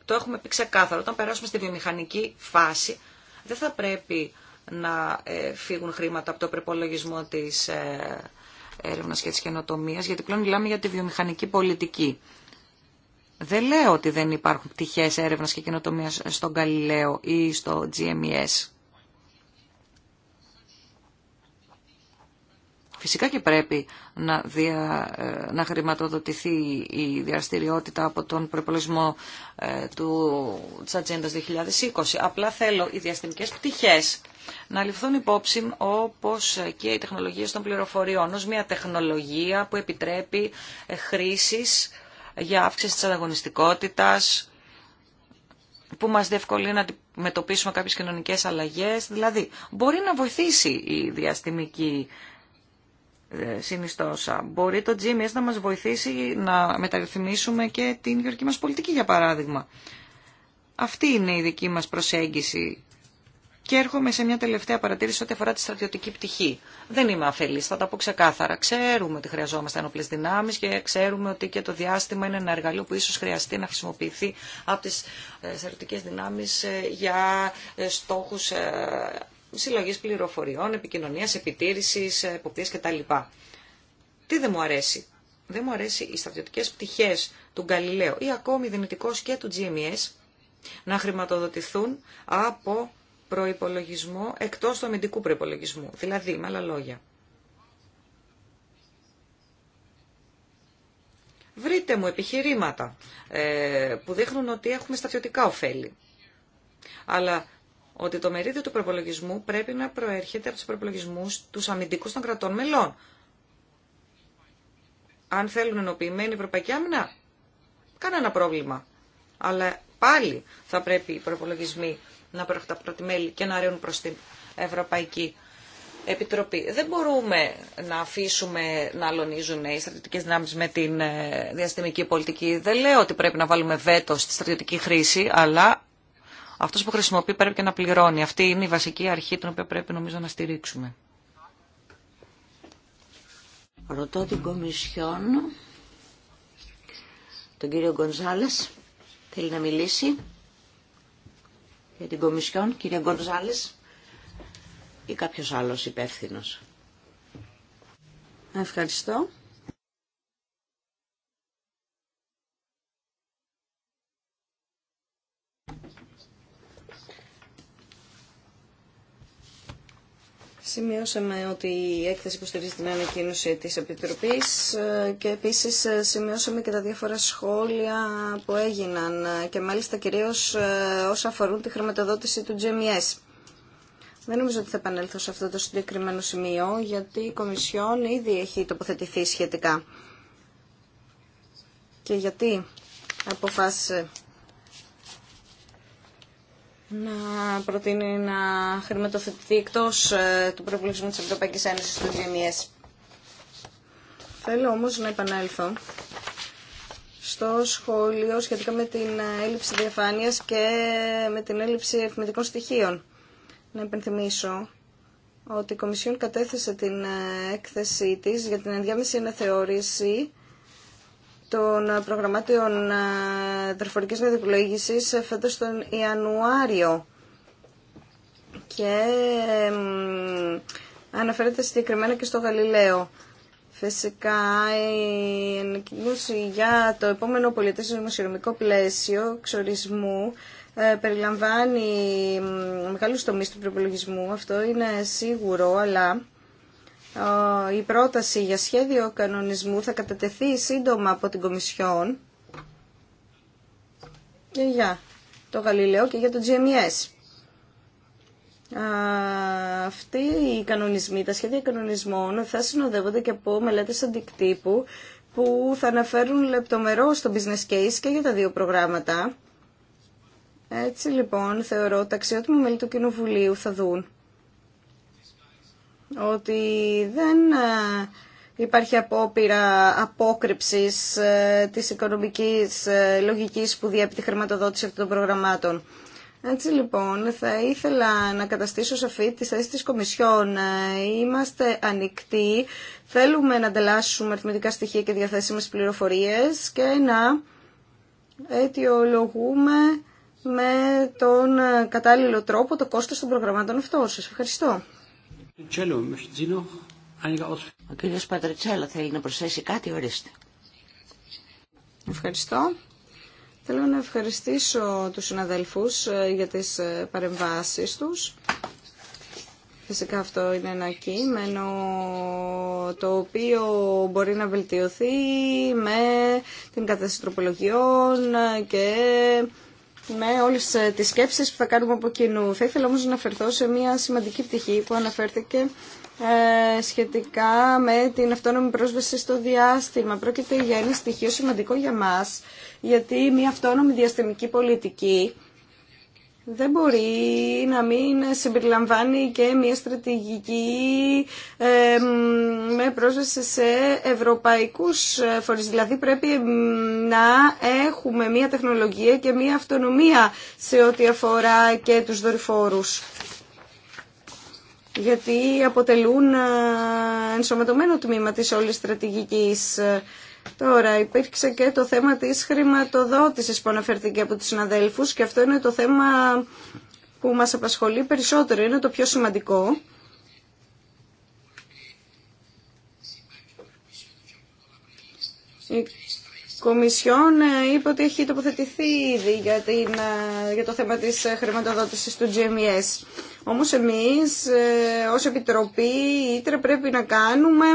το έχουμε πει ξεκάθαρο. Όταν περάσουμε στη βιομηχανική φάση, δεν θα πρέπει να ε, φύγουν χρήματα από το προπολογισμό τη ε, έρευνα και τη καινοτομία, γιατί πλέον μιλάμε για τη βιομηχανική πολιτική. Δεν λέω ότι δεν υπάρχουν πτυχέ έρευνα και καινοτομία στον Καλλιλέο ή στο GMES. Φυσικά και πρέπει να, δια, ε, να χρηματοδοτηθεί η διαστηριότητα από τον προπολογισμό ε, του, 2020. Απλά θέλω οι διαστημικές πτυχές να ληφθούν υπόψη όπως και οι τεχνολογίες των πληροφοριών ως μια τεχνολογία που επιτρέπει ε, χρήσεις για αύξηση της ανταγωνιστικότητας, που μας διευκολύνει να αντιμετωπίσουμε κάποιες κοινωνικές αλλαγές. Δηλαδή, μπορεί να βοηθήσει η διαστημική ε, συνιστόσα. Μπορεί το GMS να μας βοηθήσει να μεταρρυθμίσουμε και την γεωργική μας πολιτική, για παράδειγμα. Αυτή είναι η δική μας προσέγγιση. Και έρχομαι σε μια τελευταία παρατήρηση ό,τι αφορά τη στρατιωτική πτυχή. Δεν είμαι αφελή, θα τα πω ξεκάθαρα. Ξέρουμε ότι χρειαζόμαστε ενόπλε δυνάμει και ξέρουμε ότι και το διάστημα είναι ένα εργαλείο που ίσω χρειαστεί να χρησιμοποιηθεί από τι ε, στρατιωτικέ δυνάμει ε, για στόχου συλλογής πληροφοριών, επικοινωνίας, επιτήρησης, ε, εποπτεία κτλ. Τι δεν μου αρέσει. Δεν μου αρέσει οι στρατιωτικέ πτυχέ του Γκαλιλαίο ή ακόμη δυνητικό και του GMS να χρηματοδοτηθούν από προπολογισμό εκτό του αμυντικού προπολογισμού. Δηλαδή, με άλλα λόγια. Βρείτε μου επιχειρήματα ε, που δείχνουν ότι έχουμε στατιωτικά ωφέλη. Αλλά ότι το μερίδιο του προπολογισμού πρέπει να προέρχεται από τους προπολογισμούς τους αμυντικούς των κρατών μελών. Αν θέλουν ενοποιημένη Ευρωπαϊκή Άμυνα, κανένα πρόβλημα. Αλλά πάλι θα πρέπει οι προπολογισμοί να προέρχονται από μέλη και να ρέουν προς την Ευρωπαϊκή Επιτροπή. Δεν μπορούμε να αφήσουμε να αλωνίζουν οι στρατιωτικές δυνάμεις με την ε, διαστημική πολιτική. Δεν λέω ότι πρέπει να βάλουμε βέτο στη στρατιωτική χρήση, αλλά αυτός που χρησιμοποιεί πρέπει και να πληρώνει. Αυτή είναι η βασική αρχή την οποία πρέπει νομίζω να στηρίξουμε. Ρωτώ την Κομισιόν, τον κύριο Γκονζάλες, θέλει να μιλήσει για την Κομισιόν, κύριε Γκονζάλες ή κάποιος άλλος υπεύθυνο. Ευχαριστώ. Σημειώσαμε ότι η έκθεση υποστηρίζει την ανακοίνωση της Επιτροπής ε, και επίσης ε, σημειώσαμε και τα διάφορα σχόλια που έγιναν ε, και μάλιστα κυρίως όσα αφορούν τη χρηματοδότηση του GMS. Δεν νομίζω ότι θα επανέλθω σε αυτό το συγκεκριμένο σημείο γιατί η Κομισιόν ήδη έχει τοποθετηθεί σχετικά. Και γιατί αποφάσισε να προτείνει να χρηματοθετηθεί εκτός ε, του προβλήματος τη Ευρωπαϊκή Ένωση του Θέλω όμως να επανέλθω στο σχόλιο σχετικά με την ε, έλλειψη διαφάνεια και ε, με την έλλειψη αριθμητικών στοιχείων. Να υπενθυμίσω ότι η Κομισιόν κατέθεσε την έκθεσή της για την ενδιάμεση αναθεώρηση των προγραμμάτων ε, δορυφορικής μεδιπλοήγησης φέτος τον Ιανουάριο και αναφέρεται συγκεκριμένα και στο Γαλιλαίο. Φυσικά η ανακοίνωση για το επόμενο πολιτές δημοσιονομικό πλαίσιο ξορισμού ε, περιλαμβάνει μεγάλους τομείς του προπολογισμού. Αυτό είναι σίγουρο, αλλά η πρόταση για σχέδιο κανονισμού θα κατατεθεί σύντομα από την Κομισιόν και για το Γαλιλαίο και για το GMS. E αυτοί οι κανονισμοί, τα σχέδια κανονισμών θα συνοδεύονται και από μελέτες αντικτύπου που θα αναφέρουν λεπτομερώς το business case και για τα δύο προγράμματα. Έτσι λοιπόν θεωρώ ότι τα αξιότιμα μέλη του Κοινοβουλίου θα δουν ότι δεν ε, υπάρχει απόπειρα απόκρυψης ε, της οικονομικής ε, λογικής που διέπει τη χρηματοδότηση αυτών των προγραμμάτων. Έτσι λοιπόν, θα ήθελα να καταστήσω σαφή τη θέση της Κομισιόν. Είμαστε ανοιχτοί, θέλουμε να ανταλλάσσουμε αριθμητικά στοιχεία και διαθέσιμες πληροφορίες και να αιτιολογούμε με τον κατάλληλο τρόπο το κόστος των προγραμμάτων αυτών. Σας ευχαριστώ. Ο κύριος Πατρετσέλο θέλει να προσθέσει κάτι, ορίστε. Ευχαριστώ. Θέλω να ευχαριστήσω τους συναδελφούς ε, για τις ε, παρεμβάσεις τους. Φυσικά αυτό είναι ένα κείμενο το οποίο μπορεί να βελτιωθεί με την κατάσταση και με όλες ε, τις σκέψεις που θα κάνουμε από κοινού. Θα ήθελα όμω να αναφερθώ σε μια σημαντική πτυχή που αναφέρθηκε ε, σχετικά με την αυτόνομη πρόσβαση στο διάστημα. Πρόκειται για ένα στοιχείο σημαντικό για μας, γιατί μια αυτόνομη διαστημική πολιτική δεν μπορεί να μην συμπεριλαμβάνει και μια στρατηγική με πρόσβαση σε ευρωπαϊκούς φορείς. Δηλαδή πρέπει να έχουμε μια τεχνολογία και μια αυτονομία σε ό,τι αφορά και τους δορυφόρους. Γιατί αποτελούν ε, ενσωματωμένο τμήμα της όλης στρατηγικής Τώρα υπήρξε και το θέμα της χρηματοδότησης που αναφερθήκε από τους συναδέλφους και αυτό είναι το θέμα που μας απασχολεί περισσότερο, είναι το πιο σημαντικό. Η Κομισιόν ε, είπε ότι έχει τοποθετηθεί ήδη για, ε, για το θέμα της ε, χρηματοδότησης του GMS. E Όμως εμείς ως Επιτροπή ήτρε πρέπει να κάνουμε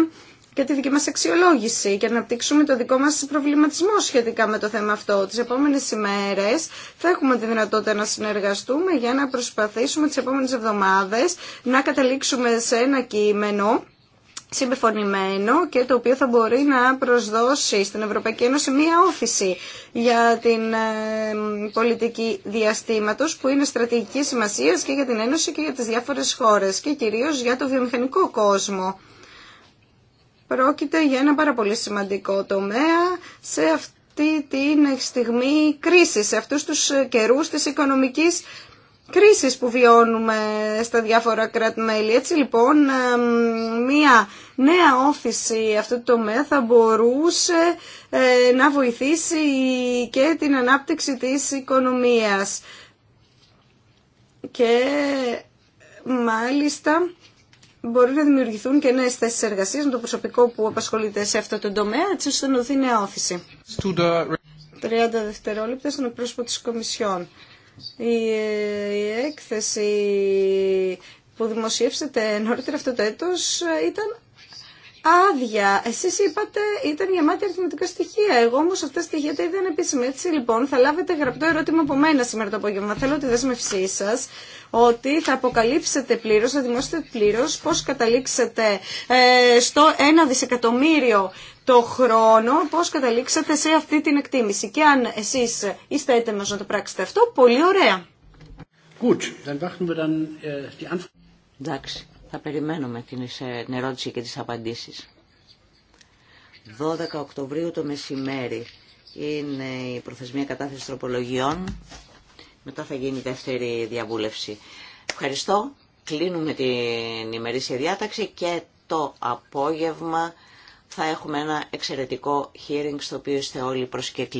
και τη δική μας αξιολόγηση και να αναπτύξουμε το δικό μας προβληματισμό σχετικά με το θέμα αυτό. Τις επόμενες ημέρες θα έχουμε τη δυνατότητα να συνεργαστούμε για να προσπαθήσουμε τις επόμενες εβδομάδες να καταλήξουμε σε ένα κείμενο συμπεφωνημένο και το οποίο θα μπορεί να προσδώσει στην Ευρωπαϊκή Ένωση μία όθηση για την ε, πολιτική διαστήματος που είναι στρατηγική σημασία και για την Ένωση και για τις διάφορες χώρες και κυρίως για το βιομηχανικό κόσμο. Πρόκειται για ένα πάρα πολύ σημαντικό τομέα σε αυτή την στιγμή κρίση, σε αυτούς τους καιρούς της οικονομικής κρίσης που βιώνουμε στα διάφορα κράτη-μέλη. Έτσι λοιπόν μία νέα όθηση αυτού του τομέα θα μπορούσε ε, να βοηθήσει και την ανάπτυξη της οικονομίας. Και μάλιστα μπορεί να δημιουργηθούν και νέες θέσει εργασία με το προσωπικό που απασχολείται σε αυτό το τομέα, έτσι ώστε να δοθεί νέα όθηση. 30 δευτερόλεπτα στον εκπρόσωπο τη Κομισιόν. Η έκθεση που δημοσίευσετε νωρίτερα αυτό το έτος ήταν άδεια. Εσείς είπατε ήταν γεμάτη αριθμητικά στοιχεία. Εγώ όμως αυτά τα στοιχεία τα είδα επίσημα. Έτσι λοιπόν θα λάβετε γραπτό ερώτημα από μένα σήμερα το απόγευμα. Θέλω τη δέσμευσή σας ότι θα αποκαλύψετε πλήρως, θα δημόσετε πλήρως πώς καταλήξατε ε, στο ένα δισεκατομμύριο το χρόνο, πώς καταλήξατε σε αυτή την εκτίμηση. Και αν εσείς είστε έτοιμος να το πράξετε αυτό, πολύ ωραία. Äh, Εντάξει. Θα περιμένουμε την ερώτηση και τις απαντήσεις. 12 Οκτωβρίου το μεσημέρι είναι η προθεσμία κατάθεση τροπολογιών. Μετά θα γίνει η δεύτερη διαβούλευση. Ευχαριστώ. Κλείνουμε την ημερήσια διάταξη και το απόγευμα θα έχουμε ένα εξαιρετικό hearing στο οποίο είστε όλοι προσκεκλημένοι.